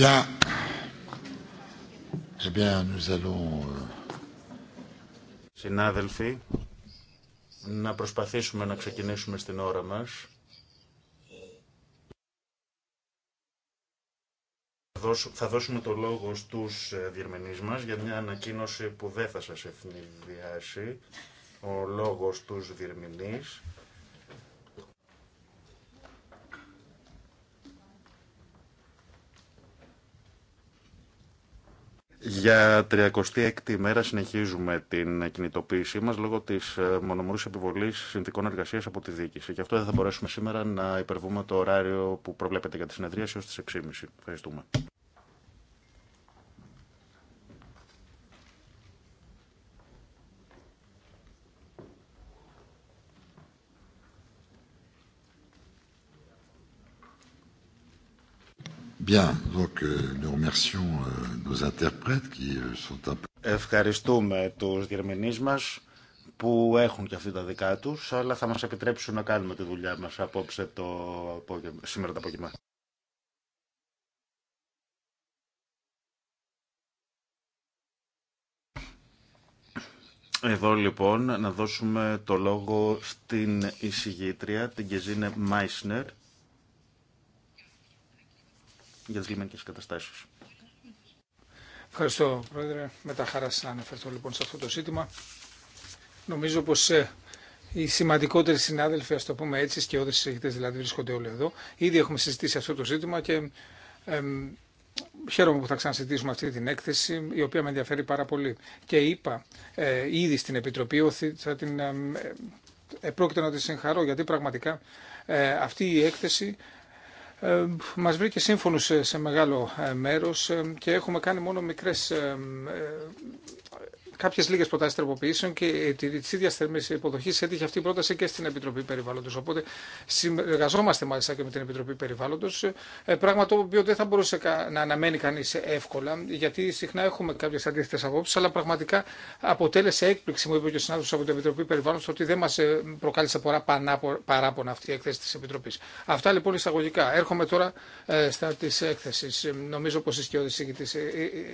Bien. Eh bien, nous allons... Euh, Συνάδελφοι, να προσπαθήσουμε να ξεκινήσουμε στην ώρα μας. Θα δώσουμε το λόγο στους ε, διερμηνείς μας για μια ανακοίνωση που δεν θα σα ευνηδιάσει. Ο λόγος τους διερμηνείς Για 36η μέρα συνεχίζουμε την κινητοποίησή μας λόγω της ε, μονομερούς επιβολής συνθηκών εργασίας από τη διοίκηση. Γι' αυτό δεν θα μπορέσουμε σήμερα να υπερβούμε το ωράριο που προβλέπεται για τη συνεδρίαση ως τις 6.30. Ευχαριστούμε. Ευχαριστούμε τους διερμηνείς μας που έχουν και αυτοί τα δικά τους, αλλά θα μας επιτρέψουν να κάνουμε τη δουλειά μας απόψε το σήμερα το απόγευμα. Εδώ λοιπόν να δώσουμε το λόγο στην εισηγήτρια, την Κεζίνε Μάισνερ, για τι λιμενικέ καταστάσει. Ευχαριστώ, Πρόεδρε. Με τα χαρά να αναφερθώ λοιπόν σε αυτό το ζήτημα. Νομίζω πως ε, οι σημαντικότεροι συνάδελφοι, α το πούμε έτσι, και όλοι συζητητέ δηλαδή βρίσκονται όλοι εδώ. Ήδη έχουμε συζητήσει αυτό το ζήτημα και ε, χαίρομαι που θα ξανασυζητήσουμε αυτή την έκθεση, η οποία με ενδιαφέρει πάρα πολύ. Και είπα ε, ήδη στην Επιτροπή ότι θα την. Ε, πρόκειται να τη συγχαρώ γιατί πραγματικά ε, αυτή η έκθεση ε, μας βρήκε σύμφωνος σε μεγάλο ε, μέρος ε, και έχουμε κάνει μόνο μικρές κάποιε λίγε προτάσει τροποποιήσεων και ε, τη ίδια θερμή υποδοχή έτυχε αυτή η πρόταση και στην Επιτροπή Περιβάλλοντο. Οπότε συνεργαζόμαστε μάλιστα και με την Επιτροπή Περιβάλλοντο, ε, πράγμα το οποίο δεν θα μπορούσε να αναμένει κανεί εύκολα, γιατί συχνά έχουμε κάποιε αντίθετε απόψει, αλλά πραγματικά αποτέλεσε έκπληξη, μου είπε και ο συνάδελφο από την Επιτροπή Περιβάλλοντο, ότι δεν μα ε, προκάλεσε πολλά παράπονα αυτή η έκθεση τη Επιτροπή. Αυτά λοιπόν εισαγωγικά. Έρχομαι τώρα στα τη έκθεση. Νομίζω πω οι σκιώδει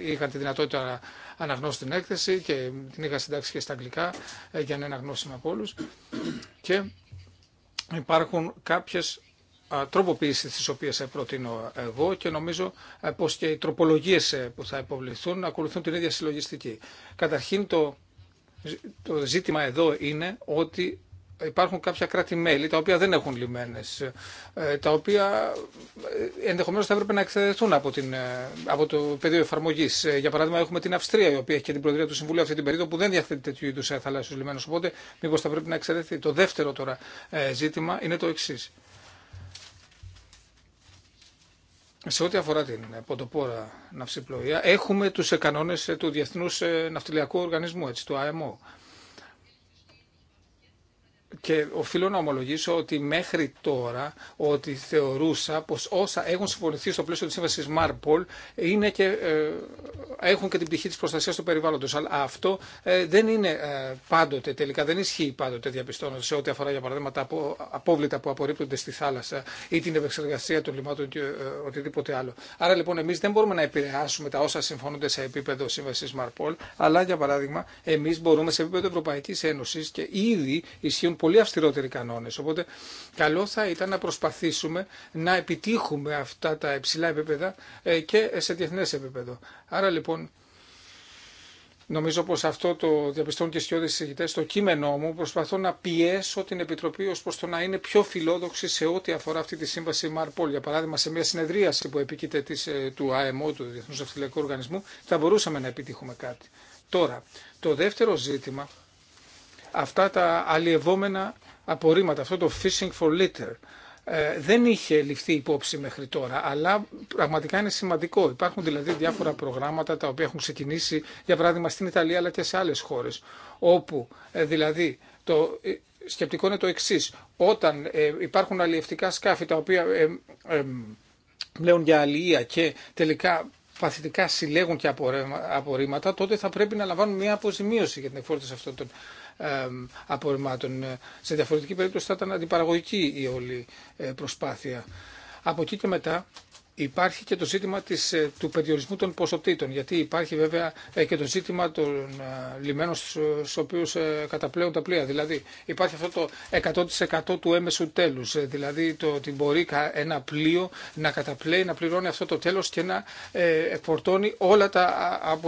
είχαν τη δυνατότητα αναγνώσω την έκθεση και την είχα συντάξει και στα αγγλικά ε, για να είναι αναγνώσιμη από όλου. Και υπάρχουν κάποιες τροποποίησεις τις οποίες προτείνω εγώ και νομίζω ε, πως και οι τροπολογίες ε, που θα υποβληθούν ακολουθούν την ίδια συλλογιστική. Καταρχήν το, το ζήτημα εδώ είναι ότι υπάρχουν κάποια κράτη-μέλη τα οποία δεν έχουν λιμένες, ε, τα οποία ε, ενδεχομένω θα έπρεπε να εξαιρεθούν από, την, ε, από το πεδίο εφαρμογή. Για παράδειγμα έχουμε την Αυστρία η οποία έχει και την Προεδρία του Συμβουλίου αυτή την περίοδο που δεν διαθέτει τέτοιου είδου θαλάσσιου λιμένε. οπότε μήπω θα πρέπει να εξαιρεθεί. Το δεύτερο τώρα ζήτημα είναι το εξή. Σε ό,τι αφορά την ποντοπόρα ναυσιπλοεία, έχουμε τους κανόνες του Διεθνούς Ναυτιλιακού Οργανισμού, έτσι, του ΑΕΜΟ. Και οφείλω να ομολογήσω ότι μέχρι τώρα ότι θεωρούσα πως όσα έχουν συμφωνηθεί στο πλαίσιο της σύμβασης Μάρπολ ε, έχουν και την πτυχή της προστασίας του περιβάλλοντος. Αλλά αυτό ε, δεν είναι ε, πάντοτε τελικά, δεν ισχύει πάντοτε διαπιστώνω σε ό,τι αφορά για παράδειγμα τα απόβλητα που απορρίπτονται στη θάλασσα ή την επεξεργασία των λιμάτων και οτιδήποτε άλλο. Άρα λοιπόν εμείς δεν μπορούμε να επηρεάσουμε τα όσα συμφωνούνται σε επίπεδο σύμβασης Μάρπολ, αλλά για παράδειγμα εμείς μπορούμε σε επίπεδο Ευρωπαϊκής Ένωσης και ήδη ισχύουν πολύ πολύ αυστηρότεροι κανόνε. Οπότε, καλό θα ήταν να προσπαθήσουμε να επιτύχουμε αυτά τα υψηλά επίπεδα ε, και σε διεθνέ επίπεδο. Άρα λοιπόν. Νομίζω πως αυτό το διαπιστώνουν και οι σκιώδες συζητητές. Στο κείμενό μου προσπαθώ να πιέσω την Επιτροπή ως προς το να είναι πιο φιλόδοξη σε ό,τι αφορά αυτή τη σύμβαση Μαρπόλ. Για παράδειγμα, σε μια συνεδρίαση που επίκειται της, ε, του ΑΕΜΟ, του Διεθνούς Αυτιλιακού Οργανισμού, θα μπορούσαμε να επιτύχουμε κάτι. Τώρα, το δεύτερο ζήτημα αυτά τα αλλιευόμενα απορρίμματα, αυτό το fishing for litter. Ε, δεν είχε ληφθεί υπόψη μέχρι τώρα, αλλά πραγματικά είναι σημαντικό. Υπάρχουν δηλαδή διάφορα προγράμματα τα οποία έχουν ξεκινήσει, για παράδειγμα στην Ιταλία αλλά και σε άλλες χώρες, όπου ε, δηλαδή το, ε, σκεπτικό είναι το εξή. Όταν υπάρχουν αλλιευτικά σκάφη τα οποία ε, ε, πλέον για αλληλεία και τελικά παθητικά συλλέγουν και απορρίμματα, τότε θα πρέπει να λαμβάνουν μια αποζημίωση για την εκφόρτωση αυτών των απορριμμάτων. Σε διαφορετική περίπτωση θα ήταν αντιπαραγωγική η όλη ε, προσπάθεια. Από εκεί και μετά υπάρχει και το ζήτημα της, ε, του περιορισμού των ποσοτήτων, γιατί υπάρχει βέβαια ε, και το ζήτημα των λιμένων στους οποίους καταπλέουν τα πλοία. Δηλαδή υπάρχει αυτό το 100% του έμεσου τέλους, δηλαδή το ότι μπορεί ένα πλοίο να καταπλέει, να πληρώνει αυτό το τέλος και να εκπορτώνει όλα τα,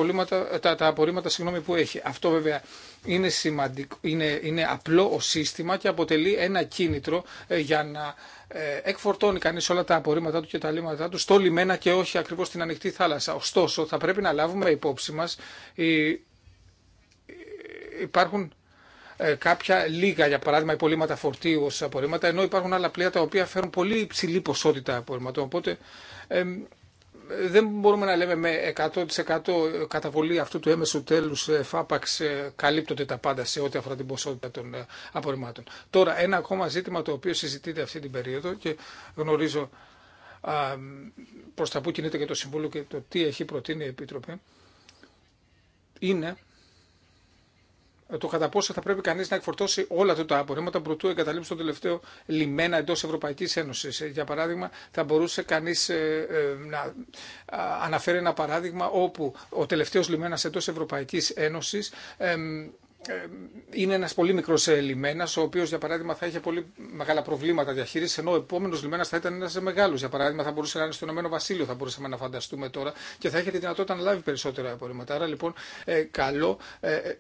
τα, τα απορρίμματα που έχει. Αυτό βέβαια είναι, σημαντικό, είναι, είναι απλό ο σύστημα και αποτελεί ένα κίνητρο ε, για να ε, εκφορτώνει κανεί όλα τα απορρίμματα του και τα λίμματα του στο λιμένα και όχι ακριβώ στην ανοιχτή θάλασσα. Ωστόσο, θα πρέπει να λάβουμε υπόψη μα ε, υπάρχουν κάποια λίγα, για παράδειγμα, υπολείμματα φορτίου ω απορρίμματα, ενώ υπάρχουν άλλα πλοία τα οποία φέρουν πολύ υψηλή ποσότητα απορρίμματων δεν μπορούμε να λέμε με 100% καταβολή αυτού του έμεσου τέλους φάπαξ ε, ε, καλύπτονται τα πάντα σε ό,τι αφορά την ποσότητα των ε, απορριμμάτων. Τώρα ένα ακόμα ζήτημα το οποίο συζητείται αυτή την περίοδο και γνωρίζω προς τα που κινείται και το Συμβούλιο και το τι έχει προτείνει η Επίτροπη είναι ε, το κατά πόσο θα πρέπει κανεί να εκφορτώσει όλα αυτά τα απορρίμματα προτού εγκαταλείψει το τελευταίο λιμένα εντό Ευρωπαϊκή Ένωση. Ε, για παράδειγμα, θα μπορούσε κανεί ε, να αναφέρει ένα παράδειγμα όπου ο τελευταίο λιμένα εντό Ευρωπαϊκή Ένωση ε, είναι ένα πολύ μικρό ε, λιμένας, ο οποίο για παράδειγμα θα είχε πολύ μεγάλα προβλήματα διαχείριση ενώ ο επόμενο λιμένας θα ήταν ένας μεγάλος. Για παράδειγμα θα μπορούσε να είναι στο Ηνωμένο Βασίλειο, θα μπορούσαμε να φανταστούμε τώρα και θα είχε τη δυνατότητα να λάβει περισσότερα απορρίμματα. Άρα λοιπόν ε, καλό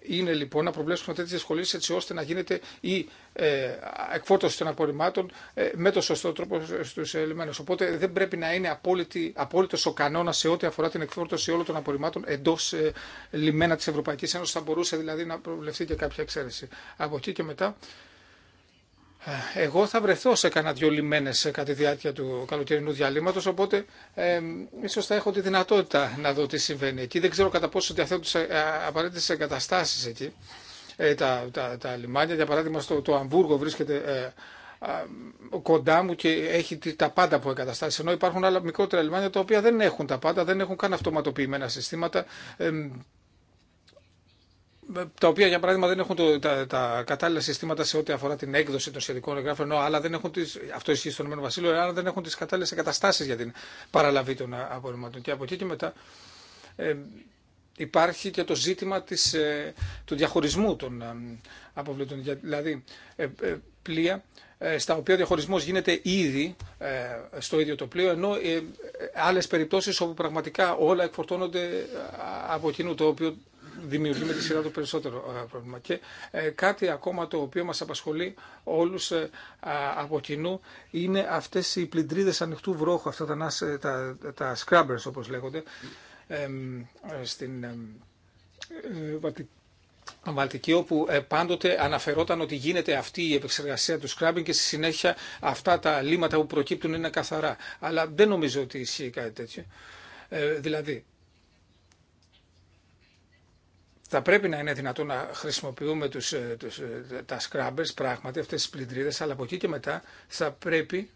είναι λοιπόν να προβλέψουμε τέτοιε δυσκολίε έτσι ώστε να γίνεται η ε, εκφόρτωση των απορριμμάτων ε, με το σωστό τρόπο στου λιμένε. Οπότε δεν πρέπει να είναι απόλυτο απόλυτος ο κανόνας σε ό,τι αφορά την εκφόρτωση όλων των απορριμμάτων εντός ε, λιμένα τη Ευρωπαϊκή Ένωση Θα μπορούσε δηλαδή να προβλεφθεί και κάποια εξαίρεση. Από εκεί και μετά... Εγώ θα βρεθώ σε κανένα δυο λιμένες κατά τη διάρκεια του καλοκαιρινού διαλύματο, οπότε ε, ίσως θα έχω τη δυνατότητα να δω τι συμβαίνει εκεί. Δεν ξέρω κατά πόσο διαθέτουν τι απαραίτητε εγκαταστάσει εκεί. Ε, τα, τα, τα λιμάνια. Για παράδειγμα, στο το Αμβούργο βρίσκεται ε, κοντά μου και έχει τα πάντα που εγκαταστάσει. Ενώ υπάρχουν άλλα μικρότερα λιμάνια τα οποία δεν έχουν τα πάντα, δεν έχουν καν αυτοματοποιημένα συστήματα. τα οποία για παράδειγμα δεν έχουν το, τα, κατάλληλα συστήματα σε ό,τι αφορά την έκδοση των σχετικών εγγράφων, άλλα δεν έχουν τις, αυτό ισχύει στον Βασίλειο, αλλά δεν έχουν τι κατάλληλε εγκαταστάσει για την παραλαβή των ε, απορριμμάτων. Και από εκεί και μετά υπάρχει και το ζήτημα της, ε, του διαχωρισμού των ε, αποβλήτων. Δηλαδή, ε, πλοία στα οποία ο διαχωρισμός γίνεται ήδη στο ίδιο το πλοίο, ενώ άλλες περιπτώσεις όπου πραγματικά όλα εκφορτώνονται από κοινού, το οποίο δημιουργεί με τη σειρά το περισσότερο πρόβλημα. Και κάτι ακόμα το οποίο μας απασχολεί όλους από κοινού είναι αυτές οι πλυντρίδες ανοιχτού βρόχου, αυτά τα, τα, τα scrubbers όπως λέγονται, ε, στην ε, Βαλτική, όπου ε, πάντοτε αναφερόταν ότι γίνεται αυτή η επεξεργασία του σκράμπινγκ και στη συνέχεια αυτά τα λίματα που προκύπτουν είναι καθαρά. Αλλά δεν νομίζω ότι ισχύει κάτι τέτοιο. δηλαδή, θα πρέπει να είναι δυνατό να χρησιμοποιούμε τους, τους, τα scrubbers, πράγματι, αυτές τις πλυντρίδες, αλλά από εκεί και μετά θα πρέπει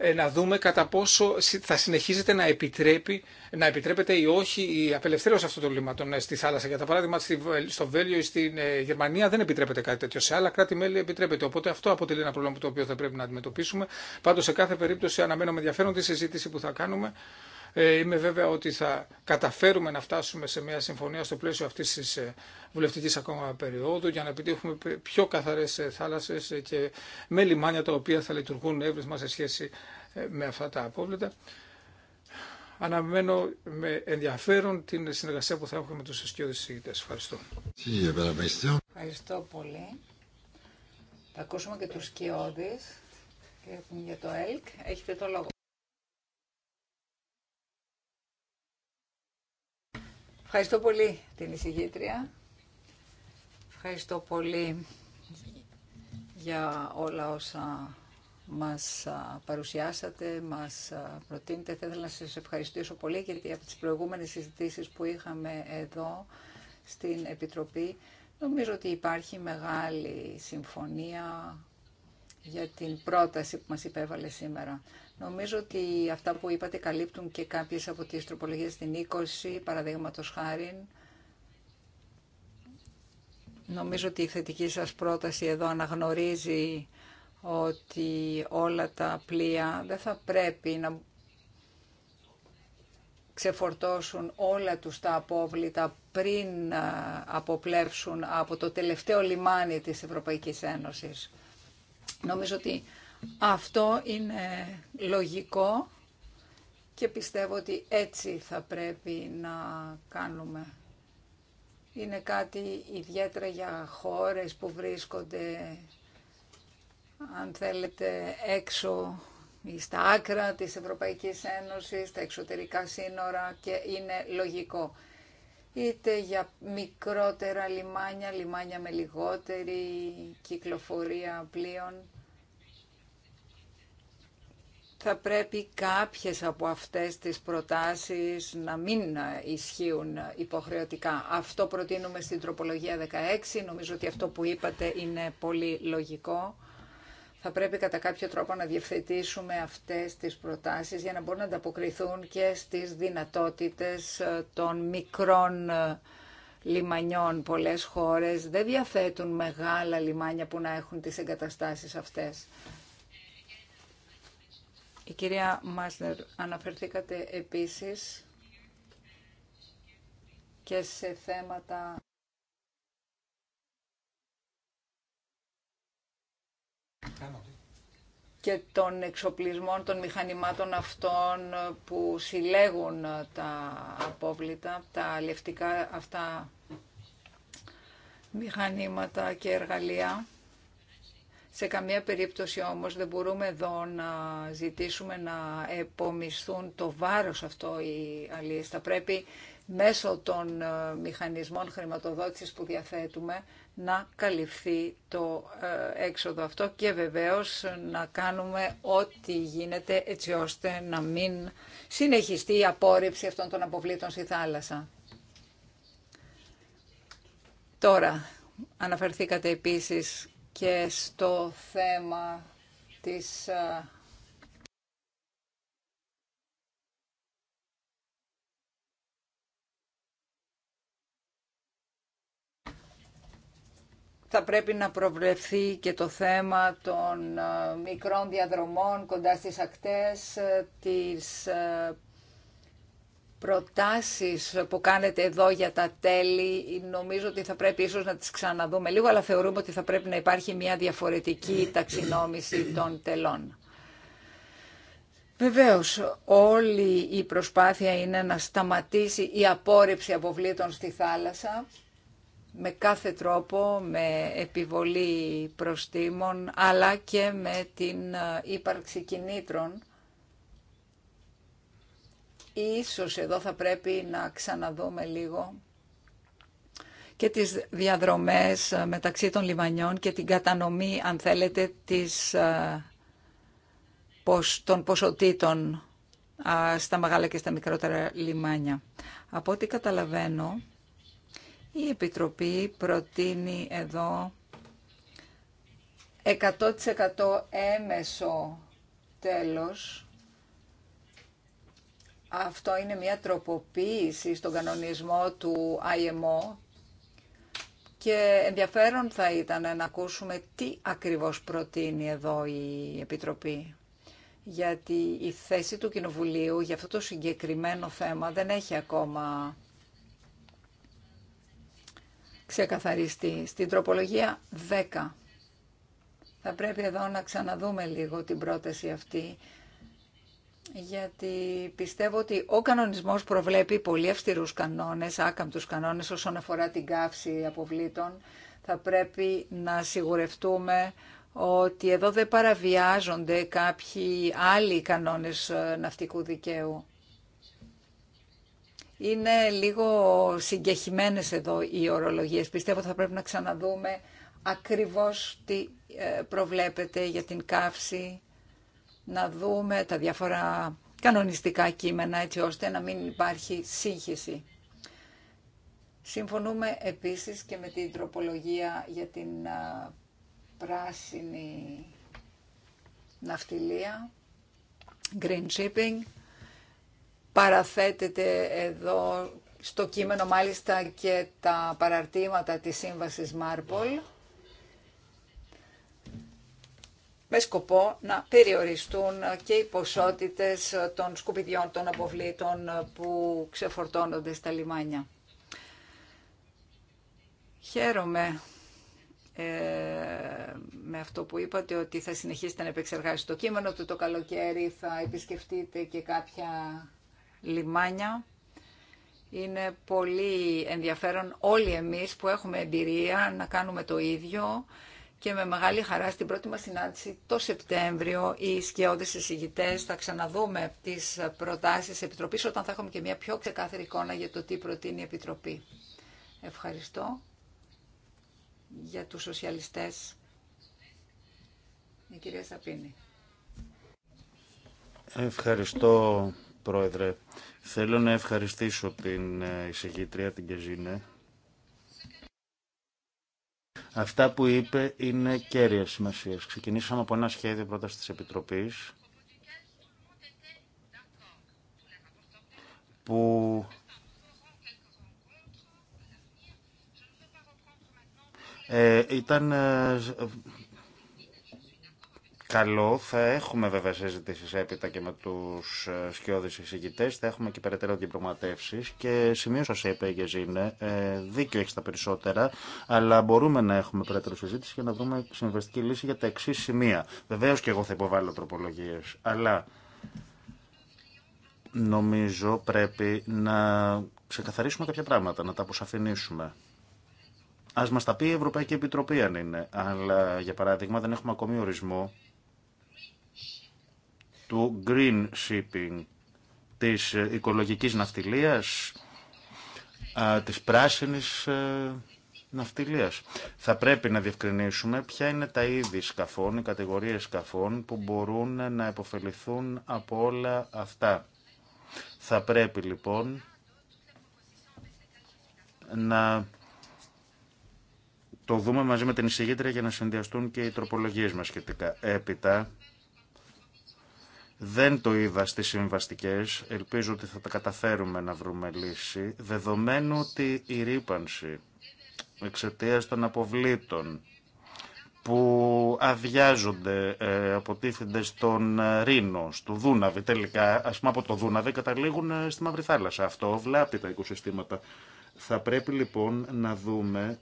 Ε, να δούμε κατά πόσο θα συνεχίζεται να, επιτρέπει, να επιτρέπεται ή όχι η απελευθέρωση αυτών των λιματών ε, στη θάλασσα. Για τα παράδειγμα, στο Βέλιο ή στην ε, Γερμανία δεν επιτρέπεται κάτι τέτοιο. Σε άλλα κράτη-μέλη επιτρέπεται. Οπότε αυτό αποτελεί ένα πρόβλημα το οποίο θα πρέπει να αντιμετωπίσουμε. Πάντω, σε κάθε περίπτωση, αναμένω με ενδιαφέρον τη συζήτηση που θα κάνουμε ε, είμαι βέβαια ότι θα καταφέρουμε να φτάσουμε σε μια συμφωνία στο πλαίσιο αυτή τη ε, βουλευτική ακόμα περίοδου για να επιτύχουμε πιο καθαρέ ε, θάλασσε και με λιμάνια τα οποία θα λειτουργούν έβρισμα σε σχέση με αυτά τα απόβλητα. Αναμένω με ενδιαφέρον την συνεργασία που θα έχουμε με τους εσκιώδες συζητητέ. Ευχαριστώ. Ευχαριστώ πολύ. Θα ακούσουμε και τους σκιώδεις για το ΕΛΚ. Έχετε το λόγο. Ευχαριστώ πολύ την εισηγήτρια. Ευχαριστώ πολύ για όλα όσα μας παρουσιάσατε, μας προτείνετε. Θα ήθελα να σας ευχαριστήσω πολύ γιατί από τις προηγούμενες συζητήσεις που είχαμε εδώ στην Επιτροπή νομίζω ότι υπάρχει μεγάλη συμφωνία για την πρόταση που μας υπέβαλε σήμερα. Νομίζω ότι αυτά που είπατε καλύπτουν και κάποιες από τις τροπολογίες στην 20, παραδείγματο χάρη. Νομίζω ότι η θετική σας πρόταση εδώ αναγνωρίζει ότι όλα τα πλοία δεν θα πρέπει να ξεφορτώσουν όλα τους τα απόβλητα πριν αποπλέψουν από το τελευταίο λιμάνι της Ευρωπαϊκής Ένωσης. Νομίζω ότι αυτό είναι λογικό και πιστεύω ότι έτσι θα πρέπει να κάνουμε. Είναι κάτι ιδιαίτερα για χώρες που βρίσκονται, αν θέλετε, έξω ή στα άκρα της Ευρωπαϊκής Ένωσης, στα εξωτερικά σύνορα και είναι λογικό. Είτε για μικρότερα λιμάνια, λιμάνια με λιγότερη κυκλοφορία πλοίων, θα πρέπει κάποιες από αυτές τις προτάσεις να μην ισχύουν υποχρεωτικά. Αυτό προτείνουμε στην τροπολογία 16. Νομίζω ότι αυτό που είπατε είναι πολύ λογικό. Θα πρέπει κατά κάποιο τρόπο να διευθετήσουμε αυτές τις προτάσεις για να μπορούν να ανταποκριθούν και στις δυνατότητες των μικρών λιμανιών. Πολλές χώρες δεν διαθέτουν μεγάλα λιμάνια που να έχουν τις εγκαταστάσεις αυτές. Η κυρία Μάσνερ, αναφερθήκατε επίσης και σε θέματα... και των εξοπλισμών των μηχανημάτων αυτών που συλλέγουν τα απόβλητα, τα λευτικά αυτά μηχανήματα και εργαλεία. Σε καμία περίπτωση όμως δεν μπορούμε εδώ να ζητήσουμε να επομισθούν το βάρος αυτό οι αλίες. Θα πρέπει μέσω των ε, μηχανισμών χρηματοδότησης που διαθέτουμε να καλυφθεί το ε, έξοδο αυτό και βεβαίως να κάνουμε ό,τι γίνεται έτσι ώστε να μην συνεχιστεί η απόρριψη αυτών των αποβλήτων στη θάλασσα. Τώρα, αναφερθήκατε επίσης και στο θέμα της ε, θα πρέπει να προβλεφθεί και το θέμα των ε, μικρών διαδρομών κοντά στις ακτές, ε, της προτάσεις που κάνετε εδώ για τα τέλη νομίζω ότι θα πρέπει ίσως να τις ξαναδούμε λίγο, αλλά θεωρούμε ότι θα πρέπει να υπάρχει μια διαφορετική ταξινόμηση των τελών. Βεβαίως, όλη η προσπάθεια είναι να σταματήσει η απόρριψη αποβλήτων στη θάλασσα με κάθε τρόπο, με επιβολή προστήμων, αλλά και με την ε, ύπαρξη κινήτρων ίσως εδώ θα πρέπει να ξαναδούμε λίγο και τις διαδρομές ε, μεταξύ των λιμανιών και την κατανομή, αν θέλετε, της, ε, των ποσοτήτων στα μεγάλα και στα μικρότερα λιμάνια. Από ό,τι καταλαβαίνω, η Επιτροπή προτείνει εδώ 100% έμεσο τέλος αυτό είναι μια τροποποίηση στον κανονισμό του IMO και ενδιαφέρον θα ήταν να ακούσουμε τι ακριβώς προτείνει εδώ η Επιτροπή. Γιατί η θέση του Κοινοβουλίου για αυτό το συγκεκριμένο θέμα δεν έχει ακόμα ξεκαθαριστεί. Στην τροπολογία 10 θα πρέπει εδώ να ξαναδούμε λίγο την πρόταση αυτή γιατί πιστεύω ότι ο κανονισμός προβλέπει πολύ αυστηρούς κανόνες, άκαμπτους κανόνες όσον αφορά την καύση αποβλήτων. Θα πρέπει να σιγουρευτούμε ότι εδώ δεν παραβιάζονται κάποιοι άλλοι κανόνες ε, ναυτικού δικαίου. Είναι λίγο συγκεχημένες εδώ οι ορολογίες. Πιστεύω ότι θα πρέπει να ξαναδούμε ακριβώς τι ε, προβλέπεται για την καύση να δούμε τα διάφορα κανονιστικά κείμενα έτσι ώστε να μην υπάρχει σύγχυση. Συμφωνούμε επίσης και με την τροπολογία για την πράσινη ναυτιλία, green shipping. Παραθέτεται εδώ στο κείμενο μάλιστα και τα παραρτήματα της σύμβασης Marpol. με σκοπό να περιοριστούν και οι ποσότητες των σκουπιδιών των αποβλήτων που ξεφορτώνονται στα λιμάνια. Χαίρομαι ε, με αυτό που είπατε ότι θα συνεχίσετε να επεξεργάσετε το κείμενο του το καλοκαίρι, θα επισκεφτείτε και κάποια λιμάνια. Είναι πολύ ενδιαφέρον όλοι εμείς που έχουμε εμπειρία να κάνουμε το ίδιο και με μεγάλη χαρά στην πρώτη μας συνάντηση το Σεπτέμβριο οι σκιώδες εισηγητές θα ξαναδούμε τις προτάσεις της Επιτροπής όταν θα έχουμε και μια πιο ξεκάθαρη εικόνα για το τι προτείνει η Επιτροπή. Ευχαριστώ για τους σοσιαλιστές. Η κυρία Σαπίνη. Ευχαριστώ, Πρόεδρε. Θέλω να ευχαριστήσω την ε, εισηγήτρια, την Κεζίνε, Αυτά που είπε είναι κέρια σημασία. Ξεκινήσαμε από ένα σχέδιο πρόταση τη Επιτροπή που ε, ήταν ε, Καλό, θα έχουμε βέβαια συζητήσει έπειτα και με του ε, σκιώδει εισηγητέ, θα έχουμε και περαιτέρω διαπραγματεύσει και σημείο σα είπε, είναι. Ε, δίκιο έχει τα περισσότερα, αλλά μπορούμε να έχουμε περαιτέρω συζήτηση και να δούμε συμβαστική λύση για τα εξή σημεία. Βεβαίω και εγώ θα υποβάλω τροπολογίε, αλλά νομίζω πρέπει να ξεκαθαρίσουμε κάποια πράγματα, να τα αποσαφηνίσουμε. Α μα τα πει η Ευρωπαϊκή Επιτροπή αν είναι, αλλά για παράδειγμα δεν έχουμε ακόμη ορισμό του green shipping, της οικολογικής ναυτιλίας, της πράσινης ε, ναυτιλίας. Θα πρέπει να διευκρινίσουμε ποια είναι τα είδη σκαφών, οι κατηγορίες σκαφών που μπορούν να επωφεληθούν από όλα αυτά. Θα πρέπει λοιπόν να το δούμε μαζί με την εισηγήτρια για να συνδυαστούν και οι τροπολογίες μας σχετικά. Έπειτα, δεν το είδα στι συμβαστικέ. Ελπίζω ότι θα τα καταφέρουμε να βρούμε λύση. Δεδομένου ότι η ρήπανση εξαιτία των αποβλήτων που αδειάζονται, ε, αποτίθενται στον ε, Ρήνο, στο Δούναβη τελικά, ας πούμε από το Δούναβι, καταλήγουν ε, στη Μαύρη Θάλασσα. Αυτό βλάπτει τα οικοσυστήματα. Θα πρέπει λοιπόν να δούμε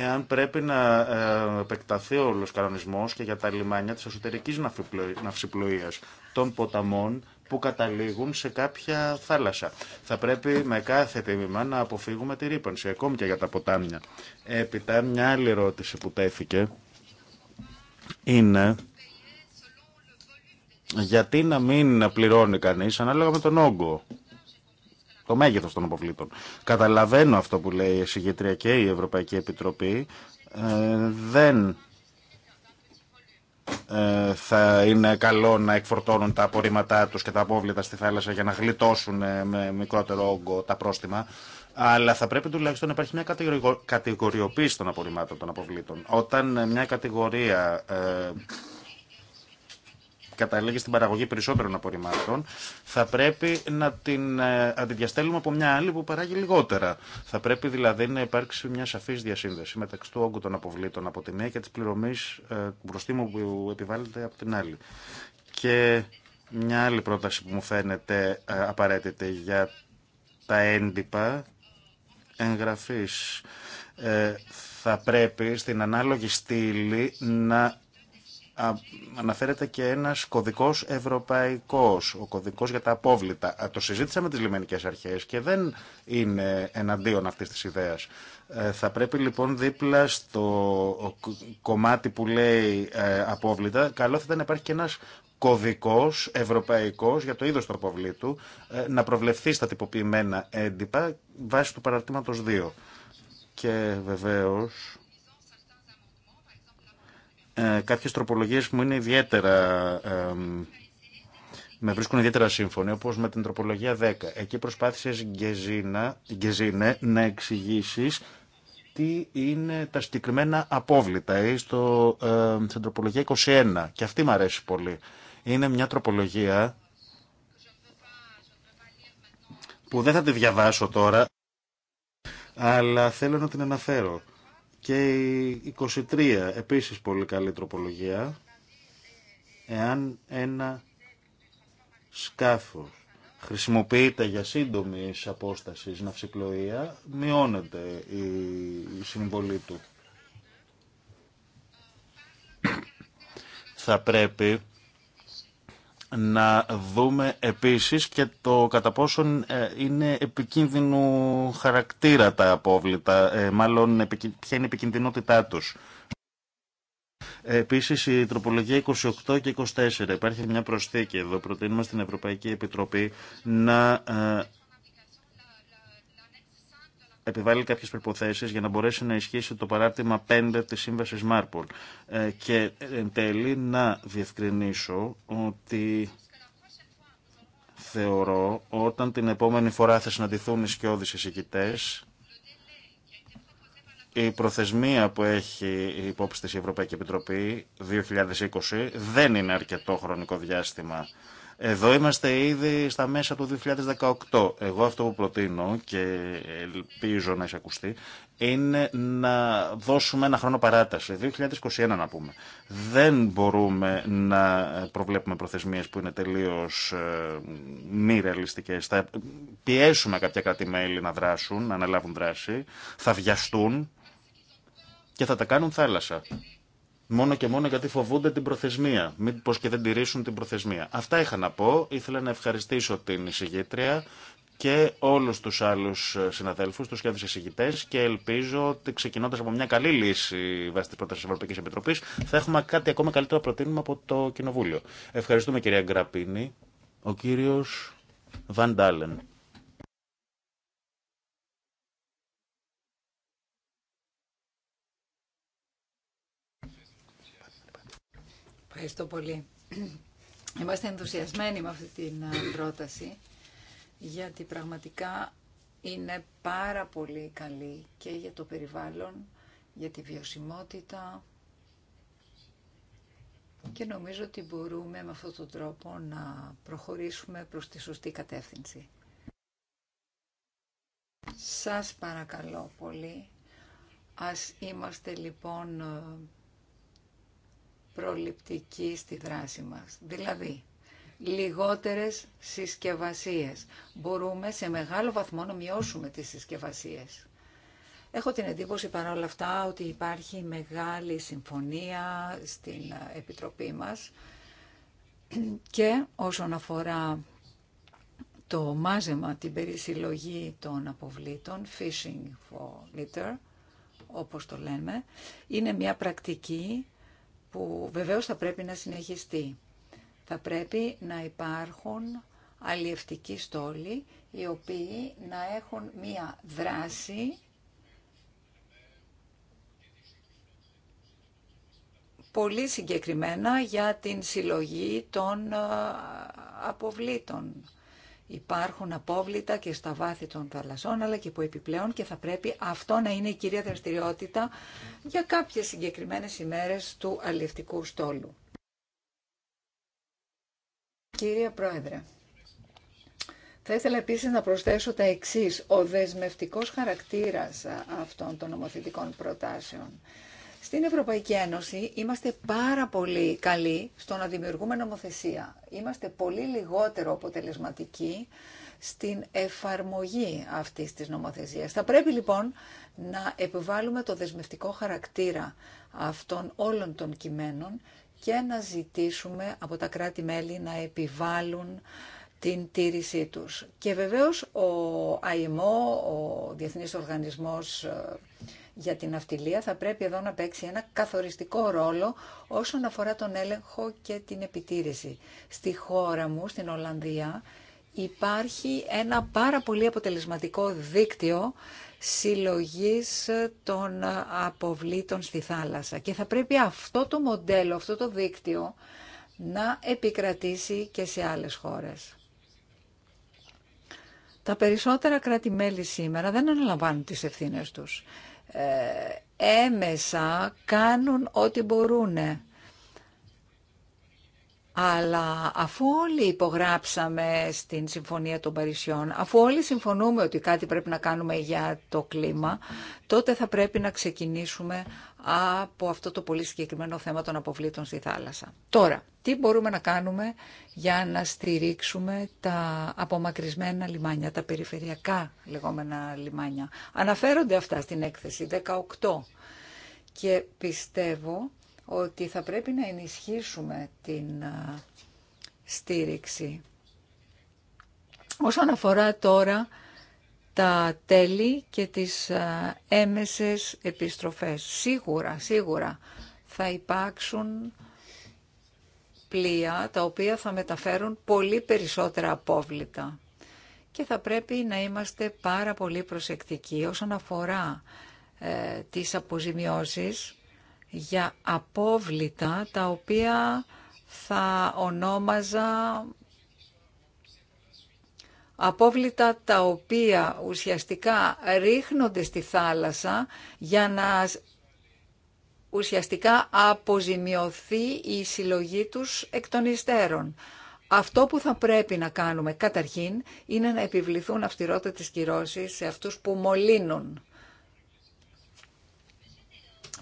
εάν πρέπει να ε, επεκταθεί ο κανονισμός και για τα λιμάνια της εσωτερικής ναυσιπλοείας των ποταμών που καταλήγουν σε κάποια θάλασσα. Θα πρέπει με κάθε τίμημα να αποφύγουμε τη ρήπανση, ακόμη και για τα ποτάμια. Έπειτα, μια άλλη ερώτηση που τέθηκε είναι γιατί να μην πληρώνει κανείς ανάλογα με τον όγκο το μέγεθος των αποβλήτων. Καταλαβαίνω αυτό που λέει η Συγγετρία και η Ευρωπαϊκή Επιτροπή. Ε, δεν ε, θα είναι καλό να εκφορτώνουν τα απορρίμματά τους και τα απόβλητα στη θάλασσα για να γλιτώσουν ε, με μικρότερο όγκο τα πρόστιμα. Αλλά θα πρέπει τουλάχιστον να υπάρχει μια κατηγοριοποίηση των απορριμμάτων των αποβλήτων. Όταν ε, μια κατηγορία ε, καταλήγει στην παραγωγή περισσότερων απορριμμάτων, θα πρέπει να την ε, αντιδιαστέλουμε από μια άλλη που παράγει λιγότερα. Θα πρέπει δηλαδή να υπάρξει μια σαφή διασύνδεση μεταξύ του όγκου των αποβλήτων από τη μία και τη πληρωμή ε, προστίμου που επιβάλλεται από την άλλη. Και μια άλλη πρόταση που μου φαίνεται ε, απαραίτητη για τα έντυπα εγγραφής θα πρέπει στην ανάλογη στήλη να αναφέρεται και ένας κωδικός ευρωπαϊκός, ο κωδικός για τα απόβλητα. Το συζήτησαμε με τις λιμενικές αρχές και δεν είναι εναντίον αυτής της ιδέας. Ε, θα πρέπει λοιπόν δίπλα στο κομμάτι που λέει ε, απόβλητα, καλό θα ήταν να υπάρχει και ένα κωδικός ευρωπαϊκός για το είδος του αποβλήτου, ε, να προβλεφθεί στα τυποποιημένα έντυπα βάσει του παραρτήματο 2. Και βεβαίω ε, κάποιες τροπολογίες που είναι ιδιαίτερα, ε, με βρίσκουν ιδιαίτερα σύμφωνοι, όπως με την τροπολογία 10. Εκεί προσπάθησες, Γκεζίνα, Γκεζίνε, να εξηγήσει τι είναι τα συγκεκριμένα απόβλητα ή στο, ε, στην τροπολογία 21. Και αυτή μου αρέσει πολύ. Είναι μια τροπολογία που δεν θα τη διαβάσω τώρα, αλλά θέλω να την αναφέρω. Και η 23, επίσης πολύ καλή τροπολογία, εάν ένα σκάφος χρησιμοποιείται για σύντομη απόσταση ναυσιπλοεία, μειώνεται η συμβολή του. Θα πρέπει να δούμε επίσης και το κατά πόσον ε, είναι επικίνδυνου χαρακτήρα τα απόβλητα, ε, μάλλον ποια είναι η επικινδυνότητά τους. Επίσης η τροπολογία 28 και 24. Υπάρχει μια προσθήκη εδώ. Προτείνουμε στην Ευρωπαϊκή Επιτροπή να ε, επιβάλλει κάποιες προϋποθέσεις για να μπορέσει να ισχύσει το παράρτημα 5 της Σύμβασης Μάρπολ. Ε, και ε, εν τέλει να διευκρινίσω ότι θεωρώ όταν την επόμενη φορά θα συναντηθούν οι σκιώδεις εισηγητές η προθεσμία που έχει η υπόψη της Ευρωπαϊκή Επιτροπή 2020 δεν είναι αρκετό χρονικό διάστημα εδώ είμαστε ήδη στα μέσα του 2018. Εγώ αυτό που προτείνω και ελπίζω να εισακουστεί είναι να δώσουμε ένα χρόνο παράταση, 2021 να πούμε. Δεν μπορούμε να προβλέπουμε προθεσμίες που είναι τελείως ε, μη ρεαλιστικές. Θα πιέσουμε κάποια κράτη-μέλη να δράσουν, να αναλάβουν δράση, θα βιαστούν και θα τα κάνουν θάλασσα. Μόνο και μόνο γιατί φοβούνται την προθεσμία. Μήπω και δεν τηρήσουν την προθεσμία. Αυτά είχα να πω. Ήθελα να ευχαριστήσω την εισηγήτρια και όλου του άλλου συναδέλφου, του του εισηγητέ και ελπίζω ότι ξεκινώντα από μια καλή λύση βάσει τη πρόταση τη Ευρωπαϊκή Επιτροπή θα έχουμε κάτι ακόμα καλύτερο να προτείνουμε από το Κοινοβούλιο. Ευχαριστούμε κυρία Γκραπίνη. Ο κύριο Βαντάλεν. Ευχαριστώ πολύ. Είμαστε ενθουσιασμένοι με αυτή την πρόταση, γιατί πραγματικά είναι πάρα πολύ καλή και για το περιβάλλον, για τη βιωσιμότητα και νομίζω ότι μπορούμε με αυτόν τον τρόπο να προχωρήσουμε προς τη σωστή κατεύθυνση. Σας παρακαλώ πολύ. Ας είμαστε λοιπόν προληπτική στη δράση μας. Δηλαδή, λιγότερες συσκευασίες. Μπορούμε σε μεγάλο βαθμό να μειώσουμε τις συσκευασίες. Έχω την εντύπωση παρόλα αυτά ότι υπάρχει μεγάλη συμφωνία στην Επιτροπή μας και όσον αφορά το μάζεμα, την περισυλλογή των αποβλήτων, fishing for litter, όπως το λέμε, είναι μια πρακτική που βεβαίως θα πρέπει να συνεχιστεί. Θα πρέπει να υπάρχουν αλλιευτικοί στόλοι οι οποίοι να έχουν μία δράση πολύ συγκεκριμένα για την συλλογή των ε, αποβλήτων υπάρχουν απόβλητα και στα βάθη των θαλασσών αλλά και που επιπλέον και θα πρέπει αυτό να είναι η κυρία δραστηριότητα για κάποιες συγκεκριμένες ημέρες του αλληλευτικού στόλου. Κύριε Πρόεδρε, θα ήθελα επίσης να προσθέσω τα εξής. Ο δεσμευτικός χαρακτήρας αυτών των νομοθετικών προτάσεων στην Ευρωπαϊκή Ένωση είμαστε πάρα πολύ καλοί στο να δημιουργούμε νομοθεσία. Είμαστε πολύ λιγότερο αποτελεσματικοί στην εφαρμογή αυτής της νομοθεσίας. Θα πρέπει λοιπόν να επιβάλλουμε το δεσμευτικό χαρακτήρα αυτών όλων των κειμένων και να ζητήσουμε από τα κράτη-μέλη να επιβάλλουν την τήρησή τους. Και βεβαίως ο ΑΙΜΟ, ο Διεθνής Οργανισμός ε, για την αυτιλία θα πρέπει εδώ να παίξει ένα καθοριστικό ρόλο όσον αφορά τον έλεγχο και την επιτήρηση. Στη χώρα μου, στην Ολλανδία, υπάρχει ένα πάρα πολύ αποτελεσματικό δίκτυο συλλογής των αποβλήτων στη θάλασσα. Και θα πρέπει αυτό το μοντέλο, αυτό το δίκτυο να επικρατήσει και σε άλλες χώρες. Τα περισσότερα κράτη-μέλη σήμερα δεν αναλαμβάνουν τις ευθύνες τους. Ε, έμεσα κάνουν ό,τι μπορούν αλλά αφού όλοι υπογράψαμε στην Συμφωνία των Παρισιών, αφού όλοι συμφωνούμε ότι κάτι πρέπει να κάνουμε για το κλίμα, τότε θα πρέπει να ξεκινήσουμε από αυτό το πολύ συγκεκριμένο θέμα των αποβλήτων στη θάλασσα. Τώρα, τι μπορούμε να κάνουμε για να στηρίξουμε τα απομακρυσμένα λιμάνια, τα περιφερειακά λεγόμενα λιμάνια. Αναφέρονται αυτά στην έκθεση 18 και πιστεύω ότι θα πρέπει να ενισχύσουμε την στήριξη. Όσον αφορά τώρα τα τέλη και τις έμεσες επιστροφές, σίγουρα, σίγουρα θα υπάρξουν πλοία τα οποία θα μεταφέρουν πολύ περισσότερα απόβλητα. Και θα πρέπει να είμαστε πάρα πολύ προσεκτικοί όσον αφορά ε, τις αποζημιώσεις για απόβλητα τα οποία θα ονόμαζα απόβλητα τα οποία ουσιαστικά ρίχνονται στη θάλασσα για να ουσιαστικά αποζημιωθεί η συλλογή τους εκ των υστέρων. Αυτό που θα πρέπει να κάνουμε καταρχήν είναι να επιβληθούν αυστηρότατες κυρώσεις σε αυτούς που μολύνουν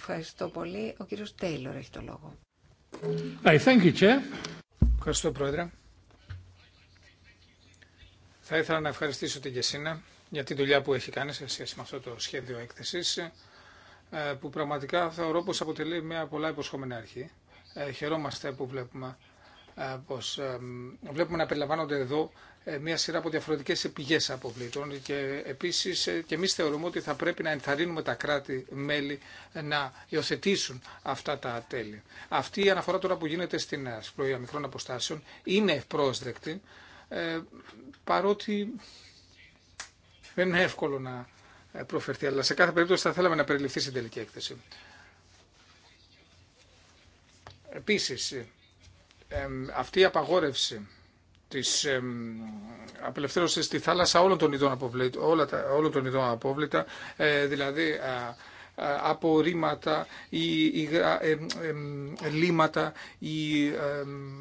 Ευχαριστώ πολύ. Ο κύριος Τέιλορ έχει το λόγο. I thank you, Ευχαριστώ, Πρόεδρε. Θα ήθελα να ευχαριστήσω την Κεσίνα για τη δουλειά που έχει κάνει σε σχέση με αυτό το σχέδιο έκθεσης ε, που πραγματικά θεωρώ πως αποτελεί μια πολλά υποσχόμενη αρχή. Ε, χαιρόμαστε που βλέπουμε ε, πως ε, βλέπουμε να περιλαμβάνονται εδώ ε, μια σειρά από διαφορετικές επιγές αποβλήτων και επίσης και εμείς θεωρούμε ότι θα πρέπει να ενθαρρύνουμε τα κράτη-μέλη να υιοθετήσουν αυτά τα τέλη. Αυτή η αναφορά τώρα που γίνεται στην ασπλοεία μικρών αποστάσεων είναι ευπρόσδεκτη παρότι δεν είναι εύκολο να προφερθεί αλλά σε κάθε περίπτωση θα θέλαμε να περιληφθεί στην τελική έκθεση. Επίσης, αυτή η απαγόρευση της ε, απελευθέρωση στη θάλασσα όλων των ειδών απόβλητα, όλα τα, ε, δηλαδή από ρήματα ή υγρά, ε,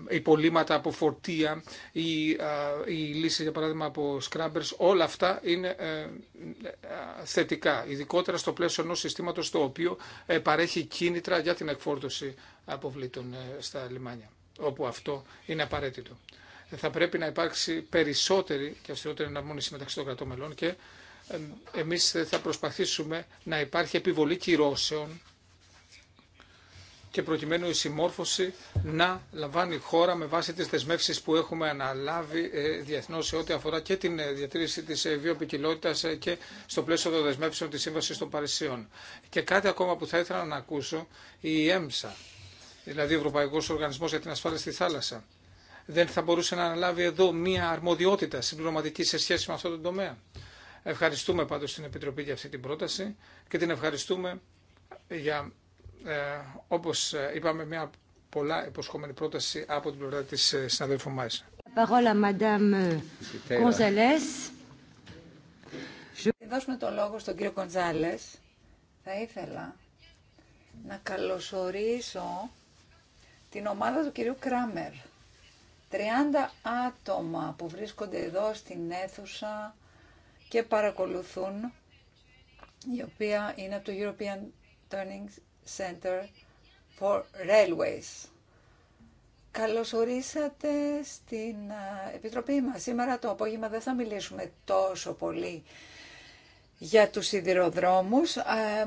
η απο φορτια η η λυση για παράδειγμα από σκράμπερς όλα αυτά είναι ε, ε, θετικά ειδικότερα στο πλαίσιο ενός συστήματος το οποίο παρέχει κίνητρα για την εκφόρτωση αποβλήτων στα λιμάνια όπου αυτό είναι απαραίτητο. Θα πρέπει να υπάρξει περισσότερη και αυστηρότερη εναρμόνιση μεταξύ των κρατών μελών και εμείς θα προσπαθήσουμε να υπάρχει επιβολή κυρώσεων και προκειμένου η συμμόρφωση να λαμβάνει χώρα με βάση τις δεσμεύσεις που έχουμε αναλάβει ε, διεθνώς σε ό,τι αφορά και την ε, διατήρηση της ε, βιοποικιλότητας και στο πλαίσιο των δεσμεύσεων της Σύμβασης των Παρισιών. Και κάτι ακόμα που θα ήθελα να ακούσω, η ΕΜΣΑ δηλαδή ο Ευρωπαϊκό Οργανισμό για την Ασφάλεια στη Θάλασσα, δεν θα μπορούσε να αναλάβει εδώ μία αρμοδιότητα συμπληρωματική σε σχέση με αυτό τον τομέα. Ευχαριστούμε πάντως την Επιτροπή για αυτή την πρόταση και την ευχαριστούμε για, ε, όπως ε, είπαμε, μια πολλά υποσχόμενη πρόταση από την πλευρά της ε, συναδέλφου ε, Gonzalez. Θα δώσουμε το λόγο στον κύριο Κοντζάλες, θα ήθελα να καλωσορίσω την ομάδα του κυρίου Κράμερ. 30 άτομα που βρίσκονται εδώ στην αίθουσα και παρακολουθούν, η οποία είναι από το European Turning Center for Railways. Καλωσορίσατε στην Επιτροπή μας. Σήμερα το απόγευμα δεν θα μιλήσουμε τόσο πολύ για τους σιδηροδρόμους,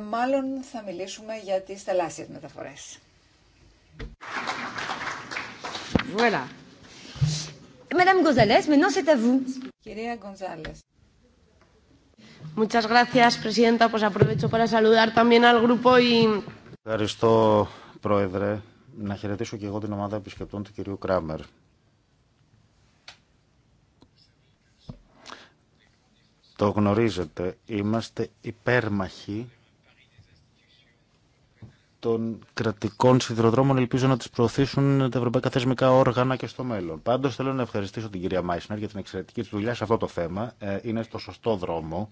μάλλον θα μιλήσουμε για τις θαλάσσιες μεταφορές. Voilà. Madame González, maintenant c'est à vous. Querida González. Muchas gracias, Presidenta. Pues aprovecho para saludar también al grupo y... Ευχαριστώ, Πρόεδρε. Να χαιρετήσω και εγώ την ομάδα επισκεπτών του κυρίου Κράμερ. Το γνωρίζετε, είμαστε υπέρμαχοι των κρατικών σιδηροδρόμων ελπίζω να τις προωθήσουν τα ευρωπαϊκά θεσμικά όργανα και στο μέλλον. Πάντως θέλω να ευχαριστήσω την κυρία Μάισνερ για την εξαιρετική της δουλειά σε αυτό το θέμα. Ε, είναι στο σωστό δρόμο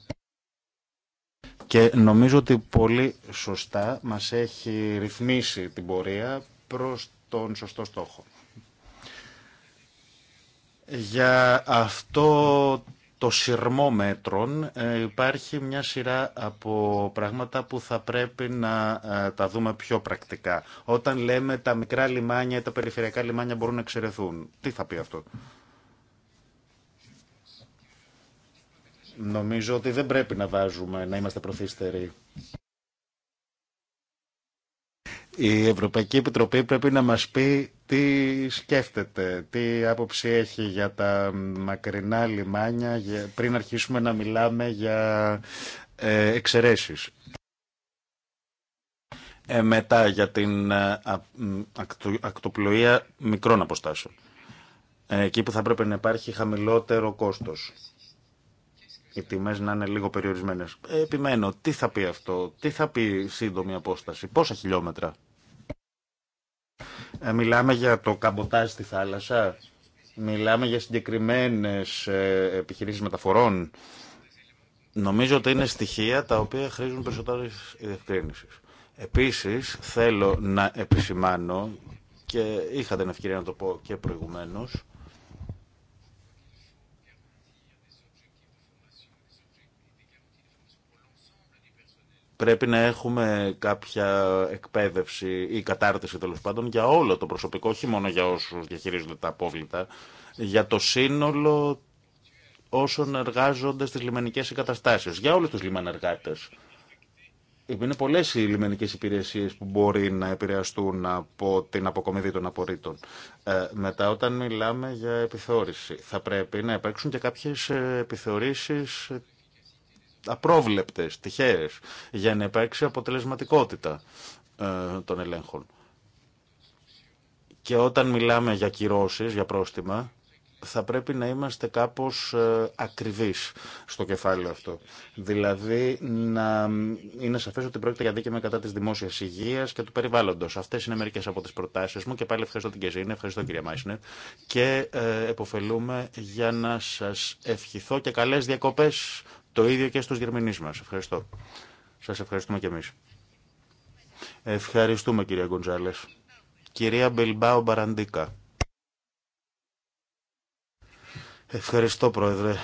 και νομίζω ότι πολύ σωστά μας έχει ρυθμίσει την πορεία προς τον σωστό στόχο. Για αυτό το σειρμό μέτρων ε, υπάρχει μια σειρά από πράγματα που θα πρέπει να ε, τα δούμε πιο πρακτικά. Όταν λέμε τα μικρά λιμάνια ή τα περιφερειακά λιμάνια μπορούν να εξαιρεθούν. Τι θα πει αυτό. Νομίζω ότι δεν πρέπει να βάζουμε, να είμαστε προθύστεροι η Ευρωπαϊκή Επιτροπή πρέπει να μας πει τι σκέφτεται, τι άποψη έχει για τα μακρινά λιμάνια πριν αρχίσουμε να μιλάμε για ε, εξαιρέσεις. Ε, μετά για την ε, ακτοπλοεία μικρών αποστάσεων. Ε, εκεί που θα πρέπει να υπάρχει χαμηλότερο κόστος. Οι τιμέ να είναι λίγο περιορισμένες. Επιμένω, τι θα πει αυτό, τι θα πει σύντομη απόσταση, πόσα χιλιόμετρα. Ε, μιλάμε για το καμποτάζ στη θάλασσα. Μιλάμε για συγκεκριμένες ε, επιχειρήσεις μεταφορών. Νομίζω ότι είναι στοιχεία τα οποία χρήζουν περισσότερη διευκρίνηση. Επίσης, θέλω να επισημάνω και είχα την ευκαιρία να το πω και προηγουμένως, Πρέπει να έχουμε κάποια εκπαίδευση ή κατάρτιση τέλο πάντων για όλο το προσωπικό, όχι μόνο για όσους διαχειρίζονται τα απόβλητα, για το σύνολο όσων εργάζονται στις λιμενικέ εγκαταστάσεις, για όλους τους λιμανεργάτες. Είναι πολλέ οι λιμενικέ υπηρεσίε που μπορεί να επηρεαστούν από την αποκομιδή των απορρίτων. Ε, μετά, όταν μιλάμε για επιθεώρηση, θα πρέπει να υπάρξουν και κάποιε επιθεωρήσει απρόβλεπτες, τυχαίες, για να υπάρξει αποτελεσματικότητα ε, των ελέγχων. Και όταν μιλάμε για κυρώσεις, για πρόστιμα, θα πρέπει να είμαστε κάπως ε, ακριβείς στο κεφάλαιο αυτό. Δηλαδή να είναι σαφές ότι πρόκειται για δίκαιο κατά της δημόσιας υγείας και του περιβάλλοντος. Αυτές είναι μερικές από τις προτάσεις μου και πάλι ευχαριστώ την Κεζίνη, ευχαριστώ κυρία Μάισνερ και ε, εποφελούμε για να σας ευχηθώ και καλές διακοπές το ίδιο και στους Γερμανείς μας. Ευχαριστώ. Σας ευχαριστούμε και εμείς. Ευχαριστούμε κυρία Γκοντζάλες. Κυρία Μπελμπάο Μπαραντίκα. Ευχαριστώ πρόεδρε.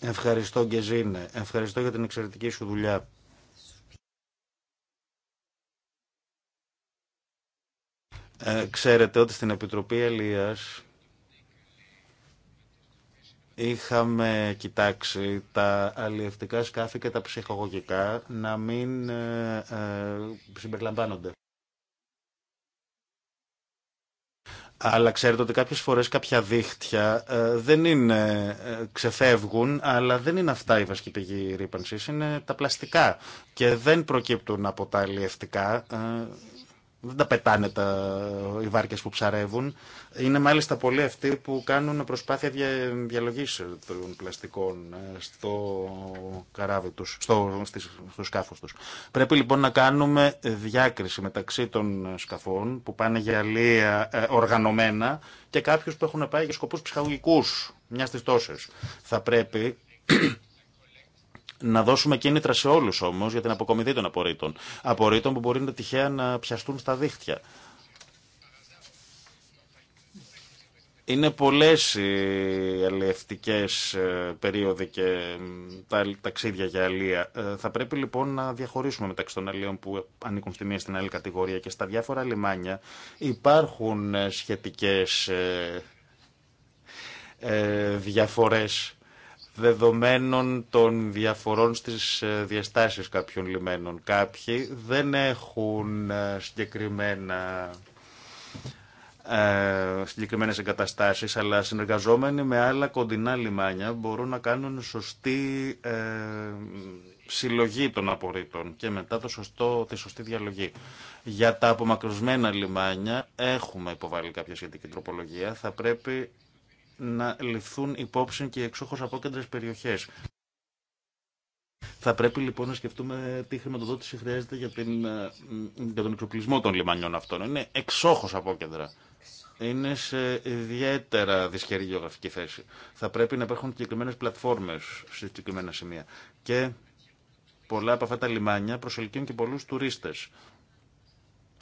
Ευχαριστώ Γκεζίνε. Ευχαριστώ για την εξαιρετική σου δουλειά. Ε, ξέρετε ότι στην Επιτροπή Ελίας Είχαμε κοιτάξει τα αλλιευτικά σκάφη και τα ψυχογωγικά να μην ε, ε, συμπεριλαμβάνονται. Αλλά ξέρετε ότι κάποιες φορές κάποια δίχτυα ε, δεν είναι, ε, ξεφεύγουν, αλλά δεν είναι αυτά η βασική πηγή ρήπανσης, είναι τα πλαστικά και δεν προκύπτουν από τα αλλιευτικά, δεν τα πετάνε τα, οι βάρκε που ψαρεύουν. Είναι μάλιστα πολλοί αυτοί που κάνουν προσπάθεια δια, διαλογή των πλαστικών ε, στο καράβι του, στο, στο σκάφο του. Πρέπει λοιπόν να κάνουμε διάκριση μεταξύ των σκαφών που πάνε για αλεία ε, οργανωμένα και κάποιου που έχουν πάει για σκοπού ψυχαγωγικού, μια στι τόσε. Θα πρέπει να δώσουμε κίνητρα σε όλου όμω για την αποκομιδή των απορρίτων. Απορρίτων που μπορεί να τυχαία να πιαστούν στα δίχτυα. Είναι πολλές οι αλλιευτικές ε, περίοδοι και τα ταξίδια για αλλία. Ε, θα πρέπει λοιπόν να διαχωρίσουμε μεταξύ των αλλιών που ανήκουν στη μία στην άλλη κατηγορία και στα διάφορα λιμάνια υπάρχουν ε, σχετικές διαφορές δεδομένων των διαφορών στις ε, διαστάσεις κάποιων λιμένων. Κάποιοι δεν έχουν ε, συγκεκριμένα ε, συγκεκριμένες εγκαταστάσεις αλλά συνεργαζόμενοι με άλλα κοντινά λιμάνια μπορούν να κάνουν σωστή ε, συλλογή των απορρίτων και μετά το σωστό, τη σωστή διαλογή. Για τα απομακρυσμένα λιμάνια έχουμε υποβάλει κάποια σχετική τροπολογία. Θα πρέπει να ληφθούν υπόψη και εξόχως απόκεντρες περιοχές. Θα πρέπει λοιπόν να σκεφτούμε τι χρηματοδότηση χρειάζεται για, την, ε, τον εξοπλισμό των λιμανιών αυτών. Είναι εξόχως απόκεντρα. Είναι σε ιδιαίτερα δυσχερή γεωγραφική θέση. Θα πρέπει να υπάρχουν συγκεκριμένε πλατφόρμε σε συγκεκριμένα σημεία. Και πολλά από αυτά τα λιμάνια προσελκύουν και πολλού τουρίστε.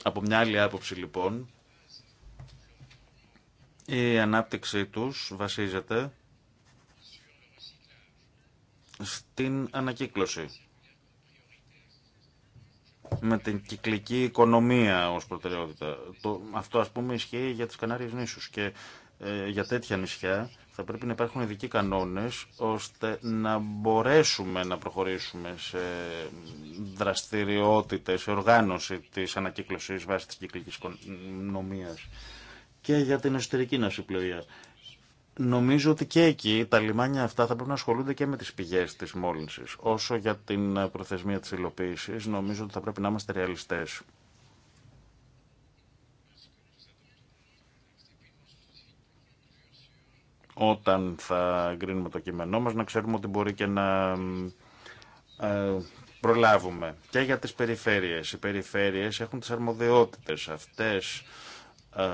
Από μια άλλη άποψη λοιπόν, η ανάπτυξή τους βασίζεται στην ανακύκλωση με την κυκλική οικονομία ως προτεραιότητα. Το, αυτό ας πούμε ισχύει για τις Κανάριες νήσους και ε, για τέτοια νησιά θα πρέπει να υπάρχουν ειδικοί κανόνες ώστε να μπορέσουμε να προχωρήσουμε σε δραστηριότητες, σε οργάνωση της ανακύκλωσης βάσει της κυκλικής οικονομίας και για την εσωτερική ναυσιπλοεία. Νομίζω ότι και εκεί τα λιμάνια αυτά θα πρέπει να ασχολούνται και με τις πηγές της μόλυνσης. Όσο για την προθεσμία της υλοποίηση, νομίζω ότι θα πρέπει να είμαστε ρεαλιστές. Όταν θα γκρίνουμε το κείμενό μας, να ξέρουμε ότι μπορεί και να ε, προλάβουμε. Και για τις περιφέρειες. Οι περιφέρειες έχουν τις αρμοδιότητες αυτές ε,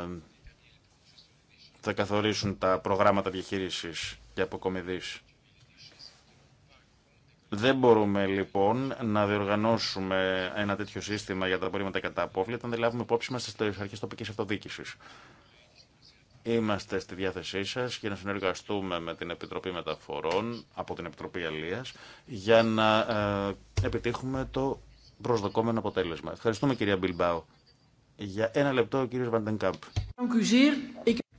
θα καθορίσουν τα προγράμματα διαχείρισης και αποκομιδής. Δεν μπορούμε λοιπόν να διοργανώσουμε ένα τέτοιο σύστημα για τα απορρίμματα κατά απόφλητα, αν δεν λάβουμε υπόψη μας στις αρχές τοπική αυτοδιοίκηση. Είμαστε στη διάθεσή σας για να συνεργαστούμε με την Επιτροπή Μεταφορών από την Επιτροπή Αλίας για να ε, επιτύχουμε το προσδοκόμενο αποτέλεσμα. Ευχαριστούμε κυρία Μπιλμπάου. Για ένα λεπτό ο κύριος Βαντενκάμπ.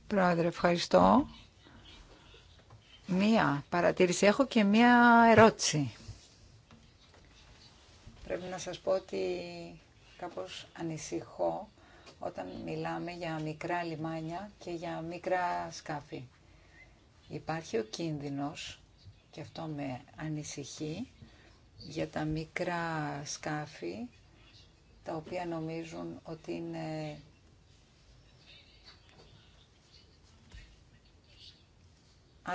Πρόεδρε, ευχαριστώ. Μία παρατήρηση έχω και μία ερώτηση. Πρέπει να σας πω ότι κάπως ανησυχώ όταν μιλάμε για μικρά λιμάνια και για μικρά σκάφη. Υπάρχει ο κίνδυνος, και αυτό με ανησυχεί, για τα μικρά σκάφη, τα οποία νομίζουν ότι είναι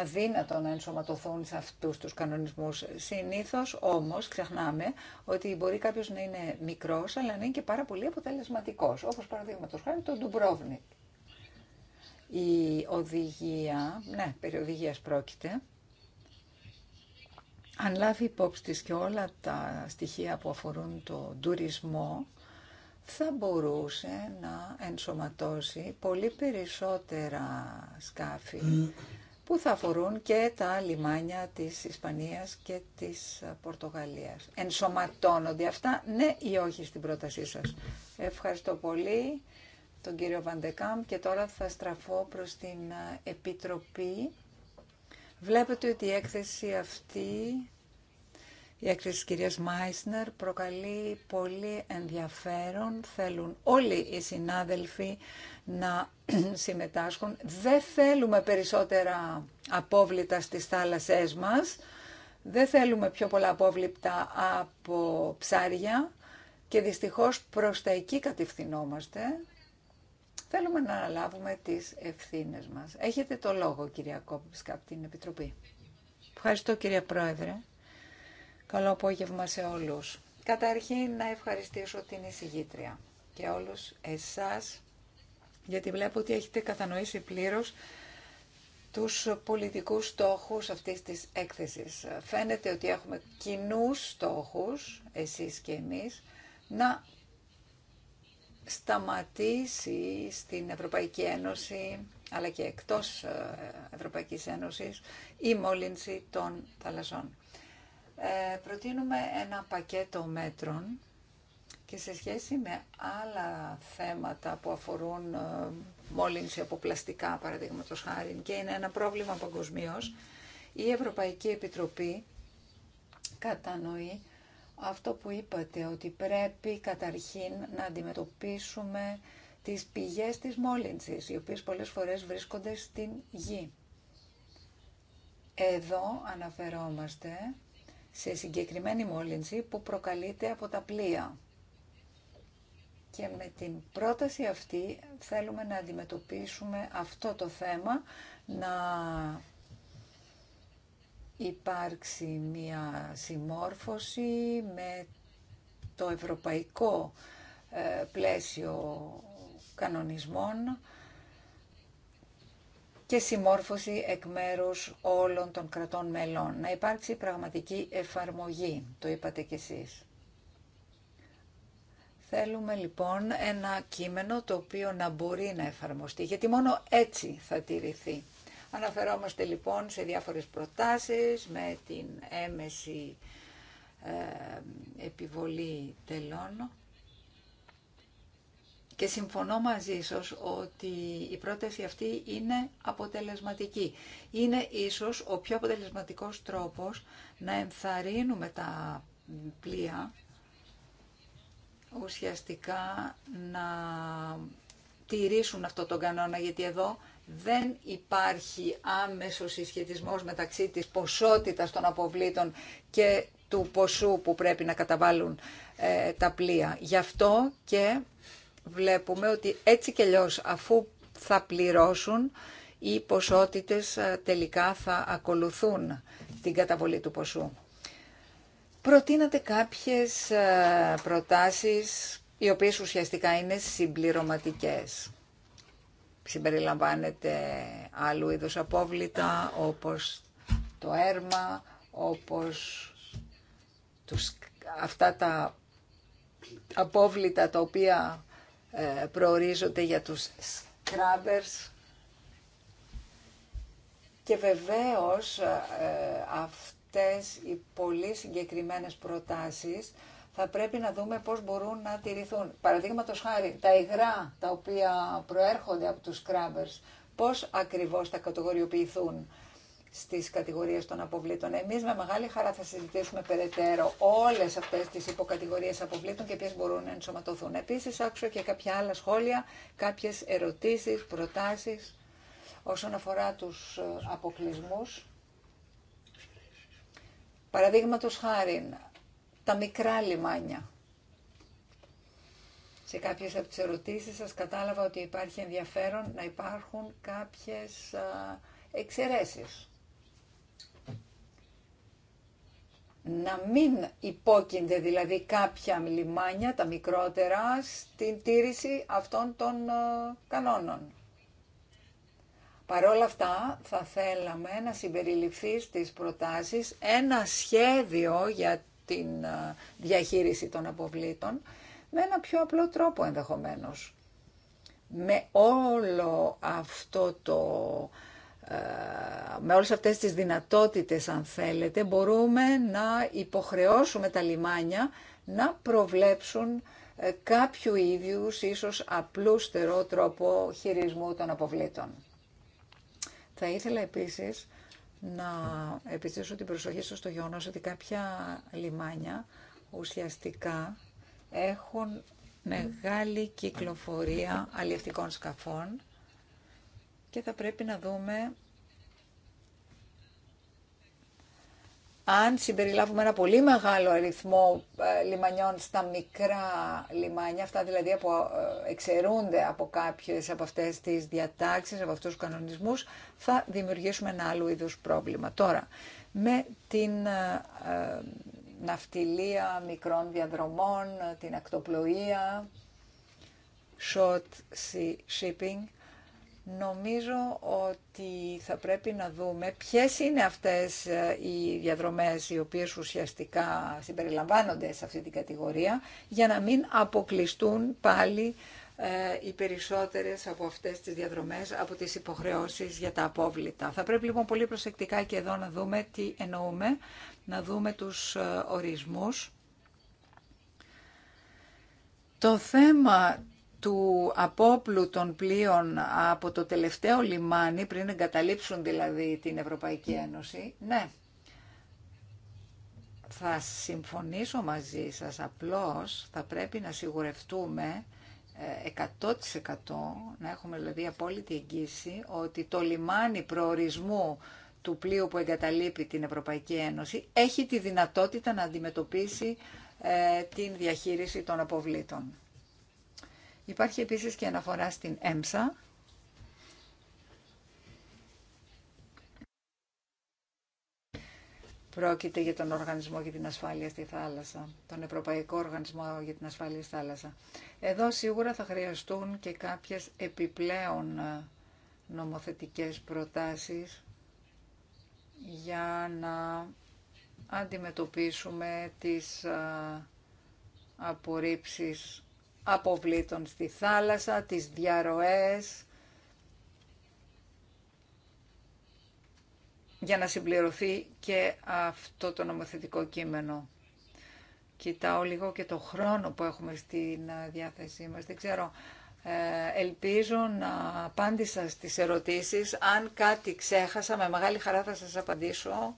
αδύνατο να ενσωματωθούν σε αυτούς τους κανονισμούς. Συνήθως όμως ξεχνάμε ότι μπορεί κάποιος να είναι μικρός αλλά να είναι και πάρα πολύ αποτελεσματικός, όπως παραδείγματος χάρη το Ντουμπρόβνικ. Η οδηγία, ναι, περί οδηγίας πρόκειται, αν λάβει υπόψη της και όλα τα στοιχεία που αφορούν το τουρισμό, θα μπορούσε να ενσωματώσει πολύ περισσότερα σκάφη που θα αφορούν και τα λιμάνια της Ισπανίας και της Πορτογαλίας. Ενσωματώνονται αυτά, ναι ή όχι στην πρότασή σας. Ευχαριστώ πολύ τον κύριο Βαντεκάμ και τώρα θα στραφώ προς την Επιτροπή. Βλέπετε ότι η έκθεση αυτή, η έκθεση της κυρίας Μάισνερ, προκαλεί πολύ ενδιαφέρον. Θέλουν όλοι οι συνάδελφοι να συμμετάσχουν. Δεν θέλουμε περισσότερα απόβλητα στις θάλασσές μας, δεν θέλουμε πιο πολλά απόβλητα από ψάρια και δυστυχώς προς τα εκεί κατευθυνόμαστε. Θέλουμε να αναλάβουμε τις ευθύνες μας. Έχετε το λόγο, κυρία Κόπιψκα, από την Επιτροπή. Ευχαριστώ, κυρία Πρόεδρε. Καλό απόγευμα σε όλους. Καταρχήν να ευχαριστήσω την εισηγήτρια και όλους εσάς γιατί βλέπω ότι έχετε κατανοήσει πλήρως τους πολιτικούς στόχους αυτής της έκθεσης. Φαίνεται ότι έχουμε κοινούς στόχους, εσείς και εμείς, να σταματήσει στην Ευρωπαϊκή Ένωση, αλλά και εκτός ε, Ευρωπαϊκής Ένωσης, η μόλυνση των θαλασσών. Ε, προτείνουμε ένα πακέτο μέτρων και σε σχέση με άλλα θέματα που αφορούν ε, μόλυνση από πλαστικά, παραδείγματος χάρη, και είναι ένα πρόβλημα παγκοσμίω, η Ευρωπαϊκή Επιτροπή κατανοεί αυτό που είπατε, ότι πρέπει καταρχήν να αντιμετωπίσουμε τις πηγές της μόλυνσης, οι οποίες πολλές φορές βρίσκονται στην γη. Εδώ αναφερόμαστε σε συγκεκριμένη μόλυνση που προκαλείται από τα πλοία. Και με την πρόταση αυτή θέλουμε να αντιμετωπίσουμε αυτό το θέμα, να υπάρξει μια συμμόρφωση με το ευρωπαϊκό ε, πλαίσιο κανονισμών και συμμόρφωση εκ μέρους όλων των κρατών μελών. Να υπάρξει πραγματική εφαρμογή, το είπατε κι εσείς. Θέλουμε λοιπόν ένα κείμενο το οποίο να μπορεί να εφαρμοστεί, γιατί μόνο έτσι θα τηρηθεί. Αναφερόμαστε λοιπόν σε διάφορες προτάσεις με την έμεση ε, επιβολή τελών και συμφωνώ μαζί σας ότι η πρόταση αυτή είναι αποτελεσματική. Είναι ίσως ο πιο αποτελεσματικός τρόπος να ενθαρρύνουμε τα πλοία ουσιαστικά να τηρήσουν αυτό τον κανόνα, γιατί εδώ δεν υπάρχει άμεσος συσχετισμός μεταξύ της ποσότητας των αποβλήτων και του ποσού που πρέπει να καταβάλουν ε, τα πλοία. Γι' αυτό και βλέπουμε ότι έτσι και αλλιώ αφού θα πληρώσουν, οι ποσότητες ε, τελικά θα ακολουθούν την καταβολή του ποσού προτείνατε κάποιες ε, προτάσεις οι οποίες ουσιαστικά είναι συμπληρωματικές. Συμπεριλαμβάνεται άλλου είδους απόβλητα όπως το έρμα, όπως τους, αυτά τα απόβλητα τα οποία ε, προορίζονται για τους scrubbers. Και βεβαίως ε, αυτές οι πολύ συγκεκριμένες προτάσεις θα πρέπει να δούμε πώς μπορούν να τηρηθούν. Παραδείγματος χάρη, τα υγρά τα οποία προέρχονται από τους scrubbers, πώς ακριβώς θα κατηγοριοποιηθούν στις κατηγορίες των αποβλήτων. Εμείς με μεγάλη χαρά θα συζητήσουμε περαιτέρω όλες αυτές τις υποκατηγορίες αποβλήτων και ποιες μπορούν να ενσωματωθούν. Επίσης άκουσα και κάποια άλλα σχόλια, κάποιες ερωτήσεις, προτάσεις όσον αφορά τους αποκλεισμούς. Παραδείγματο χάρη, τα μικρά λιμάνια. Σε κάποιες από τις ερωτήσεις σας κατάλαβα ότι υπάρχει ενδιαφέρον να υπάρχουν κάποιες εξαιρέσεις. Να μην υπόκεινται δηλαδή κάποια λιμάνια, τα μικρότερα, στην τήρηση αυτών των κανόνων. Παρ' όλα αυτά θα θέλαμε να συμπεριληφθεί στις προτάσεις ένα σχέδιο για την ε, διαχείριση των αποβλήτων με ένα πιο απλό τρόπο ενδεχομένως. Με όλο αυτό το... Ε, με όλες αυτές τις δυνατότητες, αν θέλετε, μπορούμε να υποχρεώσουμε τα λιμάνια να προβλέψουν ε, κάποιου ίδιους, ίσως απλούστερο τρόπο χειρισμού των αποβλήτων. Θα ήθελα επίσης να επιστήσω την προσοχή σας στο γεγονό ότι κάποια λιμάνια ουσιαστικά έχουν μεγάλη κυκλοφορία αλλιευτικών σκαφών και θα πρέπει να δούμε αν συμπεριλάβουμε ένα πολύ μεγάλο αριθμό ε, λιμανιών στα μικρά λιμάνια, αυτά δηλαδή που ε, εξαιρούνται από κάποιες από αυτές τις διατάξεις, από αυτούς τους κανονισμούς, θα δημιουργήσουμε ένα άλλο είδους πρόβλημα. Τώρα, με την ε, ναυτιλία μικρών διαδρομών, την ακτοπλοεία, short sea shipping, Νομίζω ότι θα πρέπει να δούμε ποιες είναι αυτές ε, οι διαδρομές οι οποίες ουσιαστικά συμπεριλαμβάνονται σε αυτή την κατηγορία για να μην αποκλειστούν πάλι ε, οι περισσότερες από αυτές τις διαδρομές από τις υποχρεώσεις για τα απόβλητα. Θα πρέπει λοιπόν πολύ προσεκτικά και εδώ να δούμε τι εννοούμε, να δούμε τους ε, ορισμούς. Το θέμα του απόπλου των πλοίων από το τελευταίο λιμάνι, πριν εγκαταλείψουν δηλαδή την Ευρωπαϊκή Ένωση, ναι, θα συμφωνήσω μαζί σας, απλώς θα πρέπει να σιγουρευτούμε 100% ε, να έχουμε δηλαδή απόλυτη εγγύηση ότι το λιμάνι προορισμού του πλοίου που εγκαταλείπει την Ευρωπαϊκή Ένωση έχει τη δυνατότητα να αντιμετωπίσει ε, την διαχείριση των αποβλήτων. Υπάρχει επίσης και αναφορά στην ΕΜΣΑ. Πρόκειται για τον Οργανισμό για την Ασφάλεια στη Θάλασσα, τον Ευρωπαϊκό Οργανισμό για την Ασφάλεια στη Θάλασσα. Εδώ σίγουρα θα χρειαστούν και κάποιες επιπλέον ε, νομοθετικές προτάσεις για να αντιμετωπίσουμε τις ε, απορρίψεις αποβλήτων στη θάλασσα, τις διαρροές, για να συμπληρωθεί και αυτό το νομοθετικό κείμενο. Κοιτάω λίγο και το χρόνο που έχουμε στην ε, διάθεσή μας. Δεν ξέρω. Ε, ελπίζω να απάντησα στις ερωτήσεις. Αν κάτι ξέχασα, με μεγάλη χαρά θα σας απαντήσω.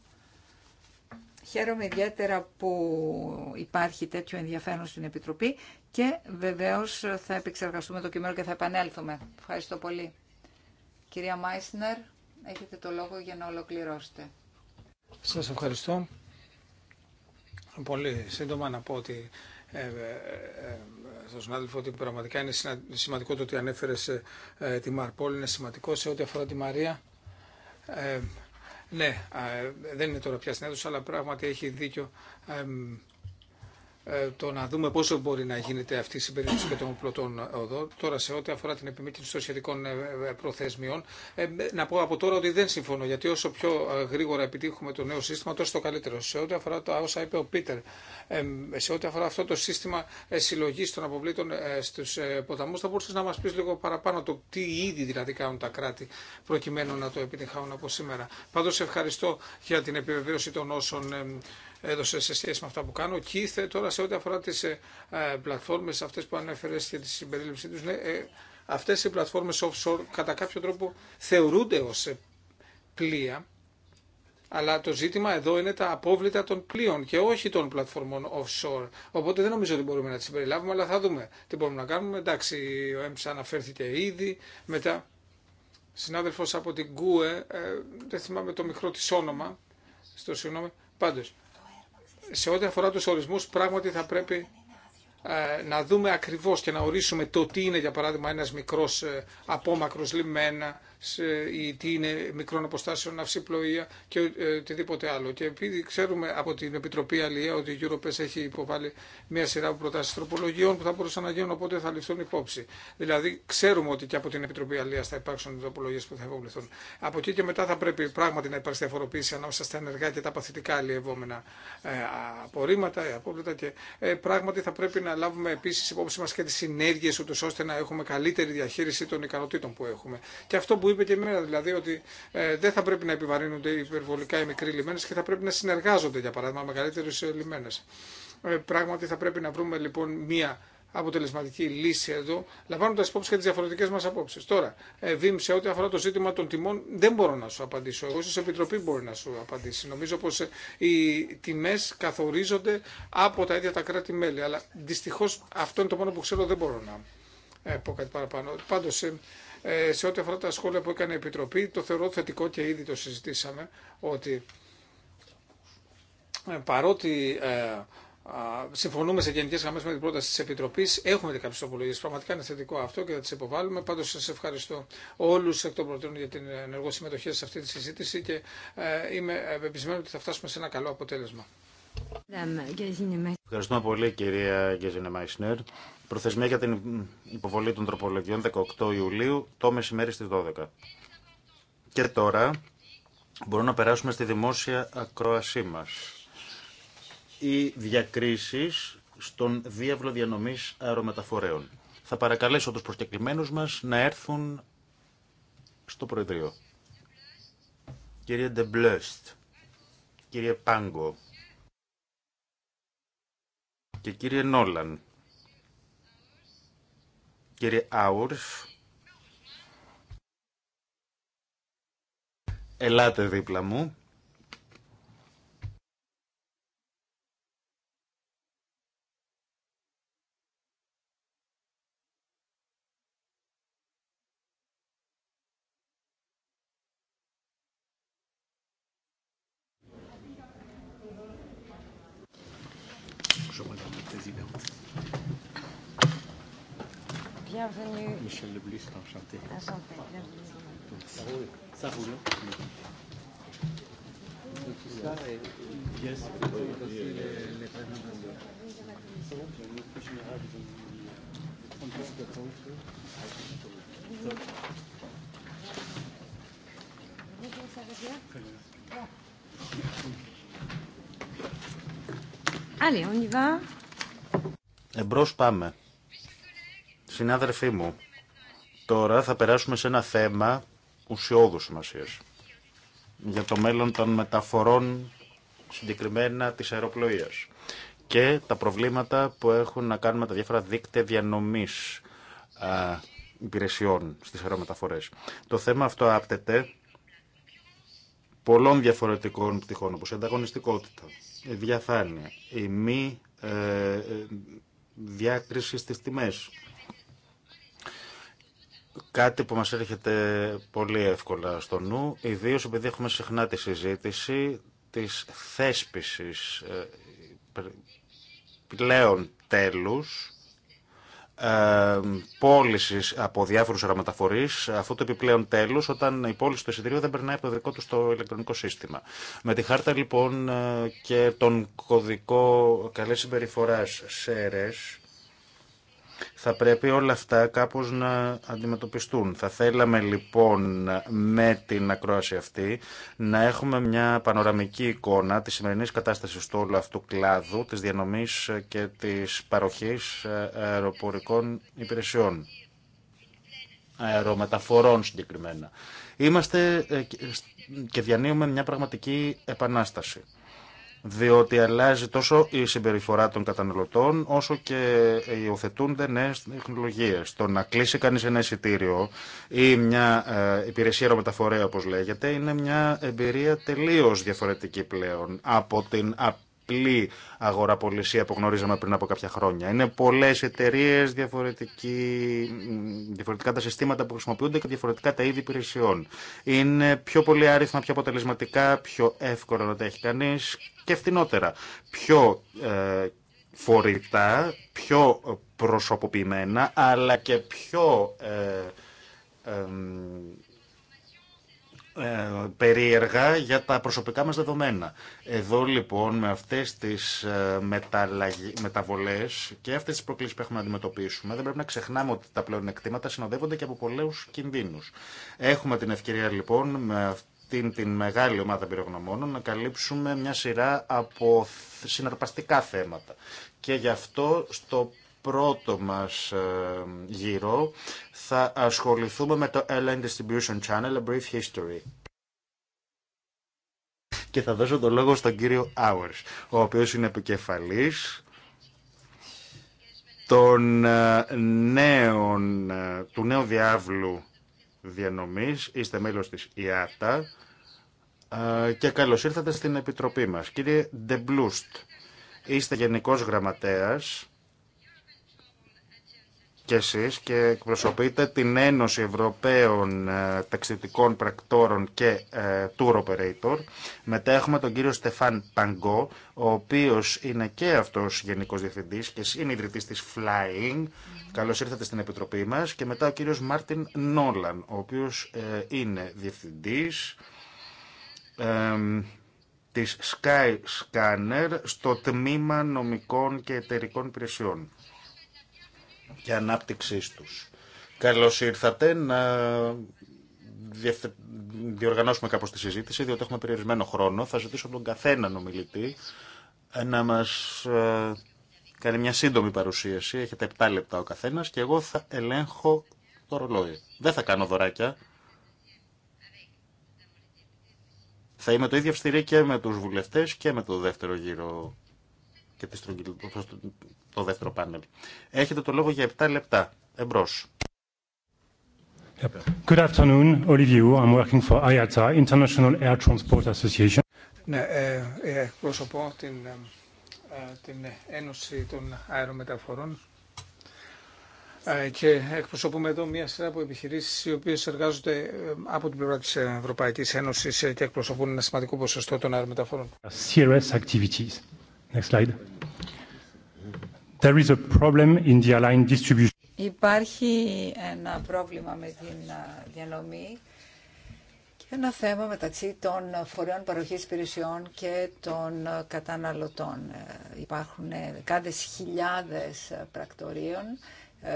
Χαίρομαι ιδιαίτερα που υπάρχει τέτοιο ενδιαφέρον στην Επιτροπή και βεβαίως θα επεξεργαστούμε το κείμενο και θα επανέλθουμε. Ευχαριστώ πολύ. Κυρία Μάισνερ, έχετε το λόγο για να ολοκληρώσετε. Σας ευχαριστώ. Πολύ σύντομα να πω ότι ε, ε, ε στον συνάδελφο ότι πραγματικά είναι σημαντικό το ότι ανέφερε σε, ε, τη Μαρπόλ, είναι σημαντικό σε ό,τι αφορά τη Μαρία. Ε, ναι, δεν είναι τώρα πια στην αλλά πράγματι έχει δίκιο ε, το να δούμε πόσο μπορεί να γίνεται αυτή η συμπερίληψη και των πλωτών εδώ. Τώρα, σε ό,τι αφορά την επιμήκυνση των σχετικών ε, ε, προθεσμιών, να πω από τώρα ότι δεν συμφωνώ, γιατί όσο πιο γρήγορα επιτύχουμε το νέο σύστημα, τόσο το καλύτερο. Σε ό,τι αφορά τα όσα είπε ο Πίτερ, σε ό,τι αφορά αυτό το σύστημα συλλογή των αποβλήτων στου ποταμού, θα μπορούσε να μα πει λίγο παραπάνω το τι ήδη δηλαδή κάνουν τα κράτη προκειμένου να το επιτυχάουν από σήμερα. Πάντω, ευχαριστώ για την επιβεβαίωση των όσων έδωσε σε σχέση με αυτά που κάνω. Και τώρα σε ό,τι αφορά τις ε, ε, πλατφόρμες αυτές που ανέφερες και τη συμπερίληψή τους, ναι, ε, αυτές οι πλατφόρμες offshore κατά κάποιο τρόπο θεωρούνται ως πλοία, αλλά το ζήτημα εδώ είναι τα απόβλητα των πλοίων και όχι των πλατφορμών offshore. Οπότε δεν νομίζω ότι μπορούμε να τις συμπεριλάβουμε, αλλά θα δούμε τι μπορούμε να κάνουμε. Εντάξει, ο ΕΜΣ αναφέρθηκε ήδη. Μετά, συνάδελφος από την ΚΟΕ, δεν θυμάμαι το μικρό της όνομα, στο συγγνώμη, πάντως σε ό,τι αφορά τους ορισμούς πράγματι θα πρέπει ε, να δούμε ακριβώς και να ορίσουμε το τι είναι για παράδειγμα ένας μικρός ε, απόμακρος λιμένα ή τι είναι μικρών αποστάσεων αυσυπλοεία και ε, οτιδήποτε άλλο. Και επειδή ξέρουμε από την Επιτροπή Αλληλεία ότι η τι είναι μικρών αποστάσεων, ναυσιπλοεία και οτιδήποτε άλλο. Και επειδή ξέρουμε από την Επιτροπή Αλία ότι η Europes έχει υποβάλει μια σειρά από προτάσει τροπολογιών που θα μπορούσαν να γίνουν, οπότε θα ληφθούν υπόψη. Δηλαδή, ξέρουμε ότι και από την Επιτροπή Αλία θα υπάρξουν τροπολογίε που θα υποβληθούν. Από εκεί και μετά θα πρέπει πράγματι να υπάρξει διαφοροποίηση ανάμεσα στα ενεργά και τα παθητικά αλλιευόμενα ε, απορρίμματα, ε, απόβλητα και πράγματι θα πρέπει να λάβουμε επίση υπόψη μα και τι συνέργειε, ώστε να έχουμε καλύτερη διαχείριση των ικανοτήτων που έχουμε. Και αυτό είπε και εμένα, δηλαδή ότι ε, δεν θα πρέπει να επιβαρύνονται υπερβολικά οι μικροί λιμένε και θα πρέπει να συνεργάζονται, για παράδειγμα, μεγαλύτερες ε, λιμένες. Ε, πράγματι θα πρέπει να βρούμε λοιπόν μία αποτελεσματική λύση εδώ, λαμβάνοντα υπόψη και τι διαφορετικέ μα απόψει. Τώρα, ε, ό,τι αφορά το ζήτημα των τιμών, δεν μπορώ να σου απαντήσω. Εγώ, ω Επιτροπή, μπορεί να σου απαντήσει. Νομίζω πω οι τιμέ καθορίζονται από τα ίδια τα κράτη-μέλη. Αλλά δυστυχώ αυτό είναι το μόνο που ξέρω, δεν μπορώ να πω κάτι παραπάνω. Πάντω, ε, σε ό,τι αφορά τα σχόλια που έκανε η Επιτροπή, το θεωρώ θετικό και ήδη το συζητήσαμε, ότι ε, παρότι ε, συμφωνούμε σε γενικέ γραμμέ με την πρόταση τη Επιτροπή. Έχουμε και κάποιε τοπολογίε. Πραγματικά είναι θετικό αυτό και θα τι υποβάλουμε. Πάντω, σα ευχαριστώ όλου εκ των προτέρων για την ενεργό συμμετοχή σε αυτή τη συζήτηση και είμαι πεπισμένο ότι θα φτάσουμε σε ένα καλό αποτέλεσμα. Ευχαριστούμε πολύ, κυρία Γκέζινε Μάισνερ. Προθεσμία για την υποβολή των τροπολογιών 18 Ιουλίου το μεσημέρι στις 12. Και τώρα μπορούμε να περάσουμε στη δημόσια ακρόασή μας. Οι διακρίσεις στον διάβλο διανομής αερομεταφορέων. Θα παρακαλέσω τους προσκεκλημένους μας να έρθουν στο Προεδρείο. Κύριε Ντεμπλέστ, κύριε Πάγκο και κύριε Νόλαν. Κύριε Άουρφ, ελάτε δίπλα μου. Bienvenue. Michel Leblis, enchanté. Enchanté, bienvenue. Ça roule. Ça roule. Allez, on y va. Εμπρός πάμε. Συνάδελφοί μου, τώρα θα περάσουμε σε ένα θέμα ουσιώδου σημασία για το μέλλον των μεταφορών συγκεκριμένα της αεροπλοείας και τα προβλήματα που έχουν να κάνουν με τα διάφορα δίκτυα διανομής υπηρεσιών στις αερομεταφορές. Το θέμα αυτό άπτεται πολλών διαφορετικών πτυχών, όπως η ανταγωνιστικότητα, η διαφάνεια, η μη ε, ε διάκριση στις τιμές, Κάτι που μας έρχεται πολύ εύκολα στο νου, ιδίως επειδή έχουμε συχνά τη συζήτηση της θέσπισης ε, πλέον τέλους ε, πώληση από διάφορου αερομεταφορεί αφού το επιπλέον τέλο, όταν η πώληση του εισιτηρίου δεν περνάει από το δικό του στο ηλεκτρονικό σύστημα. Με τη χάρτα λοιπόν ε, και τον κωδικό καλή συμπεριφορά ΣΕΡΕΣ, θα πρέπει όλα αυτά κάπως να αντιμετωπιστούν. Θα θέλαμε λοιπόν με την ακρόαση αυτή να έχουμε μια πανοραμική εικόνα της σημερινής κατάστασης του όλου αυτού κλάδου, της διανομής και της παροχής αεροπορικών υπηρεσιών, αερομεταφορών συγκεκριμένα. Είμαστε ε, ε, και διανύουμε μια πραγματική επανάσταση διότι αλλάζει τόσο η συμπεριφορά των καταναλωτών όσο και υιοθετούνται νέε τεχνολογίε. Το να κλείσει κανεί ένα εισιτήριο ή μια ε, υπηρεσία αερομεταφορέα, όπω λέγεται, είναι μια εμπειρία τελείω διαφορετική πλέον από την πλή αγοραπολισία που γνωρίζαμε πριν από κάποια χρόνια. Είναι πολλέ εταιρείε, διαφορετικά τα συστήματα που χρησιμοποιούνται και διαφορετικά τα είδη υπηρεσιών. Είναι πιο πολύ άριθμα, πιο αποτελεσματικά, πιο εύκολα να τα έχει κανεί και φθηνότερα, Πιο ε, φορητά, πιο προσωποποιημένα, αλλά και πιο. Ε, ε, ε, περίεργα για τα προσωπικά μας δεδομένα. Εδώ λοιπόν με αυτές τις ε, μεταβολές και αυτές τις προκλήσεις που έχουμε να αντιμετωπίσουμε δεν πρέπει να ξεχνάμε ότι τα πλέον εκτήματα συνοδεύονται και από πολλούς κινδύνους. Έχουμε την ευκαιρία λοιπόν με αυτήν την μεγάλη ομάδα πυρογνωμόνων να καλύψουμε μια σειρά από συναρπαστικά θέματα. Και γι' αυτό στο πρώτο μας ε, γύρο θα ασχοληθούμε με το LN Distribution Channel, A Brief History. Και θα δώσω το λόγο στον κύριο Hours, ο οποίος είναι επικεφαλής των ε, νέων, ε, του νέου διάβλου διανομής. Είστε μέλος της ΙΑΤΑ και καλώς ήρθατε στην Επιτροπή μας. Κύριε Ντεμπλούστ, είστε Γενικός Γραμματέας και εσείς και εκπροσωπείτε την Ένωση Ευρωπαίων ε, Ταξιδιτικών Πρακτόρων και ε, Tour Operator. Μετά έχουμε τον κύριο Στεφάν Παγκό, ο οποίος είναι και αυτός Γενικός Διευθυντής και συνειδητής της Flying. Καλώς ήρθατε στην Επιτροπή μας. Και μετά ο κύριος Μάρτιν Νόλαν, ο οποίος ε, είναι Διευθυντής της Sky Scanner στο Τμήμα Νομικών και Εταιρικών Υπηρεσιών και ανάπτυξή τους. Καλώς ήρθατε να διοργανώσουμε κάπως τη συζήτηση, διότι έχουμε περιορισμένο χρόνο. Θα ζητήσω τον καθέναν ομιλητή να μας ε, κάνει μια σύντομη παρουσίαση. Έχετε 7 λεπτά ο καθένας και εγώ θα ελέγχω το ρολόι. Δεν θα κάνω δωράκια. Θα είμαι το ίδιο αυστηρή και με τους βουλευτές και με το δεύτερο γύρο και τη στρογγυλή, το δεύτερο πάνελ. Έχετε το λόγο για 7 λεπτά. Εμπρός. Good afternoon, Olivier. I'm working for IATA, International Air Transport Association. Ναι, ε, ε, εκπροσωπώ την, ε, την Ένωση των Αερομεταφορών και εκπροσωπούμε εδώ μία σειρά από επιχειρήσεις οι οποίες εργάζονται από την πλευρά της Ευρωπαϊκής Ένωσης και εκπροσωπούν ένα σημαντικό ποσοστό των αερομεταφορών. Serious activities. Next slide. Υπάρχει ένα πρόβλημα με την διανομή και ένα θέμα μεταξύ των φορέων παροχής υπηρεσιών και των καταναλωτών. Ε, υπάρχουν δεκάδες χιλιάδες πρακτορείων. Ε,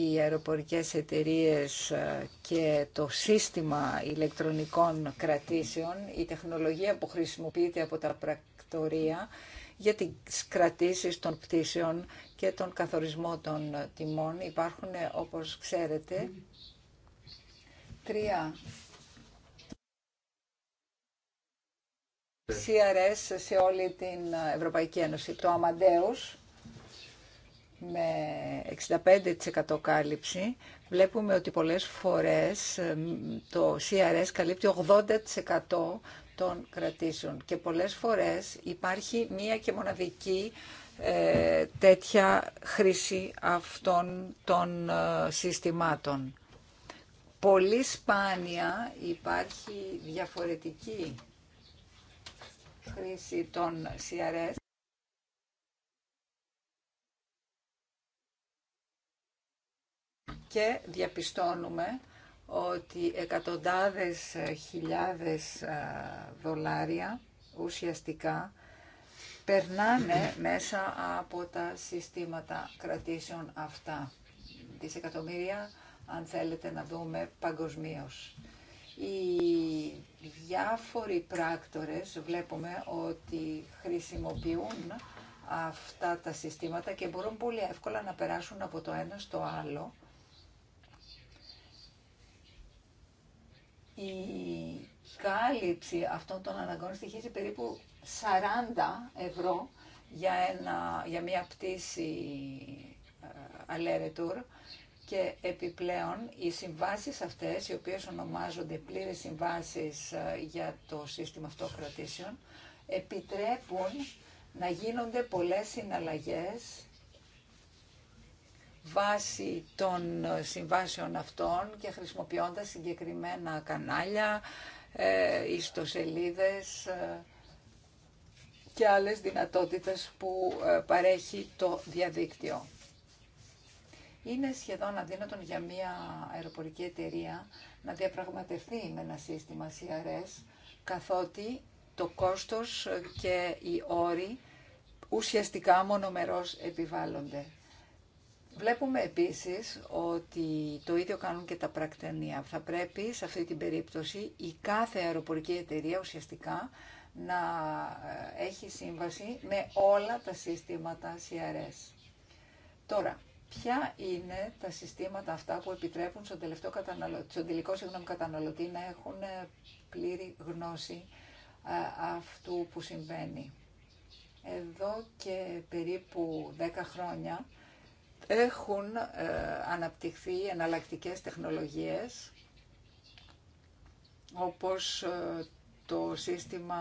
οι αεροπορικές εταιρείες ε, και το σύστημα ηλεκτρονικών κρατήσεων, η τεχνολογία που χρησιμοποιείται από τα πρακτορεία, για τις κρατήσεις των πτήσεων και τον καθορισμό των τιμών. Υπάρχουν, όπως ξέρετε, τρία CRS σε όλη την Ευρωπαϊκή Ένωση. Το Amadeus με 65% κάλυψη. Βλέπουμε ότι πολλές φορές ε, το CRS καλύπτει 80% των Και πολλές φορές υπάρχει μία και μοναδική ε, τέτοια χρήση αυτών των ε, συστημάτων. Πολύ σπάνια υπάρχει διαφορετική χρήση των CRS. Και διαπιστώνουμε ότι εκατοντάδες ε, χιλιάδες ε, δολάρια ουσιαστικά περνάνε μέσα από τα συστήματα κρατήσεων αυτά. εκατομμύρια αν θέλετε να δούμε παγκοσμίω. Οι διάφοροι πράκτορες βλέπουμε ότι χρησιμοποιούν αυτά τα συστήματα και μπορούν πολύ εύκολα να περάσουν από το ένα στο άλλο η κάλυψη αυτών των αναγκών στοιχίζει περίπου 40 ευρώ για, ένα, για μια πτήση ε, αλέρετουρ και επιπλέον οι συμβάσεις αυτές, οι οποίες ονομάζονται πλήρες συμβάσεις ε, για το σύστημα αυτοκρατήσεων, επιτρέπουν να γίνονται πολλές συναλλαγές βάσει των συμβάσεων αυτών και χρησιμοποιώντας συγκεκριμένα κανάλια, ε, ιστοσελίδες ε, και άλλες δυνατότητες που ε, παρέχει το διαδίκτυο. Είναι σχεδόν αδύνατον για μια αεροπορική εταιρεία να διαπραγματευτεί με ένα σύστημα CRS, καθότι το κόστος και οι όροι ουσιαστικά μονομερώς επιβάλλονται. Βλέπουμε επίσης ότι το ίδιο κάνουν και τα πρακτενία. Θα πρέπει σε αυτή την περίπτωση η κάθε αεροπορική εταιρεία ουσιαστικά να ε, έχει σύμβαση με όλα τα συστήματα CRS. Τώρα, ποια είναι τα συστήματα αυτά που επιτρέπουν στον, τελευταίο καταναλωτή, στον τελικό συγγνώμη, καταναλωτή να έχουν ε, πλήρη γνώση ε, αυτού που συμβαίνει. Εδώ και περίπου 10 χρόνια έχουν ε, αναπτυχθεί εναλλακτικές τεχνολογίες όπως ε, το σύστημα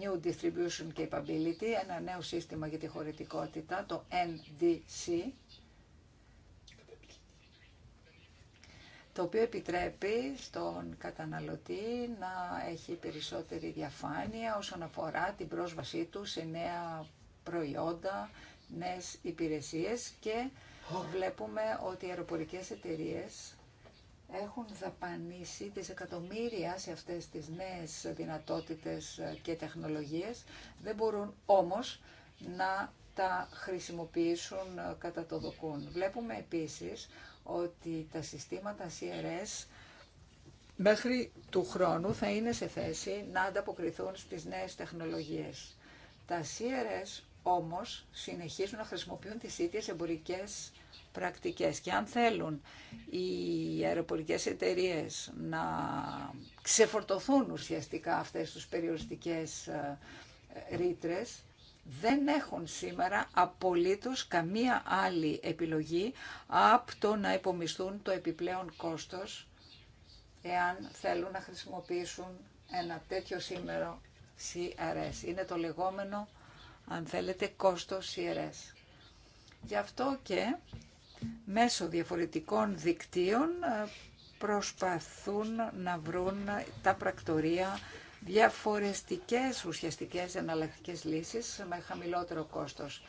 New Distribution Capability, ένα νέο σύστημα για τη χωρητικότητα, το NDC, το οποίο επιτρέπει στον καταναλωτή να έχει περισσότερη διαφάνεια όσον αφορά την πρόσβασή του σε νέα προϊόντα, νέες υπηρεσίες και βλέπουμε ότι οι αεροπορικές εταιρείες έχουν δαπανίσει δισεκατομμύρια σε αυτές τις νέες δυνατότητες και τεχνολογίες, δεν μπορούν όμως να τα χρησιμοποιήσουν κατά το δοκούν. Βλέπουμε επίσης ότι τα συστήματα CRS μέχρι του χρόνου θα είναι σε θέση να ανταποκριθούν στις νέες τεχνολογίες. Τα CRS όμως συνεχίζουν να χρησιμοποιούν τις ίδιες εμπορικές πρακτικές. Και αν θέλουν οι αεροπορικές εταιρείες να ξεφορτωθούν ουσιαστικά αυτές τους περιοριστικές ε, ρήτρε, δεν έχουν σήμερα απολύτως καμία άλλη επιλογή από το να υπομισθούν το επιπλέον κόστος εάν θέλουν να χρησιμοποιήσουν ένα τέτοιο σήμερα CRS. Είναι το λεγόμενο, αν θέλετε, κόστος CRS. Γι' αυτό και μέσω διαφορετικών δικτύων ε, προσπαθούν να βρουν τα πρακτορία διαφορεστικές ουσιαστικές εναλλακτικέ λύσεις με χαμηλότερο κόστος.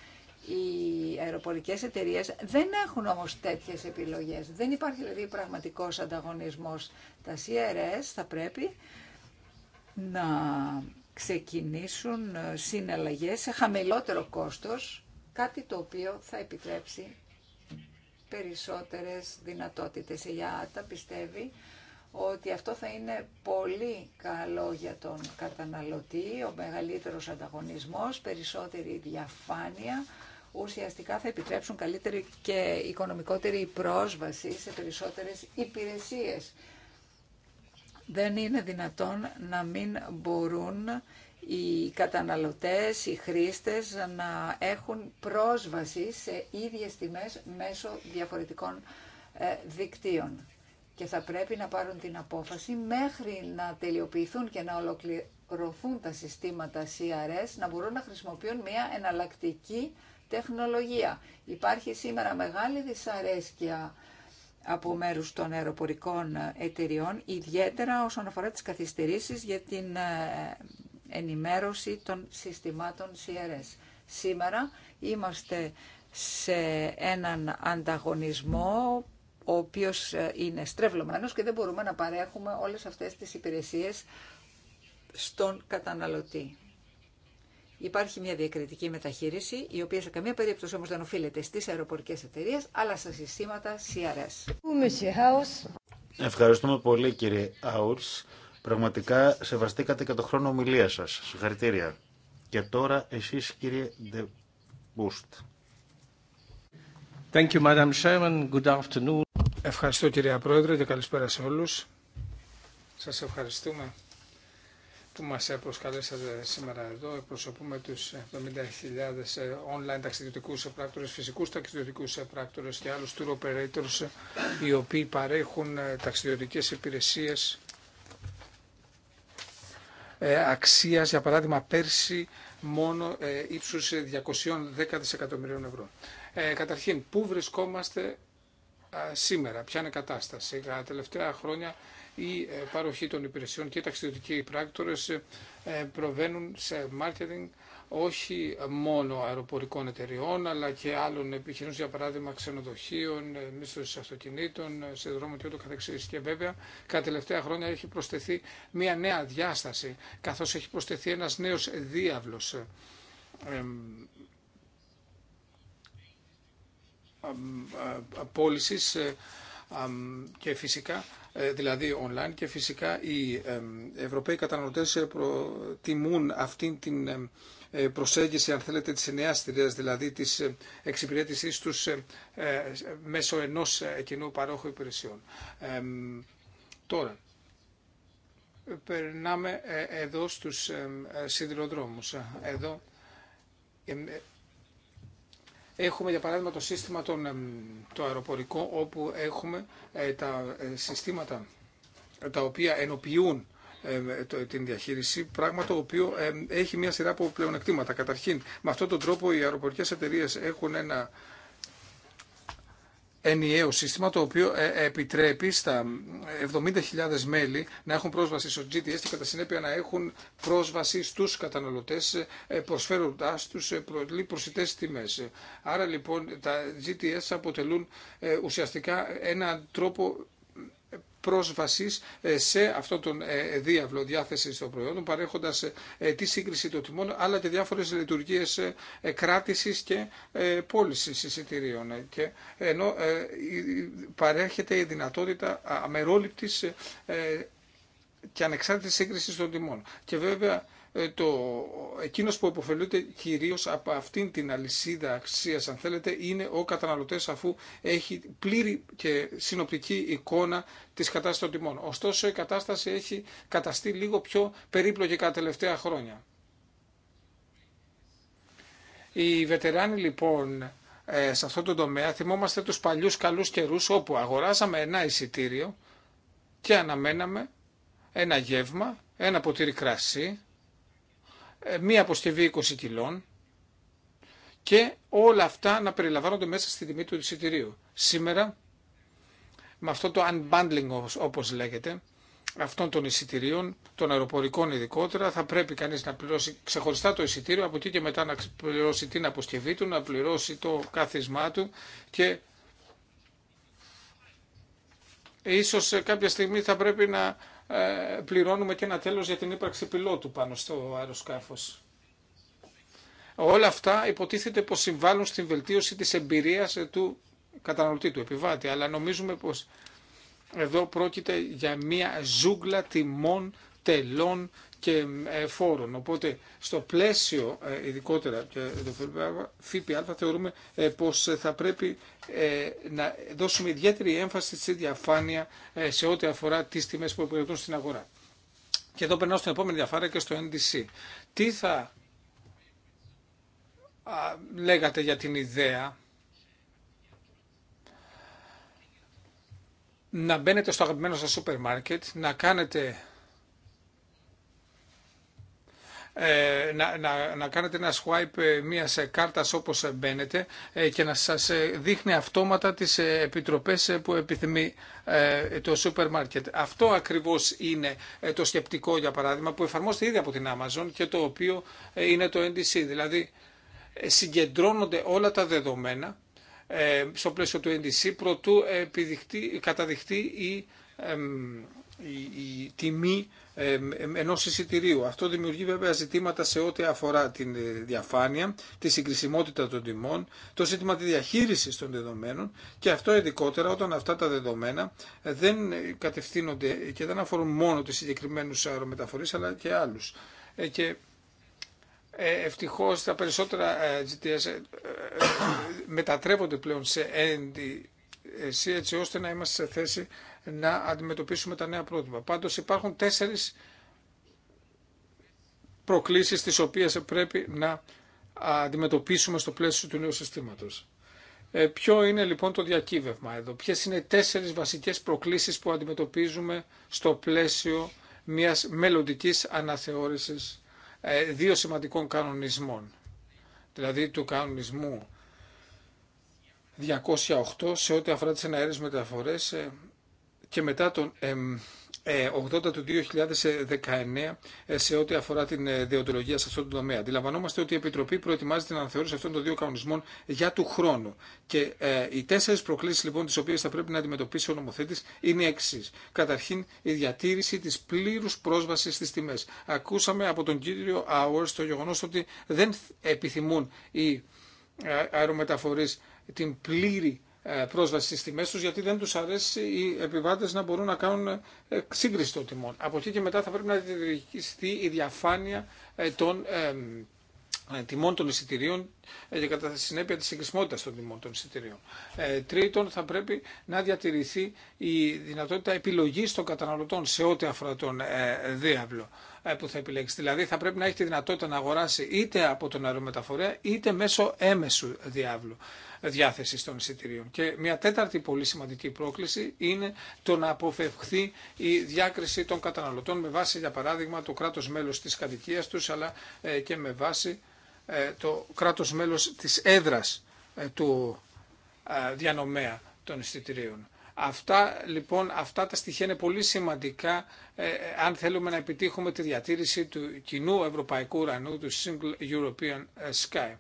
Οι αεροπορικές εταιρείες δεν έχουν όμως τέτοιες επιλογές. Δεν υπάρχει δηλαδή πραγματικός ανταγωνισμός. Τα CRS θα πρέπει να ξεκινήσουν συναλλαγές σε χαμηλότερο κόστος, κάτι το οποίο θα επιτρέψει περισσότερες δυνατότητες. Η ΙΑΤΑ πιστεύει ότι αυτό θα είναι πολύ καλό για τον καταναλωτή, ο μεγαλύτερος ανταγωνισμός, περισσότερη διαφάνεια, ουσιαστικά θα επιτρέψουν καλύτερη και οικονομικότερη πρόσβαση σε περισσότερες υπηρεσίες. Δεν είναι δυνατόν να μην μπορούν οι καταναλωτές, οι χρήστες να έχουν πρόσβαση σε ίδιες τιμές μέσω διαφορετικών ε, δικτύων. Και θα πρέπει να πάρουν την απόφαση μέχρι να τελειοποιηθούν και να ολοκληρωθούν τα συστήματα CRS να μπορούν να χρησιμοποιούν μια εναλλακτική τεχνολογία. Υπάρχει σήμερα μεγάλη δυσαρέσκεια από μέρους των αεροπορικών εταιριών, ιδιαίτερα όσον αφορά τις καθυστερήσεις για την ε, ενημέρωση των συστημάτων CRS. Σήμερα είμαστε σε έναν ανταγωνισμό ο οποίος ε, είναι στρεβλωμένος και δεν μπορούμε να παρέχουμε όλες αυτές τις υπηρεσίες στον καταναλωτή. Υπάρχει μια διακριτική μεταχείριση, η οποία σε καμία περίπτωση όμως δεν οφείλεται στις αεροπορικές εταιρείες, αλλά στα συστήματα CRS. Ευχαριστούμε πολύ κύριε Άουρς. Πραγματικά σεβαστήκατε και το χρόνο ομιλία σα. Συγχαρητήρια. Και τώρα εσεί, κύριε Ντεμπούστ. Thank you, Madam Good afternoon. Ευχαριστώ κυρία Πρόεδρε και καλησπέρα σε όλους. Σας ευχαριστούμε που μας προσκαλέσατε σήμερα εδώ. Εκπροσωπούμε τους 70.000 ε, online ταξιδιωτικούς πράκτορες, φυσικούς ταξιδιωτικούς πράκτορες και άλλους tour operators οι οποίοι παρέχουν ε, ταξιδιωτικές υπηρεσίες ε, αξίας, για παράδειγμα πέρσι, μόνο ε, ύψους 210 ε, δισεκατομμυρίων ευρώ. Καταρχήν, πού βρισκόμαστε σήμερα, ποια είναι η κατάσταση. Τα τελευταία χρόνια η παροχή των υπηρεσιών και οι ταξιδιωτικοί πράκτορες προβαίνουν σε marketing όχι μόνο αεροπορικών εταιριών, αλλά και άλλων επιχειρήσεων, για παράδειγμα ξενοδοχείων, ε, μίσθωση αυτοκινήτων, ε, σε δρόμο και ούτω καθεξής. Και βέβαια, κατά τελευταία χρόνια έχει προσθεθεί μια νέα διάσταση, καθώς έχει προσθεθεί ένας νέος διάβλος ε, πώληση και φυσικά, δηλαδή online και φυσικά οι Ευρωπαίοι καταναλωτές προτιμούν αυτήν την ε, προσέγγιση αν θέλετε της νέας δηλαδή της ε, εξυπηρέτησής τους ε, μέσω ενός κοινού παρόχου υπηρεσιών. Τώρα, περνάμε εδώ στους σιδηροδρόμους. Εδώ Έχουμε για παράδειγμα το σύστημα των, το αεροπορικό όπου έχουμε τα συστήματα τα οποία ενοποιούν ε, την διαχείριση, πράγμα το οποίο έχει μια σειρά από πλεονεκτήματα. Καταρχήν, με αυτόν τον τρόπο οι αεροπορικές εταιρείε έχουν ένα ενιαίο σύστημα το οποίο ε, ε, επιτρέπει στα 70.000 μέλη να έχουν πρόσβαση στο GTS και κατά συνέπεια να έχουν πρόσβαση στους καταναλωτές προσφέροντάς τους πολύ προσιτές τιμές. Άρα λοιπόν τα GTS αποτελούν ουσιαστικά ένα τρόπο πρόσβαση ε, σε αυτόν τον ε, ε, διάβλο διάθεση των προϊόντων παρέχοντας τη σύγκριση των τιμών αλλά και διάφορε λειτουργίες κράτηση και πώληση εισιτηρίων. Και ενώ παρέχεται η δυνατότητα αμερόληπτης και ανεξάρτητης σύγκριση των τιμών. Και βέβαια ε, το, εκείνος που υποφελούνται κυρίως από αυτήν την αλυσίδα αξίας αν θέλετε είναι ο καταναλωτές αφού έχει πλήρη και συνοπτική εικόνα της κατάστασης των τιμών. Ωστόσο η κατάσταση έχει καταστεί λίγο πιο περίπλοκη κατά τελευταία χρόνια. Οι βετεράνοι λοιπόν ε, σε αυτό το τομέα θυμόμαστε τους παλιούς καλούς καιρούς όπου αγοράζαμε ένα εισιτήριο και αναμέναμε ένα γεύμα, ένα ποτήρι κρασί ε, μία αποσκευή 20 κιλών και όλα αυτά να περιλαμβάνονται μέσα στη τιμή του εισιτηρίου. Σήμερα με αυτό το unbundling όπως λέγεται αυτών των εισιτηρίων, των αεροπορικών ειδικότερα, θα πρέπει κανείς να πληρώσει ξεχωριστά το εισιτήριο, από εκεί και μετά να πληρώσει την αποσκευή του, να πληρώσει το κάθισμά του και ίσως ε, κάποια στιγμή θα πρέπει να ε, πληρώνουμε και ένα τέλος για την ύπαρξη πιλότου πάνω στο αεροσκάφος. Όλα αυτά υποτίθεται πως συμβάλλουν στην βελτίωση της εμπειρίας ε, του καταναλωτή, του επιβάτη, αλλά νομίζουμε πως εδώ πρόκειται για μια ζούγκλα τιμών, τελών και ε, φόρων. Οπότε στο πλαίσιο ε, ειδικότερα ε, το ΦΠΑ θεωρούμε πως θα πρέπει να δώσουμε ιδιαίτερη έμφαση στη διαφάνεια σε ό,τι αφορά τις τιμές που υπηρετούν στην αγορά. Και εδώ περνάω στην επόμενη διαφάρα και στο NDC. Τι θα λέγατε για την ιδέα να μπαίνετε στο αγαπημένο σας σούπερ μάρκετ, να κάνετε ε, να, να, να κάνετε ένα swipe ε, μια κάρτα όπως μπαίνετε ε, και να σας δείχνει αυτόματα τις επιτροπέ που επιθυμεί το σούπερ μάρκετ. Αυτό ακριβώς είναι το σκεπτικό για παράδειγμα που εφαρμόζεται ήδη από την Amazon και το οποίο είναι το NDC. Δηλαδή συγκεντρώνονται όλα τα δεδομένα στο πλαίσιο του NDC προτού καταδειχτεί η, η, η τιμή Ενό εισιτηρίου. Αυτό δημιουργεί βέβαια ζητήματα σε ό,τι αφορά την ε, διαφάνεια, τη συγκρισιμότητα των τιμών, το ζήτημα τη διαχείριση των δεδομένων και αυτό ειδικότερα όταν αυτά τα δεδομένα ε, δεν ε, κατευθύνονται και δεν αφορούν μόνο τις συγκεκριμένου αερομεταφορεί, αλλά και άλλους. Και ευτυχώς τα περισσότερα GTS μετατρέπονται πλέον σε έτσι ώστε να είμαστε σε θέση να αντιμετωπίσουμε τα νέα πρότυπα. Πάντως υπάρχουν τέσσερις προκλήσεις τις οποίες πρέπει να αντιμετωπίσουμε στο πλαίσιο του νέου συστήματος. Ε, ποιο είναι λοιπόν το διακύβευμα εδώ, ποιες είναι οι τέσσερις βασικές προκλήσεις που αντιμετωπίζουμε στο πλαίσιο μιας μελλοντική αναθεώρησης ε, δύο σημαντικών κανονισμών, δηλαδή του κανονισμού 208 σε ό,τι αφορά τις εναέρες μεταφορές ε, και μετά τον 80 ε, του 2019 ε, σε ό,τι αφορά την ε, διοντολογία σε αυτόν τον τομέα. Αντιλαμβανόμαστε ότι η Επιτροπή προετοιμάζει την αναθεώρηση αυτών των δύο κανονισμών για του χρόνου. Και οι τέσσερι προκλήσει λοιπόν τι οποίε θα πρέπει να αντιμετωπίσει ο νομοθέτη είναι εξή. Καταρχήν, η διατήρηση τη πλήρου πρόσβαση στι τιμέ. Ακούσαμε από τον κύριο Άουερ το γεγονό ότι δεν επιθυμούν οι αερομεταφορεί την πλήρη ε, πρόσβαση στις τιμές τους γιατί δεν τους αρέσει οι επιβάτες να μπορούν να κάνουν ε, σύγκριση των τιμών. Από εκεί και μετά θα πρέπει να διατηρηθεί η διαφάνεια ε, των τιμών των εισιτηρίων και κατά συνέπεια της συγκρισμότητας των τιμών των εισιτηρίων. τρίτον, θα πρέπει να διατηρηθεί η δυνατότητα επιλογής των καταναλωτών σε ό,τι αφορά τον διάβλο που θα επιλέξει. Δηλαδή θα πρέπει να έχει τη δυνατότητα να αγοράσει είτε από τον αερομεταφορέα είτε μέσω έμεσου διάβλου. Διάθεση των εισιτηρίων. Και μια τέταρτη πολύ σημαντική πρόκληση είναι το να αποφευχθεί η διάκριση των καταναλωτών με βάση, για παράδειγμα, το κράτος μέλος της κατοικίας τους, αλλά ε, και με βάση ε, το κράτος μέλος της έδρας ε, του διανομέα των εισιτηρίων. Αυτά λοιπόν, αυτά τα στοιχεία είναι πολύ σημαντικά αν θέλουμε να επιτύχουμε τη διατήρηση του κοινού ευρωπαϊκού ουρανού, του Single European Sky.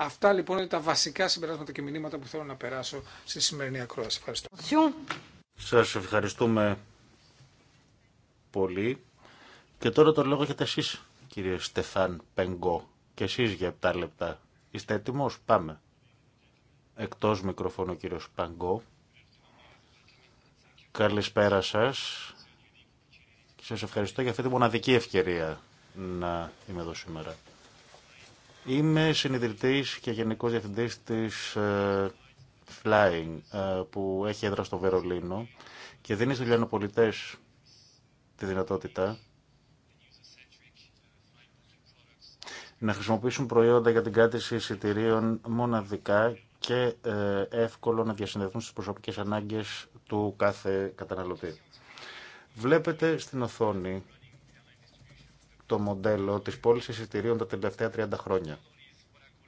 Αυτά λοιπόν είναι τα βασικά συμπεράσματα και μηνύματα που θέλω να περάσω στη σημερινή ακρόαση. Ευχαριστώ. Σας ευχαριστούμε πολύ. Και τώρα το λόγο έχετε εσείς, κύριε Στεφάν Πενγκό. Και εσείς για 7 λεπτά. Είστε έτοιμο, πάμε. Εκτός μικροφώνου κύριο Πενγκό. Καλησπέρα σα. Σα σας ευχαριστώ για αυτή τη μοναδική ευκαιρία να είμαι εδώ σήμερα. Είμαι συνειδητής και γενικός διευθυντής της ε, Flying ε, που έχει έδρα στο Βερολίνο και δίνει στους λιανοπολιτές τη δυνατότητα να χρησιμοποιήσουν προϊόντα για την κράτηση εισιτηρίων μοναδικά και ε, εύκολο να διασυνδεθούν στις προσωπικές ανάγκες του κάθε καταναλωτή. Βλέπετε στην οθόνη το μοντέλο της πώληση εισιτηρίων τα τελευταία 30 χρόνια.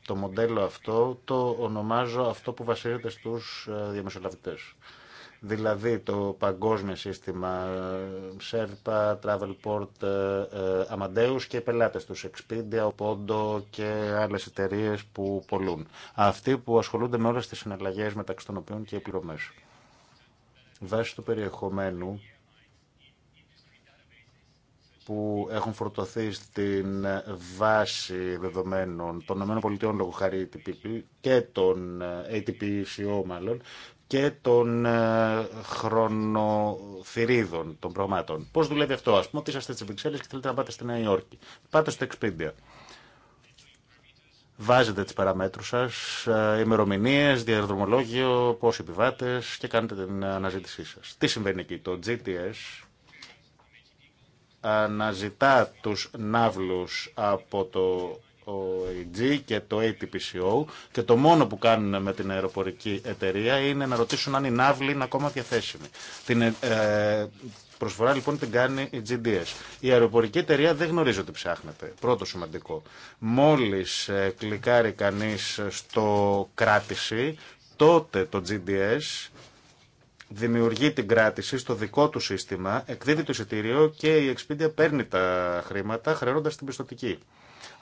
Το μοντέλο αυτό το ονομάζω αυτό που βασίζεται στους ε, διαμεσολαβητές. Δηλαδή το παγκόσμιο σύστημα ε, Σέρπα, Travelport, ε, Amadeus και οι πελάτες τους, Expedia, Opondo και άλλες εταιρείε που πολλούν. Αυτοί που ασχολούνται με όλες τις συναλλαγές μεταξύ των οποίων και οι πληρωμές. Βάσει του περιεχομένου που έχουν φορτωθεί στην βάση δεδομένων των ΗΠΑ λόγω χάρη ATP και των ATP ε, μάλλον και των ε, χρονοθυρίδων των πραγμάτων. Πώς δουλεύει αυτό, ας πούμε, ότι είσαστε στις Βρυξέλλες και θέλετε να πάτε στη Νέα Υόρκη. Πάτε στο Expedia. Βάζετε τις παραμέτρους σας, ε, ημερομηνίες, διαδρομολόγιο, πόσοι επιβάτες και κάνετε την αναζήτησή σας. Τι συμβαίνει εκεί, το GTS αναζητά τους ναύλους από το EG και το ATPCO και το μόνο που κάνουν με την αεροπορική εταιρεία είναι να ρωτήσουν αν η νάυλη είναι ακόμα διαθέσιμοι. Την ε, προσφορά λοιπόν την κάνει η GDS. Η αεροπορική εταιρεία δεν γνωρίζει ότι ψάχνεται. Πρώτο σημαντικό. Μόλις ε, κλικάρει κανείς στο κράτηση, τότε το GDS δημιουργεί την κράτηση στο δικό του σύστημα, εκδίδει το εισιτήριο και η Expedia παίρνει τα χρήματα χρεώνοντας την πιστοτική.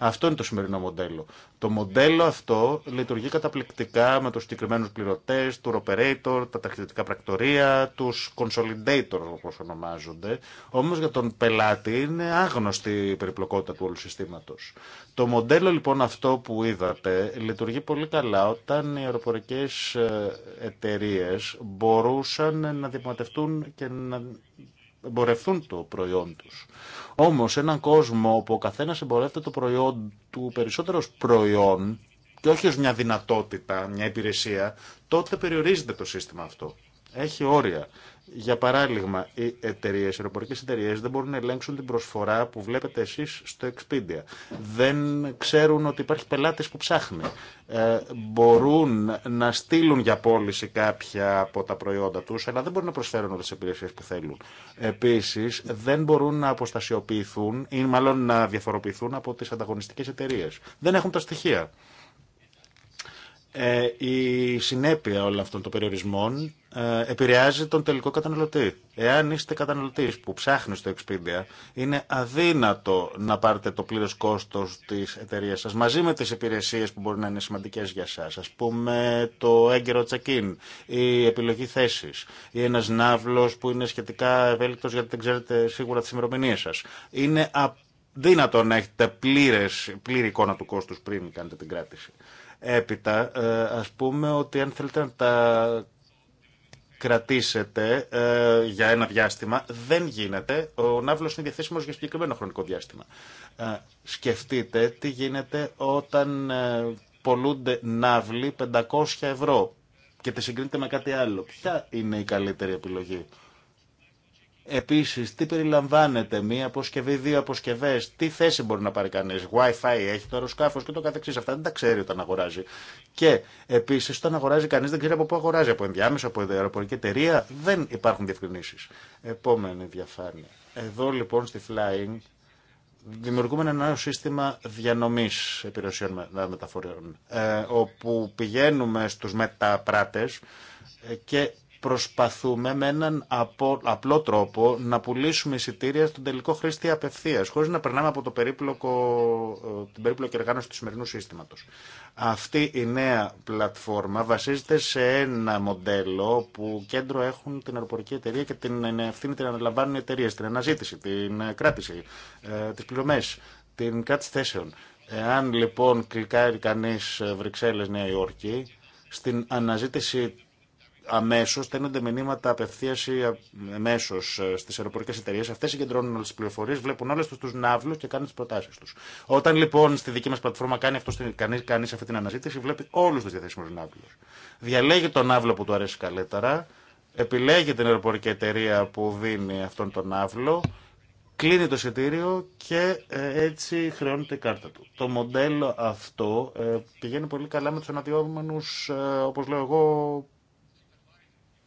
Αυτό είναι το σημερινό μοντέλο. Το μοντέλο αυτό λειτουργεί καταπληκτικά με του συγκεκριμένου πληρωτέ, του operator, τα ταχυδρομικά πρακτορία, του Consolidator, όπω ονομάζονται. Όμω για τον πελάτη είναι άγνωστη η περιπλοκότητα του όλου συστήματο. Το μοντέλο λοιπόν αυτό που είδατε λειτουργεί πολύ καλά όταν οι αεροπορικέ ε, εταιρείε μπορούσαν να διαπραγματευτούν και να εμπορευτούν το προϊόν τους. Όμως έναν κόσμο όπου ο καθένα εμπορεύεται το προϊόν του περισσότερο προϊόν και όχι ω μια δυνατότητα, μια υπηρεσία, τότε περιορίζεται το σύστημα αυτό έχει όρια. Για παράδειγμα, οι εταιρείε, οι αεροπορικέ εταιρείε δεν μπορούν να ελέγξουν την προσφορά που βλέπετε εσεί στο Expedia. Δεν ξέρουν ότι υπάρχει πελάτη που ψάχνει. Ε, μπορούν να στείλουν για πώληση κάποια από τα προϊόντα του, αλλά δεν μπορούν να προσφέρουν όλε τι υπηρεσίε που θέλουν. Επίση, δεν μπορούν να αποστασιοποιηθούν ή μάλλον να διαφοροποιηθούν από τι ανταγωνιστικέ εταιρείε. Δεν έχουν τα στοιχεία. Ε, η συνέπεια όλων αυτών των περιορισμών ε, επηρεάζει τον τελικό καταναλωτή. Εάν είστε καταναλωτή που ψάχνει στο Expedia, είναι αδύνατο να πάρετε το πλήρες κόστο τη εταιρεία σα μαζί με τι υπηρεσίε που μπορεί να είναι σημαντικέ για εσά. Α πούμε το έγκαιρο check-in, η επιλογή θέση. ή ένας ναύλος που είναι σχετικά ευέλικτο γιατί δεν ξέρετε σίγουρα τι ημερομηνίε σα. Είναι αδύνατο να έχετε πλήρες, πλήρη εικόνα του κόστους πριν κάνετε την κράτηση. Έπειτα, ε, ας πούμε ότι αν θέλετε να τα κρατήσετε ε, για ένα διάστημα, δεν γίνεται. Ο ναύλος είναι διαθέσιμος για συγκεκριμένο χρονικό διάστημα. Ε, σκεφτείτε τι γίνεται όταν ε, πολλούνται ναύλοι 500 ευρώ και τη συγκρίνετε με κάτι άλλο. Ποια είναι η καλύτερη επιλογή. Επίση, τι περιλαμβάνεται, μία αποσκευή, δύο αποσκευέ, τι θέση μπορεί να παρει κανει κανείς, Wi-Fi έχει το αεροσκάφο και το καθεξής. Αυτά δεν τα ξέρει όταν αγοράζει. Και επίσης, όταν αγοράζει κανεί δεν ξέρει από πού αγοράζει, από ενδιάμεσο, από αεροπορική εταιρεία, δεν υπάρχουν διευκρινήσει. Επόμενη διαφάνεια. Εδώ λοιπόν στη Flying δημιουργούμε ένα νέο σύστημα διανομή επιρροσίων μεταφορών, ε, όπου πηγαίνουμε στου μεταπράτε ε, και προσπαθούμε με έναν απλό τρόπο να πουλήσουμε εισιτήρια στον τελικό χρήστη απευθεία, χωρί να περνάμε από το περίπλοκο, ε, την περίπλοκη εργάνωση του σημερινού σύστηματο. Αυτή η νέα πλατφόρμα βασίζεται σε ένα μοντέλο που κέντρο έχουν την αεροπορική εταιρεία και την ευθύνη την αναλαμβάνουν οι εταιρείε, την αναζήτηση, την ε, κράτηση, ε, τι πληρωμέ, την κράτηση θέσεων. Εάν λοιπόν κλικάρει κανεί Βρυξέλλε-Νέα Υόρκη, στην αναζήτηση αμέσω, στέλνονται μηνύματα απευθεία ή αμέσω ε, στι αεροπορικέ εταιρείε. Αυτέ συγκεντρώνουν όλε τι πληροφορίε, βλέπουν όλε του ναύλου και κάνουν τι προτάσει του. Όταν λοιπόν στη δική μα πλατφόρμα κάνει αυτό κανεί κανείς αυτή την αναζήτηση, βλέπει όλου του διαθέσιμου ναύλου. Διαλέγει τον ναύλο που του αρέσει καλύτερα, επιλέγει την αεροπορική εταιρεία που δίνει αυτόν τον ναύλο, κλείνει το εισιτήριο και ε, έτσι χρεώνεται η κάρτα του. Το μοντέλο αυτό ε, πηγαίνει πολύ καλά με τους ε, όπω λέω εγώ,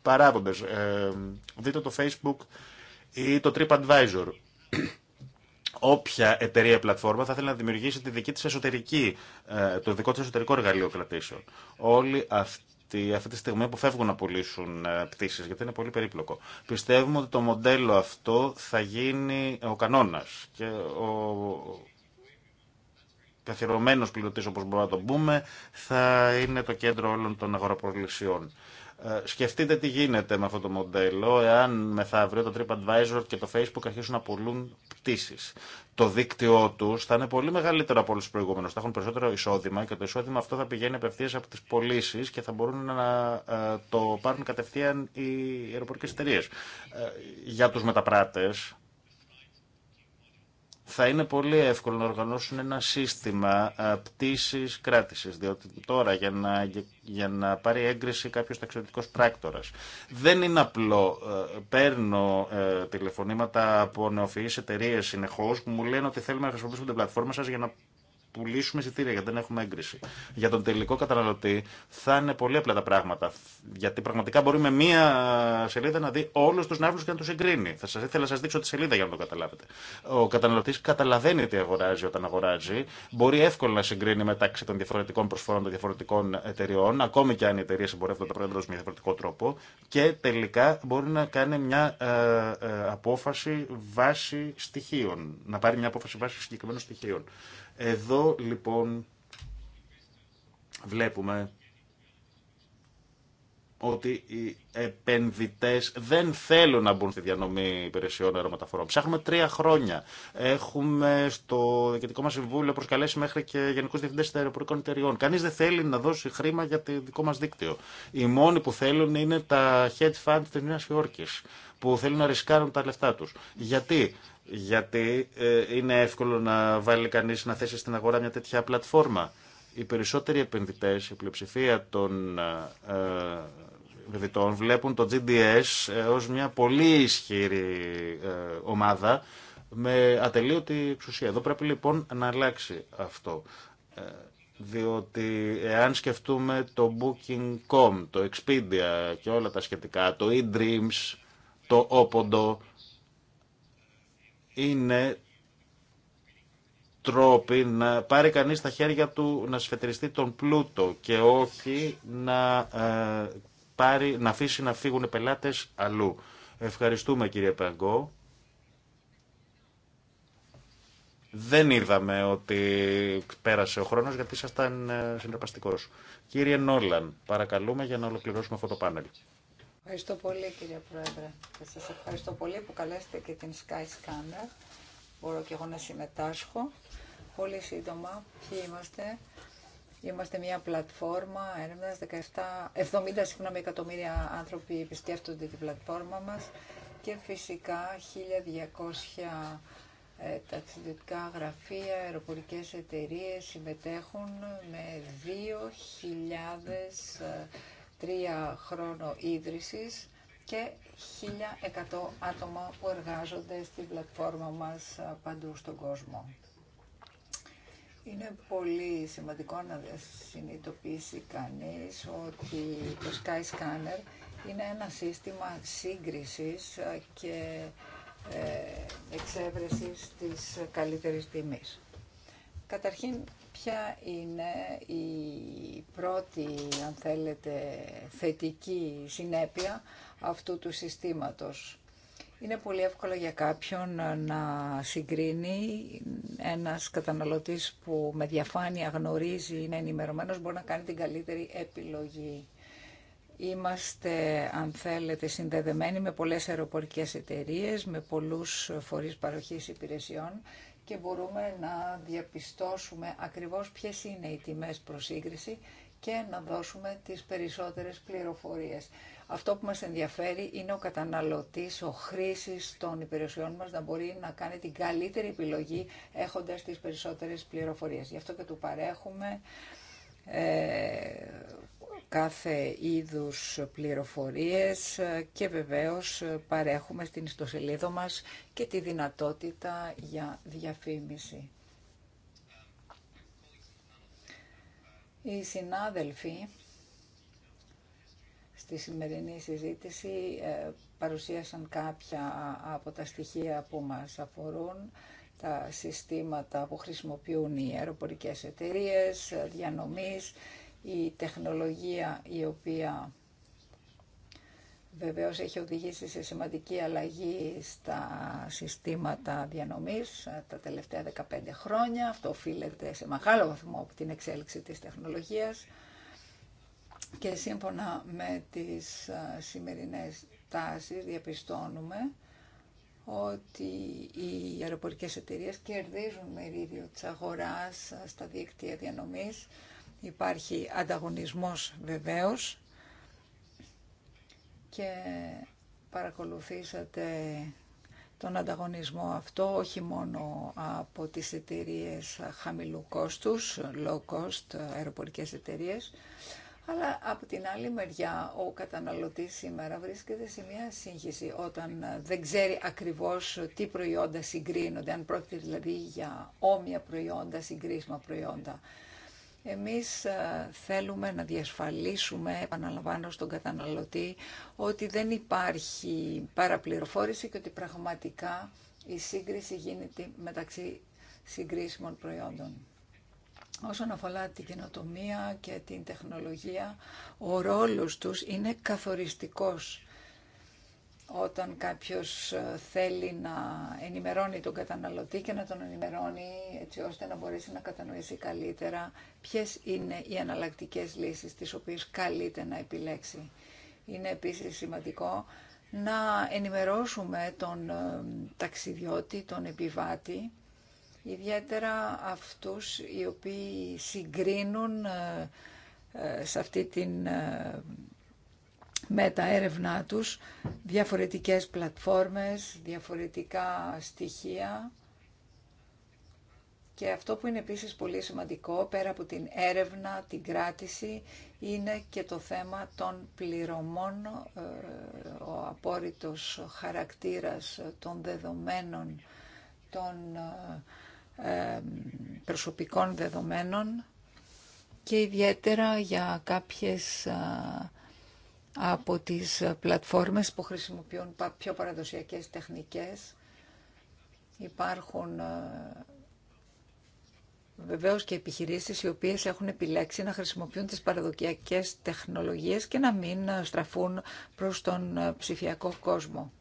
παράγοντες. Ε, δείτε το Facebook ή το TripAdvisor. Όποια εταιρεία πλατφόρμα θα θέλει να δημιουργήσει τη δική της εσωτερική, ε, το δικό της εσωτερικό εργαλείο κρατήσεων. Όλοι αυτοί αυτή τη στιγμή που να πουλήσουν ε, πτήσεις, γιατί είναι πολύ περίπλοκο. Πιστεύουμε ότι το μοντέλο αυτό θα γίνει ο κανόνας και ο καθιερωμένος πληρωτής, όπως μπορούμε να το πούμε, θα είναι το κέντρο όλων των αγοραπολισιών. Ε, σκεφτείτε τι γίνεται με αυτό το μοντέλο, εάν μεθαύριο το TripAdvisor και το Facebook αρχίσουν να πουλούν πτήσει. Το δίκτυό του θα είναι πολύ μεγαλύτερο από όλου του προηγούμενου. Θα έχουν περισσότερο εισόδημα και το εισόδημα αυτό θα πηγαίνει απευθεία από τι πωλήσει και θα μπορούν να ε, το πάρουν κατευθείαν οι αεροπορικέ εταιρείε. Ε, για του μεταπράτε, θα είναι πολύ εύκολο να οργανώσουν ένα σύστημα ε, πτήση κράτηση. Διότι τώρα για να, για να πάρει έγκριση κάποιο ταξιδιωτικό πράκτορα δεν είναι απλό. Ε, παίρνω ε, τηλεφωνήματα από νεοφυεί εταιρείε συνεχώ που μου λένε ότι θέλουμε να χρησιμοποιήσουμε την πλατφόρμα σα για να πουλήσουμε εισιτήρια γιατί δεν έχουμε έγκριση. Για τον τελικό καταναλωτή θα είναι πολύ απλά τα πράγματα. Γιατί πραγματικά μπορεί με μία σελίδα να δει όλου του ναύλου και να του εγκρίνει. Θα σα ήθελα να σα δείξω τη σελίδα για να το καταλάβετε. Ο καταναλωτή καταλαβαίνει τι αγοράζει όταν αγοράζει. Μπορεί εύκολα να συγκρίνει μεταξύ των διαφορετικών προσφορών των διαφορετικών εταιριών, ακόμη και αν οι εταιρείε εμπορεύονται τα προϊόντα με διαφορετικό τρόπο. Και τελικά μπορεί να κάνει μια ε, ε, απόφαση βάσει στοιχείων. Να πάρει μια απόφαση βάσει συγκεκριμένων στοιχείων. Εδώ λοιπόν βλέπουμε ότι οι επενδυτέ δεν θέλουν να μπουν στη διανομή υπηρεσιών αερομεταφορών. Ψάχνουμε τρία χρόνια. Έχουμε στο Διοικητικό μα Συμβούλιο προσκαλέσει μέχρι και γενικού διευθυντέ αεροπορικών εταιριών. Κανεί δεν θέλει να δώσει χρήμα για το δικό μα δίκτυο. Οι μόνοι που θέλουν είναι τα hedge funds τη Νέα Υόρκη που θέλουν να ρισκάρουν τα λεφτά του. Γιατί? Γιατί ε, είναι εύκολο να βάλει κανεί να θέσει στην αγορά μια τέτοια πλατφόρμα. Οι περισσότεροι επενδυτές, η πλειοψηφία των ε, ε, επενδυτών βλέπουν το GDS ε, ως μια πολύ ισχυρή ομάδα με ατελείωτη εξουσία. Εδώ πρέπει λοιπόν να αλλάξει αυτό. Διότι εάν σκεφτούμε το Booking.com, το Expedia και όλα τα σχετικά, το eDreams, το Opondo, είναι τρόποι να πάρει κανείς στα χέρια του να σφετριστεί τον πλούτο και όχι να, ε, πάρει, να αφήσει να φύγουν πελάτες αλλού. Ευχαριστούμε κύριε Παγκό. Δεν είδαμε ότι πέρασε ο χρόνος γιατί ήσασταν ε, συνεργαστικός. Κύριε Νόλαν, παρακαλούμε για να ολοκληρώσουμε αυτό το πάνελ. Ευχαριστώ πολύ κύριε Πρόεδρε και σας ευχαριστώ πολύ που καλέσετε και την Sky Scanner μπορώ και εγώ να συμμετάσχω. Πολύ σύντομα, ποιοι είμαστε. Είμαστε μια πλατφόρμα έρευνας, 17, 70 εκατομμύρια άνθρωποι επισκέφτονται την πλατφόρμα μας και φυσικά 1200 ε, ταξιδιωτικά γραφεία, αεροπορικές εταιρείες συμμετέχουν με 2.003 ε, χρόνο ίδρυσης και 1.100 άτομα που εργάζονται στην πλατφόρμα μας παντού στον κόσμο. Είναι πολύ σημαντικό να συνειδητοποιήσει κανείς ότι το Sky Scanner είναι ένα σύστημα σύγκρισης και ε, εξέβρεσης της καλύτερης τιμής. Καταρχήν, ποια είναι η πρώτη, αν θέλετε, θετική συνέπεια αυτού του συστήματος. Είναι πολύ εύκολο για κάποιον να συγκρίνει. Ένας καταναλωτής που με διαφάνεια γνωρίζει, είναι ενημερωμένος, μπορεί να κάνει την καλύτερη επιλογή. Είμαστε, αν θέλετε, συνδεδεμένοι με πολλές αεροπορικές εταιρείες, με πολλούς φορείς παροχής υπηρεσιών και μπορούμε να διαπιστώσουμε ακριβώς ποιες είναι οι τιμές προσύγκριση και να δώσουμε τις περισσότερες πληροφορίες. Αυτό που μας ενδιαφέρει είναι ο καταναλωτής, ο χρήσης των υπηρεσιών μας να μπορεί να κάνει την καλύτερη επιλογή έχοντας τις περισσότερες πληροφορίες. Γι' αυτό και του παρέχουμε ε, κάθε είδους πληροφορίες και βεβαίως παρέχουμε στην ιστοσελίδα μας και τη δυνατότητα για διαφήμιση. Οι συνάδελφοι στη σημερινή συζήτηση ε, παρουσίασαν κάποια από τα στοιχεία που μας αφορούν, τα συστήματα που χρησιμοποιούν οι αεροπορικές εταιρείες, ε, διανομής, η τεχνολογία η οποία βεβαίως έχει οδηγήσει σε σημαντική αλλαγή στα συστήματα διανομής ε, τα τελευταία 15 χρόνια. Αυτό οφείλεται σε μεγάλο βαθμό από την εξέλιξη της τεχνολογίας και σύμφωνα με τις σημερινές τάσεις διαπιστώνουμε ότι οι αεροπορικές εταιρείες κερδίζουν μερίδιο της αγοράς στα δίκτυα διανομής. Υπάρχει ανταγωνισμός βεβαίως και παρακολουθήσατε τον ανταγωνισμό αυτό όχι μόνο από τις εταιρείες χαμηλού κόστους, low cost αεροπορικές εταιρείες, αλλά από την άλλη μεριά ο καταναλωτής σήμερα βρίσκεται σε μια σύγχυση όταν ε, δεν ξέρει ακριβώς τι προϊόντα συγκρίνονται, αν πρόκειται δηλαδή για όμοια προϊόντα, συγκρίσιμα προϊόντα. Εμείς ε, θέλουμε να διασφαλίσουμε, επαναλαμβάνω στον καταναλωτή, ότι δεν υπάρχει παραπληροφόρηση και ότι πραγματικά η σύγκριση γίνεται μεταξύ συγκρίσιμων προϊόντων. Όσον αφορά την καινοτομία και την τεχνολογία, ο ρόλος τους είναι καθοριστικός. Όταν κάποιος ε, θέλει να ενημερώνει τον καταναλωτή και να τον ενημερώνει έτσι ώστε να μπορέσει να κατανοήσει καλύτερα ποιες είναι οι αναλλακτικέ λύσεις τις οποίες καλείται να επιλέξει. Είναι επίσης σημαντικό να ενημερώσουμε τον ε, ταξιδιώτη, τον επιβάτη, ιδιαίτερα αυτούς οι οποίοι συγκρίνουν ε, ε, σε αυτή την ε, μεταέρευνά τους διαφορετικές πλατφόρμες, διαφορετικά στοιχεία και αυτό που είναι επίσης πολύ σημαντικό πέρα από την έρευνα, την κράτηση είναι και το θέμα των πληρωμών, ο απόρριτος χαρακτήρας των δεδομένων των προσωπικών δεδομένων και ιδιαίτερα για κάποιες από τις πλατφόρμες που χρησιμοποιούν πιο παραδοσιακές τεχνικές. Υπάρχουν βεβαίως και επιχειρήσεις οι οποίες έχουν επιλέξει να χρησιμοποιούν τις παραδοσιακές τεχνολογίες και να μην στραφούν προς τον ψηφιακό κόσμο.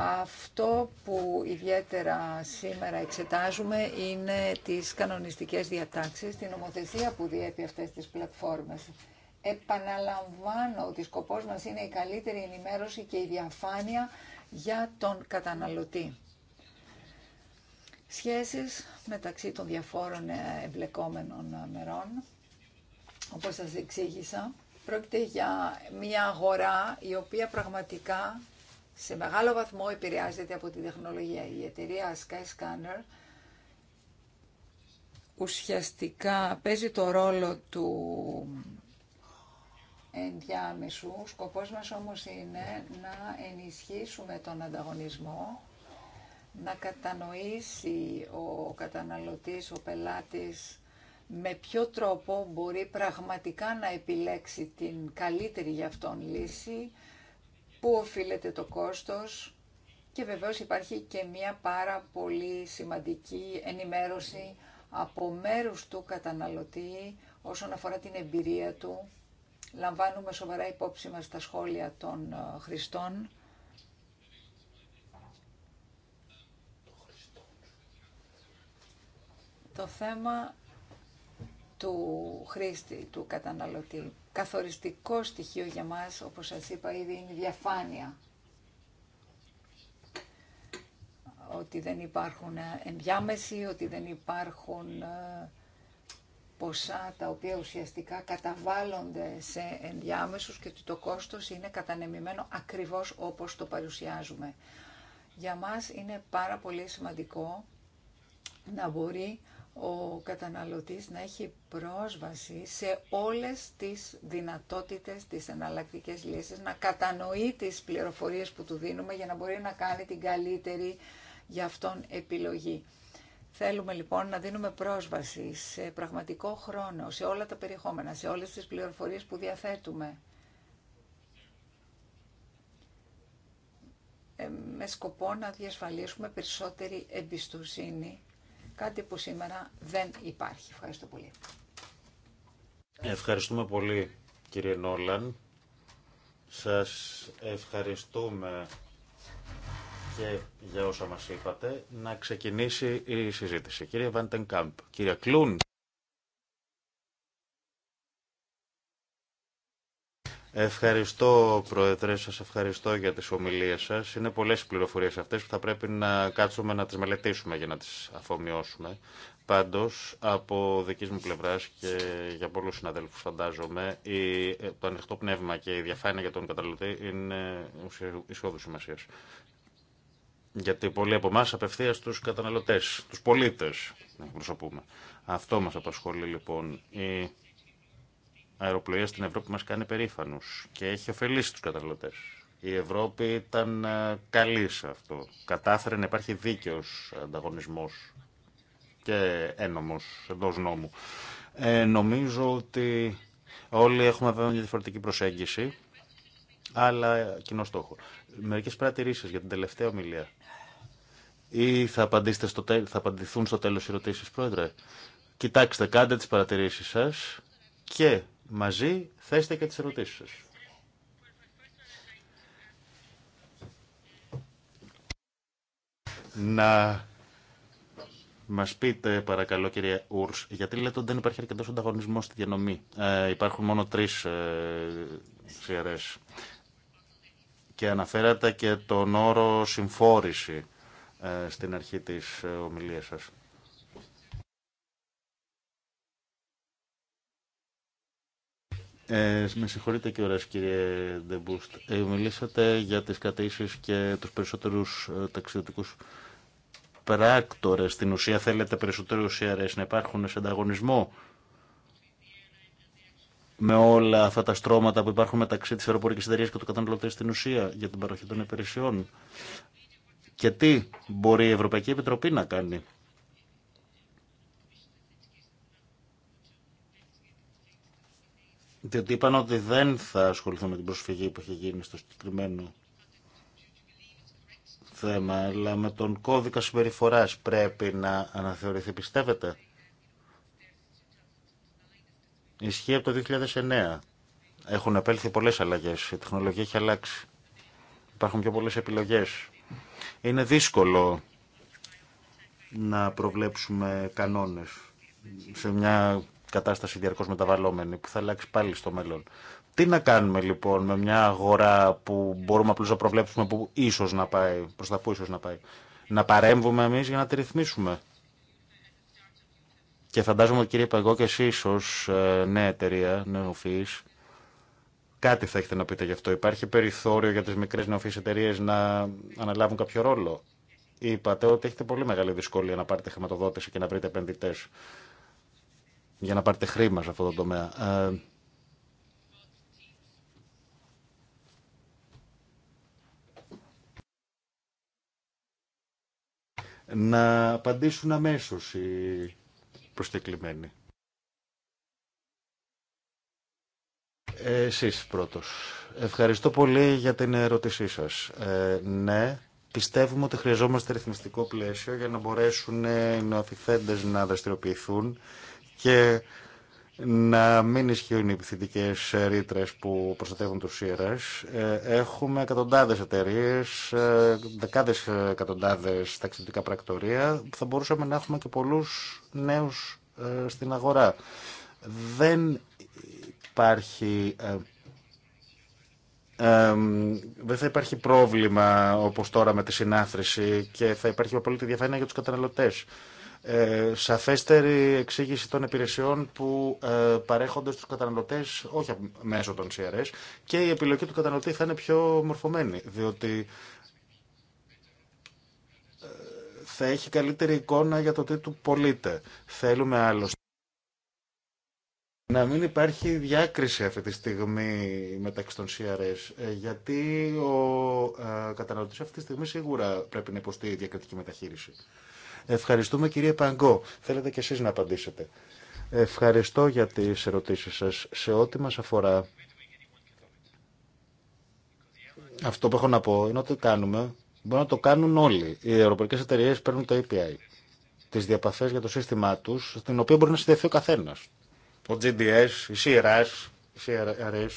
Αυτό που ιδιαίτερα σήμερα εξετάζουμε είναι τις κανονιστικές διατάξεις, την ομοθεσία που διέπει αυτές τις πλατφόρμες. Επαναλαμβάνω ότι σκοπός μας είναι η καλύτερη ενημέρωση και η διαφάνεια για τον καταναλωτή. Σχέσεις μεταξύ των διαφόρων ε, εμπλεκόμενων μερών, όπως σας εξήγησα, πρόκειται για μια αγορά η οποία πραγματικά σε μεγάλο βαθμό επηρεάζεται από τη τεχνολογία. Η εταιρεία Sky Scanner ουσιαστικά παίζει το ρόλο του ενδιάμεσου. Ο σκοπός μας όμως είναι να ενισχύσουμε τον ανταγωνισμό, να κατανοήσει ο καταναλωτής, ο πελάτης, με ποιο τρόπο μπορεί πραγματικά να επιλέξει την καλύτερη για αυτόν λύση, πού οφείλεται το κόστος και βεβαίως υπάρχει και μια πάρα πολύ σημαντική ενημέρωση από μέρους του καταναλωτή όσον αφορά την εμπειρία του. Λαμβάνουμε σοβαρά υπόψη μας τα σχόλια των ε, χρηστών. Το θέμα του χρήστη, του καταναλωτή καθοριστικό στοιχείο για μας, όπως σας είπα ήδη, είναι η διαφάνεια. Ότι δεν υπάρχουν ενδιάμεσοι, ότι δεν υπάρχουν ε, ποσά τα οποία ουσιαστικά καταβάλλονται σε ενδιάμεσους και ότι το κόστος είναι κατανεμημένο ακριβώς όπως το παρουσιάζουμε. Για μας είναι πάρα πολύ σημαντικό να μπορεί ο καταναλωτής να έχει πρόσβαση σε όλες τις δυνατότητες, της εναλλακτικέ λύσεις, να κατανοεί τις πληροφορίες που του δίνουμε για να μπορεί να κάνει την καλύτερη για αυτόν επιλογή. Θέλουμε λοιπόν να δίνουμε πρόσβαση σε πραγματικό χρόνο, σε όλα τα περιεχόμενα, σε όλες τις πληροφορίες που διαθέτουμε. Ε, με σκοπό να διασφαλίσουμε περισσότερη εμπιστοσύνη Κάτι που σήμερα δεν υπάρχει. Ευχαριστώ πολύ. Ευχαριστούμε πολύ κύριε Νόλαν. Σας ευχαριστούμε και για όσα μας είπατε. Να ξεκινήσει η συζήτηση. Κύριε Κάμπ, κύριε Κλούν. Ευχαριστώ, Πρόεδρε. Σα ευχαριστώ για τι ομιλίε σα. Είναι πολλέ οι πληροφορίε αυτέ που θα πρέπει να κάτσουμε να τι μελετήσουμε για να τι αφομοιώσουμε. Πάντω, από δική μου πλευρά και για πολλού συναδέλφου, φαντάζομαι, η, το ανοιχτό πνεύμα και η διαφάνεια για τον καταναλωτή είναι ισόδου σημασία. Γιατί πολλοί από εμά απευθεία του καταναλωτέ, του πολίτε, να εκπροσωπούμε. Αυτό μα απασχολεί λοιπόν. Η αεροπλοεία στην Ευρώπη μας κάνει περήφανους και έχει ωφελήσει τους καταναλωτές. Η Ευρώπη ήταν ε, καλή σε αυτό. Κατάφερε να υπάρχει δίκαιος ανταγωνισμός και ένομο, εντός νόμου. Ε, νομίζω ότι όλοι έχουμε βέβαια μια διαφορετική προσέγγιση, αλλά κοινό στόχο. Μερικές παρατηρήσεις για την τελευταία ομιλία. Ή θα, απαντήσετε στο τέλ, θα απαντηθούν στο τέλος οι ερωτήσεις, Πρόεδρε. Κοιτάξτε, κάντε τις παρατηρήσεις σας και μαζί θέστε και τις ερωτήσεις σας. Να μας πείτε παρακαλώ κύριε Ούρς, γιατί λέτε ότι δεν υπάρχει αρκετός ανταγωνισμός στη διανομή. Ε, υπάρχουν μόνο τρεις ε, Και αναφέρατε και τον όρο συμφόρηση ε, στην αρχή της ε, ομιλίας σας. Ε, με συγχωρείτε και ωραίες κύριε Ντεμπούστ. Ε, μιλήσατε για τις κατήσεις και τους περισσότερους ε, ταξιδιωτικούς πράκτορες. Στην ουσία θέλετε περισσότεροι ουσιαρές να υπάρχουν σε ανταγωνισμό με όλα αυτά τα στρώματα που υπάρχουν μεταξύ της αεροπορικής εταιρείας και του καταναλωτή στην ουσία για την παροχή των υπηρεσιών. Και τι μπορεί η Ευρωπαϊκή Επιτροπή να κάνει διότι είπαν ότι δεν θα ασχοληθούν με την προσφυγή που έχει γίνει στο συγκεκριμένο θέμα, αλλά με τον κώδικα συμπεριφορά πρέπει να αναθεωρηθεί, πιστεύετε. Ισχύει από το 2009. Έχουν επέλθει πολλές αλλαγές, η τεχνολογία έχει αλλάξει. Υπάρχουν πιο πολλές επιλογές. Είναι δύσκολο να προβλέψουμε κανόνες σε μια κατάσταση διαρκώ μεταβαλλόμενη που θα αλλάξει πάλι στο μέλλον. Τι να κάνουμε λοιπόν με μια αγορά που μπορούμε απλώ να προβλέψουμε που ίσω να πάει, προ τα που ίσω να πάει. Να παρέμβουμε εμεί για να τη ρυθμίσουμε. Και φαντάζομαι, κύριε Παγκό, και εσεί ω ε, νέα εταιρεία, νέο νεοφυή, κάτι θα έχετε να πείτε γι' αυτό. Υπάρχει περιθώριο για τι μικρέ νεοφυεί εταιρείε να αναλάβουν κάποιο ρόλο. Είπατε ότι έχετε πολύ μεγάλη δυσκολία να πάρετε χρηματοδότηση και να βρείτε επενδυτέ για να πάρετε χρήμα σε αυτό το τομέα. Ε, να απαντήσουν αμέσως οι προσκεκλημένοι. Εσείς πρώτος. Ευχαριστώ πολύ για την ερώτησή σας. Ε, ναι, πιστεύουμε ότι χρειαζόμαστε ρυθμιστικό πλαίσιο για να μπορέσουν οι νοαθηφέντες να δραστηριοποιηθούν και να μην ισχύουν οι επιθυντικέ ρήτρε που προστατεύουν του ήρα. Ε, έχουμε εκατοντάδε εταιρείε, ε, δεκάδε εκατοντάδε ταξιδιωτικά πρακτορία. Θα μπορούσαμε να έχουμε και πολλού νέου ε, στην αγορά. Δεν υπάρχει. Ε, δεν θα υπάρχει πρόβλημα όπως τώρα με τη συνάθρηση και θα υπάρχει απόλυτη διαφάνεια για τους καταναλωτές ε, σαφέστερη εξήγηση των υπηρεσιών που ε, παρέχονται στους καταναλωτές, όχι μέσω των CRS, και η επιλογή του καταναλωτή θα είναι πιο μορφωμένη, διότι ε, θα έχει καλύτερη εικόνα για το τι του πωλείται. Θέλουμε άλλωστε να μην υπάρχει διάκριση αυτή τη στιγμή μεταξύ των CRS, ε, γιατί ο καταναλωτής αυτή τη στιγμή σίγουρα πρέπει να υποστεί διακριτική μεταχείριση. Ευχαριστούμε κύριε Παγκό. Θέλετε κι εσείς να απαντήσετε. Ευχαριστώ για τις ερωτήσεις σας. Σε ό,τι μας αφορά, αυτό που έχω να πω είναι ότι κάνουμε, μπορεί να το κάνουν όλοι. Οι ευρωπαϊκές εταιρείε παίρνουν το API, τις διαπαθές για το σύστημά τους, στην οποία μπορεί να συνδεθεί ο καθένας. Ο GDS, η CRS,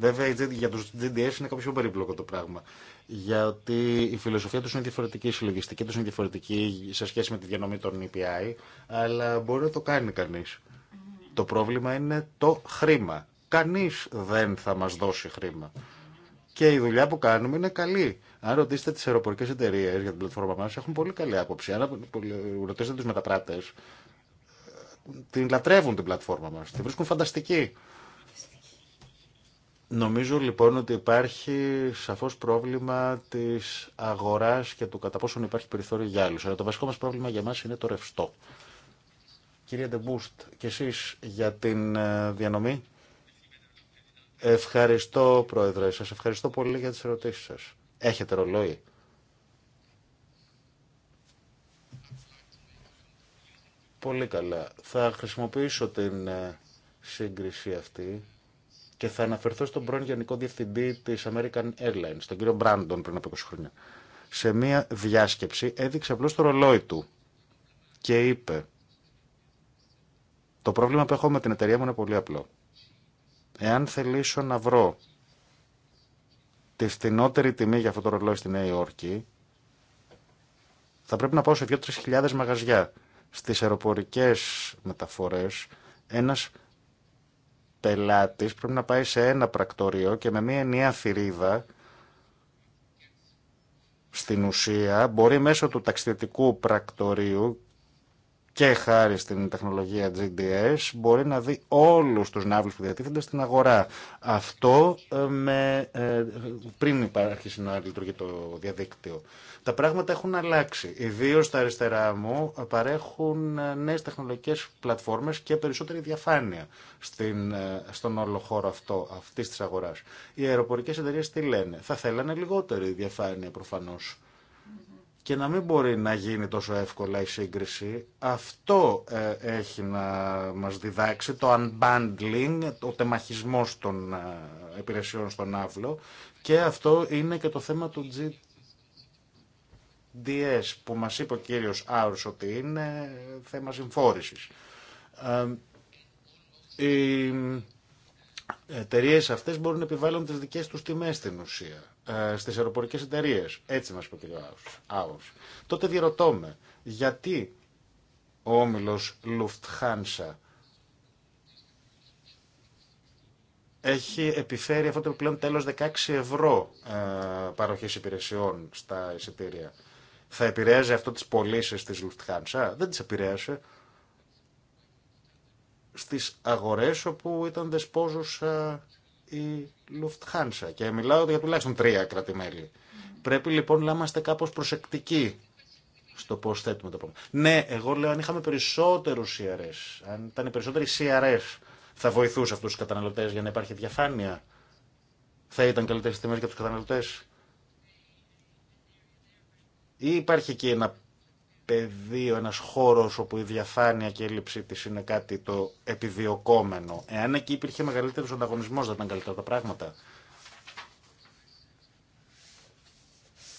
Βέβαια για τους GDS είναι κάποιο περίπλοκο το πράγμα γιατί η φιλοσοφία του είναι διαφορετική, η συλλογιστική του είναι διαφορετική σε σχέση με τη διανομή των EPI, αλλά μπορεί να το κάνει κανεί. Το πρόβλημα είναι το χρήμα. Κανεί δεν θα μα δώσει χρήμα. Και η δουλειά που κάνουμε είναι καλή. Αν ρωτήσετε τι αεροπορικέ εταιρείε για την πλατφόρμα μα, έχουν πολύ καλή άποψη. Αν ρωτήσετε του μεταπράτε, ε, την λατρεύουν την πλατφόρμα μα. Την βρίσκουν φανταστική. Νομίζω λοιπόν ότι υπάρχει σαφώς πρόβλημα της αγοράς και του κατά πόσον υπάρχει περιθώριο για άλλους. Αλλά το βασικό μας πρόβλημα για μας είναι το ρευστό. Κυρία Ντεμπούστ, και εσείς για την ε, διανομή. Ευχαριστώ Πρόεδρε, σας ευχαριστώ πολύ για τις ερωτήσεις σας. Έχετε ρολόι. Πολύ καλά. Θα χρησιμοποιήσω την ε, σύγκριση αυτή και θα αναφερθώ στον πρώην Γενικό Διευθυντή τη American Airlines, τον κύριο Μπράντον πριν από 20 χρόνια. Σε μία διάσκεψη έδειξε απλώς το ρολόι του και είπε «Το πρόβλημα που έχω με την εταιρεία μου είναι πολύ απλό. Εάν θελήσω να βρω τη φθηνότερη τιμή για αυτό το ρολόι στη Νέα Υόρκη, θα πρέπει να πάω σε 2-3 χιλιάδε μαγαζιά. στι αεροπορικέ μεταφορέ, ένα Πελάτη πρέπει να πάει σε ένα πρακτορείο και με μία ενιαία θηρίδα στην ουσία μπορεί μέσω του ταξιδιωτικού πρακτορείου και χάρη στην τεχνολογία GDS μπορεί να δει όλους τους ναύλους που διατίθενται στην αγορά. Αυτό ε, με, ε, πριν υπάρχει να λειτουργεί το διαδίκτυο. Τα πράγματα έχουν αλλάξει. Ιδίω στα αριστερά μου παρέχουν ε, νέες τεχνολογικές πλατφόρμες και περισσότερη διαφάνεια στον όλο χώρο αυτό, αυτής της αγοράς. Οι αεροπορικές εταιρείε τι λένε. Θα θέλανε λιγότερη διαφάνεια προφανώς και να μην μπορεί να γίνει τόσο εύκολα η σύγκριση. Αυτό ε, έχει να μας διδάξει το unbundling, ο τεμαχισμός των ε, στον άβλο και αυτό είναι και το θέμα του GDS που μας είπε ο κύριος Άουρς ότι είναι θέμα συμφόρησης. Ε, οι ε, εταιρείε αυτές μπορούν να επιβάλλουν τις δικές τους τιμές στην ουσία ε, στις αεροπορικές εταιρείε. Έτσι μας είπε ο κ. Άουρ. Τότε διερωτώ γιατί ο όμιλος Λουφτχάνσα έχει επιφέρει αυτό το πλέον τέλος 16 ευρώ ε, παροχής υπηρεσιών στα εισιτήρια. Θα επηρέαζε αυτό τις πωλήσει της Λουφτχάνσα. Δεν τις επηρέασε. Στις αγορές όπου ήταν δεσπόζουσα η Lufthansa και μιλάω για τουλάχιστον τρία κράτη-μέλη. Πρέπει λοιπόν να είμαστε κάπως προσεκτικοί στο πώ θέτουμε το πρόβλημα. Ναι, εγώ λέω αν είχαμε περισσότερου CRS, αν ήταν περισσότεροι CRS, θα βοηθούσε αυτού του καταναλωτέ για να υπάρχει διαφάνεια. Θα ήταν καλύτερε τιμέ για του καταναλωτέ. Ή υπάρχει εκεί ένα πεδίο, ένας χώρος όπου η διαφάνεια και η έλλειψή της είναι κάτι το επιδιωκόμενο. Εάν εκεί υπήρχε μεγαλύτερος ανταγωνισμός δεν ήταν καλύτερα τα πράγματα.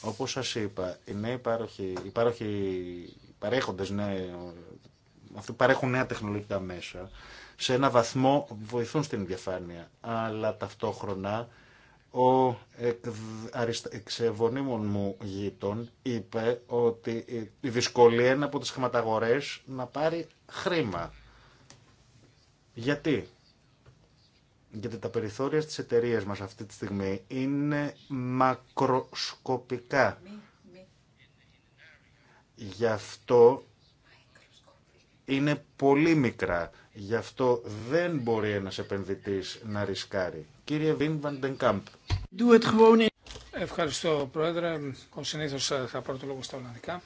Όπως σας είπα, οι νέοι πάροχοι, παρέχοντες, αυτοί παρέχουν νέα τεχνολογικά μέσα, σε ένα βαθμό βοηθούν στην διαφάνεια, αλλά ταυτόχρονα ο εξεβονίμων μου γείτον είπε ότι η δυσκολία είναι από τις χρηματαγορές να πάρει χρήμα. Γιατί? Γιατί τα περιθώρια στις εταιρείες μας αυτή τη στιγμή είναι μακροσκοπικά. Γι' αυτό είναι πολύ μικρά. Γι' αυτό δεν μπορεί ένας επενδυτής να ρισκάρει. Κύριε Βιμ Βαντενκάμπ. Ευχαριστώ, Πρόεδρε. Ο συνήθω ε, θα πάρω το λόγο στα Ολλανδικά.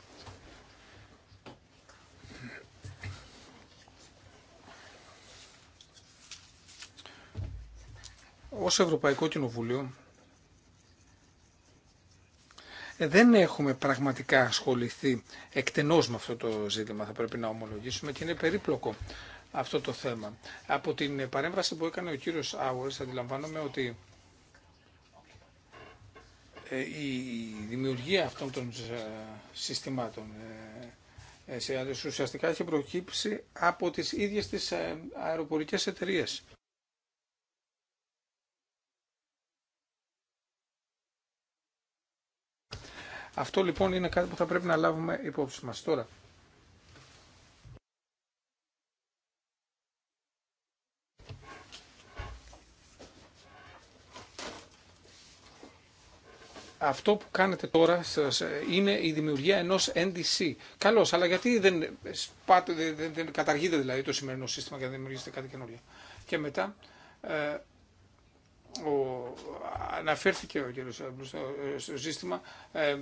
Ω Ευρωπαϊκό Κοινοβούλιο ε, δεν έχουμε πραγματικά ασχοληθεί εκτενώς με αυτό το ζήτημα, θα πρέπει να ομολογήσουμε και είναι περίπλοκο αυτό το θέμα. Από την παρέμβαση που έκανε ο κύριος Άουερς αντιλαμβάνομαι ότι ε, η δημιουργία αυτών των ε, συστημάτων ε, ουσιαστικά έχει προκύψει από τις ίδιες τις αεροπορικές εταιρείες. Αυτό λοιπόν είναι κάτι που θα πρέπει να λάβουμε υπόψη μας τώρα. αυτό που κάνετε τώρα ε, είναι η δημιουργία ενός NDC. Καλώς, αλλά γιατί δεν, καταργείτε δηλαδή το σημερινό σύστημα για να δημιουργήσετε κάτι καινούργιο. Και μετά, ε, ο, αναφέρθηκε ο κύριος στο, στο ζήτημα ε,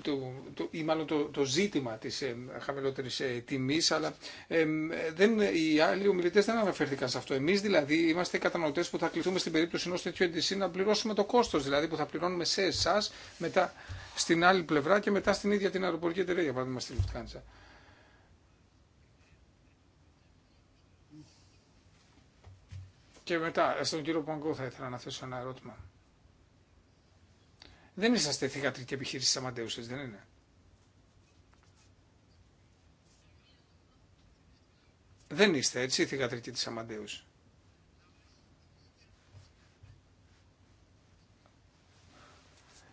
το, ή μάλλον το, το ζήτημα της ε, χαμηλότερης ε, τιμής αλλά ε, δεν, οι άλλοι ομιλητές δεν αναφέρθηκαν σε αυτό. Εμείς δηλαδή είμαστε κατανοητές που θα κληθούμε στην περίπτωση ενός τέτοιου εντυσσί να πληρώσουμε το κόστος δηλαδή που θα πληρώνουμε σε εσά μετά στην άλλη πλευρά και μετά στην ίδια την αεροπορική εταιρεία για παράδειγμα στη Λουφτκάντσα. Και μετά, στον κύριο Παγκό θα ήθελα να θέσω ένα ερώτημα. Δεν είσαστε θηγατρική επιχείρηση Αμαντέουσης, δεν είναι. Δεν είστε έτσι θηγατρική της Αμαντέους.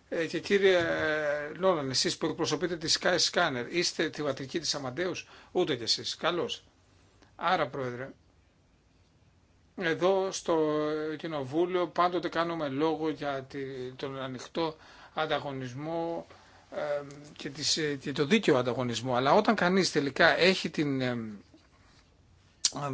Ε, και κύριε ε, Νόλαν, εσείς που εκπροσωπείτε τη Sky Scanner, είστε θηγατρική της Αμαντέους, ούτε κι εσείς. Καλώς. Άρα, Πρόεδρε, εδώ στο Κοινοβούλιο πάντοτε κάνουμε λόγο για τον ανοιχτό ανταγωνισμό και, τις, ε, το δίκαιο ανταγωνισμό. Αλλά όταν κανείς τελικά έχει την,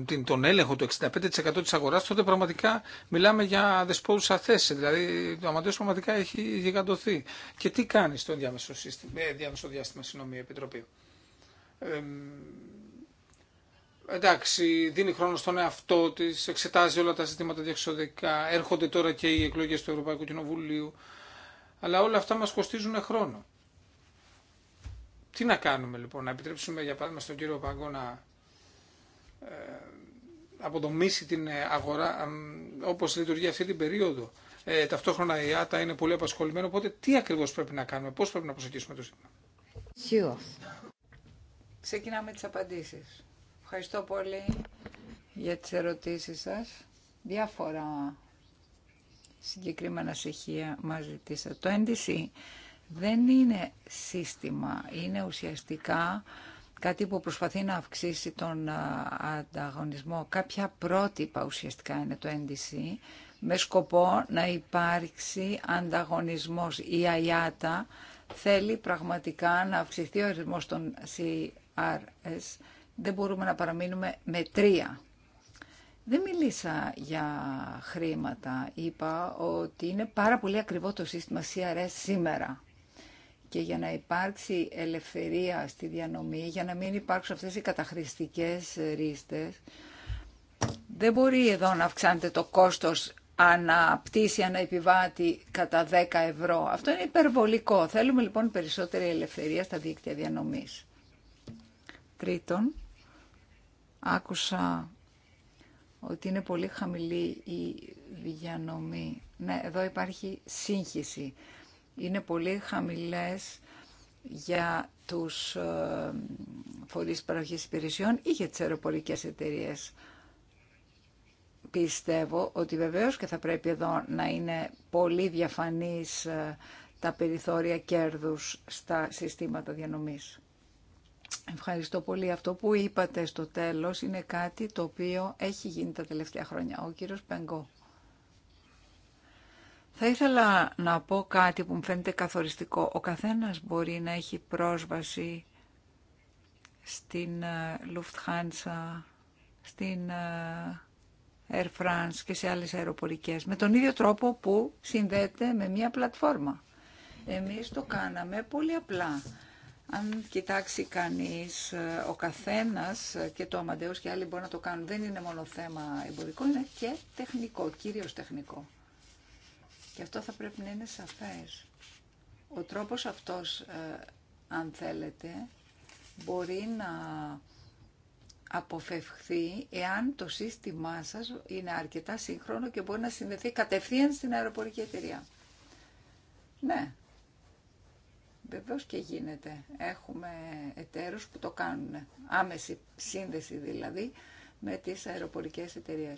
την, τον έλεγχο του 65% της αγοράς, τότε πραγματικά μιλάμε για δεσπόζουσα θέση. Δηλαδή το αμαντέως πραγματικά έχει γιγαντωθεί. Και τι κάνει στο διάμεσο, σύστημα, ε, διάστημα, συγγνώμη, Επιτροπή. Ε, εντάξει, δίνει χρόνο στον εαυτό τη, εξετάζει όλα τα ζητήματα διεξοδικά. Έρχονται τώρα και οι εκλογέ του Ευρωπαϊκού Κοινοβουλίου. Αλλά όλα αυτά μα κοστίζουν χρόνο. Τι να κάνουμε λοιπόν, να επιτρέψουμε για παράδειγμα στον κύριο Παγκό να ε, αποδομήσει την ε, αγορά όπως λειτουργεί αυτή την περίοδο. Ε, ταυτόχρονα η ΆΤΑ είναι πολύ απασχολημένη, οπότε τι ακριβώς πρέπει να κάνουμε, πώς πρέπει να προσεγγίσουμε το ζήτημα. Ξεκινάμε τις απαντήσει. Ευχαριστώ πολύ για τις ερωτήσεις σας. Διάφορα συγκεκριμένα στοιχεία μας ζητήσατε. Το NDC δεν είναι σύστημα, είναι ουσιαστικά κάτι που προσπαθεί να αυξήσει τον ανταγωνισμό. Κάποια πρότυπα ουσιαστικά είναι το NDC με σκοπό να υπάρξει ανταγωνισμός. Η ΑΙΑΤΑ θέλει πραγματικά να αυξηθεί ο αριθμός των CRS δεν μπορούμε να παραμείνουμε με τρία. Δεν μιλήσα για χρήματα. Είπα ότι είναι πάρα πολύ ακριβό το σύστημα CRS σήμερα. Και για να υπάρξει ελευθερία στη διανομή, για να μην υπάρξουν αυτές οι καταχρηστικές ρίστες, δεν μπορεί εδώ να αυξάνεται το κόστος αναπτύσσει αναεπιβάτη κατά 10 ευρώ. Αυτό είναι υπερβολικό. Θέλουμε λοιπόν περισσότερη ελευθερία στα δίκτυα διανομής. Τρίτον, Άκουσα ότι είναι πολύ χαμηλή η διανομή. Ναι, εδώ υπάρχει σύγχυση. Είναι πολύ χαμηλές για τους ε, φορείς παροχής υπηρεσιών ή για τις αεροπορικές εταιρείες. Πιστεύω ότι βεβαίως και θα πρέπει εδώ να είναι πολύ διαφανής ε, τα περιθώρια κέρδους στα συστήματα διανομής. Ευχαριστώ πολύ. Αυτό που είπατε στο τέλος είναι κάτι το οποίο έχει γίνει τα τελευταία χρόνια. Ο κύριος Πενγκό. Θα ήθελα να πω κάτι που μου φαίνεται καθοριστικό. Ο καθένας μπορεί να έχει πρόσβαση στην ε, Lufthansa, στην ε, Air France και σε άλλες αεροπορικές με τον ίδιο τρόπο που συνδέεται με μια πλατφόρμα. Εμείς το κάναμε πολύ απλά. Αν κοιτάξει κανείς, ε, ο καθένας ε, και το Αμαντέος και άλλοι μπορεί να το κάνουν. Δεν είναι μόνο θέμα εμπορικό, είναι και τεχνικό, κυρίως τεχνικό. Και αυτό θα πρέπει να είναι σαφές. Ο τρόπος αυτός, ε, αν θέλετε, μπορεί να αποφευχθεί εάν το σύστημά σας είναι αρκετά σύγχρονο και μπορεί να συνδεθεί κατευθείαν στην αεροπορική εταιρεία. Ναι, Βεβαίω και γίνεται. Έχουμε εταίρους που το κάνουν. Άμεση σύνδεση δηλαδή με τις αεροπορικές εταιρείε.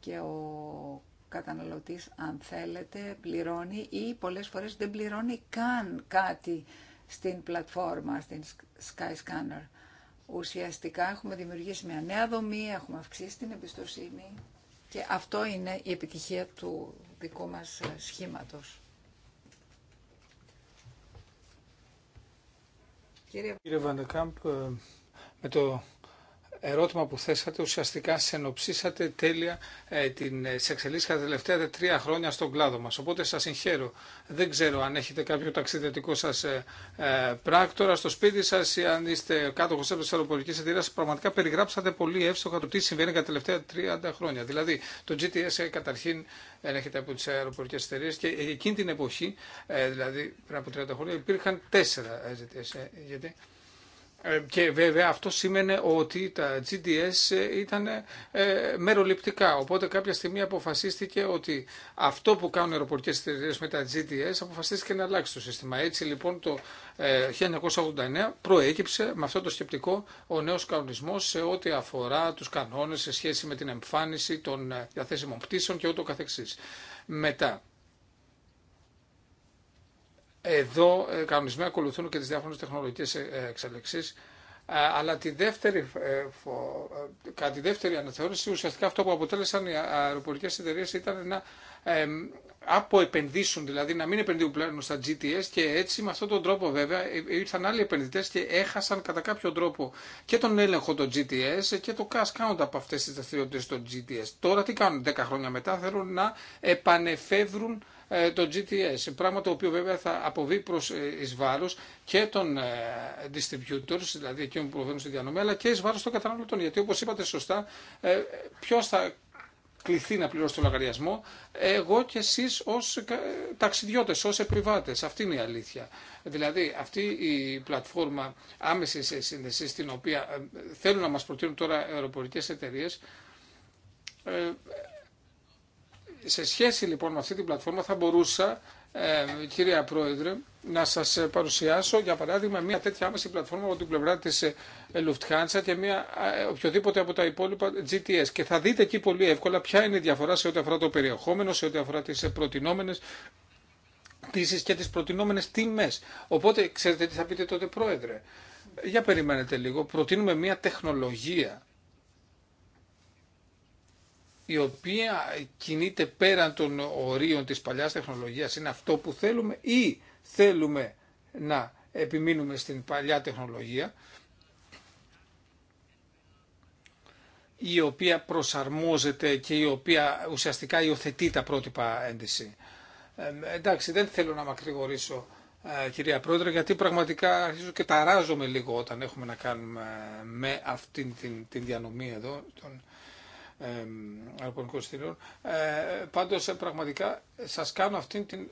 Και ο καταναλωτής αν θέλετε πληρώνει ή πολλές φορές δεν πληρώνει καν κάτι στην πλατφόρμα, στην Skyscanner. Ουσιαστικά έχουμε δημιουργήσει μια νέα δομή, έχουμε αυξήσει την εμπιστοσύνη και αυτό είναι η επιτυχία του δικού μας σχήματος. Κύριε Βαντεκάμπ, ε, με το ερώτημα που θέσατε, ουσιαστικά συνοψίσατε τέλεια ε, την ε, εξελίξει κατά τα τελευταία τρία χρόνια στον κλάδο μας. Οπότε σας συγχαίρω. Δεν ξέρω αν έχετε κάποιο ταξιδιωτικό σας ε, ε, πράκτορα στο σπίτι σας ή αν είστε κάτοχος της αεροπορικής εταιρείας. Πραγματικά περιγράψατε πολύ εύστοχα το τι συμβαίνει κατά τα τελευταία 30 χρόνια. Δηλαδή το GTS καταρχήν ελέγχεται από τις αεροπορικές εταιρείες και εκείνη την εποχή, δηλαδή πριν από 30 χρόνια, υπήρχαν τέσσερα GTS. Γιατί ε, και βέβαια αυτό σήμαινε ότι τα GDS ε, ήταν ε, μεροληπτικά. Οπότε κάποια στιγμή αποφασίστηκε ότι αυτό που κάνουν οι αεροπορικές εταιρείε με τα GDS αποφασίστηκε να αλλάξει το σύστημα. Έτσι λοιπόν το 1989 προέκυψε με αυτό το σκεπτικό ο νέος κανονισμός σε ό,τι αφορά τους κανόνες σε σχέση με την εμφάνιση των διαθέσιμων πτήσεων και ούτω καθεξής. Μετά εδώ ε, κανονισμοί ακολουθούν και τις διάφορες τεχνολογικές ε, ε, εξελίξεις αλλά τη δεύτερη, δεύτερη αναθεώρηση ουσιαστικά αυτό που αποτέλεσαν οι αεροπορικές εταιρείε ήταν να αποεπενδύσουν, δηλαδή να μην επενδύουν πλέον στα GTS και έτσι με αυτόν τον τρόπο βέβαια ήρθαν άλλοι επενδυτές και έχασαν κατά κάποιο τρόπο και τον έλεγχο των GTS και το cash count από αυτές τις δραστηριότητε των GTS. Τώρα τι κάνουν 10 χρόνια μετά θέλουν να επανεφεύρουν ε, το GTS. Πράγμα το οποίο βέβαια θα αποβεί προ ε, ει βάρο και των ε, distributors, δηλαδή εκείνων που προβαίνουν στη διανομή, αλλά και ει βάρο των καταναλωτών. Γιατί όπως είπατε σωστά, ποιο θα κληθεί να πληρώσει το λογαριασμό, εγώ και εσεί ω ταξιδιώτε, ω επιβάτε. Αυτή είναι η αλήθεια. Δηλαδή, αυτή η πλατφόρμα άμεση σύνδεση, την οποία θέλουν να μα προτείνουν τώρα αεροπορικέ εταιρείε, σε σχέση λοιπόν με αυτή την πλατφόρμα θα μπορούσα, ε, κυρία Πρόεδρε, να σας παρουσιάσω για παράδειγμα μια τέτοια άμεση πλατφόρμα από την πλευρά της ε, Lufthansa και μια, ε, οποιοδήποτε από τα υπόλοιπα GTS. Και θα δείτε εκεί πολύ εύκολα ποια είναι η διαφορά σε ό,τι αφορά το περιεχόμενο, σε ό,τι αφορά τις ε, προτινόμενες πτήσεις και τις προτινόμενες τιμές. Οπότε ξέρετε τι θα πείτε τότε Πρόεδρε. Για περιμένετε λίγο, προτείνουμε μια τεχνολογία η οποία κινείται πέραν των ορίων της παλιάς τεχνολογίας είναι αυτό που θέλουμε ή θέλουμε να επιμείνουμε στην παλιά τεχνολογία η οποία προσαρμόζεται και η οποία ουσιαστικά υιοθετεί τα πρότυπα ένδυση. Ε, εντάξει, δεν θέλω να μακρηγορήσω ε, κυρία Πρόεδρε, γιατί πραγματικά αρχίζω και ταράζομαι λίγο όταν έχουμε να κάνουμε με αυτήν την, την διανομή εδώ αεροπορικών Ε, Πάντω ε, πραγματικά σα κάνω αυτή την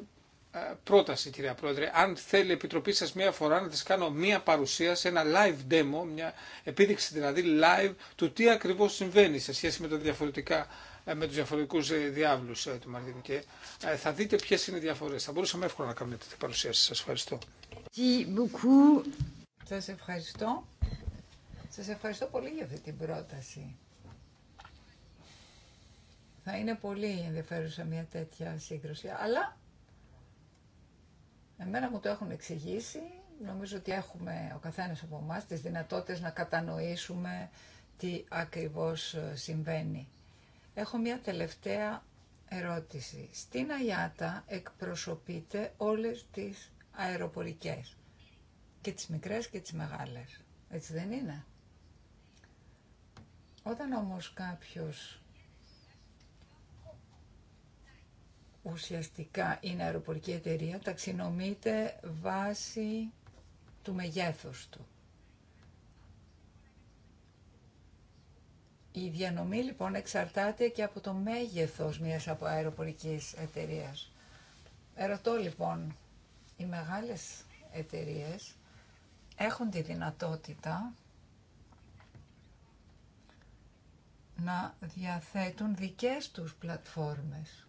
ε, πρόταση κυρία Πρόεδρε, αν θέλει η Επιτροπή σα μία φορά να τη κάνω μία παρουσίαση, ένα live demo, μια επίδειξη δηλαδή live του τι ακριβώ συμβαίνει σε σχέση με, τα διαφορετικά, ε, με τους διαφορετικούς διάβλους του Μαρτίνου και θα δείτε ποιες είναι οι διαφορές. Θα μπορούσαμε εύκολα να κάνουμε τέτοια παρουσίαση. Σας ευχαριστώ. Σας ευχαριστώ. Σας ευχαριστώ πολύ για αυτή την πρόταση. Θα είναι πολύ ενδιαφέρουσα μια τέτοια σύγκρουση, αλλά εμένα μου το έχουν εξηγήσει. Νομίζω ότι έχουμε ο καθένας από εμά τις δυνατότητες να κατανοήσουμε τι ακριβώς ε, συμβαίνει. Έχω μια τελευταία ερώτηση. Στην Αγιάτα εκπροσωπείται όλες τις αεροπορικές και τις μικρές και τις μεγάλες. Έτσι δεν είναι. Όταν όμως κάποιος ουσιαστικά είναι αεροπορική εταιρεία ταξινομείται βάσει του μεγέθους του. Η διανομή λοιπόν εξαρτάται και από το μέγεθος μιας από αεροπορικής εταιρείας. Ερωτώ λοιπόν, οι μεγάλες εταιρείες έχουν τη δυνατότητα να διαθέτουν δικές τους πλατφόρμες.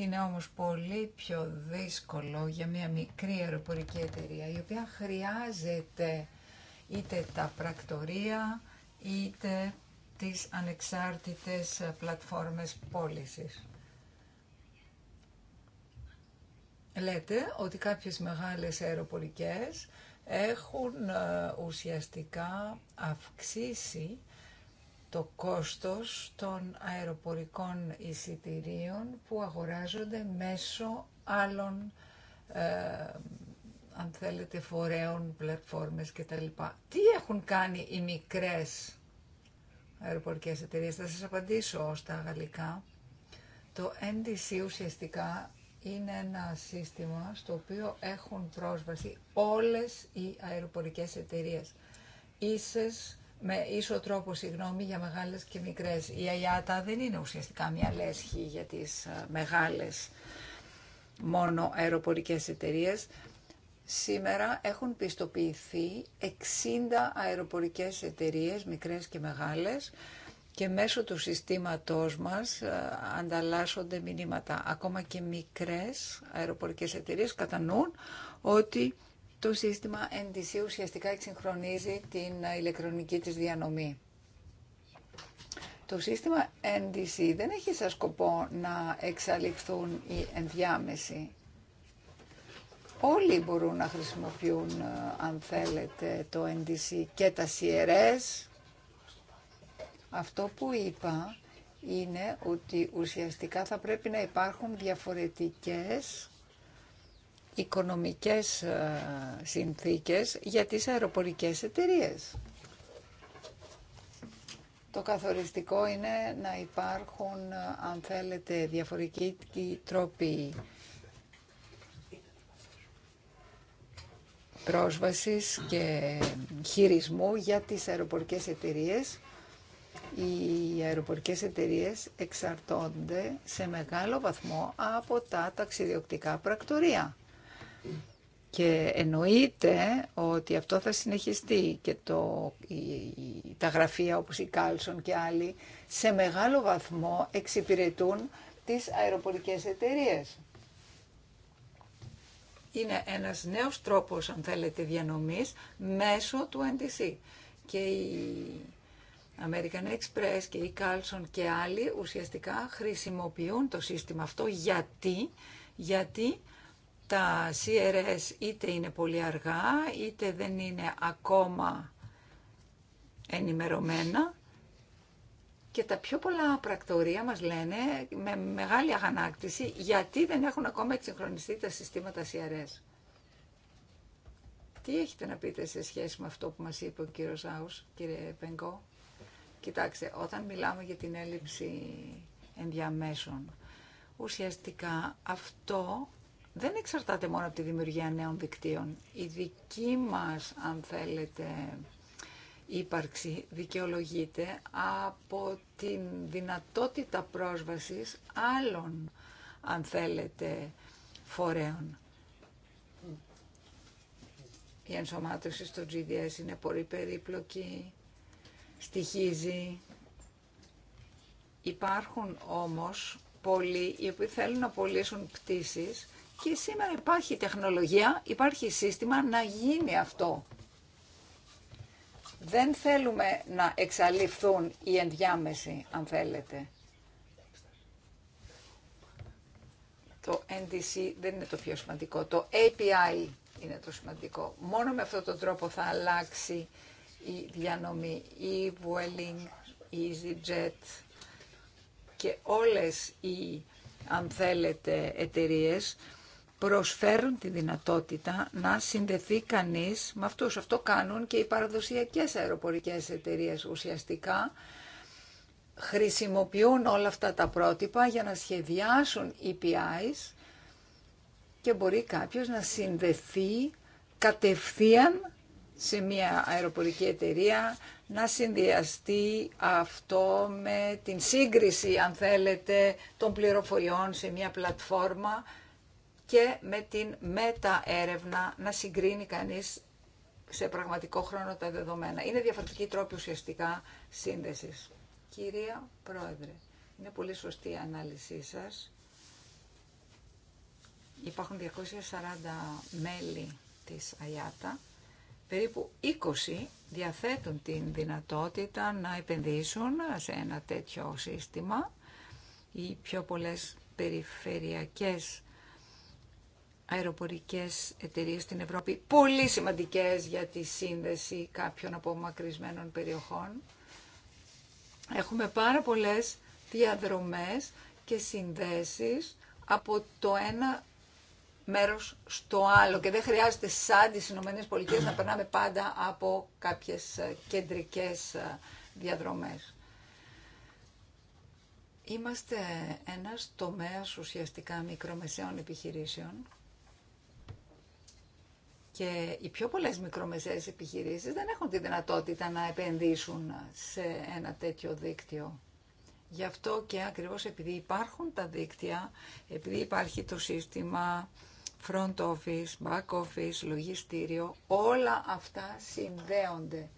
Είναι όμως πολύ πιο δύσκολο για μια μικρή αεροπορική εταιρεία η οποία χρειάζεται είτε τα πρακτορία είτε τις ανεξάρτητες πλατφόρμες πώλησης. Λέτε ότι κάποιες μεγάλες αεροπορικές έχουν ε, ουσιαστικά αυξήσει το κόστος των αεροπορικών εισιτηρίων που αγοράζονται μέσω άλλων, ε, αν θέλετε, φορέων, πλατφόρμες κτλ. Τι έχουν κάνει οι μικρές αεροπορικές εταιρείε, Θα σας απαντήσω στα γαλλικά. Το NDC ουσιαστικά είναι ένα σύστημα στο οποίο έχουν πρόσβαση όλες οι αεροπορικές εταιρείε, Ίσες με ίσο τρόπο συγγνώμη για μεγάλες και μικρές. Η ΑΙΑΤΑ δεν είναι ουσιαστικά μια λέσχη για τις ε, μεγάλες μόνο αεροπορικές εταιρείες. Σήμερα έχουν πιστοποιηθεί 60 αεροπορικές εταιρείες, μικρές και μεγάλες, και μέσω του συστήματός μας ε, ανταλλάσσονται μηνύματα. Ακόμα και μικρές αεροπορικές εταιρείες κατανοούν ότι το σύστημα NDC ουσιαστικά εξυγχρονίζει την ηλεκτρονική της διανομή. Το σύστημα NDC δεν έχει σαν σκοπό να εξαλειφθούν οι ενδιάμεσοι. Όλοι μπορούν να χρησιμοποιούν, ε, αν θέλετε, το NDC και τα CRS. Αυτό που είπα είναι ότι ουσιαστικά θα πρέπει να υπάρχουν διαφορετικές οικονομικές ε, συνθήκες για τις αεροπορικές εταιρείες. Το καθοριστικό είναι να υπάρχουν, ε, αν θέλετε, διαφορετικοί τρόποι πρόσβασης και χειρισμού για τις αεροπορικές εταιρείες. Οι αεροπορικές εταιρείες εξαρτώνται σε μεγάλο βαθμό από τα ταξιδιοκτικά πρακτορία. Και εννοείται ότι αυτό θα συνεχιστεί και το, τα γραφεία όπως η Κάλσον και άλλοι σε μεγάλο βαθμό εξυπηρετούν τις αεροπορικές εταιρείες. Είναι ένας νέος τρόπος, αν θέλετε, διανομής μέσω του NTC. Και η American Express και η Κάλσον και άλλοι ουσιαστικά χρησιμοποιούν το σύστημα αυτό γιατί, γιατί τα CRS είτε είναι πολύ αργά, είτε δεν είναι ακόμα ενημερωμένα. Και τα πιο πολλά πρακτορία μας λένε με μεγάλη αγανάκτηση γιατί δεν έχουν ακόμα εξυγχρονιστεί τα συστήματα CRS. Τι έχετε να πείτε σε σχέση με αυτό που μας είπε ο κύριος Άους, κύριε Πενκό. Κοιτάξτε, όταν μιλάμε για την έλλειψη ενδιαμέσων, ουσιαστικά αυτό δεν εξαρτάται μόνο από τη δημιουργία νέων δικτύων. Η δική μας, αν θέλετε, ύπαρξη δικαιολογείται από την δυνατότητα πρόσβασης άλλων, αν θέλετε, φορέων. Η ενσωμάτωση στο GDS είναι πολύ περίπλοκη, στοιχίζει. Υπάρχουν όμως πολλοί οι οποίοι θέλουν να πωλήσουν πτήσεις και σήμερα υπάρχει τεχνολογία, υπάρχει σύστημα να γίνει αυτό. Δεν θέλουμε να εξαλειφθούν οι ενδιάμεσοι, αν θέλετε. Το NDC δεν είναι το πιο σημαντικό. Το API είναι το σημαντικό. Μόνο με αυτόν τον τρόπο θα αλλάξει η διανομή. Η Vueling, η EasyJet και όλες οι, αν θέλετε, εταιρείες προσφέρουν τη δυνατότητα να συνδεθεί κανείς με αυτούς. Αυτό κάνουν και οι παραδοσιακές αεροπορικές εταιρείες ουσιαστικά χρησιμοποιούν όλα αυτά τα πρότυπα για να σχεδιάσουν EPIs και μπορεί κάποιος να συνδεθεί κατευθείαν σε μια αεροπορική εταιρεία να συνδυαστεί αυτό με την σύγκριση, αν θέλετε, των πληροφοριών σε μια πλατφόρμα και με την μεταέρευνα να συγκρίνει κανείς σε πραγματικό χρόνο τα δεδομένα. Είναι διαφορετική τρόπη ουσιαστικά σύνδεσης. Κυρία Πρόεδρε, είναι πολύ σωστή η ανάλυση σας. Υπάρχουν 240 μέλη της ΑΙΑΤΑ. Περίπου 20 διαθέτουν την δυνατότητα να επενδύσουν σε ένα τέτοιο σύστημα. Οι πιο πολλές περιφερειακές αεροπορικές εταιρείες στην Ευρώπη, πολύ σημαντικές για τη σύνδεση κάποιων απομακρυσμένων περιοχών. Έχουμε πάρα πολλές διαδρομές και συνδέσεις από το ένα μέρος στο άλλο και δεν χρειάζεται σαν τις Ηνωμένες να περνάμε πάντα από κάποιες κεντρικές διαδρομές. Είμαστε ένας τομέας ουσιαστικά μικρομεσαίων επιχειρήσεων και οι πιο πολλές μικρομεσαίες επιχειρήσεις δεν έχουν τη δυνατότητα να επενδύσουν σε ένα τέτοιο δίκτυο. Γι' αυτό και ακριβώς επειδή υπάρχουν τα δίκτυα, επειδή υπάρχει το σύστημα front office, back office, λογιστήριο, όλα αυτά συνδέονται.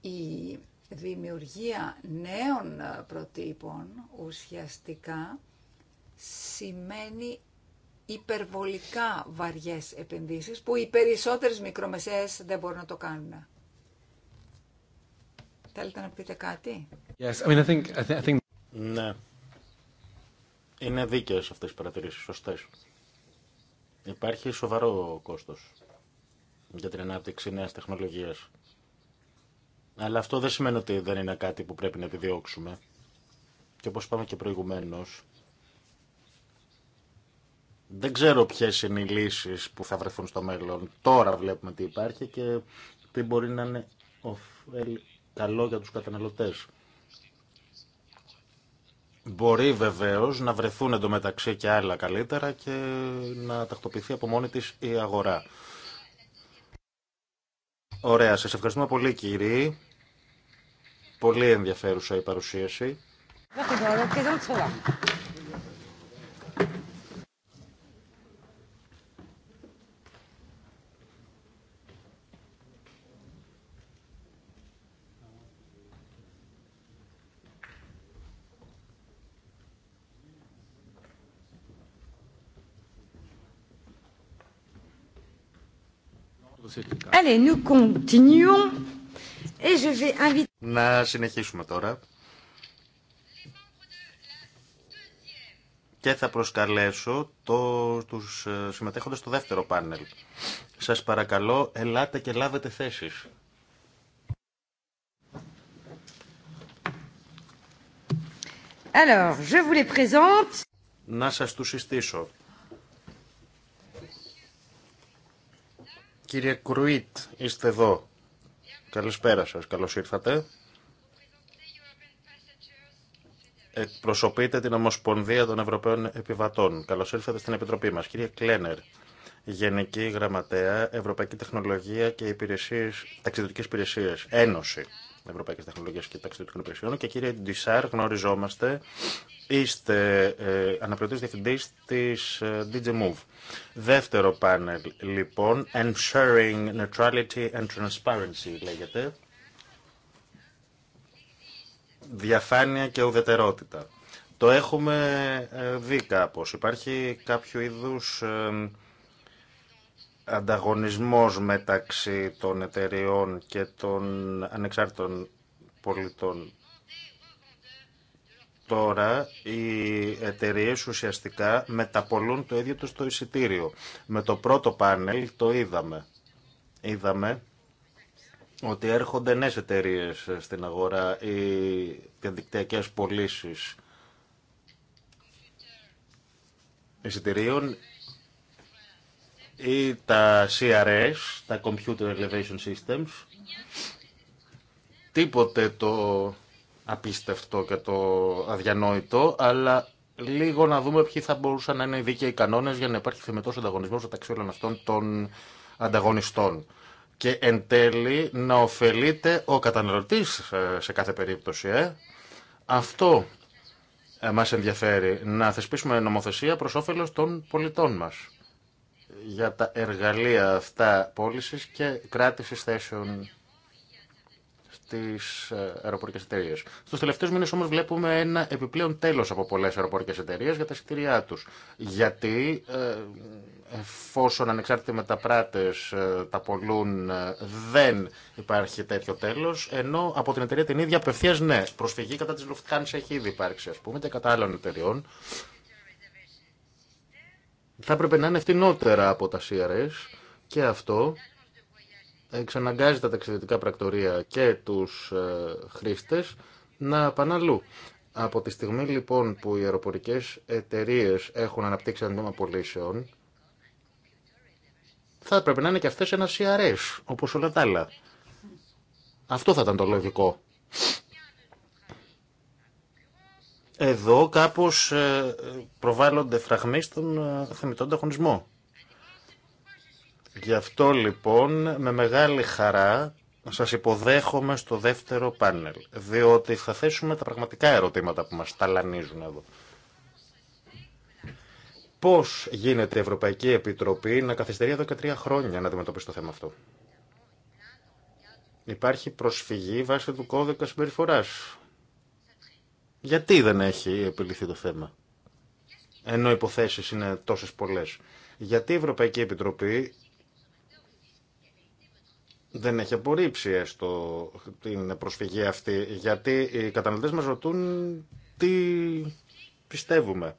Η δημιουργία νέων προτύπων ουσιαστικά σημαίνει υπερβολικά βαριές επενδύσεις που οι περισσότερες μικρομεσαίες δεν μπορούν να το κάνουν. Θέλετε να πείτε κάτι? Yes, I mean, I think, I think... Ναι. Είναι δίκαιες αυτές οι παρατηρήσεις, σωστές. Υπάρχει σοβαρό κόστος για την ανάπτυξη νέας τεχνολογίας. Αλλά αυτό δεν σημαίνει ότι δεν είναι κάτι που πρέπει να επιδιώξουμε. Και όπως είπαμε και προηγουμένως, δεν ξέρω ποιε είναι οι λύσει που θα βρεθούν στο μέλλον. Τώρα βλέπουμε τι υπάρχει και τι μπορεί να είναι καλό για τους καταναλωτές. Μπορεί βεβαίω να βρεθούν εντωμεταξύ και άλλα καλύτερα και να τακτοποιηθεί από μόνη τη η αγορά. Ωραία, σας ευχαριστούμε πολύ κύριοι. Πολύ ενδιαφέρουσα η παρουσίαση. Allez, nous continuons. Et je vais Να συνεχίσουμε τώρα. Και θα προσκαλέσω το, τους ε, συμμετέχοντες στο δεύτερο πάνελ. Σας παρακαλώ, ελάτε και λάβετε θέσεις. Alors, je vous les présente. Να σας τους συστήσω. Κύριε Κρουίτ, είστε εδώ. Καλησπέρα σας, καλώς ήρθατε. Εκπροσωπείτε την Ομοσπονδία των Ευρωπαίων Επιβατών. Καλώς ήρθατε στην Επιτροπή μας. Κύριε Κλένερ, Γενική Γραμματέα, Ευρωπαϊκή Τεχνολογία και Υπηρεσίες, Ταξιδιωτικές Υπηρεσίες, Ένωση Ευρωπαϊκή Τεχνολογίες και Ταξιδιωτικών Υπηρεσιών. Και κύριε Ντισάρ, γνωριζόμαστε. Είστε ε, αναπληρωτής διευθυντής της ε, Move. Δεύτερο πάνελ, λοιπόν, Ensuring Neutrality and Transparency λέγεται. Διαφάνεια και ουδετερότητα. Το έχουμε ε, δει κάπως. Υπάρχει κάποιο είδους... Ε, ανταγωνισμός μεταξύ των εταιριών και των ανεξάρτητων πολιτών. Τώρα οι εταιρείε ουσιαστικά μεταπολούν το ίδιο τους το εισιτήριο. Με το πρώτο πάνελ το είδαμε. Είδαμε ότι έρχονται νέες εταιρείε στην αγορά, οι διαδικτυακές πωλήσει εισιτηρίων ή τα CRS, τα Computer Elevation Systems. Τίποτε το απίστευτο και το αδιανόητο, αλλά λίγο να δούμε ποιοι θα μπορούσαν να είναι οι δίκαιοι κανόνες για να υπάρχει θεμετός ανταγωνισμός μεταξύ όλων αυτών των ανταγωνιστών. Και εν τέλει να ωφελείται ο καταναλωτής ε, σε κάθε περίπτωση. Ε. Αυτό ε, μας ενδιαφέρει, να θεσπίσουμε νομοθεσία προς όφελος των πολιτών μας για τα εργαλεία αυτά πώληση και κράτηση θέσεων στι ε, αεροπορικέ εταιρείε. Στου τελευταίου μήνε όμω βλέπουμε ένα επιπλέον τέλο από πολλέ αεροπορικέ εταιρείε για τα εισιτήριά του. Γιατί ε, εφόσον εφόσον ανεξάρτητοι τα πράτες ε, τα πολλούν, δεν υπάρχει τέτοιο τέλο, ενώ από την εταιρεία την ίδια απευθεία ναι. Προσφυγή κατά τη Lufthansa έχει ήδη υπάρξει, α πούμε, και κατά άλλων εταιρεών θα έπρεπε να είναι φτηνότερα από τα CRS και αυτό εξαναγκάζει τα ταξιδιωτικά πρακτορία και τους ε, χρήστες να πάνε Από τη στιγμή λοιπόν που οι αεροπορικές εταιρείες έχουν αναπτύξει ένα τμήμα πωλήσεων, θα έπρεπε να είναι και αυτές ένα CRS, όπως όλα τα άλλα. Αυτό θα ήταν το λογικό. Εδώ κάπως ε, προβάλλονται φραγμοί στον ε, θεμητό ανταγωνισμό. Γι' αυτό λοιπόν με μεγάλη χαρά σας υποδέχομαι στο δεύτερο πάνελ, διότι θα θέσουμε τα πραγματικά ερωτήματα που μας ταλανίζουν εδώ. Πώς γίνεται η Ευρωπαϊκή Επιτροπή να καθυστερεί εδώ και τρία χρόνια να αντιμετωπίσει το θέμα αυτό. Υπάρχει προσφυγή βάσει του κώδικα συμπεριφορά. Γιατί δεν έχει επιληθεί το θέμα, ενώ υποθέσεις είναι τόσες πολλές. Γιατί η Ευρωπαϊκή Επιτροπή δεν έχει απορρίψει έστω την προσφυγή αυτή, γιατί οι καταναλωτές μας ρωτούν τι πιστεύουμε.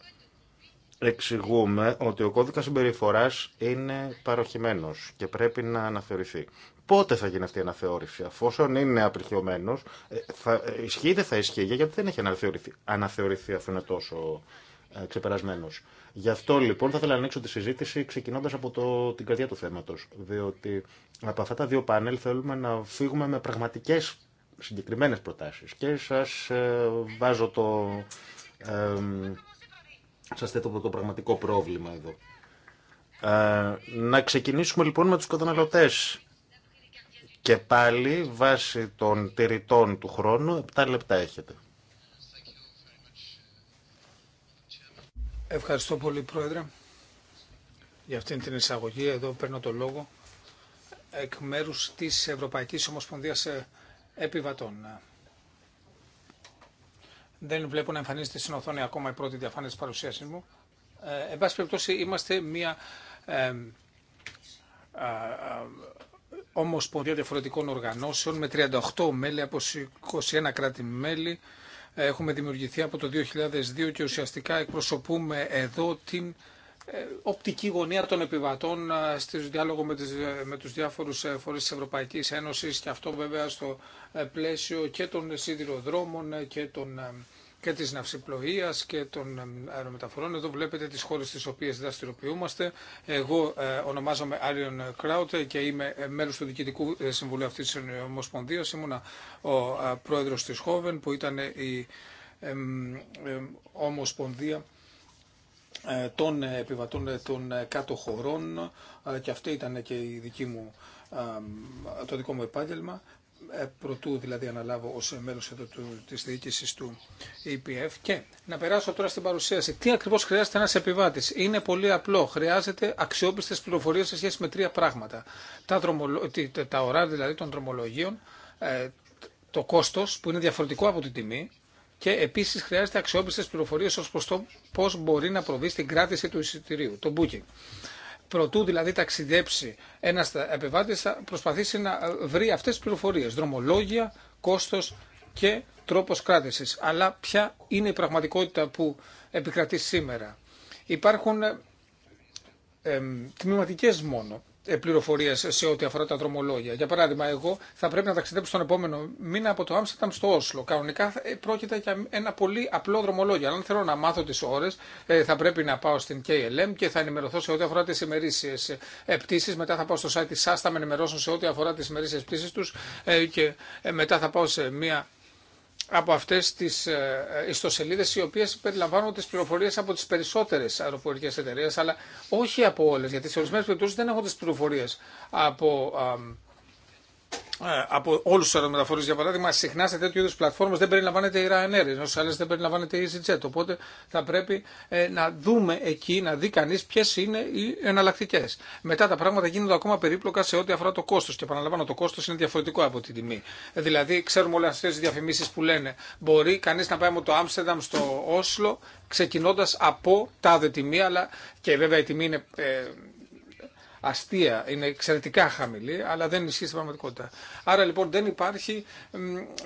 Εξηγούμε ότι ο κώδικας συμπεριφοράς είναι παροχημένος και πρέπει να αναθεωρηθεί πότε θα γίνει αυτή η αναθεώρηση. Αφόσον είναι απριχιωμένο, ε, θα ε, ισχύει δεν θα ισχύει, γιατί δεν έχει αναθεωρηθεί, αναθεωρηθεί αφού είναι τόσο ε, ξεπερασμένο. Γι' αυτό λοιπόν θα ήθελα να ανοίξω τη συζήτηση ξεκινώντα από το, την καρδιά του θέματο. Διότι από αυτά τα δύο πάνελ θέλουμε να φύγουμε με πραγματικέ συγκεκριμένε προτάσει. Και σα ε, βάζω το. Ε, σα θέτω το πραγματικό πρόβλημα εδώ. Ε, να ξεκινήσουμε λοιπόν με τους καταναλωτές. Και πάλι, βάσει των τηρητών του χρόνου, 7 λεπτά έχετε. Ευχαριστώ πολύ, Πρόεδρε, για αυτήν την εισαγωγή. Εδώ παίρνω το λόγο εκ μέρους της Ευρωπαϊκής Ομοσπονδίας ε, Επιβατών. Δεν βλέπω να εμφανίζεται στην οθόνη ακόμα η πρώτη διαφάνεια της παρουσίασης μου. Ε, εν πάση περιπτώσει, είμαστε μια ε, ε, Ομοσπονδία Διαφορετικών Οργανώσεων με 38 μέλη από 21 κράτη-μέλη. Έχουμε δημιουργηθεί από το 2002 και ουσιαστικά εκπροσωπούμε εδώ την ε, οπτική γωνία των επιβατών ε, στη διάλογο με, τις, ε, με τους διάφορους φορείς της Ευρωπαϊκής Ένωσης και αυτό βέβαια στο πλαίσιο και των σιδηροδρόμων και των και της ναυσιπλοείας και των ε, αερομεταφορών. Εδώ βλέπετε τις χώρες στις οποίες δραστηριοποιούμαστε. Εγώ ε, ονομάζομαι Άριον Κράουτε και είμαι ε, μέλος του Διοικητικού Συμβουλίου αυτής της Ομοσπονδίας. Ήμουνα ο πρόεδρος της Χόβεν που ήταν η Ομοσπονδία των επιβατών των κάτω χωρών και αυτή ήταν και η δική μου, το δικό μου επάγγελμα. Ε, πρωτού δηλαδή αναλάβω ως μέλος εδώ του, της διοίκησης του EPF και να περάσω τώρα στην παρουσίαση. Τι ακριβώς χρειάζεται ένας επιβάτης. Είναι πολύ απλό. Χρειάζεται αξιόπιστες πληροφορίες σε σχέση με τρία πράγματα. Τα, δρομολο... τα ωράρια δηλαδή των δρομολογίων, ε, το κόστος που είναι διαφορετικό από την τιμή και επίση χρειάζεται αξιόπιστε πληροφορίε ω προ το πώ μπορεί να προβεί στην κράτηση του εισιτηρίου, το booking προτού δηλαδή ταξιδέψει ένας επιβάτης θα προσπαθήσει να ε, βρει αυτές τις πληροφορίες, δρομολόγια, κόστος και τρόπος κράτησης. Αλλά ποια είναι η πραγματικότητα που επικρατεί σήμερα. Υπάρχουν ε, τμηματικές μόνο ε, πληροφορίε σε ό,τι αφορά τα δρομολόγια. Για παράδειγμα, εγώ θα πρέπει να ταξιδέψω στον επόμενο μήνα από το Άμστερνταμ στο Όσλο. Κανονικά ε, πρόκειται για ένα πολύ απλό δρομολόγιο. Αν θέλω να μάθω τι ώρε, ε, θα πρέπει να πάω στην KLM και θα ενημερωθώ σε ό,τι αφορά τι ημερήσιε πτήσει. Μετά θα πάω στο site τη SAS, θα με ενημερώσουν σε ό,τι αφορά τι ημερήσιε πτήσει του και μετά θα πάω σε μία από αυτές τις ε, ιστοσελίδε, οι οποίες περιλαμβάνουν τις πληροφορίες από τις περισσότερες αεροπορικές εταιρείες αλλά όχι από όλες γιατί σε ορισμένε περιπτώσεις δεν έχουν τις πληροφορίες από ε, από όλου του αερομεταφορεί, για παράδειγμα, συχνά σε τέτοιου είδου πλατφόρμε δεν περιλαμβάνεται η Ryanair, ενώ σε άλλε δεν περιλαμβάνεται η EasyJet. Οπότε θα πρέπει ε, να δούμε εκεί, να δει κανεί ποιε είναι οι εναλλακτικέ. Μετά τα πράγματα γίνονται ακόμα περίπλοκα σε ό,τι αφορά το κόστο. Και επαναλαμβάνω, το κόστο είναι διαφορετικό από την τιμή. Ε, δηλαδή, ξέρουμε όλε αυτέ τι διαφημίσει που λένε μπορεί κανεί να πάει από το Άμστερνταμ στο Όσλο ξεκινώντα από τάδε τιμή, αλλά και βέβαια η τιμή είναι αστεία, είναι εξαιρετικά χαμηλή, αλλά δεν ισχύει στην πραγματικότητα. Άρα λοιπόν δεν υπάρχει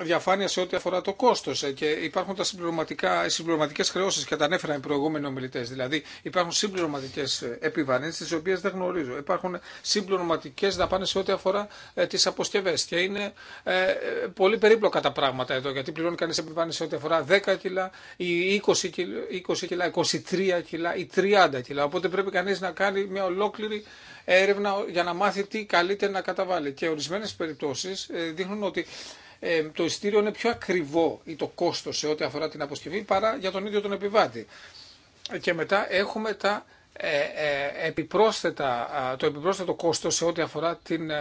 διαφάνεια σε ό,τι αφορά το κόστο ε, και υπάρχουν τα συμπληρωματικά, οι συμπληρωματικέ χρεώσει και τα ανέφεραν οι προηγούμενοι ομιλητέ. Δηλαδή υπάρχουν συμπληρωματικέ ε, επιβαρύνσει, τι οποίε δεν γνωρίζω. Υπάρχουν συμπληρωματικέ δαπάνε σε ό,τι αφορά ε, τι αποσκευέ και είναι πολύ περίπλοκα τα πράγματα εδώ γιατί πληρώνει κανεί επιβάρυνση σε ό,τι αφορά 10 κιλά ή κιλά, 20 κιλά, 23 κιλά ή 30 κιλά. Οπότε πρέπει κανεί να κάνει μια ολόκληρη έρευνα για να μάθει τι καλύτερα να καταβάλει. Και ορισμένες περιπτώσεις ε, δείχνουν ότι ε, το ειστήριο είναι πιο ακριβό ή το κόστος σε ό,τι αφορά την αποσκευή παρά για τον ίδιο τον επιβάτη. Και μετά έχουμε τα, ε, επιπρόσθετα, το επιπρόσθετο κόστος σε ό,τι αφορά την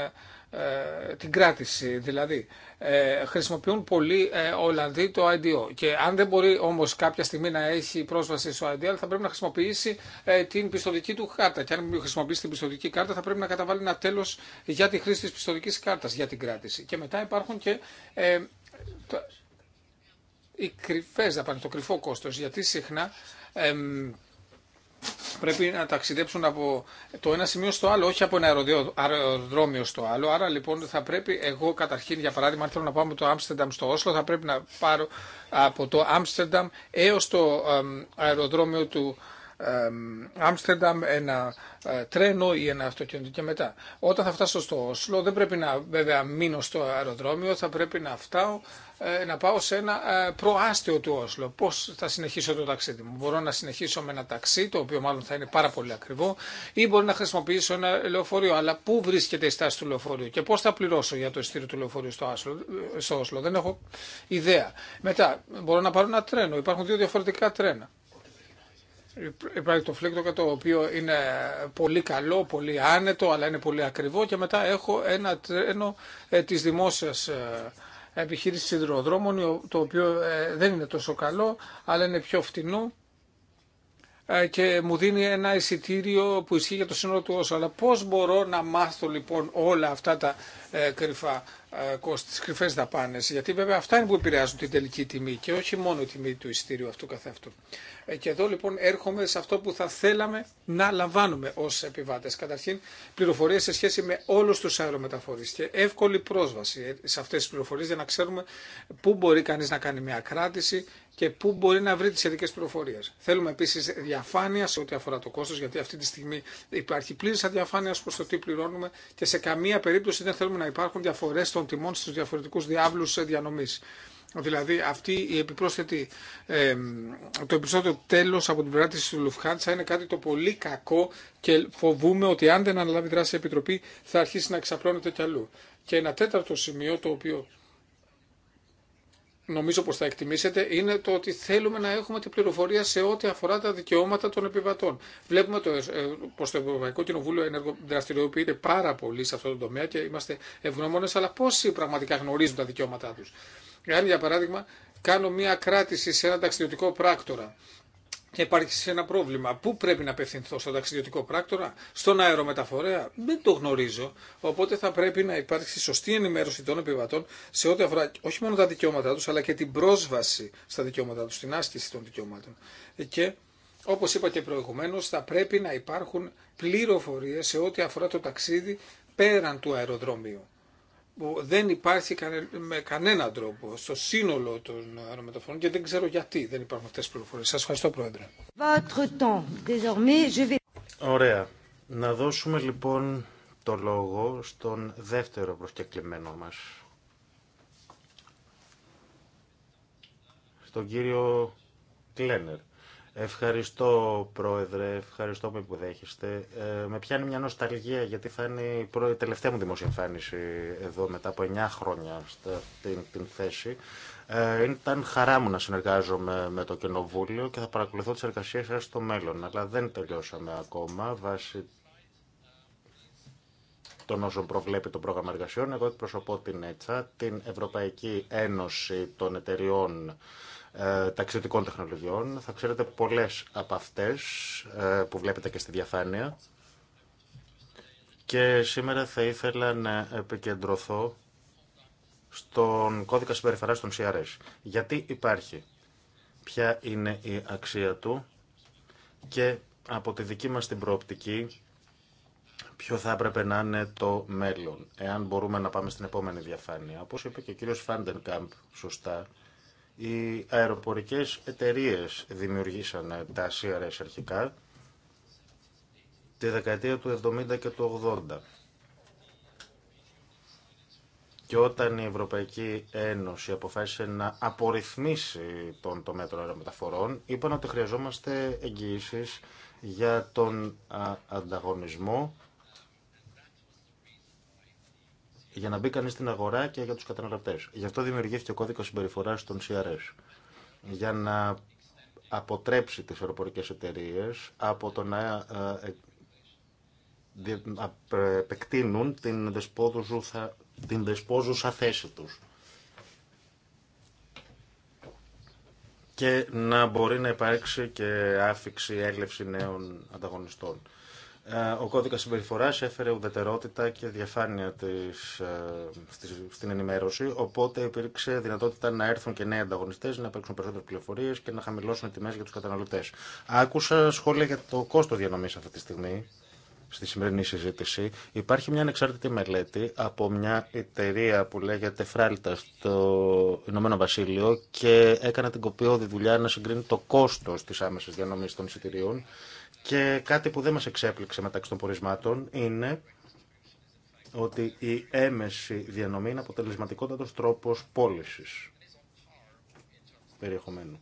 ε, την κράτηση δηλαδή. Ε, χρησιμοποιούν πολύ ε, Ολλανδοί το IDO και αν δεν μπορεί όμως κάποια στιγμή να έχει πρόσβαση στο IDO θα πρέπει να χρησιμοποιήσει ε, την πιστοτική του κάρτα και αν χρησιμοποιήσει την πιστοτική κάρτα θα πρέπει να καταβάλει ένα τέλος για τη χρήση της πιστοτικής κάρτας για την κράτηση. Και μετά υπάρχουν και ε, το, οι κρυφές δαπάνε, το κρυφό κόστος γιατί συχνά πρέπει να ταξιδέψουν από το ένα σημείο στο άλλο, όχι από ένα αεροδρόμιο στο άλλο. Άρα λοιπόν θα πρέπει εγώ καταρχήν για παράδειγμα αν θέλω να πάω από το Άμστερνταμ στο Όσλο θα πρέπει να πάρω από το Άμστερνταμ έως το αεροδρόμιο του Άμστερνταμ ένα ε, τρένο ή ένα αυτοκίνητο και μετά. Όταν θα φτάσω στο Όσλο δεν πρέπει να βέβαια μείνω στο αεροδρόμιο, θα πρέπει να φτάω ε, να πάω σε ένα ε, προάστιο του Όσλο. Πώ θα συνεχίσω το ταξίδι μου. Μπορώ να συνεχίσω με ένα ταξί, το οποίο μάλλον θα είναι πάρα πολύ ακριβό, ή μπορώ να χρησιμοποιήσω ένα λεωφορείο. Αλλά πού βρίσκεται η στάση του λεωφορείου και πώ θα πληρώσω για το ειστήριο του λεωφορείου στο, Όσλο. Ε, στο Όσλο. Δεν έχω ιδέα. Μετά, μπορώ να πάρω ένα τρένο. Υπάρχουν δύο διαφορετικά τρένα. Υπάρχει το φλέκτοκα το οποίο είναι πολύ καλό, πολύ άνετο, αλλά είναι πολύ ακριβό και μετά έχω ένα τρένο ε, της δημόσιας επιχείρηση σιδηροδρόμων, το οποίο ε, δεν είναι τόσο καλό, αλλά είναι πιο φτηνό ε, και μου δίνει ένα εισιτήριο που ισχύει για το σύνολο του όσο. Αλλά πώς μπορώ να μάθω λοιπόν όλα αυτά τα ε, κρυφά ε, κόστη, τι κρυφέ δαπάνε. Γιατί βέβαια αυτά είναι που επηρεάζουν την τελική τιμή και όχι μόνο η τιμή του ειστήριου αυτού καθεαυτού. Ε, και εδώ λοιπόν έρχομαι σε αυτό που θα θέλαμε να λαμβάνουμε ω επιβάτε. Καταρχήν, πληροφορίε σε σχέση με όλου του αερομεταφορεί και εύκολη πρόσβαση ε, σε αυτέ τι πληροφορίε για να ξέρουμε πού μπορεί κανεί να κάνει μια κράτηση και πού μπορεί να βρει τι ειδικέ πληροφορίε. Θέλουμε επίση διαφάνεια σε ό,τι αφορά το κόστο, γιατί αυτή τη στιγμή υπάρχει πλήρη αδιαφάνεια προ το τι πληρώνουμε και σε καμία περίπτωση δεν θέλουμε να υπάρχουν διαφορέ στο των τιμών στους διαφορετικούς διάβλους διανομής. Δηλαδή αυτή η επιπρόσθετη, το επεισόδιο τέλος από την πλευρά του Λουφχάντσα είναι κάτι το πολύ κακό και φοβούμε ότι αν δεν αναλάβει δράση η Επιτροπή θα αρχίσει να εξαπλώνεται κι αλλού. Και ένα τέταρτο σημείο το οποίο νομίζω πως θα εκτιμήσετε, είναι το ότι θέλουμε να έχουμε την πληροφορία σε ό,τι αφορά τα δικαιώματα των επιβατών. Βλέπουμε το, ε, πως το Ευρωπαϊκό Κοινοβούλιο δραστηριοποιείται πάρα πολύ σε αυτό το τομέα και είμαστε ευγνώμονες, αλλά πόσοι πραγματικά γνωρίζουν τα δικαιώματά τους. Εάν για παράδειγμα κάνω μια κράτηση σε ένα ταξιδιωτικό πράκτορα και υπάρχει σε ένα πρόβλημα. Πού πρέπει να απευθυνθώ, στον ταξιδιωτικό πράκτορα, στον αερομεταφορέα. Δεν το γνωρίζω. Οπότε θα πρέπει να υπάρξει σωστή ενημέρωση των επιβατών σε ό,τι αφορά όχι μόνο τα δικαιώματά του, αλλά και την πρόσβαση στα δικαιώματά του, την άσκηση των δικαιωμάτων. Και όπω είπα και προηγουμένω, θα πρέπει να υπάρχουν πληροφορίε σε ό,τι αφορά το ταξίδι πέραν του αεροδρομίου που δεν υπάρχει με κανέναν τρόπο στο σύνολο των αερομεταφορών και δεν ξέρω γιατί δεν υπάρχουν αυτές τις πληροφορίες. Σας ευχαριστώ Πρόεδρε. Ωραία. Να δώσουμε λοιπόν το λόγο στον δεύτερο προσκεκλημένο μας. Στον κύριο Κλένερ. Ευχαριστώ, Πρόεδρε. Ευχαριστώ που υποδέχεστε. Ε, με πιάνει μια νοσταλγία, γιατί θα είναι η, προ... η τελευταία μου δημόσια εδώ μετά από 9 χρόνια στην την θέση. Ε, ήταν χαρά μου να συνεργάζομαι με το Κοινοβούλιο και θα παρακολουθώ τις εργασίες σας στο μέλλον. Αλλά δεν τελειώσαμε ακόμα βάσει των όσων προβλέπει το πρόγραμμα εργασιών. Εγώ εκπροσωπώ την ΕΤΣΑ, την Ευρωπαϊκή Ένωση των Εταιριών ε, ταξιδιωτικών τεχνολογιών. Θα ξέρετε πολλές από αυτές ε, που βλέπετε και στη διαφάνεια. Και σήμερα θα ήθελα να επικεντρωθώ στον κώδικα συμπεριφοράς των CRS. Γιατί υπάρχει, ποια είναι η αξία του και από τη δική μας την προοπτική ποιο θα έπρεπε να είναι το μέλλον. Εάν μπορούμε να πάμε στην επόμενη διαφάνεια. Όπως είπε και ο κύριος Φάντενκαμπ σωστά, οι αεροπορικές εταιρείες δημιουργήσαν τα CRS αρχικά τη δεκαετία του 70 και του 80. Και όταν η Ευρωπαϊκή Ένωση αποφάσισε να απορριθμίσει τον τομέα των αερομεταφορών, είπαν ότι χρειαζόμαστε εγγυήσεις για τον ανταγωνισμό για να μπει κανεί στην αγορά και για του καταναλωτέ. Γι' αυτό δημιουργήθηκε ο κώδικα συμπεριφορά των CRS. Για να αποτρέψει τι αεροπορικέ εταιρείε από το να ε, ε, επεκτείνουν την δεσπόζουσα, την δεσπόζουσα θέση τους. και να μπορεί να υπάρξει και άφηξη, έλευση νέων ανταγωνιστών. Ε, ο κώδικας συμπεριφοράς έφερε ουδετερότητα και διαφάνεια της, ε, στην ενημέρωση, οπότε υπήρξε δυνατότητα να έρθουν και νέοι ανταγωνιστές, να παίξουν περισσότερες πληροφορίες και να χαμηλώσουν τιμές για τους καταναλωτές. Άκουσα σχόλια για το κόστος διανομής αυτή τη στιγμή στη σημερινή συζήτηση. Υπάρχει μια ανεξάρτητη μελέτη από μια εταιρεία που λέγεται Φράλτα στο Ηνωμένο Βασίλειο και έκανα την κοπιώδη δουλειά να συγκρίνει το κόστος της άμεσης διανομής των εισιτηρίων και κάτι που δεν μας εξέπληξε μεταξύ των πορισμάτων είναι ότι η έμεση διανομή είναι αποτελεσματικότατος τρόπος πώλησης περιεχομένου.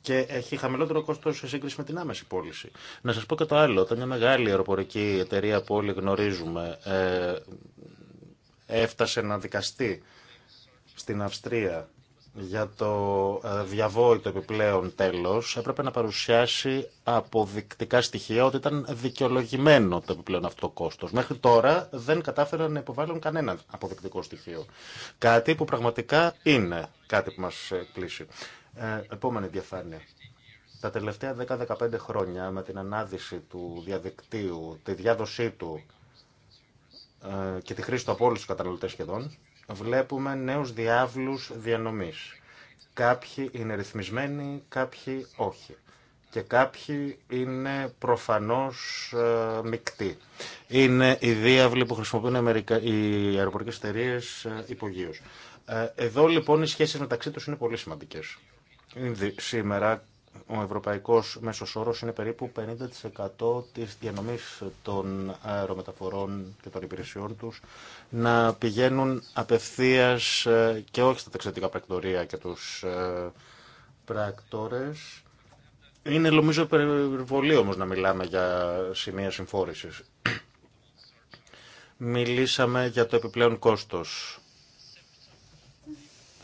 Και έχει χαμηλότερο κόστο σε σύγκριση με την άμεση πώληση. Να σα πω και το άλλο. Όταν μια μεγάλη αεροπορική εταιρεία που όλοι γνωρίζουμε ε, έφτασε να δικαστεί στην Αυστρία για το ε, διαβόητο επιπλέον τέλος έπρεπε να παρουσιάσει αποδεικτικά στοιχεία ότι ήταν δικαιολογημένο το επιπλέον αυτό κόστος. Μέχρι τώρα δεν κατάφεραν να υποβάλουν κανένα αποδεικτικό στοιχείο. Κάτι που πραγματικά είναι κάτι που μας ε, κλείσει. Ε, επόμενη διαφάνεια. Τα τελευταία 10-15 χρόνια με την ανάδυση του διαδικτύου, τη διάδοσή του και τη χρήση του από όλου του καταναλωτέ σχεδόν, βλέπουμε νέους διάβλους διανομής. Κάποιοι είναι ρυθμισμένοι, κάποιοι όχι. Και κάποιοι είναι προφανώς ε, μεικτοί. Είναι οι διάβλοι που χρησιμοποιούν οι αεροπορικές εταιρείε ε, υπογείως. Ε, εδώ λοιπόν οι σχέσεις μεταξύ τους είναι πολύ σημαντικές. Σήμερα ο ευρωπαϊκός μέσος όρος είναι περίπου 50% της διανομής των αερομεταφορών και των υπηρεσιών τους να πηγαίνουν απευθείας ε, και όχι στα ταξιδιωτικά πρακτορία και τους ε, πρακτόρες. Είναι νομίζω περιβολή όμως να μιλάμε για σημεία συμφόρησης. Μιλήσαμε για το επιπλέον κόστος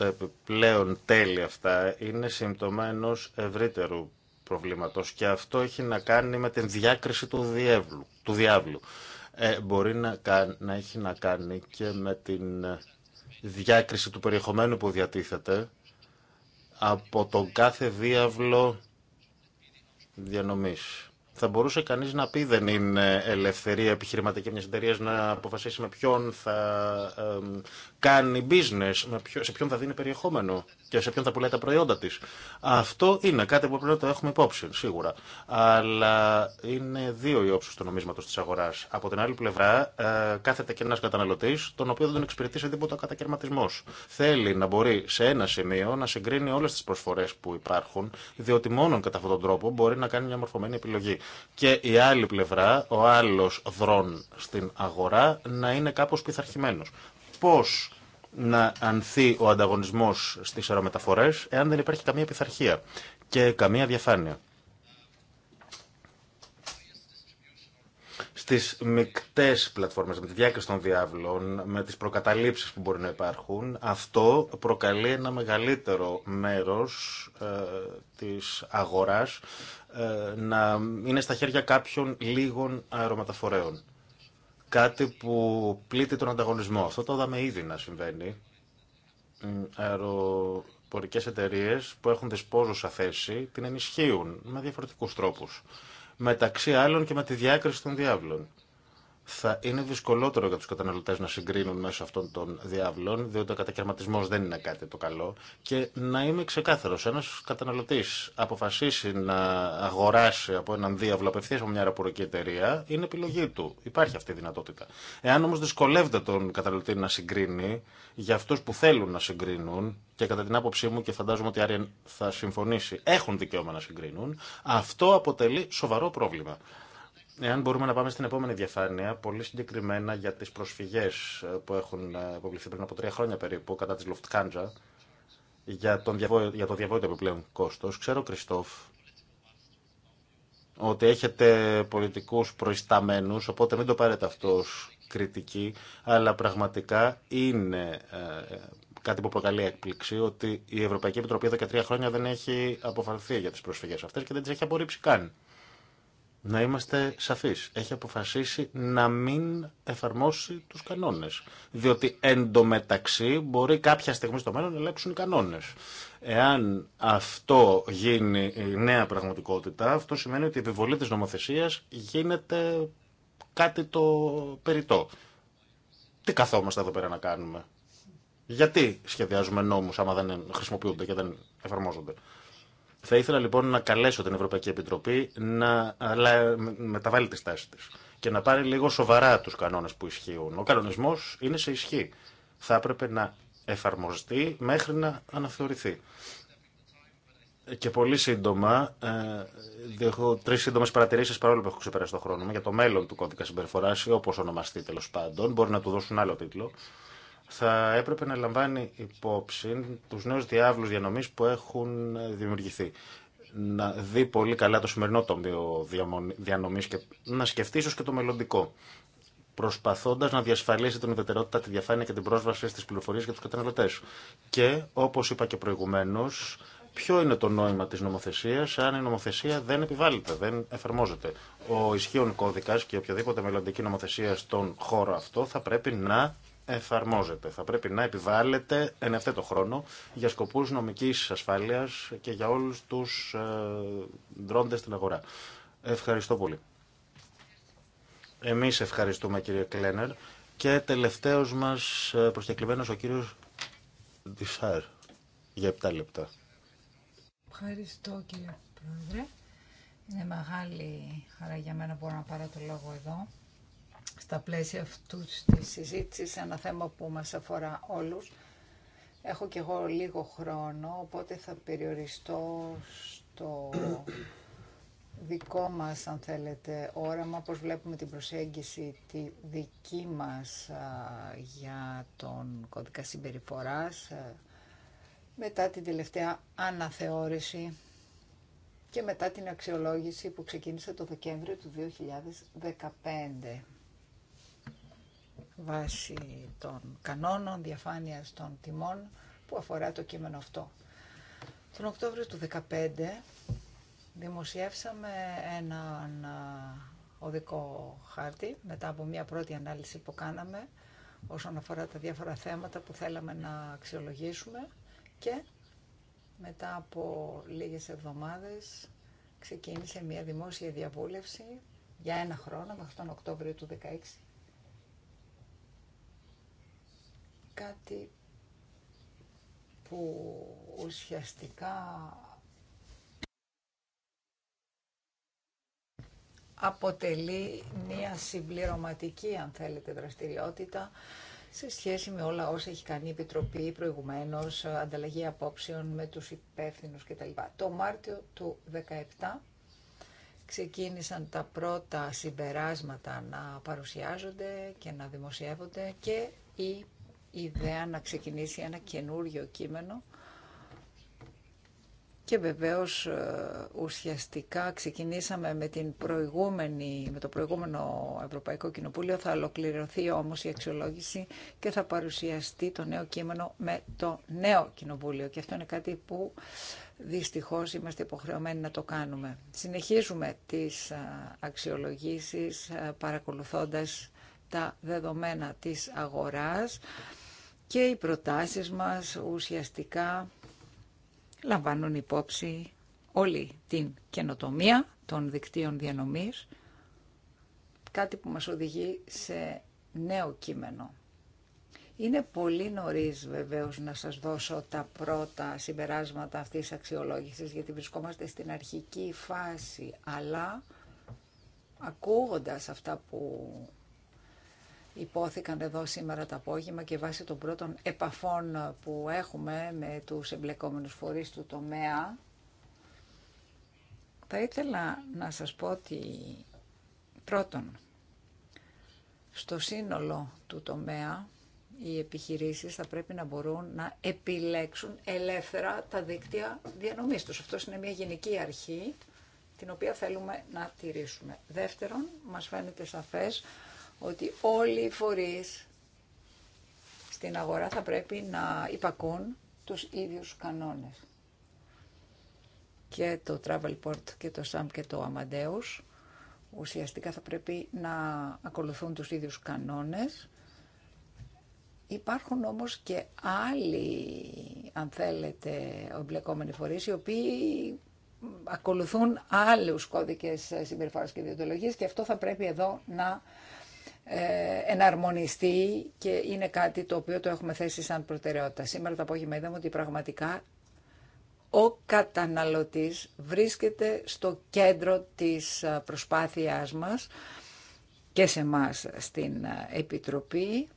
τα ε, επιπλέον αυτά είναι σύμπτωμα ενό ευρύτερου προβλήματος και αυτό έχει να κάνει με την διάκριση του, διεύλου, του διάβλου. Ε, μπορεί να, να έχει να κάνει και με την ε, διάκριση του περιεχομένου που διατίθεται από τον κάθε διάβλο διανομής. Θα μπορούσε κανείς να πει δεν είναι ελευθερία επιχειρηματική μια εταιρεία να αποφασίσει με ποιον θα ε, κάνει business, σε ποιον θα δίνει περιεχόμενο και σε ποιον θα πουλάει τα προϊόντα της. Αυτό είναι κάτι που πρέπει να το έχουμε υπόψη, σίγουρα. Αλλά είναι δύο οι όψεις του νομίσματος της αγοράς. Από την άλλη πλευρά ε, κάθεται και ένας καταναλωτής, τον οποίο δεν τον εξυπηρετεί σε τίποτα κατακαιρματισμός. Θέλει να μπορεί σε ένα σημείο να συγκρίνει όλες τις προσφορές που υπάρχουν, διότι μόνο κατά αυτόν τον τρόπο μπορεί να κάνει μια μορφωμένη επιλογή. Και η άλλη πλευρά, ο άλλος δρόν στην αγορά, να είναι κάπως πειθαρχημένο πώς να ανθεί ο ανταγωνισμός στις αερομεταφορές εάν δεν υπάρχει καμία πειθαρχία και καμία διαφάνεια. στις μεικτές πλατφόρμες, με τη διάκριση των διάβλων, με τις προκαταλήψεις που μπορεί να υπάρχουν, αυτό προκαλεί ένα μεγαλύτερο μέρος ε, της αγοράς ε, να είναι στα χέρια κάποιων λίγων αερομεταφορέων. Κάτι που πλήττει τον ανταγωνισμό. Αυτό το είδαμε ήδη να συμβαίνει. Αεροπορικέ εταιρείε που έχουν δεσπόζουσα θέση την ενισχύουν με διαφορετικούς τρόπους. Μεταξύ άλλων και με τη διάκριση των διάβλων θα είναι δυσκολότερο για του καταναλωτέ να συγκρίνουν μέσω αυτών των διάβλων, διότι ο κατακαιρματισμό δεν είναι κάτι το καλό. Και να είμαι ξεκάθαρο, ένα καταναλωτή αποφασίσει να αγοράσει από έναν διάβλο απευθεία από μια αεροπορική εταιρεία, είναι επιλογή του. Υπάρχει αυτή η δυνατότητα. Εάν όμω δυσκολεύεται τον καταναλωτή να συγκρίνει, για αυτού που θέλουν να συγκρίνουν, και κατά την άποψή μου και φαντάζομαι ότι Άρια θα συμφωνήσει, έχουν δικαίωμα να συγκρίνουν, αυτό αποτελεί σοβαρό πρόβλημα. Εάν μπορούμε να πάμε στην επόμενη διαφάνεια, πολύ συγκεκριμένα για τις προσφυγές ε, που έχουν ε, υποβληθεί πριν από τρία χρόνια περίπου κατά της Λουφτκάντζα, για, τον για το διαβόητο επιπλέον κόστος. Ξέρω, Κριστόφ, ότι έχετε πολιτικούς προϊσταμένους, οπότε μην το πάρετε ως κριτική, αλλά πραγματικά είναι ε, κάτι που προκαλεί έκπληξη ότι η Ευρωπαϊκή Επιτροπή εδώ και τρία χρόνια δεν έχει αποφαλθεί για τις προσφυγές αυτές και δεν τις έχει απορρίψει καν να είμαστε σαφείς. Έχει αποφασίσει να μην εφαρμόσει τους κανόνες. Διότι εντωμεταξύ μπορεί κάποια στιγμή στο μέλλον να αλλάξουν οι κανόνες. Εάν αυτό γίνει η νέα πραγματικότητα, αυτό σημαίνει ότι η επιβολή της νομοθεσίας γίνεται κάτι το περιττό. Τι καθόμαστε εδώ πέρα να κάνουμε. Γιατί σχεδιάζουμε νόμους άμα δεν χρησιμοποιούνται και δεν εφαρμόζονται. Θα ήθελα λοιπόν να καλέσω την Ευρωπαϊκή Επιτροπή να μεταβάλει τη στάση τη και να πάρει λίγο σοβαρά τους κανόνες που ισχύουν. Ο κανονισμό είναι σε ισχύ. Θα έπρεπε να εφαρμοστεί μέχρι να αναθεωρηθεί. Και πολύ σύντομα, ε, έχω τρει σύντομε παρατηρήσει παρόλο που έχω ξεπεράσει το χρόνο μου για το μέλλον του κώδικα συμπεριφορά ή όπω ονομαστεί τέλο πάντων. Μπορεί να του δώσουν άλλο τίτλο θα έπρεπε να λαμβάνει υπόψη τους νέους διάβλους διανομής που έχουν δημιουργηθεί. Να δει πολύ καλά το σημερινό τομείο διανομής και να σκεφτεί ίσως και το μελλοντικό προσπαθώντα να διασφαλίσει την ουδετερότητα, τη διαφάνεια και την πρόσβαση στι πληροφορίε για του καταναλωτέ. Και, όπω είπα και προηγουμένω, ποιο είναι το νόημα τη νομοθεσία, αν η νομοθεσία δεν επιβάλλεται, δεν εφαρμόζεται. Ο ισχύον κώδικα και οποιαδήποτε μελλοντική νομοθεσία στον χώρο αυτό θα πρέπει να εφαρμόζεται. Θα πρέπει να επιβάλλεται εν ευθέτω χρόνο για σκοπούς νομικής ασφάλειας και για όλους τους ε, δρόντες στην αγορά. Ευχαριστώ πολύ. Εμείς ευχαριστούμε κύριε Κλένερ και τελευταίος μας ε, προσκεκλημένος ο κύριος Δισάρ για 7 λεπτά. Ευχαριστώ κύριε Πρόεδρε. Είναι μεγάλη χαρά για μένα που μπορώ να πάρω το λόγο εδώ στα πλαίσια αυτού τη συζήτηση, ένα θέμα που μας αφορά όλους. Έχω και εγώ λίγο χρόνο, οπότε θα περιοριστώ στο δικό μας, αν θέλετε, όραμα, πώς βλέπουμε την προσέγγιση τη δική μας για τον κώδικα συμπεριφοράς μετά την τελευταία αναθεώρηση και μετά την αξιολόγηση που ξεκίνησε το Δεκέμβριο του 2015 βάση των κανόνων διαφάνειας των τιμών που αφορά το κείμενο αυτό. Τον Οκτώβριο του 2015 δημοσιεύσαμε έναν οδικό χάρτη μετά από μια πρώτη ανάλυση που κάναμε όσον αφορά τα διάφορα θέματα που θέλαμε να αξιολογήσουμε και μετά από λίγες εβδομάδες ξεκίνησε μια δημόσια διαβούλευση για ένα χρόνο μέχρι τον Οκτώβριο του 2016 κάτι που ουσιαστικά αποτελεί μια συμπληρωματική, αν θέλετε, δραστηριότητα σε σχέση με όλα όσα έχει κάνει η Επιτροπή προηγουμένως, ανταλλαγή απόψεων με τους υπεύθυνου κτλ. Το Μάρτιο του 2017 ξεκίνησαν τα πρώτα συμπεράσματα να παρουσιάζονται και να δημοσιεύονται και η ιδέα να ξεκινήσει ένα καινούριο κείμενο και βεβαίως ε, ουσιαστικά ξεκινήσαμε με, την προηγούμενη, με το προηγούμενο Ευρωπαϊκό Κοινοβούλιο, θα ολοκληρωθεί όμως η αξιολόγηση και θα παρουσιαστεί το νέο κείμενο με το νέο Κοινοβούλιο. Και αυτό είναι κάτι που δυστυχώς είμαστε υποχρεωμένοι να το κάνουμε. Συνεχίζουμε τις ε, αξιολογήσεις ε, παρακολουθώντας τα δεδομένα της αγοράς και οι προτάσεις μας ουσιαστικά λαμβάνουν υπόψη όλη την καινοτομία των δικτύων διανομής, κάτι που μας οδηγεί σε νέο κείμενο. Είναι πολύ νωρίς βεβαίως να σας δώσω τα πρώτα συμπεράσματα αυτής της αξιολόγησης, γιατί βρισκόμαστε στην αρχική φάση, αλλά ακούγοντας αυτά που υπόθηκαν εδώ σήμερα το απόγευμα και βάσει των πρώτων επαφών που έχουμε με τους εμπλεκόμενους φορείς του τομέα, θα ήθελα να σας πω ότι πρώτον, στο σύνολο του τομέα οι επιχειρήσεις θα πρέπει να μπορούν να επιλέξουν ελεύθερα τα δίκτυα διανομής τους. Αυτό είναι μια γενική αρχή την οποία θέλουμε να τηρήσουμε. Δεύτερον, μας φαίνεται σαφές ότι όλοι οι φορείς στην αγορά θα πρέπει να υπακούν τους ίδιους κανόνες. Και το Travelport και το SAM και το Amadeus ουσιαστικά θα πρέπει να ακολουθούν τους ίδιους κανόνες. Υπάρχουν όμως και άλλοι, αν θέλετε, εμπλεκόμενοι φορείς, οι οποίοι ακολουθούν άλλους κώδικες συμπεριφοράς και ιδιωτολογίες και αυτό θα πρέπει εδώ να ε, εναρμονιστεί και είναι κάτι το οποίο το έχουμε θέσει σαν προτεραιότητα. Σήμερα το απόγευμα είδαμε ότι πραγματικά ο καταναλωτής βρίσκεται στο κέντρο της ε, προσπάθειάς μας και σε μας στην ε, Επιτροπή.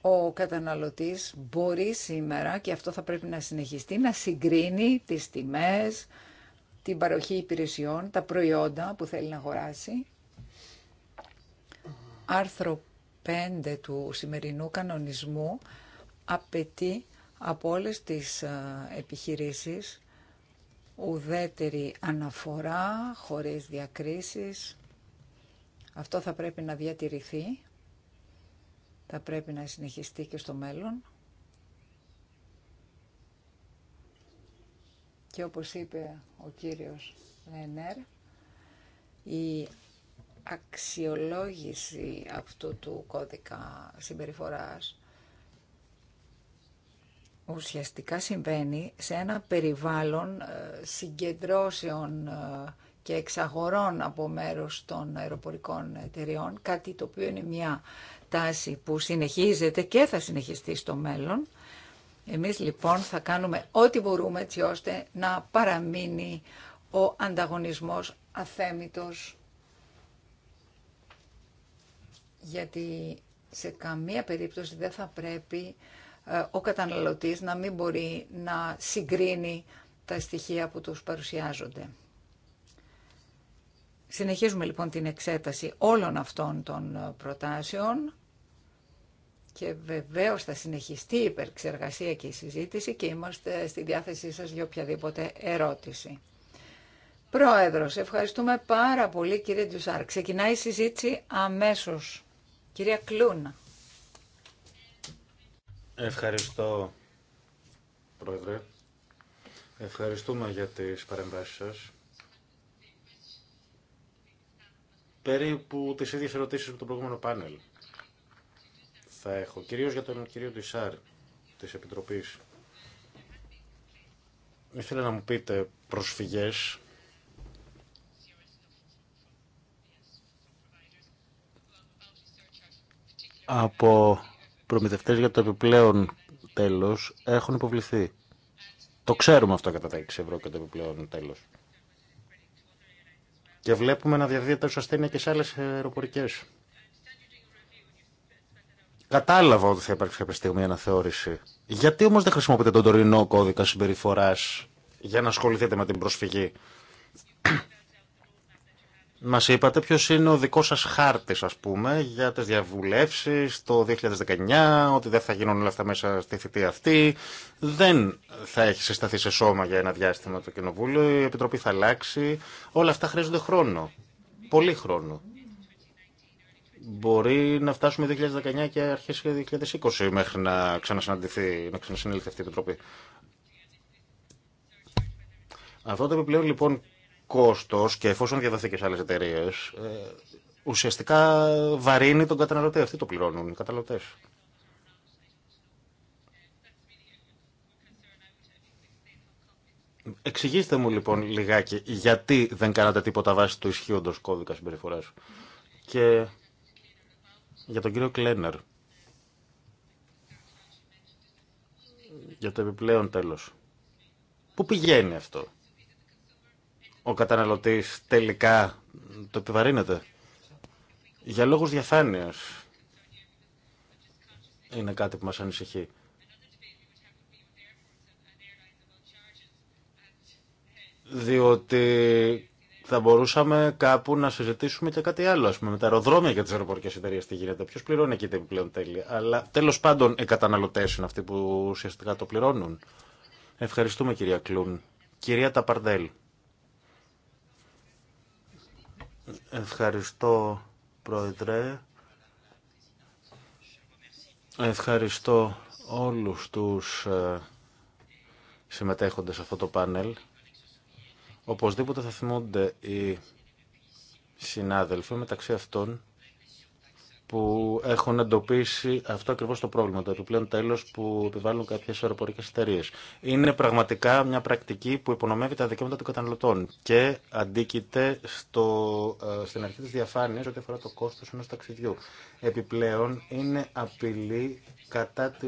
Ο καταναλωτής μπορεί σήμερα, και αυτό θα πρέπει να συνεχιστεί, να συγκρίνει τις τιμές, την παροχή υπηρεσιών, τα προϊόντα που θέλει να αγοράσει άρθρο 5 του σημερινού κανονισμού απαιτεί από όλες τις ε, επιχειρήσεις ουδέτερη αναφορά, χωρίς διακρίσεις. Αυτό θα πρέπει να διατηρηθεί, θα πρέπει να συνεχιστεί και στο μέλλον. Και όπως είπε ο κύριος Λενέρ, η αξιολόγηση αυτού του κώδικα συμπεριφοράς ουσιαστικά συμβαίνει σε ένα περιβάλλον ε, συγκεντρώσεων ε, και εξαγορών από μέρος των αεροπορικών εταιριών, κάτι το οποίο είναι μια τάση που συνεχίζεται και θα συνεχιστεί στο μέλλον. Εμείς λοιπόν θα κάνουμε ό,τι μπορούμε έτσι ώστε να παραμείνει ο ανταγωνισμός αθέμητος γιατί σε καμία περίπτωση δεν θα πρέπει ε, ο καταναλωτής να μην μπορεί να συγκρίνει τα στοιχεία που τους παρουσιάζονται. Συνεχίζουμε λοιπόν την εξέταση όλων αυτών των ε, προτάσεων και βεβαίως θα συνεχιστεί η υπερξεργασία και η συζήτηση και είμαστε στη διάθεσή σας για οποιαδήποτε ερώτηση. Πρόεδρος, ευχαριστούμε πάρα πολύ κύριε Ντουσάρ. Ξεκινάει η συζήτηση αμέσως. Κυρία Κλούν. Ευχαριστώ, Πρόεδρε. Ευχαριστούμε για τις παρεμβάσεις σας. Περίπου τις ίδιες ερωτήσεις με το προηγούμενο πάνελ θα έχω, κυρίως για τον κύριο Τισάρ της Επιτροπής. Ήθελα να μου πείτε προσφυγές από προμηθευτές για το επιπλέον τέλος έχουν υποβληθεί. Το ξέρουμε αυτό κατά τα 6 ευρώ και το επιπλέον τέλος. Και βλέπουμε να διαδίδεται ως ασθένεια και σε άλλες αεροπορικές. Κατάλαβα ότι θα υπάρξει κάποια στιγμή αναθεώρηση. Γιατί όμως δεν χρησιμοποιείτε τον τωρινό κώδικα συμπεριφοράς για να ασχοληθείτε με την προσφυγή. Μα είπατε ποιο είναι ο δικό σα χάρτης, α πούμε, για τι διαβουλεύσεις το 2019, ότι δεν θα γίνουν όλα αυτά μέσα στη θητεία αυτή. Δεν θα έχει συσταθεί σε σώμα για ένα διάστημα το Κοινοβούλιο, η Επιτροπή θα αλλάξει. Όλα αυτά χρειάζονται χρόνο, πολύ χρόνο. Μπορεί να φτάσουμε 2019 και αρχές 2020 μέχρι να ξανασυναντηθεί, να ξανασυνέλθει αυτή η Επιτροπή. Αυτό το επιπλέον λοιπόν κόστος και εφόσον διαδοθεί και σε άλλες εταιρείες, ε, ουσιαστικά βαρύνει τον καταναλωτή. Αυτοί το πληρώνουν οι καταναλωτές. Εξηγήστε μου λοιπόν λιγάκι γιατί δεν κάνατε τίποτα βάσει του ισχύοντος κώδικα συμπεριφορά. Και για τον κύριο Κλένερ. Για το επιπλέον τέλος. Πού πηγαίνει αυτό ο καταναλωτής τελικά το επιβαρύνεται. Για λόγους διαφάνειας είναι κάτι που μας ανησυχεί. Διότι θα μπορούσαμε κάπου να συζητήσουμε και κάτι άλλο, Ας πούμε, με τα αεροδρόμια για τι αεροπορικέ εταιρείε τι γίνεται. Ποιο πληρώνει εκεί την πλέον τέλεια. Αλλά τέλος πάντων οι καταναλωτέ είναι αυτοί που ουσιαστικά το πληρώνουν. Ευχαριστούμε κυρία Κλούν. Κυρία Ταπαρδέλ. Ευχαριστώ, Πρόεδρε. Ευχαριστώ όλους τους ε, συμμετέχοντες σε αυτό το πάνελ. Οπωσδήποτε θα θυμούνται οι συνάδελφοι μεταξύ αυτών που έχουν εντοπίσει αυτό ακριβώ το πρόβλημα, το επιπλέον τέλο που επιβάλλουν κάποιε αεροπορικέ εταιρείε. Είναι πραγματικά μια πρακτική που υπονομεύει τα δικαιώματα των καταναλωτών και αντίκειται στο, ε, στην αρχή τη διαφάνεια ό,τι αφορά το κόστο ενό ταξιδιού. Επιπλέον, είναι απειλή κατά τη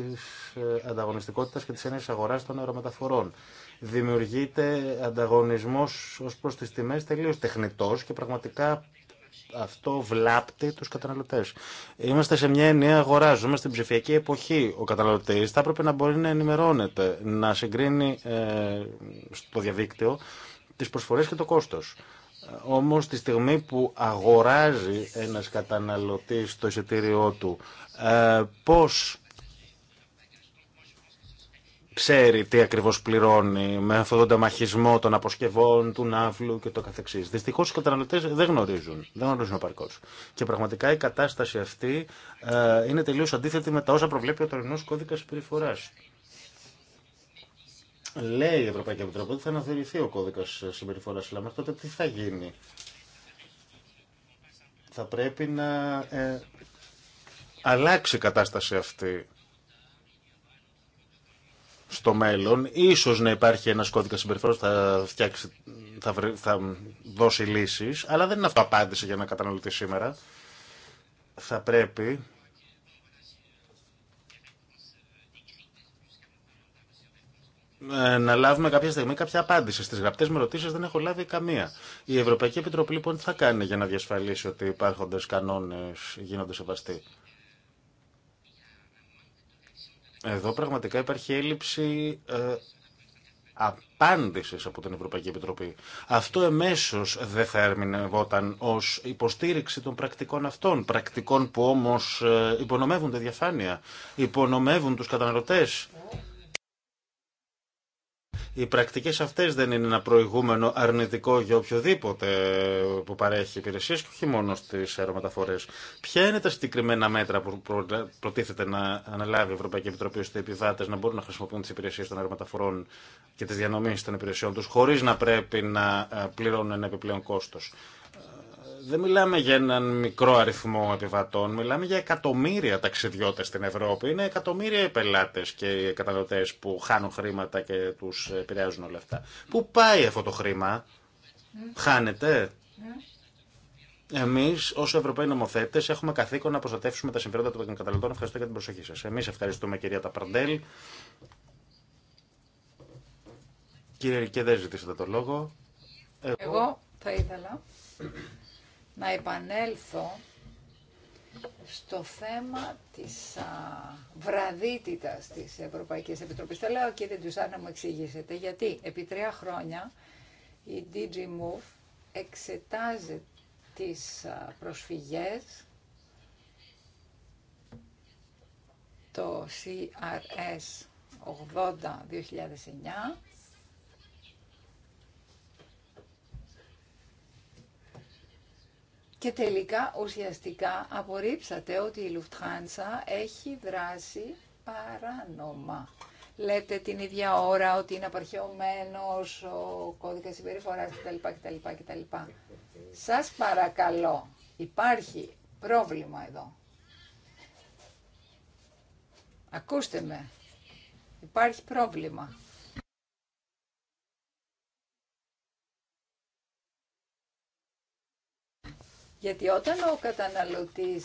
ε, ανταγωνιστικότητα και τη έννοια αγορά των αερομεταφορών. Δημιουργείται ανταγωνισμό ω προ τι τιμέ τελείω τεχνητό και πραγματικά αυτό βλάπτει τους καταναλωτές. Είμαστε σε μια ενιαία αγορά, ζούμε στην ψηφιακή εποχή. Ο καταναλωτής θα έπρεπε να μπορεί να ενημερώνεται, να συγκρίνει ε, στο διαδίκτυο τις προσφορές και το κόστος. Όμως τη στιγμή που αγοράζει ένας καταναλωτής το εισιτήριό του, ε, πώς ξέρει τι ακριβώ πληρώνει με αυτόν τον ταμαχισμό των αποσκευών, του ναύλου και το καθεξής. Δυστυχώ οι καταναλωτέ δεν γνωρίζουν, δεν γνωρίζουν επαρκώ. Και πραγματικά η κατάσταση αυτή ε, είναι τελείω αντίθετη με τα όσα προβλέπει ο τωρινό κώδικας συμπεριφορά. Λέει η Ευρωπαϊκή Επιτροπή ότι θα αναθεωρηθεί ο κώδικα συμπεριφορά, αλλά με τότε τι θα γίνει. Θα πρέπει να ε, αλλάξει η κατάσταση αυτή στο μέλλον. Ίσως να υπάρχει ένας κώδικας συμπεριφορά που θα, θα, θα δώσει λύσεις, αλλά δεν είναι αυτό απάντηση για να καταναλωτή σήμερα. Θα πρέπει να λάβουμε κάποια στιγμή κάποια απάντηση. Στι γραπτέ με ρωτήσει δεν έχω λάβει καμία. Η Ευρωπαϊκή Επιτροπή λοιπόν τι θα κάνει για να διασφαλίσει ότι υπάρχοντε κανόνε γίνονται σεβαστοί. Εδώ πραγματικά υπάρχει έλλειψη ε, απάντηση από την Ευρωπαϊκή Επιτροπή. Αυτό εμέσω δεν θα ερμηνευόταν ω υποστήριξη των πρακτικών αυτών. Πρακτικών που όμω ε, υπονομεύουν τη διαφάνεια, υπονομεύουν του καταναλωτέ οι πρακτικές αυτές δεν είναι ένα προηγούμενο αρνητικό για οποιοδήποτε που παρέχει υπηρεσίες και όχι μόνο στις αερομεταφορές. Ποια είναι τα συγκεκριμένα μέτρα που προτίθεται να αναλάβει η Ευρωπαϊκή Επιτροπή ώστε οι επιβάτε να μπορούν να χρησιμοποιούν τις υπηρεσίες των αερομεταφορών και τι διανομήσει των υπηρεσιών του, χωρί να πρέπει να ε, πληρώνουν ένα επιπλέον κόστο δεν μιλάμε για έναν μικρό αριθμό επιβατών, μιλάμε για εκατομμύρια ταξιδιώτες στην Ευρώπη. Είναι εκατομμύρια οι πελάτες και οι καταναλωτές που χάνουν χρήματα και τους επηρεάζουν όλα αυτά. Πού πάει αυτό το χρήμα, χάνεται. Εμεί, ω Ευρωπαίοι νομοθέτε, έχουμε καθήκον να προστατεύσουμε τα συμφέροντα των καταναλωτών. Ευχαριστώ για την προσοχή σα. Εμεί ευχαριστούμε, κυρία Ταπραντέλ. Κύριε Ρικέ, δεν ζητήσατε το λόγο. Εγώ θα ήθελα να επανέλθω στο θέμα της α, βραδύτητας της Ευρωπαϊκής Επιτροπής. Το λέω και δεν τους να μου εξηγήσετε γιατί. Επί τρία χρόνια η DG Move εξετάζει τις προσφυγές το CRS 80-2009 Και τελικά ουσιαστικά απορρίψατε ότι η Λουφτχάνσα έχει δράσει παράνομα. Λέτε την ίδια ώρα ότι είναι απαρχαιωμένος ο κώδικας συμπεριφορά κτλ. κτλ, κτλ. Σας παρακαλώ, υπάρχει πρόβλημα εδώ. Ακούστε με, υπάρχει πρόβλημα. Γιατί όταν ο καταναλωτής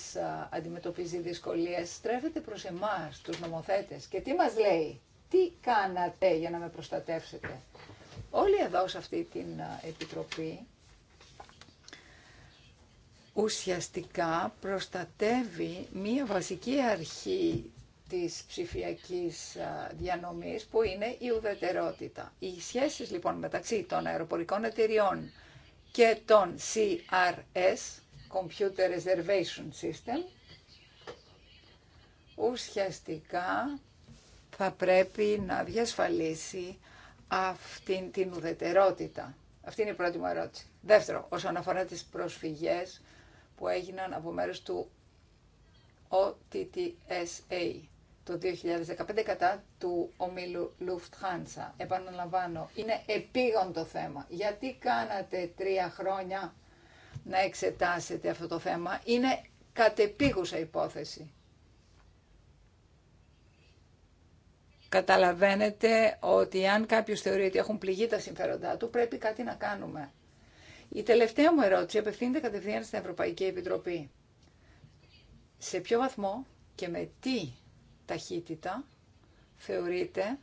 αντιμετωπίζει δυσκολίες, στρέφεται προς εμάς, τους νομοθέτες. Και τι μας λέει, τι κάνατε για να με προστατεύσετε. Όλοι εδώ σε αυτή την επιτροπή ουσιαστικά προστατεύει μία βασική αρχή της ψηφιακής διανομής που είναι η ουδετερότητα. Οι σχέσεις λοιπόν μεταξύ των αεροπορικών εταιριών και των CRS Computer Reservation System, ουσιαστικά θα πρέπει να διασφαλίσει αυτήν την ουδετερότητα. Αυτή είναι η πρώτη μου ερώτηση. Δεύτερο, όσον αφορά τις προσφυγές που έγιναν από μέρους του OTTSA το 2015 κατά του ομίλου Lufthansa. Επαναλαμβάνω, είναι επίγον το θέμα. Γιατί κάνατε τρία χρόνια να εξετάσετε αυτό το θέμα. Είναι κατεπίγουσα υπόθεση. Καταλαβαίνετε ότι αν κάποιος θεωρεί ότι έχουν πληγεί τα συμφέροντά του, πρέπει κάτι να κάνουμε. Η τελευταία μου ερώτηση απευθύνεται κατευθείαν στην Ευρωπαϊκή Επιτροπή. Σε ποιο βαθμό και με τι ταχύτητα θεωρείτε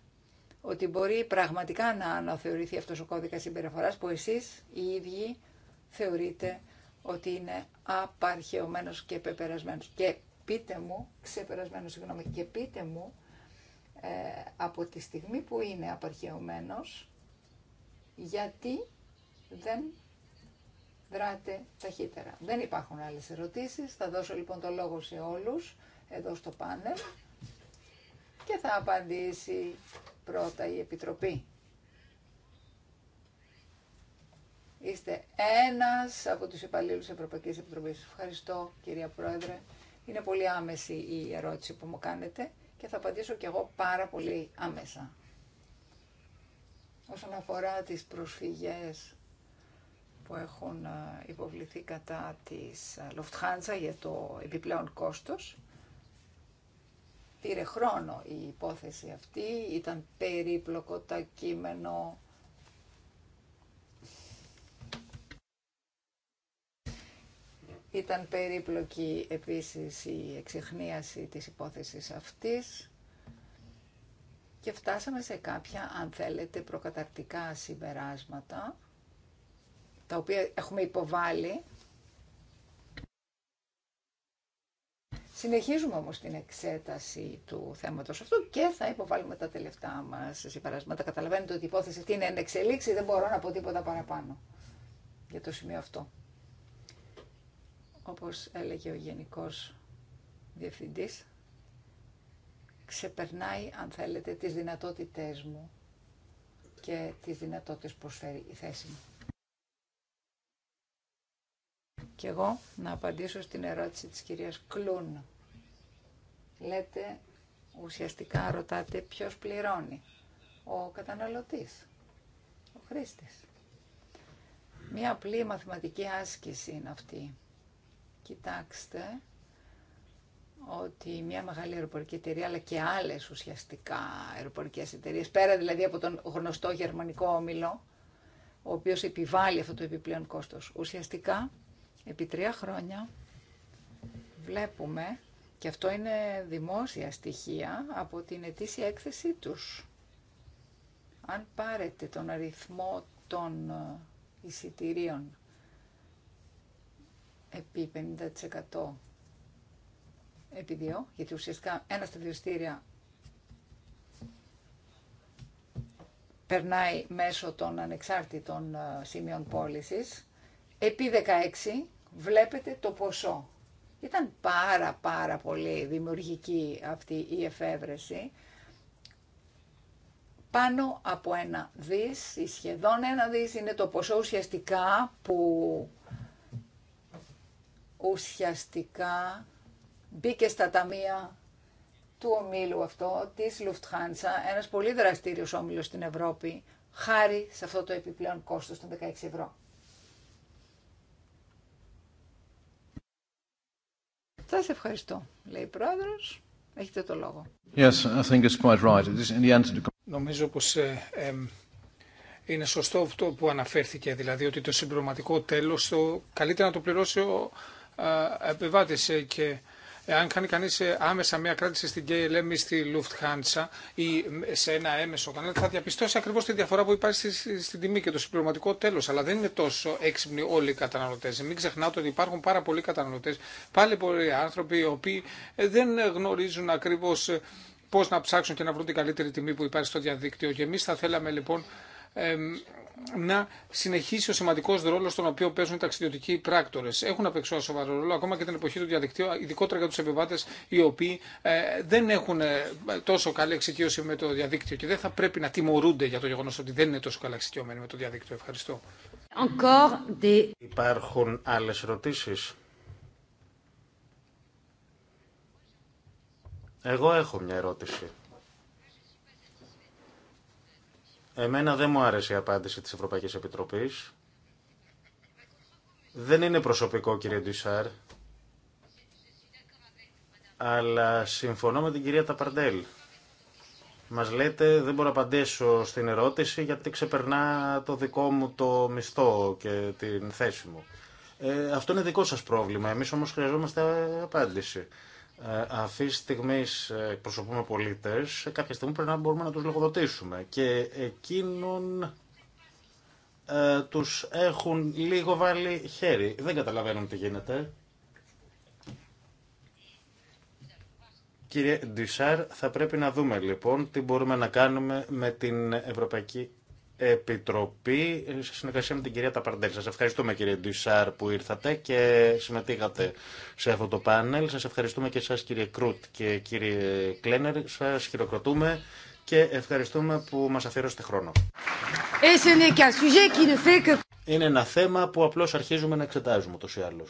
ότι μπορεί πραγματικά να αναθεωρηθεί αυτός ο κώδικας συμπεριφοράς που εσείς οι ίδιοι θεωρείτε ότι είναι απαρχαιωμένος και πεπερασμένος. Και πείτε μου, ξεπερασμένος, συγγνώμη, και πείτε μου, ε, από τη στιγμή που είναι απαρχαιωμένος, γιατί δεν δράτε ταχύτερα. Δεν υπάρχουν άλλες ερωτήσεις, θα δώσω λοιπόν το λόγο σε όλους, εδώ στο πάνελ, και θα απαντήσει πρώτα η Επιτροπή. Είστε ένας από τους υπαλλήλους Ευρωπαϊκής Επιτροπής. Ευχαριστώ κυρία Πρόεδρε. Είναι πολύ άμεση η ερώτηση που μου κάνετε και θα απαντήσω κι εγώ πάρα πολύ άμεσα. Όσον αφορά τις προσφυγές που έχουν ε, υποβληθεί κατά της ε, Lufthansa για το επιπλέον κόστος, πήρε χρόνο η υπόθεση αυτή, ήταν περίπλοκο τα κείμενο, Ήταν περίπλοκη επίσης η εξεχνίαση της υπόθεσης αυτής και φτάσαμε σε κάποια, αν θέλετε, προκαταρκτικά συμπεράσματα, τα οποία έχουμε υποβάλει. Συνεχίζουμε όμως την εξέταση του θέματος αυτού και θα υποβάλουμε τα τελευταία μας συμπεράσματα. Καταλαβαίνετε ότι η υπόθεση αυτή είναι εν εξελίξη, δεν μπορώ να πω τίποτα παραπάνω για το σημείο αυτό όπως έλεγε ο Γενικός Διευθυντής, ξεπερνάει, αν θέλετε, τις δυνατότητές μου και τις δυνατότητες που προσφέρει η θέση μου. Και εγώ να απαντήσω στην ερώτηση της κυρίας Κλούν. Λέτε, ουσιαστικά ρωτάτε ποιος πληρώνει. Ο καταναλωτής, ο χρήστης. Μία απλή μαθηματική άσκηση είναι αυτή κοιτάξτε ότι μια μεγάλη αεροπορική εταιρεία αλλά και άλλες ουσιαστικά αεροπορικές εταιρείες, πέρα δηλαδή από τον γνωστό γερμανικό όμιλο, ο οποίος επιβάλλει αυτό το επιπλέον κόστος. Ουσιαστικά, επί τρία χρόνια βλέπουμε, και αυτό είναι δημόσια στοιχεία, από την ετήσια έκθεσή τους. Αν πάρετε τον αριθμό των ε, εισιτηρίων επί 50% επί 2, γιατί ουσιαστικά ένα στα στήρια περνάει μέσω των ανεξάρτητων ε, σημείων πώλησης. Επί 16 βλέπετε το ποσό. Ήταν πάρα πάρα πολύ δημιουργική αυτή η εφεύρεση. Πάνω από ένα δις ή σχεδόν ένα δις είναι το ποσό ουσιαστικά που ουσιαστικά μπήκε στα ταμεία του ομίλου αυτό, της Lufthansa, ένας πολύ δραστήριος όμιλος στην Ευρώπη, χάρη σε αυτό το επιπλέον κόστος των 16 ευρώ. σε ευχαριστώ, λέει η Πρόεδρος. Έχετε το λόγο. Yes, I think it's quite right. It is in the Νομίζω πως ε, είναι σωστό αυτό που αναφέρθηκε, δηλαδή ότι το συμπληρωματικό τέλος το καλύτερα να το πληρώσει ο, επιβάτες και αν κάνει κανεί ε, άμεσα μια κράτηση στην KLM ή στη Lufthansa ή σε ένα έμεσο κανάλι, θα διαπιστώσει ακριβώ τη διαφορά που υπάρχει στην τιμή και το συμπληρωματικό τέλο. Αλλά δεν είναι τόσο έξυπνοι όλοι οι καταναλωτέ. Μην ξεχνάτε ότι υπάρχουν πάρα πολλοί καταναλωτέ, πάλι πολλοί άνθρωποι, οι οποίοι ε, δεν γνωρίζουν ακριβώ ε, πώ να ψάξουν και να βρουν την καλύτερη τιμή που υπάρχει στο διαδίκτυο. Και εμεί θα θέλαμε λοιπόν να συνεχίσει ο σημαντικό ρόλο τον οποίο παίζουν οι ταξιδιωτικοί πράκτορε. Έχουν παίξει ένα σοβαρό ρόλο ακόμα και την εποχή του διαδικτύου, ειδικότερα για του επιβάτε οι οποίοι ε, δεν έχουν ε, τόσο καλή εξοικείωση με το διαδίκτυο και δεν θα πρέπει να τιμωρούνται για το γεγονό ότι δεν είναι τόσο καλά εξοικειωμένοι με το διαδίκτυο. Ευχαριστώ. Υπάρχουν άλλε ερωτήσει. Εγώ έχω μια ερώτηση. Εμένα δεν μου άρεσε η απάντηση της Ευρωπαϊκής Επιτροπής. Δεν είναι προσωπικό, κύριε Ντουισάρ, αλλά συμφωνώ με την κυρία Ταπαρντέλ. Μας λέτε δεν μπορώ να απαντήσω στην ερώτηση γιατί ξεπερνά το δικό μου το μισθό και την θέση μου. Ε, αυτό είναι δικό σας πρόβλημα. Εμείς όμως χρειαζόμαστε απάντηση. Ε, αυτή τη στιγμή ε, εκπροσωπούμε πολίτε, ε, κάποια στιγμή πρέπει να μπορούμε να του λογοδοτήσουμε. Και εκείνον ε, του έχουν λίγο βάλει χέρι. Δεν καταλαβαίνουν τι γίνεται. Κύριε Ντισάρ, θα πρέπει να δούμε λοιπόν τι μπορούμε να κάνουμε με την Ευρωπαϊκή Επιτροπή σε συνεργασία με την κυρία Ταπαρντέλ. Σας ευχαριστούμε κύριε Ντουισάρ που ήρθατε και συμμετείχατε σε αυτό το πάνελ. Σας ευχαριστούμε και εσάς κύριε Κρούτ και κύριε Κλένερ. Σας χειροκροτούμε και ευχαριστούμε που μας αφιέρωσετε χρόνο. Είναι ένα θέμα που απλώς αρχίζουμε να εξετάζουμε το ή άλλω.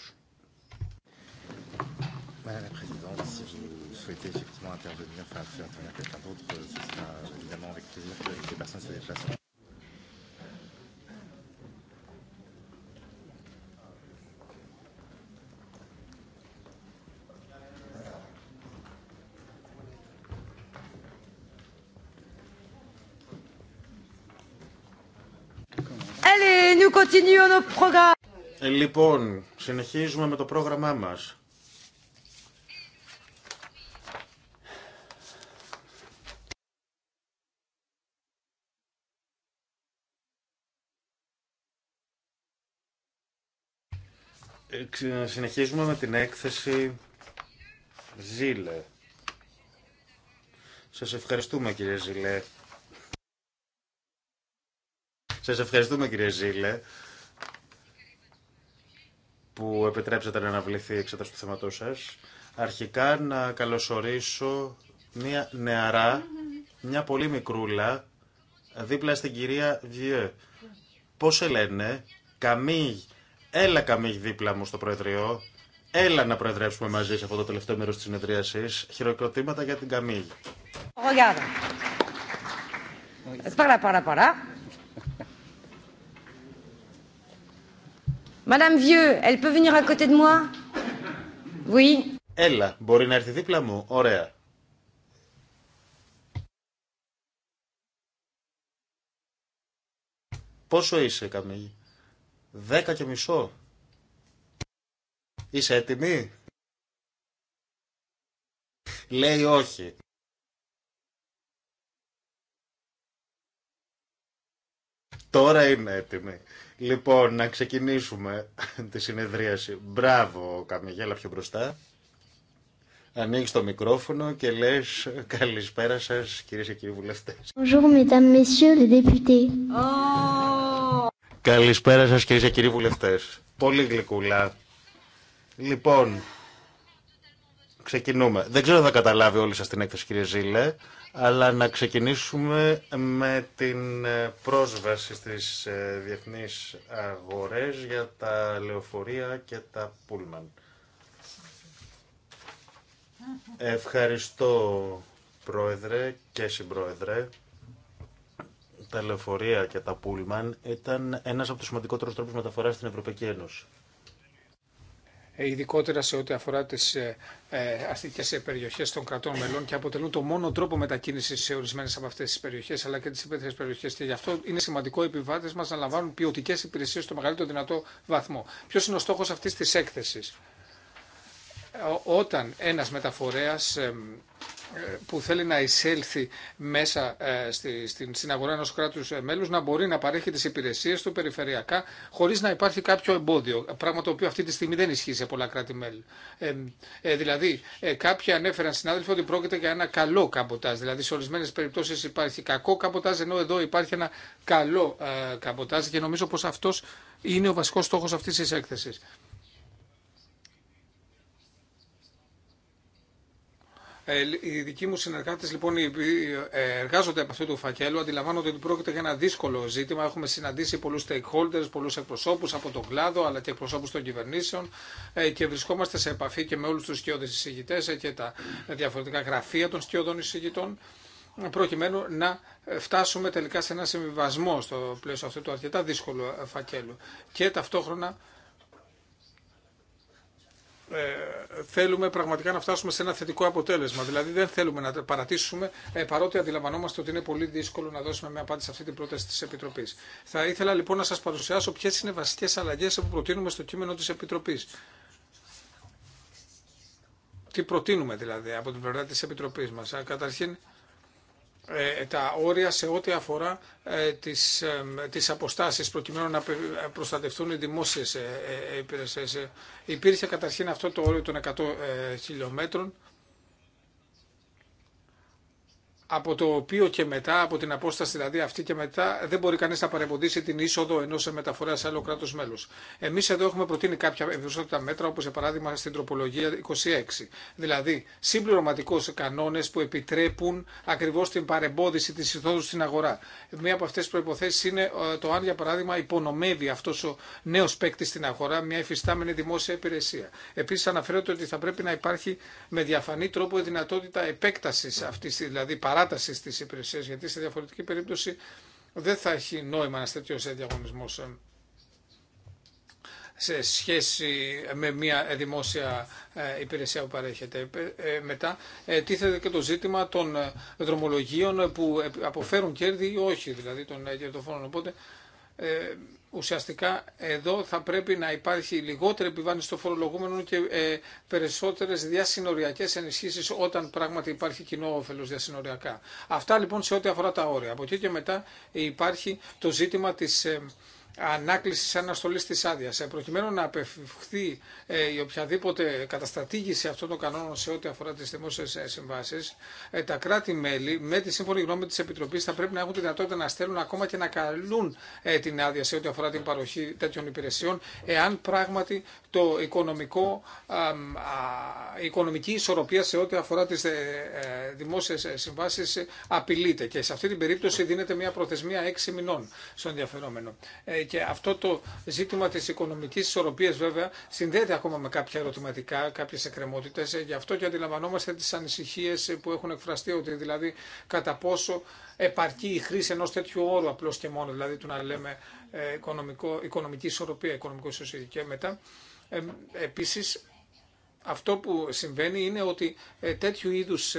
Madame Ε, λοιπόν, συνεχίζουμε με το πρόγραμμά μας. Ε, συνεχίζουμε με την έκθεση Ζήλε. Σας ευχαριστούμε κύριε Ζήλε. Σας ευχαριστούμε κύριε Ζήλε που επιτρέψατε να αναβληθεί η εξέταση του θέματό σας. Αρχικά να καλωσορίσω μια νεαρά, μια πολύ μικρούλα, δίπλα στην κυρία Βιέ. Πώ σε λένε, Καμίγ, έλα Καμίγ δίπλα μου στο προεδρείο έλα να προεδρεύσουμε μαζί σε αυτό το τελευταίο μέρος της συνεδρίασης. Χειροκροτήματα για την Καμίγ. Madame Vieux, elle peut venir à côté de moi? Oui. Έλα, μπορεί να έρθει δίπλα μου. Ωραία. Πόσο είσαι, Καμίλη. Δέκα και μισό. Είσαι έτοιμη? Λέει όχι. Τώρα είναι έτοιμη. Λοιπόν, να ξεκινήσουμε τη συνεδρίαση. Μπράβο, Καμιγέλα, πιο μπροστά. Ανοίγει το μικρόφωνο και λε καλησπέρα σα, κυρίε και κύριοι βουλευτέ. Oh! Καλησπέρα σα, κυρίε και κύριοι βουλευτέ. Πολύ γλυκούλα. Λοιπόν, ξεκινούμε. Δεν ξέρω αν θα καταλάβει όλη σα την έκθεση, κύριε Ζήλε αλλά να ξεκινήσουμε με την ε, πρόσβαση στις ε, διεθνείς αγορές για τα λεωφορεία και τα πούλμαν. Ευχαριστώ Πρόεδρε και Συμπρόεδρε. Τα λεωφορεία και τα πούλμαν ήταν ένας από τους σημαντικότερους τρόπους μεταφοράς στην Ευρωπαϊκή Ένωση. Ε, ειδικότερα σε ό,τι αφορά τις ε, ε, αστικές περιοχές των κρατών μελών και αποτελούν το μόνο τρόπο μετακίνησης σε ορισμένε από αυτές τις περιοχές αλλά και τις υπαίθριε περιοχέ, και γι' αυτό είναι σημαντικό οι επιβάτες μας να λαμβάνουν ποιοτικέ υπηρεσίε στο μεγαλύτερο δυνατό βαθμό. Ποιος είναι ο στόχος αυτής της έκθεσης. Όταν ένας μεταφορέας που θέλει να εισέλθει μέσα ε, στην, αγορά ενός κράτους ε, μέλους να μπορεί να παρέχει τι υπηρεσίες του περιφερειακά χωρί να υπάρχει κάποιο εμπόδιο, πράγμα το οποίο αυτή τη στιγμή δεν ισχύει σε πολλά κράτη-μέλη. Ε, δηλαδή, ε, κάποιοι ανέφεραν συνάδελφοι ότι πρόκειται για ένα καλό καμποτάζ, δηλαδή σε ορισμένε περιπτώσει υπάρχει κακό καμποτάζ, ενώ εδώ υπάρχει ένα καλό καμποτάζ και νομίζω πω αυτό είναι ο βασικό στόχο αυτή τη έκθεση. Ε, οι δικοί μου συνεργάτε λοιπόν ε, εργάζονται από αυτού του φακέλου. Αντιλαμβάνονται ότι πρόκειται για ένα δύσκολο ζήτημα. Έχουμε συναντήσει πολλού stakeholders, πολλού εκπροσώπου από τον κλάδο αλλά και εκπροσώπου των κυβερνήσεων ε, και βρισκόμαστε σε επαφή και με όλου του σκιώδει εισηγητέ και τα διαφορετικά γραφεία των σκιώδων εισηγητών προκειμένου να φτάσουμε τελικά σε ένα συμβιβασμό στο πλαίσιο αυτού του αρκετά δύσκολου φακέλου. Και ταυτόχρονα ε, θέλουμε πραγματικά να φτάσουμε σε ένα θετικό αποτέλεσμα. Δηλαδή δεν θέλουμε να παρατήσουμε, ε, παρότι αντιλαμβανόμαστε ότι είναι πολύ δύσκολο να δώσουμε μια απάντηση σε αυτή την πρόταση τη Επιτροπή. Θα ήθελα λοιπόν να σα παρουσιάσω ποιε είναι βασικέ αλλαγέ που προτείνουμε στο κείμενο τη Επιτροπή. Τι προτείνουμε δηλαδή από την πλευρά τη Επιτροπή μα. Καταρχήν, ε, τα όρια σε ό,τι αφορά ε, τις, ε, τις αποστάσεις προκειμένου να προστατευτούν οι δημόσιες υπηρεσίες. Υπήρχε καταρχήν αυτό το όριο των 100 χιλιόμετρων από το οποίο και μετά, από την απόσταση δηλαδή αυτή και μετά, δεν μπορεί κανεί να παρεμποδίσει την είσοδο ενός μεταφορά σε άλλο κράτο μέλο. Εμεί εδώ έχουμε προτείνει κάποια ευαισθητότητα μέτρα, όπω για παράδειγμα στην τροπολογία 26. Δηλαδή, συμπληρωματικούς κανόνε που επιτρέπουν ακριβώ την παρεμπόδιση της εισόδου στην αγορά. Μία από αυτέ τι προποθέσει είναι ε, το αν, για παράδειγμα, υπονομεύει αυτό ο νέο παίκτη στην αγορά μια υφιστάμενη δημόσια υπηρεσία. Επίση, αναφέρεται ότι θα πρέπει να υπάρχει με διαφανή τρόπο δυνατότητα επέκτασης αυτής, δηλαδή παρά παράταση τη υπηρεσία, γιατί σε διαφορετική περίπτωση δεν θα έχει νόημα ένα τέτοιο διαγωνισμό ε, σε σχέση με μια δημόσια ε, υπηρεσία που παρέχεται. Ε, μετά τίθεται και το ζήτημα των δρομολογίων που αποφέρουν κέρδη ή όχι, δηλαδή των κερδοφόρων. Οπότε ουσιαστικά εδώ θα πρέπει να υπάρχει λιγότερη επιβάλληση των φορολογούμενων και ε, περισσότερες διασυνοριακές ενισχύσεις όταν πράγματι υπάρχει κοινό όφελος διασυνοριακά. Αυτά λοιπόν σε ό,τι αφορά τα όρια. Από εκεί και μετά υπάρχει το ζήτημα της ε, ανάκληση αναστολή τη άδεια. Ε, προκειμένου να απευθυνθεί ε, η οποιαδήποτε καταστατήγηση αυτών των κανόνων σε ό,τι αφορά τι δημόσιε συμβάσει, ε, τα κράτη-μέλη με τη σύμφωνη γνώμη τη Επιτροπή θα πρέπει να έχουν τη δυνατότητα να στέλνουν ακόμα και να καλούν την άδεια σε ό,τι αφορά την παροχή τέτοιων υπηρεσιών, εάν πράγματι το οικονομικό, η οικονομική ισορροπία σε ό,τι αφορά τι δημόσιε συμβάσει απειλείται. Και σε αυτή την περίπτωση δίνεται μια προθεσμία 6 μηνών στον ενδιαφερόμενο και αυτό το ζήτημα της οικονομικής ισορροπίας βέβαια συνδέεται ακόμα με κάποια ερωτηματικά, κάποιες εκκρεμότητες. Ε, γι' αυτό και αντιλαμβανόμαστε τις ανησυχίες που έχουν εκφραστεί ότι δηλαδή κατά πόσο επαρκεί η χρήση ενός τέτοιου όρου απλώς και μόνο, δηλαδή του να λέμε ε, οικονομικό, οικονομική ισορροπία, οικονομικό ισοσύνη. Και μετά ε, επίσης αυτό που συμβαίνει είναι ότι τέτοιου είδους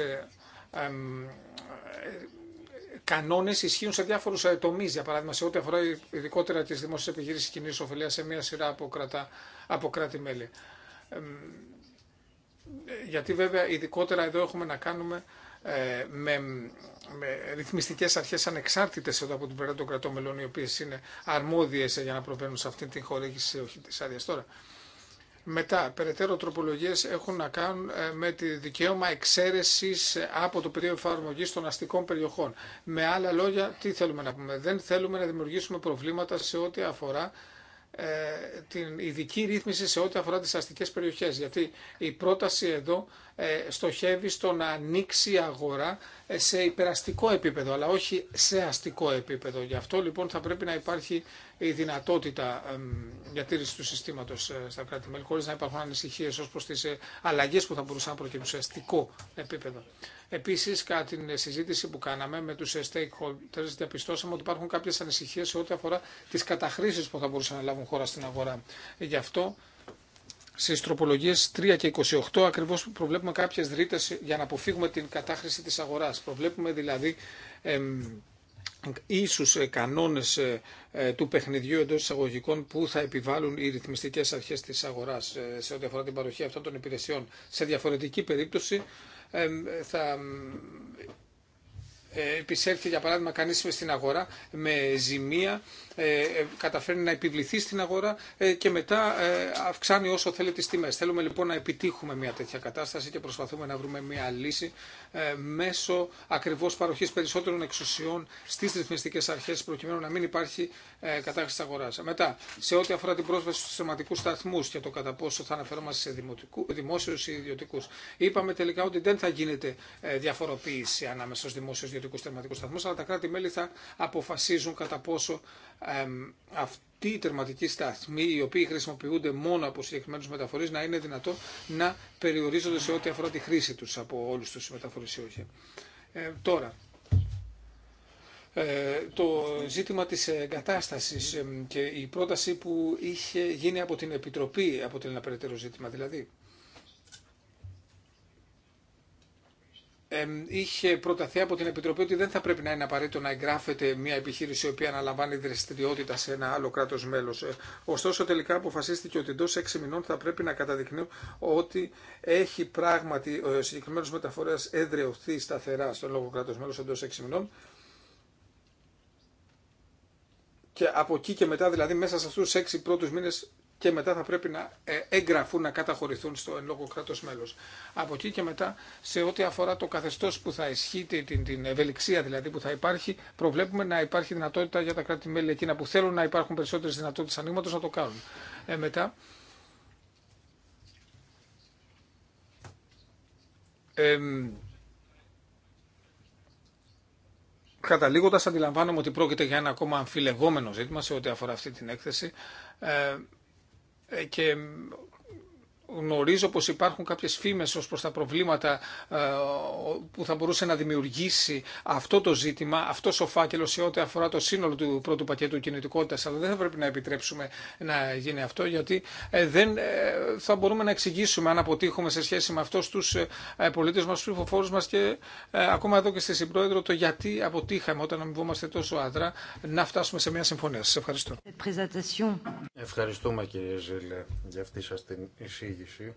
κανόνε ισχύουν σε διάφορου ε, τομεί. Για παράδειγμα, σε ό,τι αφορά ειδικότερα τι δημόσιε επιχειρήσει κοινή ωφελία σε μία σειρά από, κράτα, από κράτη-μέλη. Ε, γιατί βέβαια ειδικότερα εδώ έχουμε να κάνουμε ε, με, με ρυθμιστικές αρχές ανεξάρτητες εδώ από την πλευρά των κρατών μελών οι οποίες είναι αρμόδιες για να προβαίνουν σε αυτή την χορήγηση όχι της άδειας τώρα. Μετά, περαιτέρω τροπολογίε έχουν να κάνουν ε, με τη δικαίωμα εξαίρεση ε, από το πεδίο εφαρμογή των αστικών περιοχών. Με άλλα λόγια, τι θέλουμε να πούμε. Δεν θέλουμε να δημιουργήσουμε προβλήματα σε ό,τι αφορά ε, την ειδική ρύθμιση σε ό,τι αφορά τις αστικές περιοχές. Γιατί η πρόταση εδώ στοχεύει στο να ανοίξει η αγορά σε υπεραστικό επίπεδο, αλλά όχι σε αστικό επίπεδο. Γι' αυτό λοιπόν θα πρέπει να υπάρχει η δυνατότητα διατήρηση του συστήματο ε, στα κράτη-μέλη, χωρί να υπάρχουν ανησυχίε ω προ τι ε, αλλαγέ που θα μπορούσαν να προκύψουν σε αστικό επίπεδο. Επίση, κατά την συζήτηση που κάναμε με του ε, stakeholders, διαπιστώσαμε ότι υπάρχουν κάποιε ανησυχίε σε ό,τι αφορά τι καταχρήσει που θα μπορούσαν να λάβουν χώρα στην αγορά. Γι' αυτό στι τροπολογίε 3 και 28 ακριβώ προβλέπουμε κάποιε ρήτε για να αποφύγουμε την κατάχρηση τη αγορά. Προβλέπουμε δηλαδή ίσους ε, κανόνες ε, ε, του παιχνιδιού εντό εισαγωγικών που θα επιβάλλουν οι ρυθμιστικές αρχές της αγοράς σε ό,τι αφορά την παροχή αυτών των υπηρεσιών. Σε διαφορετική περίπτωση θα επισέλθει για παράδειγμα κανείς στην αγορά με ζημία ε, ε, καταφέρνει να επιβληθεί στην αγορά ε, και μετά αυξάνει όσο θέλει τις τιμές. Θέλουμε λοιπόν να επιτύχουμε μια τέτοια κατάσταση και προσπαθούμε να βρούμε μια λύση μέσω ακριβώς παροχής περισσότερων εξουσιών στις ρυθμιστικές αρχές προκειμένου να μην υπάρχει κατάχρηση αγοράς. Μετά, σε ό,τι αφορά την πρόσβαση στους θεματικούς σταθμούς και το κατά πόσο θα αναφερόμαστε σε δημόσιου ή ιδιωτικούς, είπαμε τελικά ότι δεν θα γίνεται διαφοροποίηση ανάμεσα στου δημόσιου ιδιωτικού θεματικούς σταθμού, αλλά τα κράτη-μέλη θα αποφασίζουν κατά πόσο αυτοί οι τερματικοί σταθμοί οι οποίοι χρησιμοποιούνται μόνο από συγκεκριμένου μεταφορεί να είναι δυνατόν να περιορίζονται σε ό,τι αφορά τη χρήση του από όλου του μεταφορεί ή όχι. Ε, τώρα, ε, το ζήτημα της εγκατάστασης και η πρόταση που είχε γίνει από την Επιτροπή από την ένα ζήτημα δηλαδή είχε προταθεί από την Επιτροπή ότι δεν θα πρέπει να είναι απαραίτητο να εγγράφεται μια επιχείρηση η οποία αναλαμβάνει δραστηριότητα σε ένα άλλο κράτο μέλο. Ε, ωστόσο, τελικά αποφασίστηκε ότι εντό 6 μηνών θα πρέπει να καταδεικνύουν ότι έχει πράγματι ο ε, συγκεκριμένο μεταφορέα εδρεωθεί σταθερά στον λόγο κράτο μέλο εντό 6 μηνών. Και από εκεί και μετά, δηλαδή μέσα σε αυτού του 6 πρώτου μήνε και μετά θα πρέπει να ε, εγγραφούν, να καταχωρηθούν στο εν λόγω κράτος μέλος. Από εκεί και μετά, σε ό,τι αφορά το καθεστώς που θα ισχύει, την, την ευελιξία δηλαδή που θα υπάρχει, προβλέπουμε να υπάρχει δυνατότητα για τα κράτη-μέλη εκείνα που θέλουν να υπάρχουν περισσότερες δυνατότητες ανοίγματο να το κάνουν. Ε, μετά, ε, Καταλήγοντα, αντιλαμβάνομαι ότι πρόκειται για ένα ακόμα αμφιλεγόμενο ζήτημα σε ό,τι αφορά αυτή την έκθεση. Ε, ε, και γνωρίζω πως υπάρχουν κάποιες φήμες ως προς τα προβλήματα ε, που θα μπορούσε να δημιουργήσει αυτό το ζήτημα, αυτό ο φάκελος σε ό,τι αφορά το σύνολο του πρώτου πακέτου κινητικότητας, αλλά δεν θα πρέπει να επιτρέψουμε να γίνει αυτό, γιατί ε, δεν ε, θα μπορούμε να εξηγήσουμε αν αποτύχουμε σε σχέση με αυτό στους πολίτες μας, στους ψηφοφόρους μας και ακόμα εδώ και στη Συμπρόεδρο το γιατί αποτύχαμε όταν αμοιβόμαστε τόσο άδρα να φτάσουμε σε μια συμφωνία. Σας ευχαριστώ. Ευχαριστούμε κύριε Ζήλε για αυτή σας την εισήγηση εξήγηση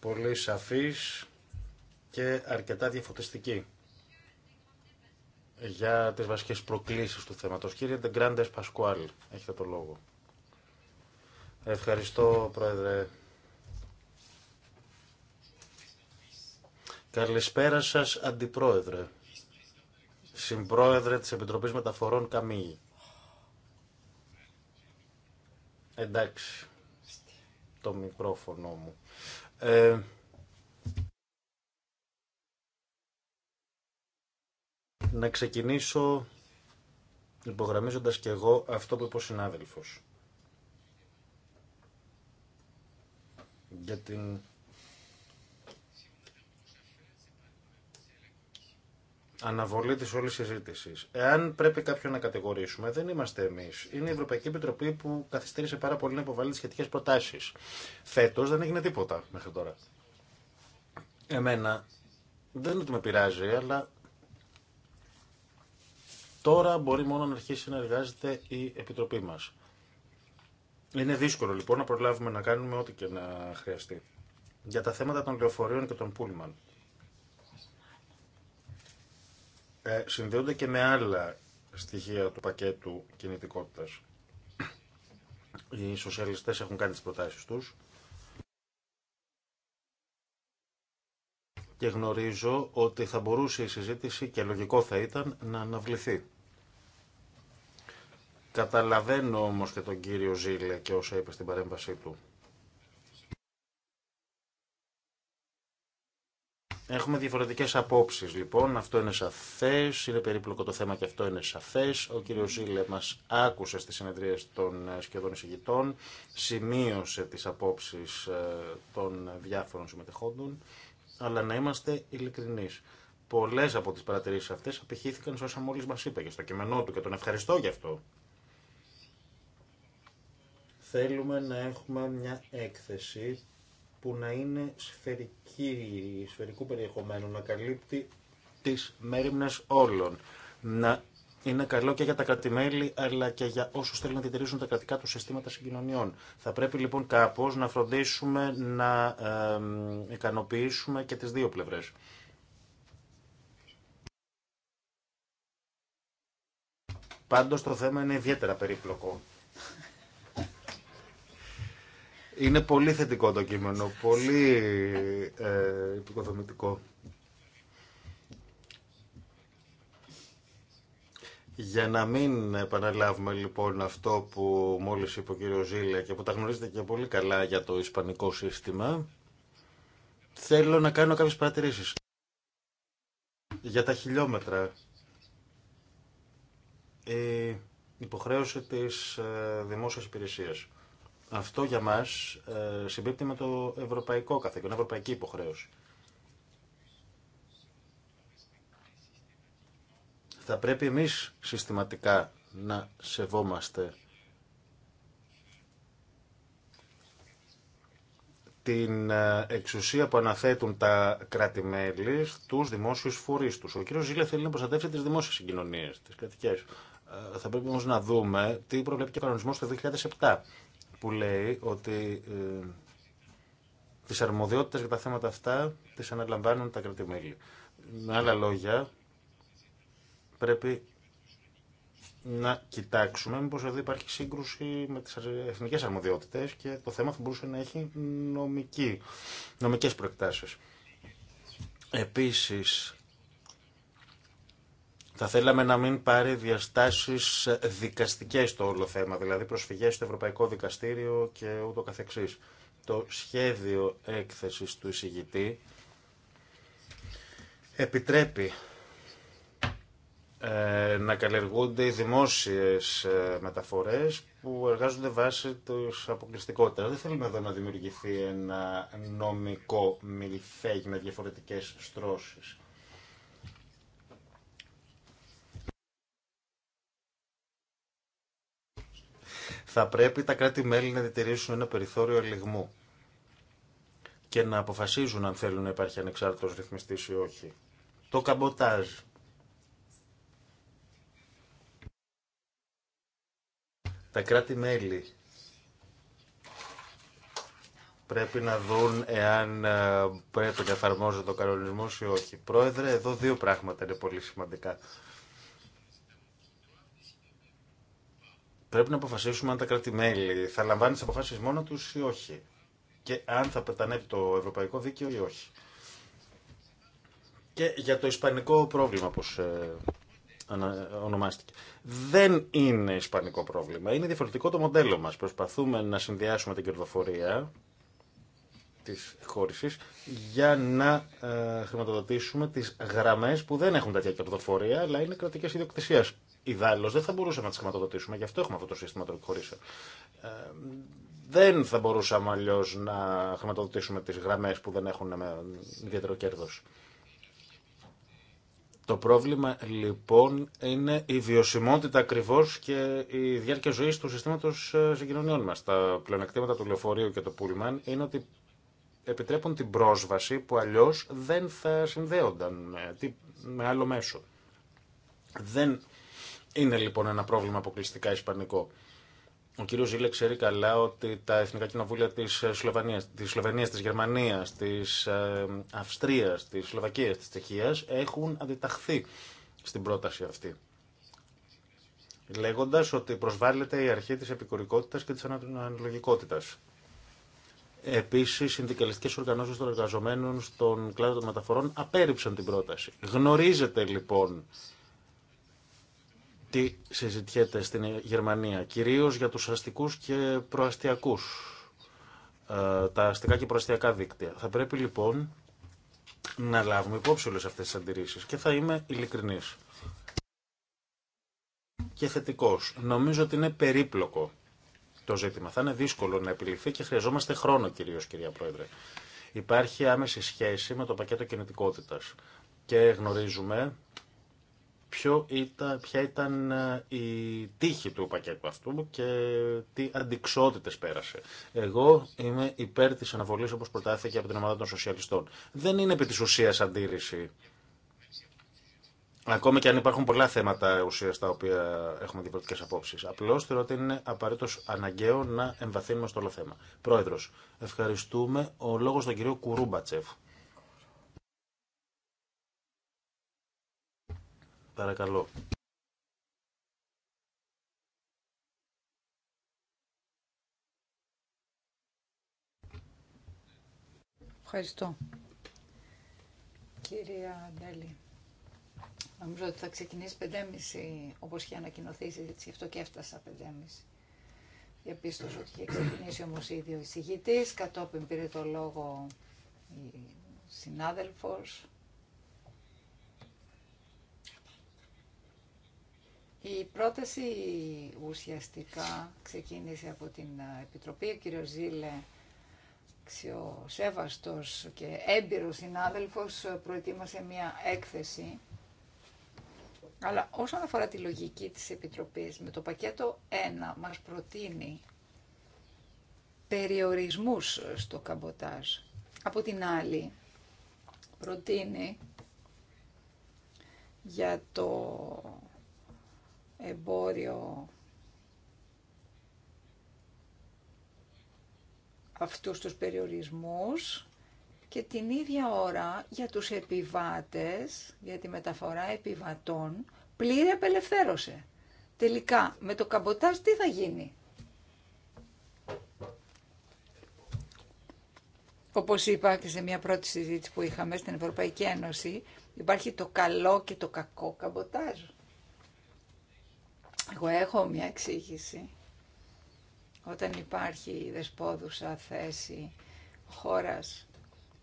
πολύ σαφής και αρκετά διαφωτιστική για τις βασικές προκλήσεις του θέματος. Κύριε Ντεγκράντες Πασκουάλ, έχετε το λόγο. Ευχαριστώ, Πρόεδρε. Καλησπέρα σας, Αντιπρόεδρε. Συμπρόεδρε της Επιτροπής Μεταφορών Καμίγη. Εντάξει το μικρόφωνο μου. Ε, να ξεκινήσω υπογραμμίζοντας και εγώ αυτό που είπε ο συνάδελφος. Για την αναβολή τη όλη συζήτηση. Εάν πρέπει κάποιον να κατηγορήσουμε, δεν είμαστε εμεί. Είναι η Ευρωπαϊκή Επιτροπή που καθυστέρησε πάρα πολύ να υποβάλει τι σχετικέ προτάσει. Φέτο δεν έγινε τίποτα μέχρι τώρα. Εμένα δεν είναι ότι με πειράζει, αλλά τώρα μπορεί μόνο να αρχίσει να εργάζεται η Επιτροπή μα. Είναι δύσκολο λοιπόν να προλάβουμε να κάνουμε ό,τι και να χρειαστεί. Για τα θέματα των λεωφορείων και των πούλμαν. Ε, συνδέονται και με άλλα στοιχεία του πακέτου κινητικότητας. Οι σοσιαλιστές έχουν κάνει τις προτάσεις τους και γνωρίζω ότι θα μπορούσε η συζήτηση και λογικό θα ήταν να αναβληθεί. Καταλαβαίνω όμως και τον κύριο Ζήλε και όσα είπε στην παρέμβασή του. Έχουμε διαφορετικέ απόψει λοιπόν. Αυτό είναι σαφέ. Είναι περίπλοκο το θέμα και αυτό είναι σαφέ. Ο κύριο Ζήλε μα άκουσε στι συνεδρίε των ε, σχεδόν εισηγητών. Σημείωσε τι απόψει ε, των διάφορων συμμετεχόντων. Αλλά να είμαστε ειλικρινεί. Πολλέ από τι παρατηρήσει αυτέ απηχήθηκαν σε όσα μόλι μα είπε και στο κείμενό του και τον ευχαριστώ γι' αυτό. Θέλουμε να έχουμε μια έκθεση που να είναι σφαιρική, σφαιρικού περιεχομένου, να καλύπτει τις μέρημνες όλων. Να είναι καλό και για τα κρατημέλη, αλλά και για όσους θέλουν να διατηρήσουν τα κρατικά του συστήματα συγκοινωνιών. Θα πρέπει λοιπόν κάπως να φροντίσουμε να ε, ικανοποιήσουμε και τις δύο πλευρές. Πάντως το θέμα είναι ιδιαίτερα περίπλοκο. Είναι πολύ θετικό το κείμενο, πολύ ε, Για να μην επαναλάβουμε λοιπόν αυτό που μόλις είπε ο κύριος Ζήλια και που τα γνωρίζετε και πολύ καλά για το ισπανικό σύστημα, θέλω να κάνω κάποιες παρατηρήσεις. Για τα χιλιόμετρα, η υποχρέωση της ε, δημόσιας υπηρεσίας. Αυτό για μας ε, συμπίπτει με το ευρωπαϊκό καθήκον, ευρωπαϊκή υποχρέωση. Θα πρέπει εμείς συστηματικά να σεβόμαστε την ε, εξουσία που αναθέτουν τα κράτη-μέλη στους δημόσιους φορείς τους. Ο κύριος Ζήλε θέλει να προστατεύσει τις δημόσιες συγκοινωνίες, τις κρατικές. Ε, θα πρέπει όμως να δούμε τι προβλέπει και ο κανονισμός του 2007 που λέει ότι ε, τις αρμοδιότητες για τα θέματα αυτά τις αναλαμβάνουν τα κρατημέλη. Με άλλα λόγια, πρέπει να κοιτάξουμε μήπως εδώ υπάρχει σύγκρουση με τις εθνικές αρμοδιότητες και το θέμα θα μπορούσε να έχει νομική, νομικές προεκτάσεις. Επίσης, θα θέλαμε να μην πάρει διαστάσεις δικαστικές το όλο θέμα, δηλαδή προσφυγέ στο Ευρωπαϊκό Δικαστήριο και ούτω καθεξή. Το σχέδιο έκθεσης του εισηγητή επιτρέπει ε, να καλλιεργούνται οι δημόσιες ε, μεταφορές που εργάζονται βάσει της αποκλειστικότητας. Δεν θέλουμε εδώ να δημιουργηθεί ένα νομικό μιλφέγι με διαφορετικές στρώσεις. θα πρέπει τα κράτη-μέλη να διατηρήσουν ένα περιθώριο ελιγμού και να αποφασίζουν αν θέλουν να υπάρχει ανεξάρτητος ρυθμιστής ή όχι. Το καμποτάζ. Τα κράτη-μέλη πρέπει να δουν εάν ε, πρέπει να εφαρμόζεται ο κανονισμός ή όχι. Πρόεδρε, εδώ δύο πράγματα είναι πολύ σημαντικά. Πρέπει να αποφασίσουμε αν τα κράτη-μέλη θα λαμβάνουν τι αποφάσει μόνο του ή όχι. Και αν θα πετανεύει το ευρωπαϊκό δίκαιο ή όχι. Και για το ισπανικό πρόβλημα, όπω ε, ονομάστηκε. Δεν είναι ισπανικό πρόβλημα. Είναι διαφορετικό το μοντέλο μας. Προσπαθούμε να συνδυάσουμε την κερδοφορία τη χώρισης για να ε, χρηματοδοτήσουμε τι γραμμέ που δεν έχουν τέτοια κερδοφορία αλλά είναι κρατικέ ιδιοκτησία. Ιδάλω δεν θα μπορούσαμε να τι χρηματοδοτήσουμε, γι' αυτό έχουμε αυτό το σύστημα των εκχωρήσεων. Ε, δεν θα μπορούσαμε αλλιώ να χρηματοδοτήσουμε τι γραμμέ που δεν έχουν ιδιαίτερο κέρδο. Το πρόβλημα λοιπόν είναι η βιωσιμότητα ακριβώ και η διάρκεια ζωή του συστήματο ε, συγκοινωνιών μα. Τα πλεονεκτήματα του λεωφορείου και το πούλμαν είναι ότι επιτρέπουν την πρόσβαση που αλλιώ δεν θα συνδέονταν με άλλο μέσο. Δεν είναι λοιπόν ένα πρόβλημα αποκλειστικά ισπανικό. Ο κύριος Ζήλε ξέρει καλά ότι τα εθνικά κοινοβούλια της ε, Σλοβενία, τη Γερμανία, τη Γερμανίας, της ε, Αυστρίας, της Σλοβακίας, της Τσεχίας έχουν αντιταχθεί στην πρόταση αυτή. Λέγοντα ότι προσβάλλεται η αρχή τη επικουρικότητα και τη ανάλογικότητα. Επίση, οι συνδικαλιστικέ οργανώσει των εργαζομένων στον κλάδο των μεταφορών απέρριψαν την πρόταση. Γνωρίζεται λοιπόν τι συζητιέται στην Γερμανία, κυρίως για τους αστικούς και προαστιακούς, ε, τα αστικά και προαστιακά δίκτυα. Θα πρέπει λοιπόν να λάβουμε υπόψη όλες αυτές τις αντιρρήσεις και θα είμαι ειλικρινής και θετικός. Νομίζω ότι είναι περίπλοκο το ζήτημα. Θα είναι δύσκολο να επιληφθεί και χρειαζόμαστε χρόνο κυρίως, κυρία Πρόεδρε. Υπάρχει άμεση σχέση με το πακέτο κινητικότητας και γνωρίζουμε ποιο ήταν, ποια ήταν ε, η τύχη του πακέτου αυτού και τι αντικσότητες πέρασε. Εγώ είμαι υπέρ της αναβολής όπως προτάθηκε από την ομάδα των σοσιαλιστών. Δεν είναι επί της ουσίας αντίρρηση. Ακόμη και αν υπάρχουν πολλά θέματα ουσία τα οποία έχουμε διαφορετικέ απόψει. Απλώ θεωρώ ότι είναι απαραίτητο αναγκαίο να εμβαθύνουμε στο όλο θέμα. Πρόεδρο, ευχαριστούμε. Ο λόγο του κύριο Κουρούμπατσεφ. Παρακαλώ. Ευχαριστώ. Κυρία Αντέλη, νομίζω ότι θα ξεκινήσει 5.30 όπως είχε ανακοινωθεί η συζήτηση, γι' αυτό και έφτασα 5.30. Διαπίστωσα ότι είχε ξεκινήσει όμως ήδη ο εισηγητής, κατόπιν πήρε το λόγο η συνάδελφος Η πρόταση ουσιαστικά ξεκίνησε από την Επιτροπή. Ο κύριος Ζήλε, αξιοσέβαστος και έμπειρος συνάδελφος, προετοίμασε μια έκθεση. Αλλά όσον αφορά τη λογική της Επιτροπής, με το πακέτο 1 μας προτείνει περιορισμούς στο καμποτάζ. Από την άλλη, προτείνει για το εμπόριο αυτούς τους περιορισμούς και την ίδια ώρα για τους επιβάτες, για τη μεταφορά επιβατών, πλήρη απελευθέρωσε. Τελικά, με το καμποτάζ τι θα γίνει. Όπως είπα και σε μια πρώτη συζήτηση που είχαμε στην Ευρωπαϊκή Ένωση, υπάρχει το καλό και το κακό καμποτάζ. Εγώ έχω μια εξήγηση. Όταν υπάρχει δεσπόδουσα θέση χώρας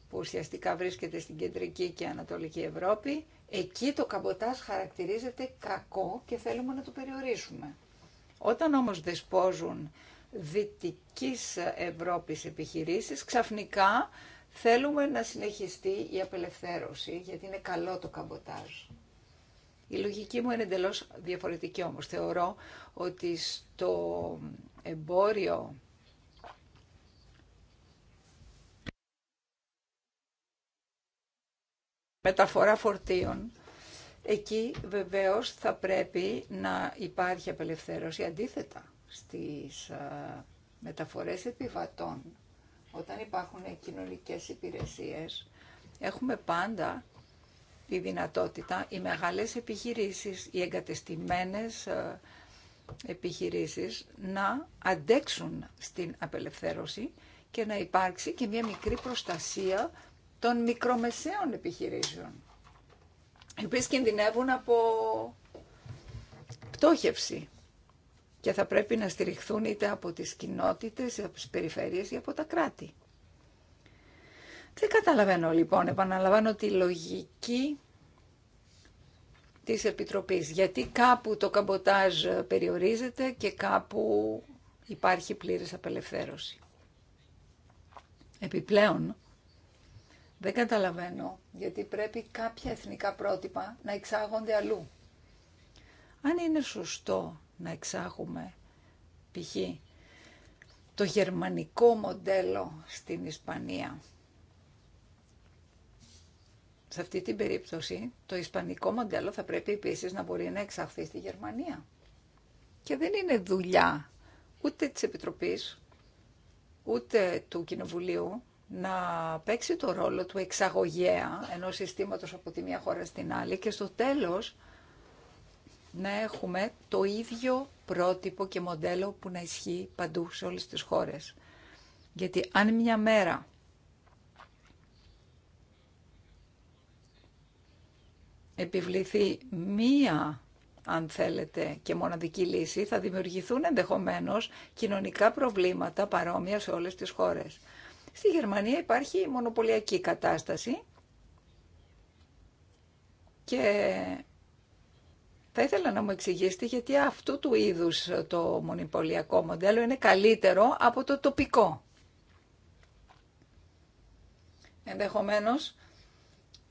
που ουσιαστικά βρίσκεται στην κεντρική και ανατολική Ευρώπη, εκεί το καμποτάζ χαρακτηρίζεται κακό και θέλουμε να το περιορίσουμε. Όταν όμως δεσπόζουν δυτικής Ευρώπης επιχειρήσεις, ξαφνικά θέλουμε να συνεχιστεί η απελευθέρωση, γιατί είναι καλό το καμποτάζ. Η λογική μου είναι εντελώς διαφορετική όμως. Θεωρώ ότι στο εμπόριο μεταφορά φορτίων, εκεί βεβαίως θα πρέπει να υπάρχει απελευθέρωση αντίθετα στις ε, μεταφορές επιβατών. Όταν υπάρχουν κοινωνικές υπηρεσίες, έχουμε πάντα η δυνατότητα οι μεγάλες επιχειρήσεις, οι εγκατεστημένες ε, επιχειρήσεις να αντέξουν στην απελευθέρωση και να υπάρξει και μια μικρή προστασία των μικρομεσαίων επιχειρήσεων, οι οποίες κινδυνεύουν από πτώχευση και θα πρέπει να στηριχθούν είτε από τις κοινότητες, από τις περιφέρειες ή από τα κράτη. Δεν καταλαβαίνω λοιπόν, επαναλαμβάνω τη λογική της Επιτροπής. Γιατί κάπου το καμποτάζ περιορίζεται και κάπου υπάρχει πλήρης απελευθέρωση. Επιπλέον, δεν καταλαβαίνω γιατί πρέπει κάποια εθνικά πρότυπα να εξάγονται αλλού. Αν είναι σωστό να εξάγουμε π.χ. το γερμανικό μοντέλο στην Ισπανία σε αυτή την περίπτωση το ισπανικό μοντέλο θα πρέπει επίσης να μπορεί να εξαχθεί στη Γερμανία. Και δεν είναι δουλειά ούτε της Επιτροπής, ούτε του Κοινοβουλίου να παίξει το ρόλο του εξαγωγέα ενός συστήματος από τη μία χώρα στην άλλη και στο τέλος να έχουμε το ίδιο πρότυπο και μοντέλο που να ισχύει παντού σε όλες τις χώρες. Γιατί αν μια μέρα επιβληθεί μία, αν θέλετε, και μοναδική λύση, θα δημιουργηθούν ενδεχομένως κοινωνικά προβλήματα παρόμοια σε όλες τις χώρες. Στη Γερμανία υπάρχει μονοπωλιακή κατάσταση και θα ήθελα να μου εξηγήσετε γιατί αυτού του είδους το μονοπωλιακό μοντέλο είναι καλύτερο από το τοπικό. Ενδεχομένως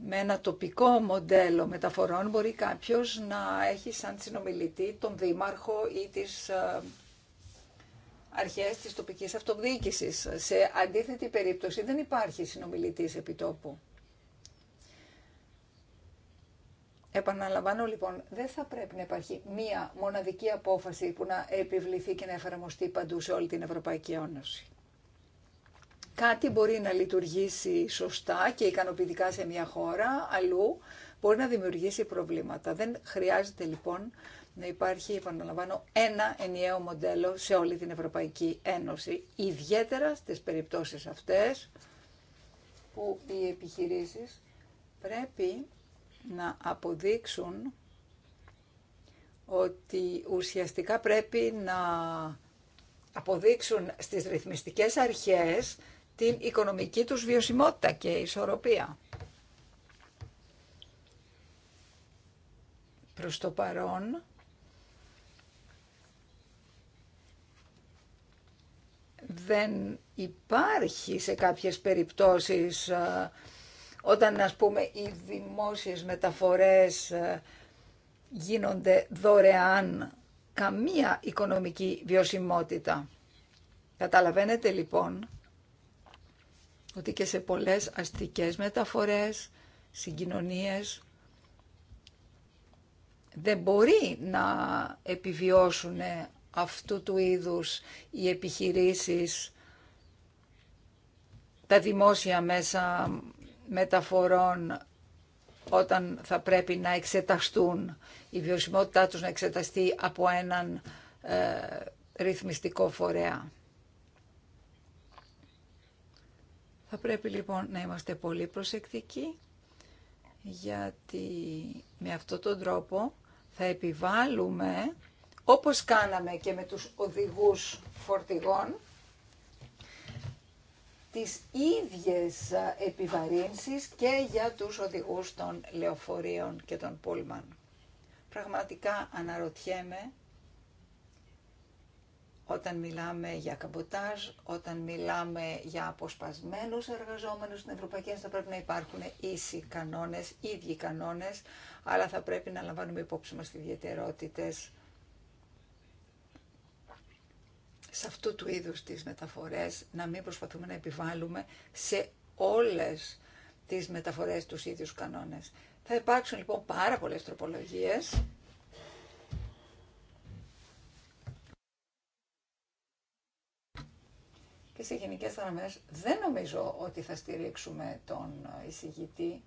με ένα τοπικό μοντέλο μεταφορών μπορεί κάποιος να έχει σαν συνομιλητή τον δήμαρχο ή τις ε, αρχές της τοπικής αυτοδιοίκησης. Σε αντίθετη περίπτωση δεν υπάρχει συνομιλητής επιτόπου. Επαναλαμβάνω λοιπόν, δεν θα πρέπει να υπάρχει μία μοναδική απόφαση που να επιβληθεί και να εφαρμοστεί παντού σε όλη την Ευρωπαϊκή Ένωση κάτι μπορεί να λειτουργήσει σωστά και ικανοποιητικά σε μια χώρα, αλλού μπορεί να δημιουργήσει προβλήματα. Δεν χρειάζεται λοιπόν να υπάρχει, επαναλαμβάνω, ένα ενιαίο μοντέλο σε όλη την Ευρωπαϊκή Ένωση, ιδιαίτερα στις περιπτώσεις αυτές που οι επιχειρήσεις πρέπει να αποδείξουν ότι ουσιαστικά πρέπει να αποδείξουν στις ρυθμιστικές αρχές την οικονομική τους βιωσιμότητα και ισορροπία. Προς το παρόν, δεν υπάρχει σε κάποιες περιπτώσεις ε, όταν ας πούμε οι δημόσιες μεταφορές ε, γίνονται δωρεάν καμία οικονομική βιωσιμότητα. Καταλαβαίνετε λοιπόν ότι και σε πολλές αστικές μεταφορές, συγκοινωνίες, δεν μπορεί να επιβιώσουν αυτού του είδους οι επιχειρήσεις, τα δημόσια μέσα μεταφορών όταν θα πρέπει να εξεταστούν, η βιωσιμότητά τους να εξεταστεί από έναν ε, ρυθμιστικό φορέα. Θα πρέπει λοιπόν να είμαστε πολύ προσεκτικοί γιατί με αυτόν τον τρόπο θα επιβάλλουμε, όπως κάναμε και με τους οδηγούς φορτηγών, τις ίδιες επιβαρύνσεις και για τους οδηγούς των λεωφορείων και των πούλμαν. Πραγματικά αναρωτιέμαι όταν μιλάμε για καμποτάζ, όταν μιλάμε για αποσπασμένους εργαζόμενους στην Ευρωπαϊκή Ένωση, θα πρέπει να υπάρχουν ίσοι κανόνες, ίδιοι κανόνες, αλλά θα πρέπει να λαμβάνουμε υπόψη μας τις ιδιαιτερότητες σε αυτού του είδους τις μεταφορές, να μην προσπαθούμε να επιβάλλουμε σε όλες τις μεταφορές τους ίδιους κανόνες. Θα υπάρξουν λοιπόν πάρα πολλές τροπολογίες και σε γενικές γραμμές δεν νομίζω ότι θα στηρίξουμε τον εισηγητή,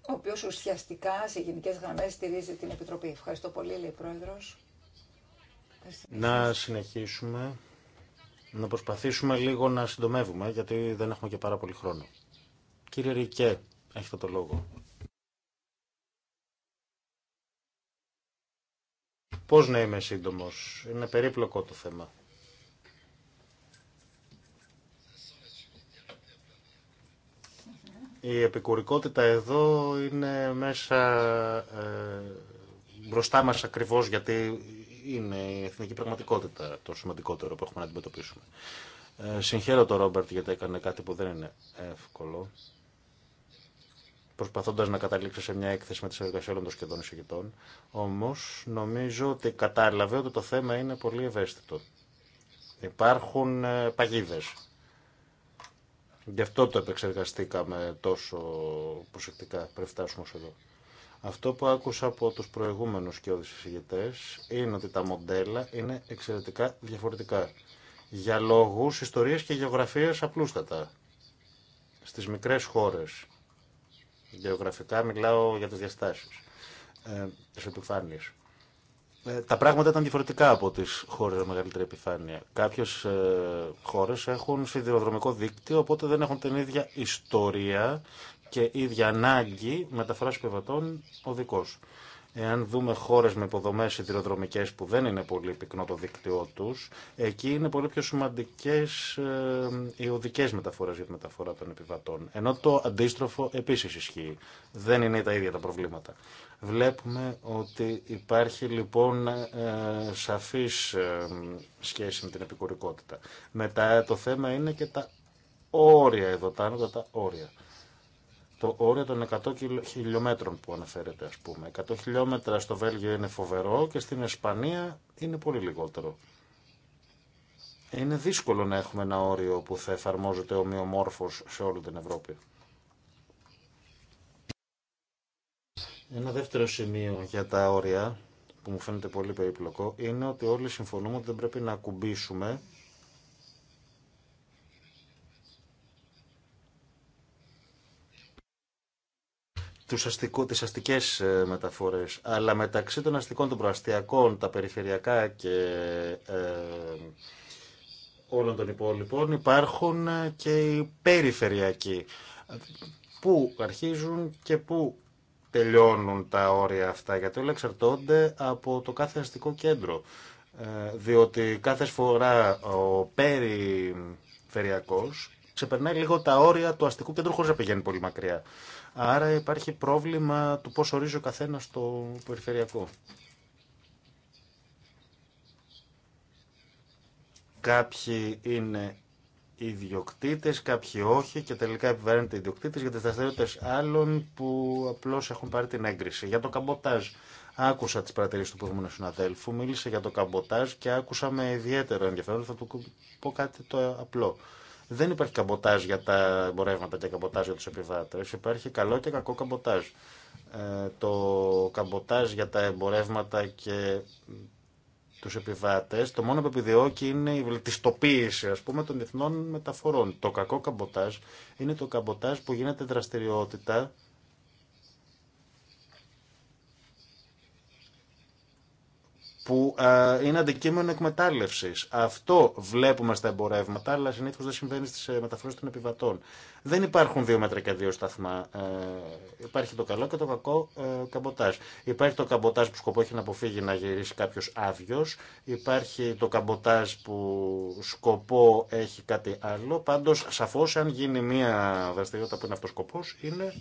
ο οποίος ουσιαστικά σε γενικές γραμμές στηρίζει την Επιτροπή. Ευχαριστώ πολύ, λέει Πρόεδρος. Να συνεχίσουμε, να προσπαθήσουμε λίγο να συντομεύουμε, γιατί δεν έχουμε και πάρα πολύ χρόνο. Κύριε Ρικέ, έχετε το λόγο. Πώς να είμαι σύντομος, είναι περίπλοκο το θέμα. Η επικουρικότητα εδώ είναι μέσα ε, μπροστά μας ακριβώς γιατί είναι η εθνική πραγματικότητα το σημαντικότερο που έχουμε να αντιμετωπίσουμε. Ε, συγχαίρω τον Ρόμπερτ γιατί έκανε κάτι που δεν είναι εύκολο προσπαθώντα να καταλήξει σε μια έκθεση με τι εργασίε όλων των σχεδόν εισηγητών. Όμω, νομίζω ότι κατάλαβε ότι το θέμα είναι πολύ ευαίσθητο. Υπάρχουν ε, παγίδε Γι' αυτό το επεξεργαστήκαμε τόσο προσεκτικά πριν φτάσουμε ως εδώ. Αυτό που άκουσα από τους προηγούμενους και οδησυγητές είναι ότι τα μοντέλα είναι εξαιρετικά διαφορετικά. Για λόγους, ιστορίες και γεωγραφίες απλούστατα. Στις μικρές χώρες. Γεωγραφικά μιλάω για τις διαστάσεις. Ε, τις επιφάνειες. Ε, τα πράγματα ήταν διαφορετικά από τι χώρε με μεγαλύτερη επιφάνεια. Κάποιε ε, χώρε έχουν σιδηροδρομικό δίκτυο, οπότε δεν έχουν την ίδια ιστορία και ίδια ανάγκη μεταφορά επιβατών οδικό. Εάν δούμε χώρε με υποδομέ σιδηροδρομικέ που δεν είναι πολύ πυκνό το δίκτυό του, εκεί είναι πολύ πιο σημαντικέ ε, οι οδικέ μεταφορέ για τη μεταφορά των επιβατών. Ενώ το αντίστροφο επίση ισχύει. Δεν είναι τα ίδια τα προβλήματα. Βλέπουμε ότι υπάρχει λοιπόν ε, σαφής ε, σχέση με την επικουρικότητα. Μετά το θέμα είναι και τα όρια εδώ, τα τα όρια. Το όριο των 100 χιλιόμετρων που αναφέρεται ας πούμε. 100 χιλιόμετρα στο Βέλγιο είναι φοβερό και στην Ισπανία είναι πολύ λιγότερο. Είναι δύσκολο να έχουμε ένα όριο που θα εφαρμόζεται ομοιομόρφως σε όλη την Ευρώπη. Ένα δεύτερο σημείο για τα όρια, που μου φαίνεται πολύ περίπλοκο, είναι ότι όλοι συμφωνούμε ότι δεν πρέπει να ακουμπήσουμε τους αστικού, τις αστικές ε, μεταφορές, αλλά μεταξύ των αστικών, των προαστιακών, τα περιφερειακά και ε, όλων των υπόλοιπων υπάρχουν ε, και οι περιφερειακοί, που αρχίζουν και που τελειώνουν τα όρια αυτά, γιατί όλα εξαρτώνται από το κάθε αστικό κέντρο. Ε, διότι κάθε φορά ο περιφερειακός ξεπερνάει λίγο τα όρια του αστικού κέντρου χωρίς να πηγαίνει πολύ μακριά. Άρα υπάρχει πρόβλημα του πώς ορίζει ο καθένας το περιφερειακό. Κάποιοι είναι ιδιοκτήτε, κάποιοι όχι και τελικά επιβαρύνεται ιδιοκτήτε για τι δραστηριότητε άλλων που απλώ έχουν πάρει την έγκριση. Για το καμποτάζ. Άκουσα τι παρατηρήσει του προηγούμενου συναδέλφου, μίλησε για το καμποτάζ και άκουσα με ιδιαίτερο ενδιαφέρον. Θα του πω κάτι το απλό. Δεν υπάρχει καμποτάζ για τα εμπορεύματα και καμποτάζ για του επιβάτε. Υπάρχει καλό και κακό καμποτάζ. Ε, το καμποτάζ για τα εμπορεύματα και του επιβάτε, το μόνο που επιδιώκει είναι η βελτιστοποίηση ας πούμε των διεθνών μεταφορών. Το κακό καμποτάζ είναι το καμποτάζ που γίνεται δραστηριότητα που ε, είναι αντικείμενο εκμετάλλευση. Αυτό βλέπουμε στα εμπορεύματα, αλλά συνήθω δεν συμβαίνει στι ε, μεταφορέ των επιβατών. Δεν υπάρχουν δύο μέτρα και δύο σταθμά. Ε, υπάρχει το καλό και το κακό καμποτάζ. Υπάρχει το καμποτάζ που σκοπό έχει να αποφύγει να γυρίσει κάποιο άδειο. Υπάρχει το καμποτάζ που σκοπό έχει κάτι άλλο. Πάντω, σαφώ, αν γίνει μία δραστηριότητα που είναι αυτό σκοπό, είναι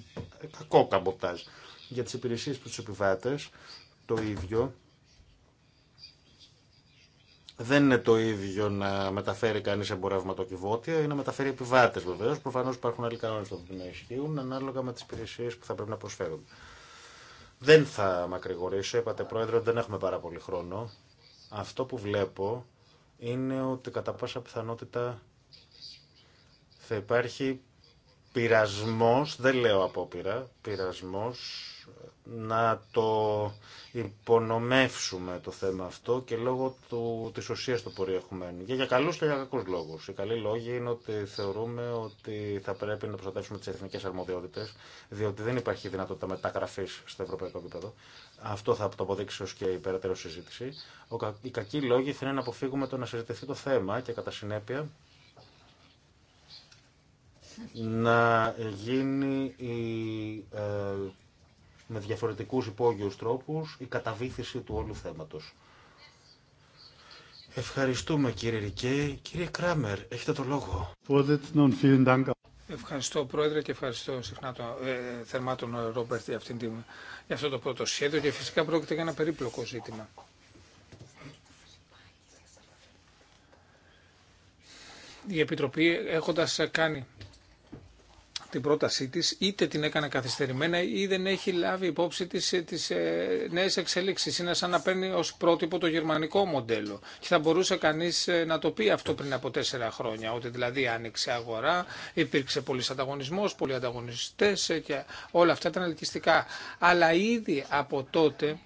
κακό καμποτάζ. Για τι υπηρεσίε του επιβάτε, το ίδιο δεν είναι το ίδιο να μεταφέρει κανεί κυβότια ή να μεταφέρει επιβάτε βεβαίω. Προφανώ υπάρχουν άλλοι κανόνε που να ισχύουν ανάλογα με τι υπηρεσίε που θα πρέπει να προσφέρουν. Δεν θα μακρηγορήσω. Είπατε, Πρόεδρε, δεν έχουμε πάρα πολύ χρόνο. Αυτό που βλέπω είναι ότι κατά πάσα πιθανότητα θα υπάρχει πειρασμός, δεν λέω απόπειρα, πειρασμός να το υπονομεύσουμε το θέμα αυτό και λόγω του, της ουσίας του περιεχομένου. Και για καλούς και για κακούς λόγους. Οι καλοί λόγοι είναι ότι θεωρούμε ότι θα πρέπει να προστατεύσουμε τις εθνικές αρμοδιότητες, διότι δεν υπάρχει δυνατότητα μεταγραφής στο ευρωπαϊκό επίπεδο. Αυτό θα το αποδείξει ως και η περαιτέρω συζήτηση. Ο, οι κακοί λόγοι είναι να αποφύγουμε το να συζητηθεί το θέμα και κατά συνέπεια να γίνει η ε, με διαφορετικούς υπόγειους τρόπους η καταβήθηση του όλου θέματος. Ευχαριστούμε κύριε Ρικέ. Κύριε Κράμερ, έχετε το λόγο. Ευχαριστώ Πρόεδρε και ευχαριστώ συχνά τον, ε, θερμά τον Ρόμπερτ για, την, για αυτό το πρώτο σχέδιο και φυσικά πρόκειται για ένα περίπλοκο ζήτημα. Η Επιτροπή έχοντας κάνει την πρότασή της είτε την έκανε καθυστερημένα ή δεν έχει λάβει υπόψη της ε, τις ε, νέες εξελίξεις. Είναι σαν να παίρνει ως πρότυπο το γερμανικό μοντέλο. Και θα μπορούσε κανείς ε, να το πει αυτό πριν από τέσσερα χρόνια, ότι δηλαδή άνοιξε αγορά, υπήρξε πολλή ανταγωνισμό, πολλοί ανταγωνιστές και όλα αυτά ήταν ελκυστικά. Αλλά ήδη από τότε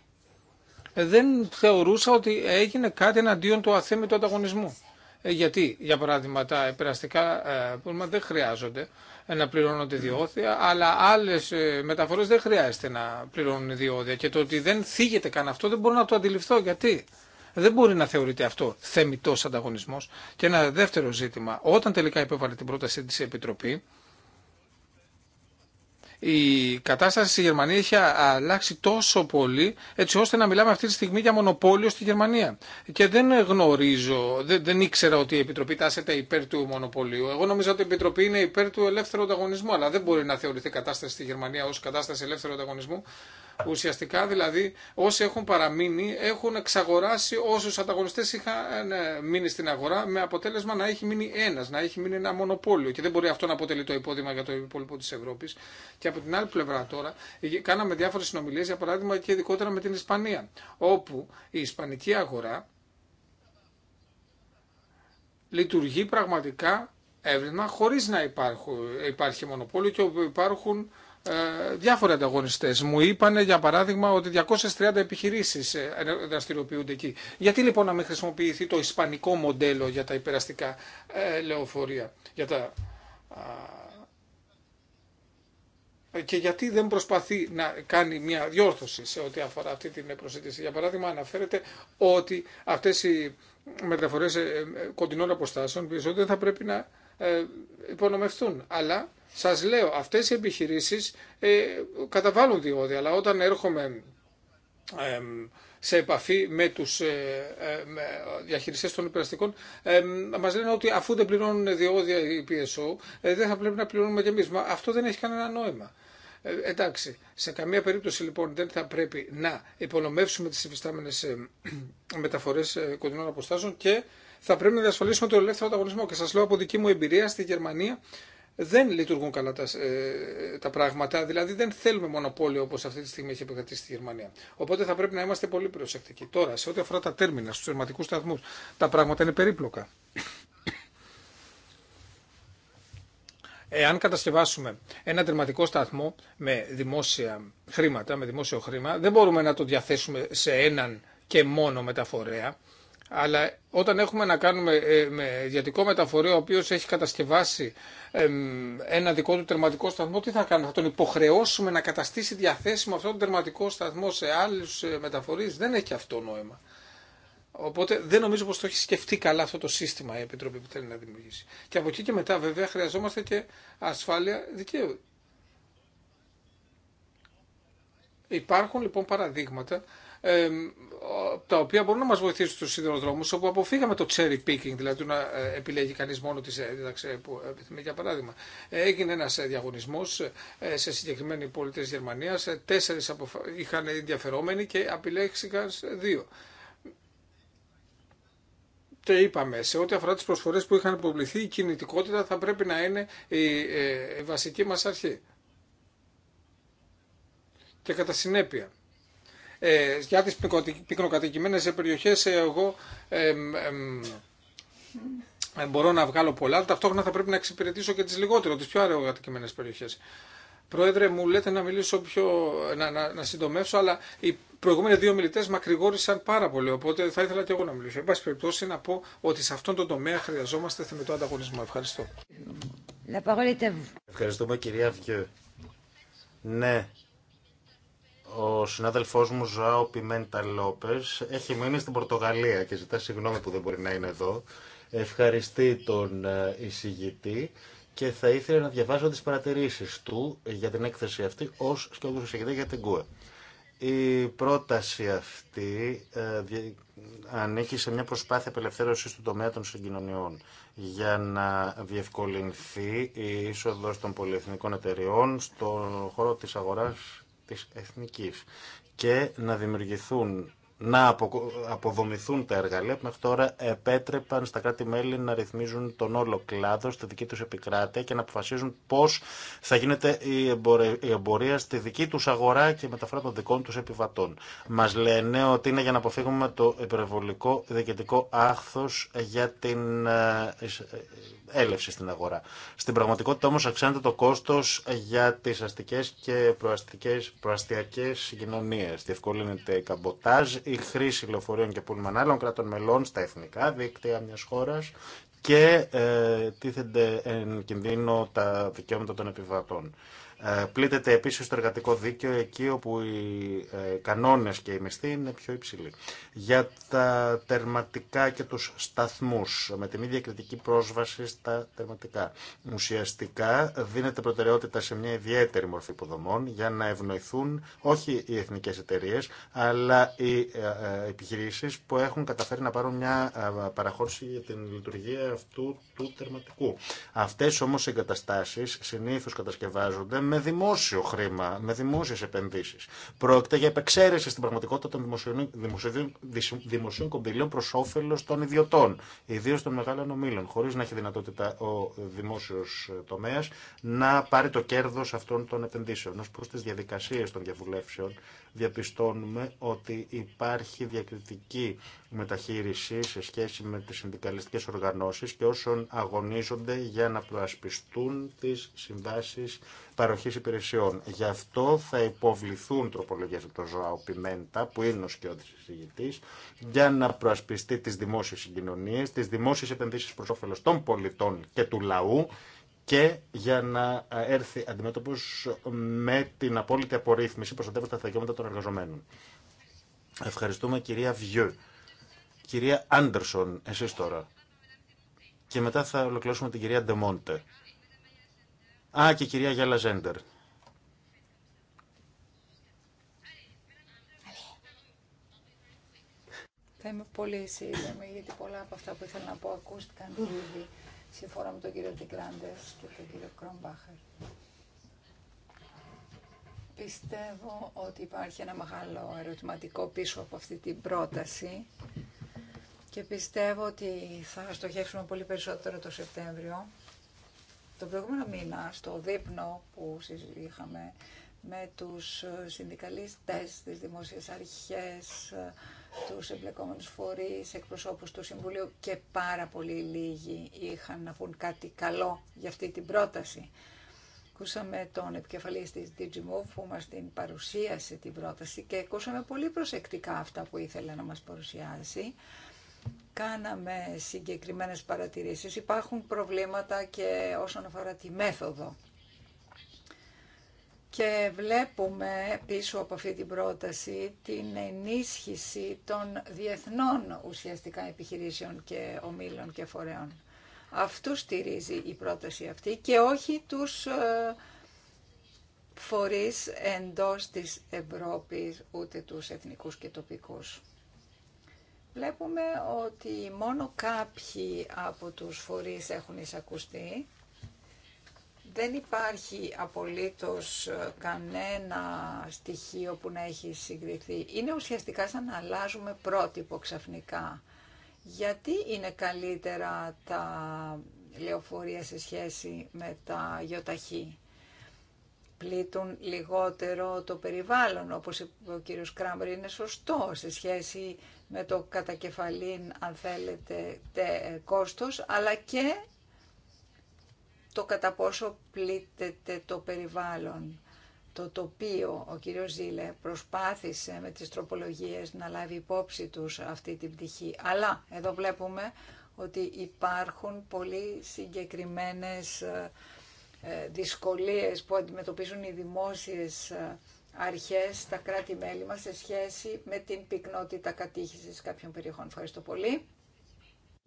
δεν θεωρούσα ότι έγινε κάτι εναντίον του αθέμητου ανταγωνισμού. Γιατί, για παράδειγμα, τα επεραστικά ε, δεν χρειάζονται να πληρώνονται διόδια, αλλά άλλε μεταφορέ δεν χρειάζεται να πληρώνουν διόδια. Και το ότι δεν θίγεται καν αυτό δεν μπορώ να το αντιληφθώ. Γιατί δεν μπορεί να θεωρείται αυτό θεμητό ανταγωνισμό. Και ένα δεύτερο ζήτημα, όταν τελικά υπέβαλε την πρόταση τη Επιτροπή, η κατάσταση στη Γερμανία έχει αλλάξει τόσο πολύ έτσι ώστε να μιλάμε αυτή τη στιγμή για μονοπόλιο στη Γερμανία. Και δεν γνωρίζω, δεν, δεν ήξερα ότι η Επιτροπή τάσεται υπέρ του μονοπωλίου. Εγώ νομίζω ότι η Επιτροπή είναι υπέρ του ελεύθερου ανταγωνισμού, αλλά δεν μπορεί να θεωρηθεί κατάσταση στη Γερμανία ως κατάσταση ελεύθερου ανταγωνισμού. Ουσιαστικά δηλαδή όσοι έχουν παραμείνει έχουν εξαγοράσει όσους ανταγωνιστές είχαν ε, μείνει στην αγορά με αποτέλεσμα να έχει μείνει ένας, να έχει μείνει ένα μονοπόλιο και δεν μπορεί αυτό να αποτελεί το υπόδειγμα για το υπόλοιπο της Ευρώπης από την άλλη πλευρά τώρα ε, κάναμε διάφορες συνομιλίες, για παράδειγμα και ειδικότερα με την Ισπανία, όπου η Ισπανική αγορά λειτουργεί πραγματικά εύρημα χωρίς να υπάρχουν, υπάρχει μονοπόλιο και όπου υπάρχουν ε, διάφοροι ανταγωνιστέ. Μου είπαν, για παράδειγμα, ότι 230 επιχειρήσει ε, δραστηριοποιούνται εκεί. Γιατί λοιπόν να μην χρησιμοποιηθεί το ισπανικό μοντέλο για τα υπεραστικά ε, λεωφορεία, για τα και γιατί δεν προσπαθεί να κάνει μια διόρθωση σε ό,τι αφορά αυτή την προσέγγιση. Για παράδειγμα, αναφέρεται ότι αυτές οι μεταφορές ε, ε, κοντινών αποστάσεων δεν θα πρέπει να ε, υπονομευτούν. Αλλά σας λέω, αυτές οι επιχειρήσεις καταβάλουν διόδια, αλλά όταν έρχομαι σε επαφή με τους ε, ε, διαχειριστέ των υπεραστικών ε, μα λένε ότι αφού δεν πληρώνουν διόδια οι PSO δεν θα πρέπει να πληρώνουμε κι εμεί. Μα αυτό δεν έχει κανένα νόημα. Ε, εντάξει, σε καμία περίπτωση λοιπόν δεν θα πρέπει να υπονομεύσουμε τις μεταφορέ μεταφορές κοντινών αποστάσεων και θα πρέπει να διασφαλίσουμε το ελεύθερο ανταγωνισμό. Και σα λέω από δική μου εμπειρία στη Γερμανία δεν λειτουργούν καλά τα, ε, τα πράγματα, δηλαδή δεν θέλουμε μονοπόλιο όπως αυτή τη στιγμή έχει επικρατήσει στη Γερμανία. Οπότε θα πρέπει να είμαστε πολύ προσεκτικοί. Τώρα, σε ό,τι αφορά τα τέρμινα στου θερματικού σταθμούς, τα πράγματα είναι περίπλοκα. Εάν κατασκευάσουμε ένα τερματικό σταθμό με δημόσια χρήματα, με δημόσιο χρήμα, δεν μπορούμε να το διαθέσουμε σε έναν και μόνο μεταφορέα αλλά όταν έχουμε να κάνουμε ε, με ιδιωτικό μεταφορείο ο οποίο έχει κατασκευάσει ένα δικό του τερματικό σταθμό, τι θα κάνουμε, θα τον υποχρεώσουμε να καταστήσει διαθέσιμο αυτόν τον τερματικό σταθμό σε άλλους ε, μεταφορεί. δεν έχει αυτό νόημα. Οπότε δεν νομίζω πω το έχει σκεφτεί καλά αυτό το σύστημα η Επιτροπή που θέλει να δημιουργήσει. Και από εκεί και μετά βέβαια χρειαζόμαστε και ασφάλεια δικαίου. Υπάρχουν λοιπόν παραδείγματα τα οποία μπορούν να μα βοηθήσουν στους σιδηροδρόμους όπου αποφύγαμε το cherry picking, δηλαδή να ε, επιλέγει κανείς μόνο τις ε, δίδαξη που επιθυμεί για παράδειγμα. Έγινε ένα ε, διαγωνισμό σε συγκεκριμένη πόλη της Γερμανίας, τέσσερις είχαν ενδιαφερόμενοι και επιλέχθηκαν δύο. Και είπαμε, σε ό,τι αφορά τι προσφορές που είχαν υποβληθεί, η κινητικότητα θα πρέπει να είναι η βασική μα αρχή. Και κατά συνέπεια, ε, για τις πυκνοκατοικημένες περιοχές ε, εγώ ε, μπορώ να βγάλω πολλά, ταυτόχρονα θα πρέπει να εξυπηρετήσω και τις λιγότερο, τις πιο αραιοκατοικημένες περιοχές. Πρόεδρε, μου λέτε να μιλήσω πιο, να, να, να συντομεύσω, αλλά οι προηγούμενοι δύο μιλητέ μακρηγόρησαν πάρα πολύ, οπότε θα ήθελα και εγώ να μιλήσω. Εν πάση περιπτώσει, να πω ότι σε αυτόν τον τομέα χρειαζόμαστε θεμετό ανταγωνισμό. Ευχαριστώ. La Ευχαριστούμε, κυρία Βιού. Ναι, ο συνάδελφός μου Ζωάο Πιμέντα Λόπε, έχει μείνει στην Πορτογαλία και ζητά συγγνώμη που δεν μπορεί να είναι εδώ. Ευχαριστεί τον ε, εισηγητή και θα ήθελε να διαβάσω τι παρατηρήσει του για την έκθεση αυτή ως σκόπος εισηγητή για την ΚΟΕ. Η πρόταση αυτή ε, ανήκει σε μια προσπάθεια απελευθέρωση του τομέα των συγκοινωνιών για να διευκολυνθεί η είσοδο των πολυεθνικών εταιριών στον χώρο τη αγορά της εθνικής και να δημιουργηθούν να αποδομηθούν τα εργαλεία που μέχρι τώρα επέτρεπαν στα κράτη-μέλη να ρυθμίζουν τον όλο κλάδο στη δική του επικράτεια και να αποφασίζουν πώ θα γίνεται η εμπορία στη δική του αγορά και μεταφορά των δικών του επιβατών. Μα λένε ότι είναι για να αποφύγουμε το υπερβολικό διοικητικό άχθο για την ε, ε, έλευση στην αγορά. Στην πραγματικότητα όμω αυξάνεται το κόστο για τι αστικέ και προαστιακές κοινωνίε. Διευκολύνεται η καμποτάζ, η χρήση λεωφορείων και πούλμαν άλλων κρατών μελών στα εθνικά δίκτυα μια χώρας και ε, τίθενται εν κινδύνο τα δικαιώματα των επιβατών. Ε, πλήττεται επίσης το εργατικό δίκαιο εκεί όπου οι ε, κανόνες και οι μισθοί είναι πιο υψηλοί. Για τα τερματικά και τους σταθμούς, με την ίδια κριτική πρόσβαση στα τερματικά. Ουσιαστικά δίνεται προτεραιότητα σε μια ιδιαίτερη μορφή υποδομών για να ευνοηθούν όχι οι εθνικές εταιρείε, αλλά οι ε, επιχειρήσεις που έχουν καταφέρει να πάρουν μια παραχώρηση για την λειτουργία αυτού του τερματικού. Αυτές όμως οι εγκαταστάσεις συνήθως κατασκευάζονται με δημόσιο χρήμα, με δημόσιε επενδύσει. Πρόκειται για επεξαίρεση στην πραγματικότητα των δημοσίων, δημοσίων κονδυλίων προ όφελο των ιδιωτών, ιδίω των μεγάλων ομίλων, χωρί να έχει δυνατότητα ο δημόσιο τομέα να πάρει το κέρδο αυτών των επενδύσεων. Ω προ τι διαδικασίε των διαβουλεύσεων, διαπιστώνουμε ότι υπάρχει διακριτική μεταχείριση σε σχέση με τις συνδικαλιστικές οργανώσεις και όσων αγωνίζονται για να προασπιστούν τις συμβάσεις παροχής υπηρεσιών. Γι' αυτό θα υποβληθούν τροπολογίες από το Ζωάο Πιμέντα, που είναι ο σκιώδης συζητητής, για να προασπιστεί τις δημόσιες συγκοινωνίες, τις δημόσιες επενδύσεις προς όφελος των πολιτών και του λαού, και για να έρθει αντιμέτωπος με την απόλυτη απορρίθμιση προστατεύοντα τα δικαιώματα των εργαζομένων. Ευχαριστούμε κυρία Βιού. Κυρία Άντερσον, εσείς τώρα. Και μετά θα ολοκληρώσουμε την κυρία Ντεμόντε. Α, και η κυρία Γιάλα Ζέντερ. Θα είμαι πολύ σύντομη, γιατί πολλά από αυτά που ήθελα να πω ακούστηκαν ήδη. Συμφωνώ με τον κύριο Τικλάντες και τον κύριο Κρόμπαχερ. Πιστεύω ότι υπάρχει ένα μεγάλο ερωτηματικό πίσω από αυτή την πρόταση και πιστεύω ότι θα στοχεύσουμε πολύ περισσότερο το Σεπτέμβριο. Το προηγούμενο μήνα, στο δείπνο που είχαμε με τους συνδικαλιστές, της Δημοσίας αρχές, τους εμπλεκόμενους φορείς, εκπροσώπους του Συμβουλίου και πάρα πολύ λίγοι είχαν να πούν κάτι καλό για αυτή την πρόταση. Ακούσαμε τον επικεφαλής της DigiMove που μα την παρουσίασε την πρόταση και ακούσαμε πολύ προσεκτικά αυτά που ήθελε να μα παρουσιάσει. Κάναμε συγκεκριμένε παρατηρήσει. Υπάρχουν προβλήματα και όσον αφορά τη μέθοδο και βλέπουμε πίσω από αυτή την πρόταση την ενίσχυση των διεθνών ουσιαστικά επιχειρήσεων και ομίλων και φορέων. Αυτού στηρίζει η πρόταση αυτή και όχι τους ε, φορείς εντός της Ευρώπης, ούτε τους εθνικούς και τοπικούς. Βλέπουμε ότι μόνο κάποιοι από τους φορείς έχουν εισακουστεί δεν υπάρχει απολύτως ε, κανένα στοιχείο που να έχει συγκριθεί. Είναι ουσιαστικά σαν να αλλάζουμε πρότυπο ξαφνικά. Γιατί είναι καλύτερα τα λεωφορεία σε σχέση με τα γιοταχή. Πλήττουν λιγότερο το περιβάλλον, όπως είπε ο κύριος Κράμπερ, είναι σωστό σε σχέση με το κατακεφαλήν, αν θέλετε, τε, ε, κόστος, αλλά και το κατά πόσο πλήττεται το περιβάλλον, το τοπίο. Ο κύριος Ζήλε προσπάθησε με τις τροπολογίες να λάβει υπόψη τους αυτή την πτυχή. Αλλά εδώ βλέπουμε ότι υπάρχουν πολύ συγκεκριμένες ε, ε, δυσκολίες που αντιμετωπίζουν οι δημόσιες ε, αρχές στα κράτη-μέλη μας σε σχέση με την πυκνότητα κατήχησης κάποιων περιοχών. Ευχαριστώ πολύ.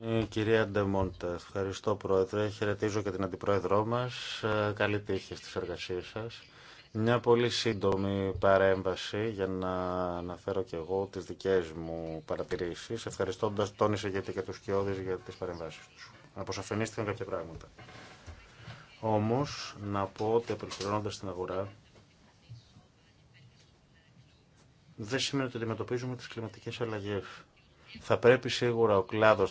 Ε, κυρία Ντεμόντα, ευχαριστώ πρόεδρε. Χαιρετίζω και την αντιπρόεδρό μας. Ε, καλή τύχη στις εργασίες σας. Μια πολύ σύντομη παρέμβαση για να αναφέρω και εγώ τις δικές μου παρατηρήσεις, ευχαριστώντας τον γιατί και τους κοιόδης για τις παρεμβάσεις τους. Αποσαφενίστηκαν κάποια πράγματα. Όμως, να πω ότι απελευθερώνοντας την αγορά, δεν σημαίνει ότι αντιμετωπίζουμε τις κλιματικές αλλαγές. Θα πρέπει σίγουρα ο κλάδο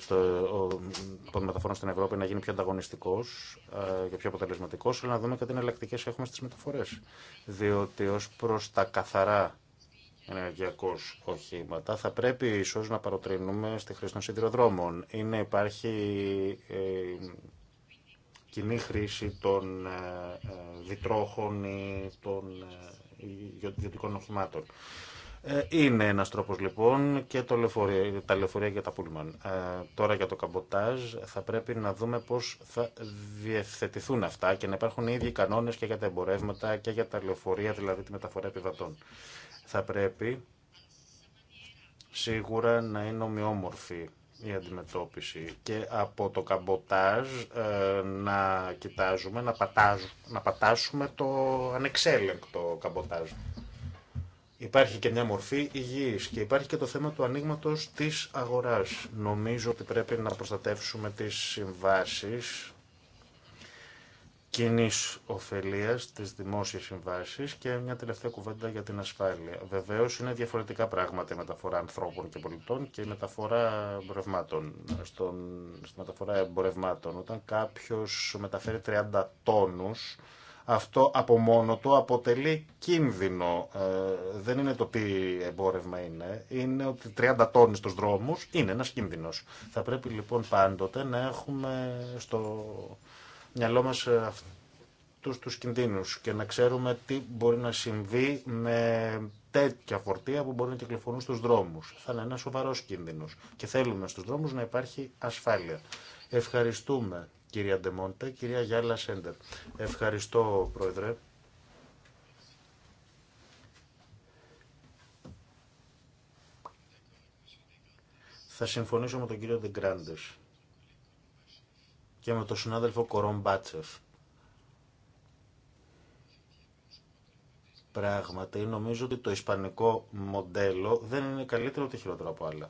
των μεταφορών στην Ευρώπη να γίνει πιο ανταγωνιστικό ε, και πιο αποτελεσματικό, αλλά να δούμε και τι εναλλακτικέ έχουμε στι μεταφορέ. Διότι ω προ τα καθαρά ενεργειακώ οχήματα, θα πρέπει ίσω να παροτρύνουμε στη χρήση των σιδηροδρόμων ή να υπάρχει ε, κοινή χρήση των διτρόχων ε, ή των ιδιωτικών οχημάτων. Ε, είναι ένας τρόπος λοιπόν και το τα λεωφορεία για τα πούλμαν. Ε, τώρα για το καμποτάζ θα πρέπει να δούμε πώς θα διευθετηθούν αυτά και να υπάρχουν οι ίδιοι κανόνες και για τα εμπορεύματα και για τα λεωφορεία, δηλαδή τη μεταφορά επιβατών. Θα πρέπει σίγουρα να είναι ομοιόμορφη η αντιμετώπιση και από το καμποτάζ ε, να κοιτάζουμε, να, να πατάσουμε το ανεξέλεγκτο καμποτάζ. Υπάρχει και μια μορφή υγιής και υπάρχει και το θέμα του ανοίγματο της αγοράς. Νομίζω ότι πρέπει να προστατεύσουμε τις συμβάσεις κοινή ωφελία, τι δημόσιε συμβάσει και μια τελευταία κουβέντα για την ασφάλεια. Βεβαίω είναι διαφορετικά πράγματα η μεταφορά ανθρώπων και πολιτών και η μεταφορά εμπορευμάτων. στη μεταφορά εμπορευμάτων, όταν κάποιο μεταφέρει 30 τόνου, αυτό από μόνο του αποτελεί κίνδυνο. Ε, δεν είναι το τι εμπόρευμα είναι. Είναι ότι 30 τόνοι στους δρόμους είναι ένας κίνδυνος. Θα πρέπει λοιπόν πάντοτε να έχουμε στο μυαλό μας ε, αυτούς τους κινδύνους και να ξέρουμε τι μπορεί να συμβεί με τέτοια φορτία που μπορεί να κυκλοφορούν στους δρόμους. Θα είναι ένας σοβαρός κίνδυνος και θέλουμε στους δρόμους να υπάρχει ασφάλεια. Ευχαριστούμε κυρία Ντεμόντε, κυρία Γιάλα Σέντερ. Ευχαριστώ, Πρόεδρε. Θα συμφωνήσω με τον κύριο Δεγκράντες και με τον συνάδελφο Κορόμ Μπάτσεφ. Πράγματι, νομίζω ότι το ισπανικό μοντέλο δεν είναι καλύτερο ούτε χειρότερο από άλλα.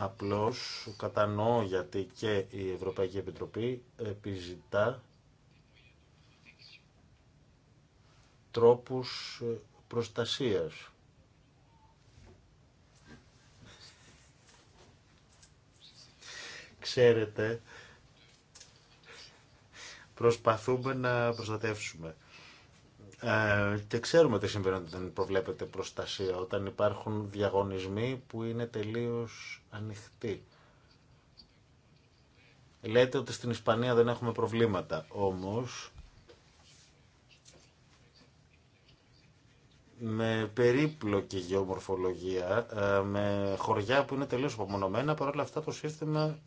Απλώς κατανοώ γιατί και η Ευρωπαϊκή Επιτροπή επιζητά τρόπους προστασίας. Ξέρετε, προσπαθούμε να προστατεύσουμε. Ε, και ξέρουμε τι συμβαίνει όταν δεν προβλέπεται προστασία, όταν υπάρχουν διαγωνισμοί που είναι τελείως ανοιχτοί. Λέτε ότι στην Ισπανία δεν έχουμε προβλήματα, όμως με περίπλοκη γεωμορφολογία, ε, με χωριά που είναι τελείως απομονωμένα, παρόλα αυτά το σύστημα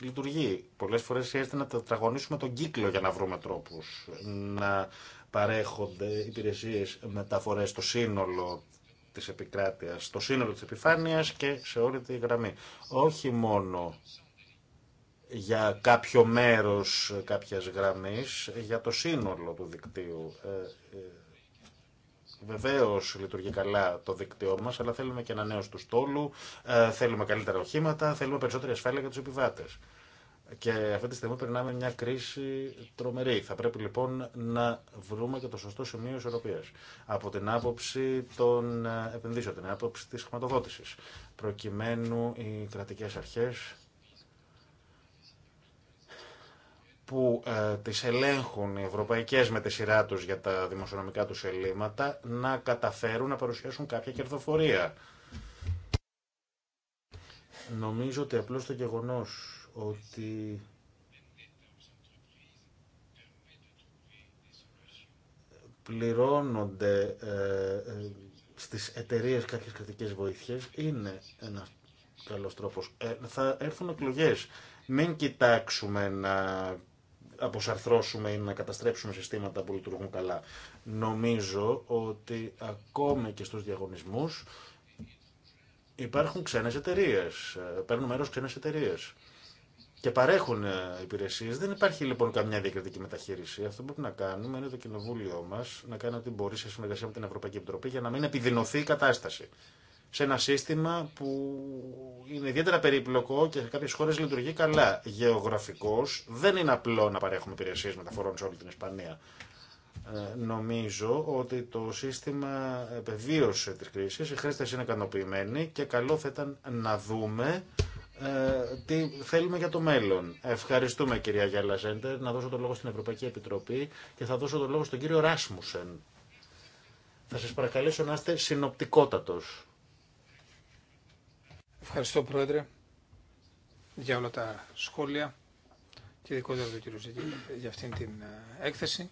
λειτουργεί. Πολλές φορές χρειάζεται να τετραγωνίσουμε τον κύκλο για να βρούμε τρόπους να παρέχονται υπηρεσίες μεταφορές στο σύνολο της επικράτειας, στο σύνολο της επιφάνειας και σε όλη τη γραμμή. Όχι μόνο για κάποιο μέρος κάποιας γραμμής, για το σύνολο του δικτύου. Ε, ε, Βεβαίω λειτουργεί καλά το δίκτυό μα, αλλά θέλουμε και ένα νέο του στόλου, ε, θέλουμε καλύτερα οχήματα, θέλουμε περισσότερη ασφάλεια για του επιβάτε. Και αυτή τη στιγμή περνάμε μια κρίση τρομερή. Θα πρέπει λοιπόν να βρούμε και το σωστό σημείο ισορροπία. Από την άποψη των ε, επενδύσεων, την άποψη τη χρηματοδότηση. Προκειμένου οι κρατικέ αρχέ που ε, τις ελέγχουν οι ευρωπαϊκές με τη σειρά τους για τα δημοσιονομικά τους ελλείμματα να καταφέρουν να παρουσιάσουν κάποια κερδοφορία. Νομίζω ότι απλώς το γεγονός ότι πληρώνονται ε, ε, στις εταιρείες κάποιες κρατικές βοήθειες είναι ένας καλός τρόπος. θα έρθουν εκλογέ. Μην κοιτάξουμε να αποσαρθρώσουμε ή να καταστρέψουμε συστήματα που λειτουργούν καλά. Νομίζω ότι ακόμη και στους διαγωνισμούς υπάρχουν ξένες εταιρείε, ε, παίρνουν μέρος ξένες εταιρείε. Και παρέχουν ε, υπηρεσίε. Δεν υπάρχει λοιπόν καμιά διακριτική μεταχείριση. Αυτό που πρέπει να κάνουμε είναι το κοινοβούλιο μα να κάνει ό,τι μπορεί σε συνεργασία με την Ευρωπαϊκή Επιτροπή για να μην επιδεινωθεί η κατάσταση σε ένα σύστημα που είναι ιδιαίτερα περίπλοκο και σε κάποιε χώρε λειτουργεί καλά. Γεωγραφικώ δεν είναι απλό να παρέχουμε υπηρεσίε μεταφορών σε όλη την Ισπανία. Ε, νομίζω ότι το σύστημα επεβίωσε τι κρίση. οι χρήστε είναι ικανοποιημένοι και καλό θα ήταν να δούμε ε, τι θέλουμε για το μέλλον. Ευχαριστούμε κυρία Γιάλα Σέντερ, να δώσω το λόγο στην Ευρωπαϊκή Επιτροπή και θα δώσω το λόγο στον κύριο Ράσμουσεν. Θα σας παρακαλέσω να είστε συνοπτικότατος. Ευχαριστώ Πρόεδρε για όλα τα σχόλια και ειδικότερα του κύριου Ζήτη για αυτήν την ε, έκθεση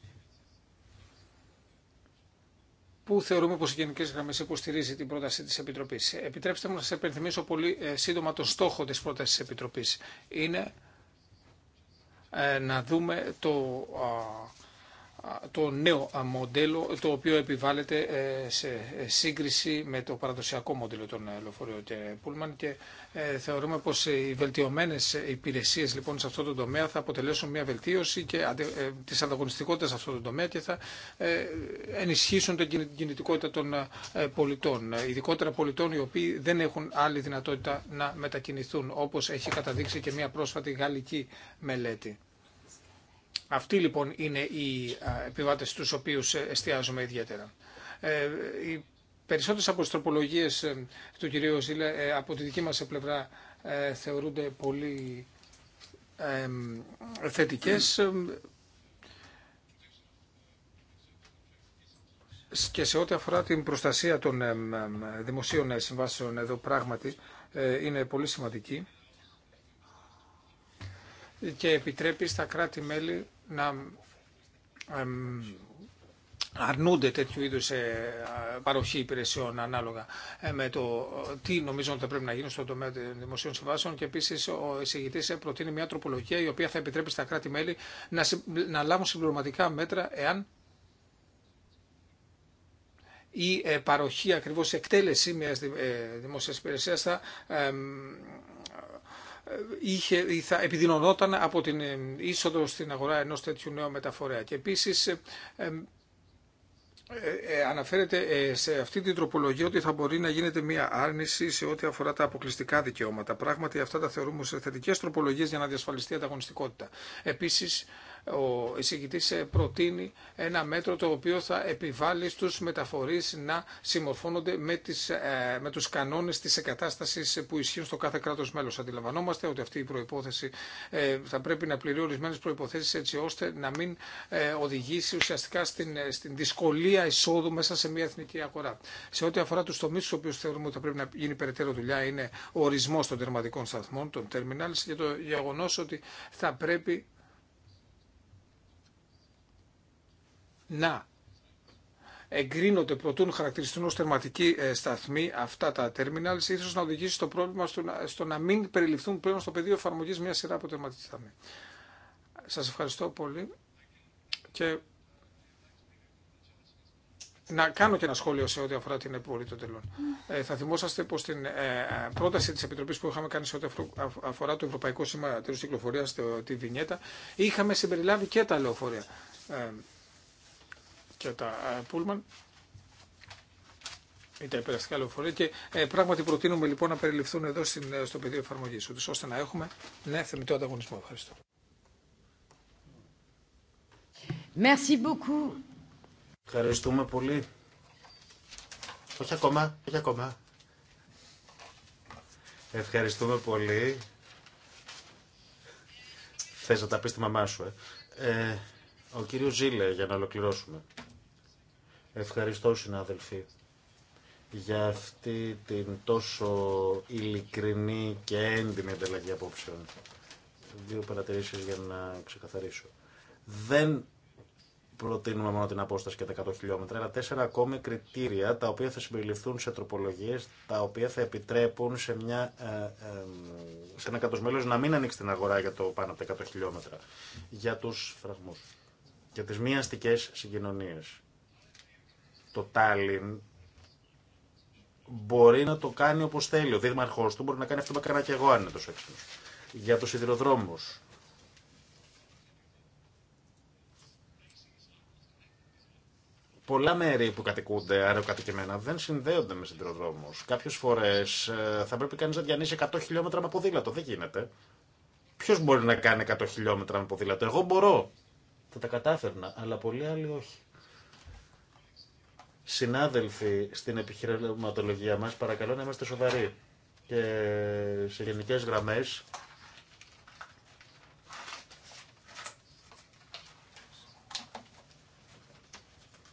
που θεωρούμε πως οι γενικές γραμμές υποστηρίζει την πρόταση της Επιτροπής. Επιτρέψτε μου να σας επενθυμίσω πολύ ε, σύντομα τον στόχο της πρότασης της Επιτροπής. Είναι ε, να δούμε το το νέο μοντέλο το οποίο επιβάλλεται ε, σε σύγκριση με το παραδοσιακό μοντέλο των ε, λεωφορείων και πούλμαν και ε, θεωρούμε πως οι βελτιωμένες υπηρεσίες λοιπόν σε αυτό το τομέα θα αποτελέσουν μια βελτίωση και της ανταγωνιστικότητας σε αυτό το τομέα και θα ενισχύσουν την κινητικότητα των πολιτών, ειδικότερα πολιτών οι οποίοι δεν έχουν άλλη δυνατότητα να μετακινηθούν όπως έχει καταδείξει και μια πρόσφατη γαλλική μελέτη. Αυτοί λοιπόν είναι οι επιβάτες τους οποίους ε, εστιάζουμε ιδιαίτερα. Ε, οι περισσότερες από ε, του κυρίου Ζήλε από τη δική μας πλευρά θεωρούνται πολύ θετικές και σε ό,τι αφορά την προστασία των δημοσίων συμβάσεων εδώ πράγματι είναι πολύ σημαντική και επιτρέπει στα κράτη-μέλη να αρνούνται τέτοιου είδου ε, παροχή υπηρεσιών ανάλογα ε, με το ε, τι νομίζω ότι θα πρέπει να γίνει στον τομέα των δημοσίων συμβάσεων. Και επίση ο εισηγητή προτείνει μια τροπολογία η οποία θα επιτρέπει στα κράτη-μέλη να, να λάβουν συμπληρωματικά μέτρα εάν η παροχή ακριβώς εκτέλεση μιας δημόσιας υπηρεσίας θα είχε, θα επιδεινωνόταν από την ε, είσοδο στην αγορά ενός τέτοιου νέου μεταφορέα. Και επίσης ε, ε, ε αναφέρεται σε αυτή την τροπολογία ότι θα μπορεί να γίνεται μια άρνηση σε ό,τι αφορά τα αποκλειστικά δικαιώματα. Πράγματι αυτά τα θεωρούμε σε θετικές τροπολογίες για να διασφαλιστεί η ανταγωνιστικότητα. Επίσης ο εισηγητή ε, προτείνει ένα μέτρο το οποίο θα επιβάλλει στου μεταφορείς να συμμορφώνονται με, τις, ε, με τους κανόνες της εγκατάστασης που ισχύουν στο κάθε κράτο μέλο. Αντιλαμβανόμαστε ότι αυτή η προϋπόθεση ε, θα πρέπει να πληρεί ορισμένε προποθέσει έτσι ώστε να μην οδηγήσει ουσιαστικά στην, στην δυσκολία εισόδου μέσα σε μια εθνική αγορά. Σε ό,τι αφορά του τομεί στους οποίου θεωρούμε ότι θα πρέπει να γίνει περαιτέρω δουλειά είναι ο ορισμό των τερματικών σταθμών, των Τερμινάλ, για το γεγονό ότι θα πρέπει να εγκρίνονται προτούν χαρακτηριστούν ως τερματική ε, σταθμή αυτά τα terminals, ίσως να οδηγήσει στο πρόβλημα στο να, στο να μην περιληφθούν πλέον στο πεδίο εφαρμογή μια σειρά από τερματική σταθμή. Σας ευχαριστώ πολύ και να κάνω και ένα σχόλιο σε ό,τι αφορά την επιβολή των τελών. Ε, θα θυμόσαστε πω την ε, πρόταση τη Επιτροπή που είχαμε κάνει σε ό,τι αφορά το Ευρωπαϊκό Σήμα Τέλου Κυκλοφορία, τη Βινιέτα, είχαμε συμπεριλάβει και τα λεωφορεία και τα πούλμαν ή τα υπεραστικά λεωφορεία. Και ε, πράγματι προτείνουμε λοιπόν να περιληφθούν εδώ στην, ε, στο πεδίο εφαρμογή του, ώστε να έχουμε ναι, θεμητό ανταγωνισμό. Ευχαριστώ. Merci beaucoup. Ευχαριστούμε πολύ. Όχι ακόμα, όχι ακόμα. Ευχαριστούμε πολύ. Θες να τα πεις στη μαμά σου, ε. ε ο κύριος Ζήλε, για να ολοκληρώσουμε. Ευχαριστώ συνάδελφοι για αυτή την τόσο ειλικρινή και έντιμη ανταλλαγή απόψεων. Δύο παρατηρήσεις για να ξεκαθαρίσω. Δεν προτείνουμε μόνο την απόσταση και τα 100 χιλιόμετρα, αλλά τέσσερα ακόμη κριτήρια τα οποία θα συμπεριληφθούν σε τροπολογίες, τα οποία θα επιτρέπουν σε, μια, ε, ε, σε ένα κατοσμέλος να μην ανοίξει την αγορά για το πάνω από τα 100 χιλιόμετρα, για τους φραγμούς, και τις μοιαστικές συγκοινωνίες το Τάλιν μπορεί να το κάνει όπω θέλει. Ο δήμαρχό του μπορεί να κάνει αυτό που έκανα και εγώ αν είναι τόσο έξυπνο. Για του σιδηροδρόμου. πολλά μέρη που κατοικούνται αεροκατοικημένα δεν συνδέονται με σιδηροδρόμου. Κάποιε φορέ ε, θα πρέπει κανεί να διανύσει 100 χιλιόμετρα με ποδήλατο. Δεν γίνεται. Ποιο μπορεί να κάνει 100 χιλιόμετρα με ποδήλατο. Εγώ μπορώ. Θα τα κατάφερνα, αλλά πολλοί άλλοι όχι. Συνάδελφοι, στην επιχειρηματολογία μας παρακαλώ να είμαστε σοβαροί και σε γενικές γραμμές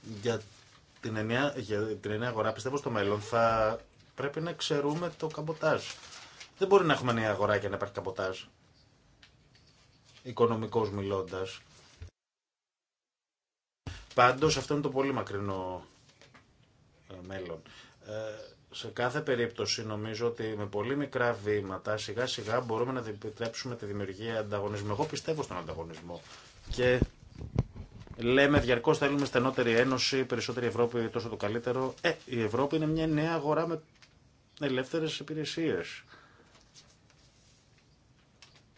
για την ενιαία, για την ενιαία αγορά πιστεύω στο μέλλον θα πρέπει να ξερούμε το καμποτάζ. Δεν μπορεί να έχουμε ενιαία αγορά και να υπάρχει καμποτάζ. Οικονομικός μιλώντας. Πάντως αυτό είναι το πολύ μακρινό μέλλον. Ε, σε κάθε περίπτωση νομίζω ότι με πολύ μικρά βήματα σιγά σιγά μπορούμε να επιτρέψουμε τη δημιουργία ανταγωνισμού. Εγώ πιστεύω στον ανταγωνισμό και λέμε διαρκώ θέλουμε στενότερη ένωση, περισσότερη Ευρώπη, τόσο το καλύτερο. Ε, η Ευρώπη είναι μια νέα αγορά με ελεύθερε υπηρεσίε.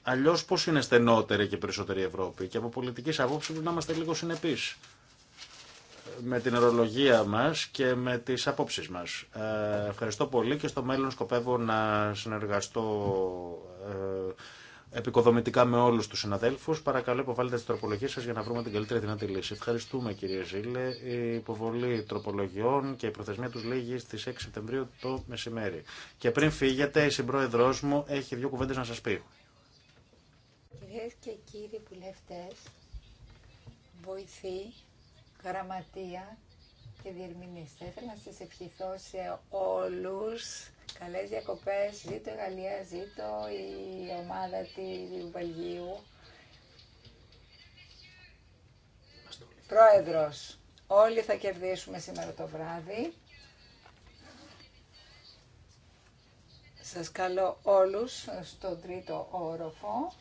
Αλλιώ πώ είναι στενότερη και περισσότερη Ευρώπη. Και από πολιτική απόψη να είμαστε λίγο συνεπεί με την ορολογία μας και με τις απόψεις μας. Ε, ευχαριστώ πολύ και στο μέλλον σκοπεύω να συνεργαστώ ε, επικοδομητικά με όλους τους συναδέλφους. Παρακαλώ υποβάλλετε τις τροπολογίες σας για να βρούμε την καλύτερη δυνατή λύση. Ευχαριστούμε κύριε Ζήλε. Η υποβολή τροπολογιών και η προθεσμία τους λήγει στις 6 Σεπτεμβρίου το μεσημέρι. Και πριν φύγετε η συμπρόεδρός μου έχει δύο κουβέντες να σας πει. Κυρίες και κύριοι βουλευτές, βοηθεί γραμματεία και διερμηνείς. Θα ήθελα να σας ευχηθώ σε όλους. Καλές διακοπές. Ζήτω η Γαλλία, ζήτω η ομάδα του Βαλγίου. Πρόεδρος, όλοι θα κερδίσουμε σήμερα το βράδυ. Σας καλώ όλους στον τρίτο όροφο.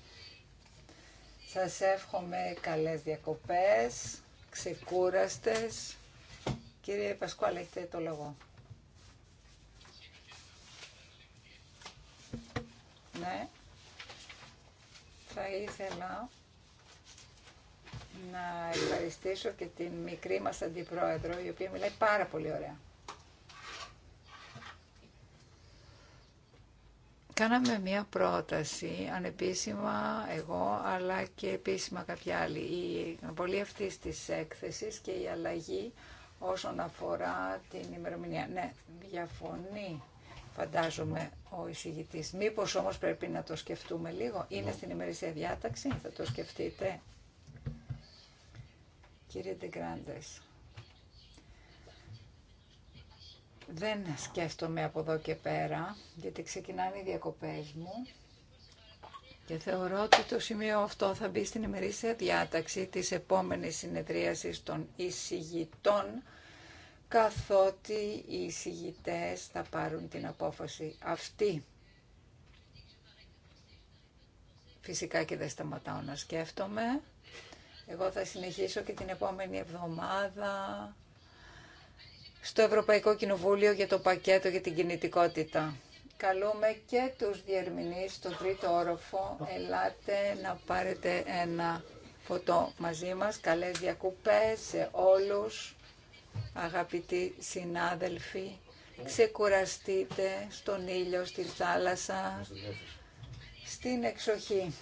Σας εύχομαι καλές διακοπές ξεκούραστες. Κύριε Πασκουάλ, έχετε το λόγο. Ναι. Θα ήθελα να ευχαριστήσω και την μικρή μας αντιπρόεδρο, η οποία μιλάει πάρα πολύ ωραία. Κάναμε μία πρόταση, ανεπίσημα εγώ, αλλά και επίσημα κάποια άλλη. Η πολύ αυτή της έκθεσης και η αλλαγή όσον αφορά την ημερομηνία. Ναι, διαφωνεί, φαντάζομαι, ο εισηγητή. Μήπω όμως πρέπει να το σκεφτούμε λίγο. Είναι ναι. στην ημερήσια διάταξη, θα το σκεφτείτε. Κύριε Ντεγκράντες. δεν σκέφτομαι από εδώ και πέρα, γιατί ξεκινάνε οι διακοπές μου και θεωρώ ότι το σημείο αυτό θα μπει στην ημερήσια διάταξη της επόμενης συνεδρίασης των εισηγητών, καθότι οι εισηγητές θα πάρουν την απόφαση αυτή. Φυσικά και δεν σταματάω να σκέφτομαι. Εγώ θα συνεχίσω και την επόμενη εβδομάδα στο Ευρωπαϊκό Κοινοβούλιο για το πακέτο για την κινητικότητα. Καλούμε και τους διερμηνείς στο τρίτο όροφο. Ελάτε να πάρετε ένα φωτό μαζί μας. Καλές διακουπές σε όλους, αγαπητοί συνάδελφοι. Ξεκουραστείτε στον ήλιο, στη θάλασσα, στην εξοχή.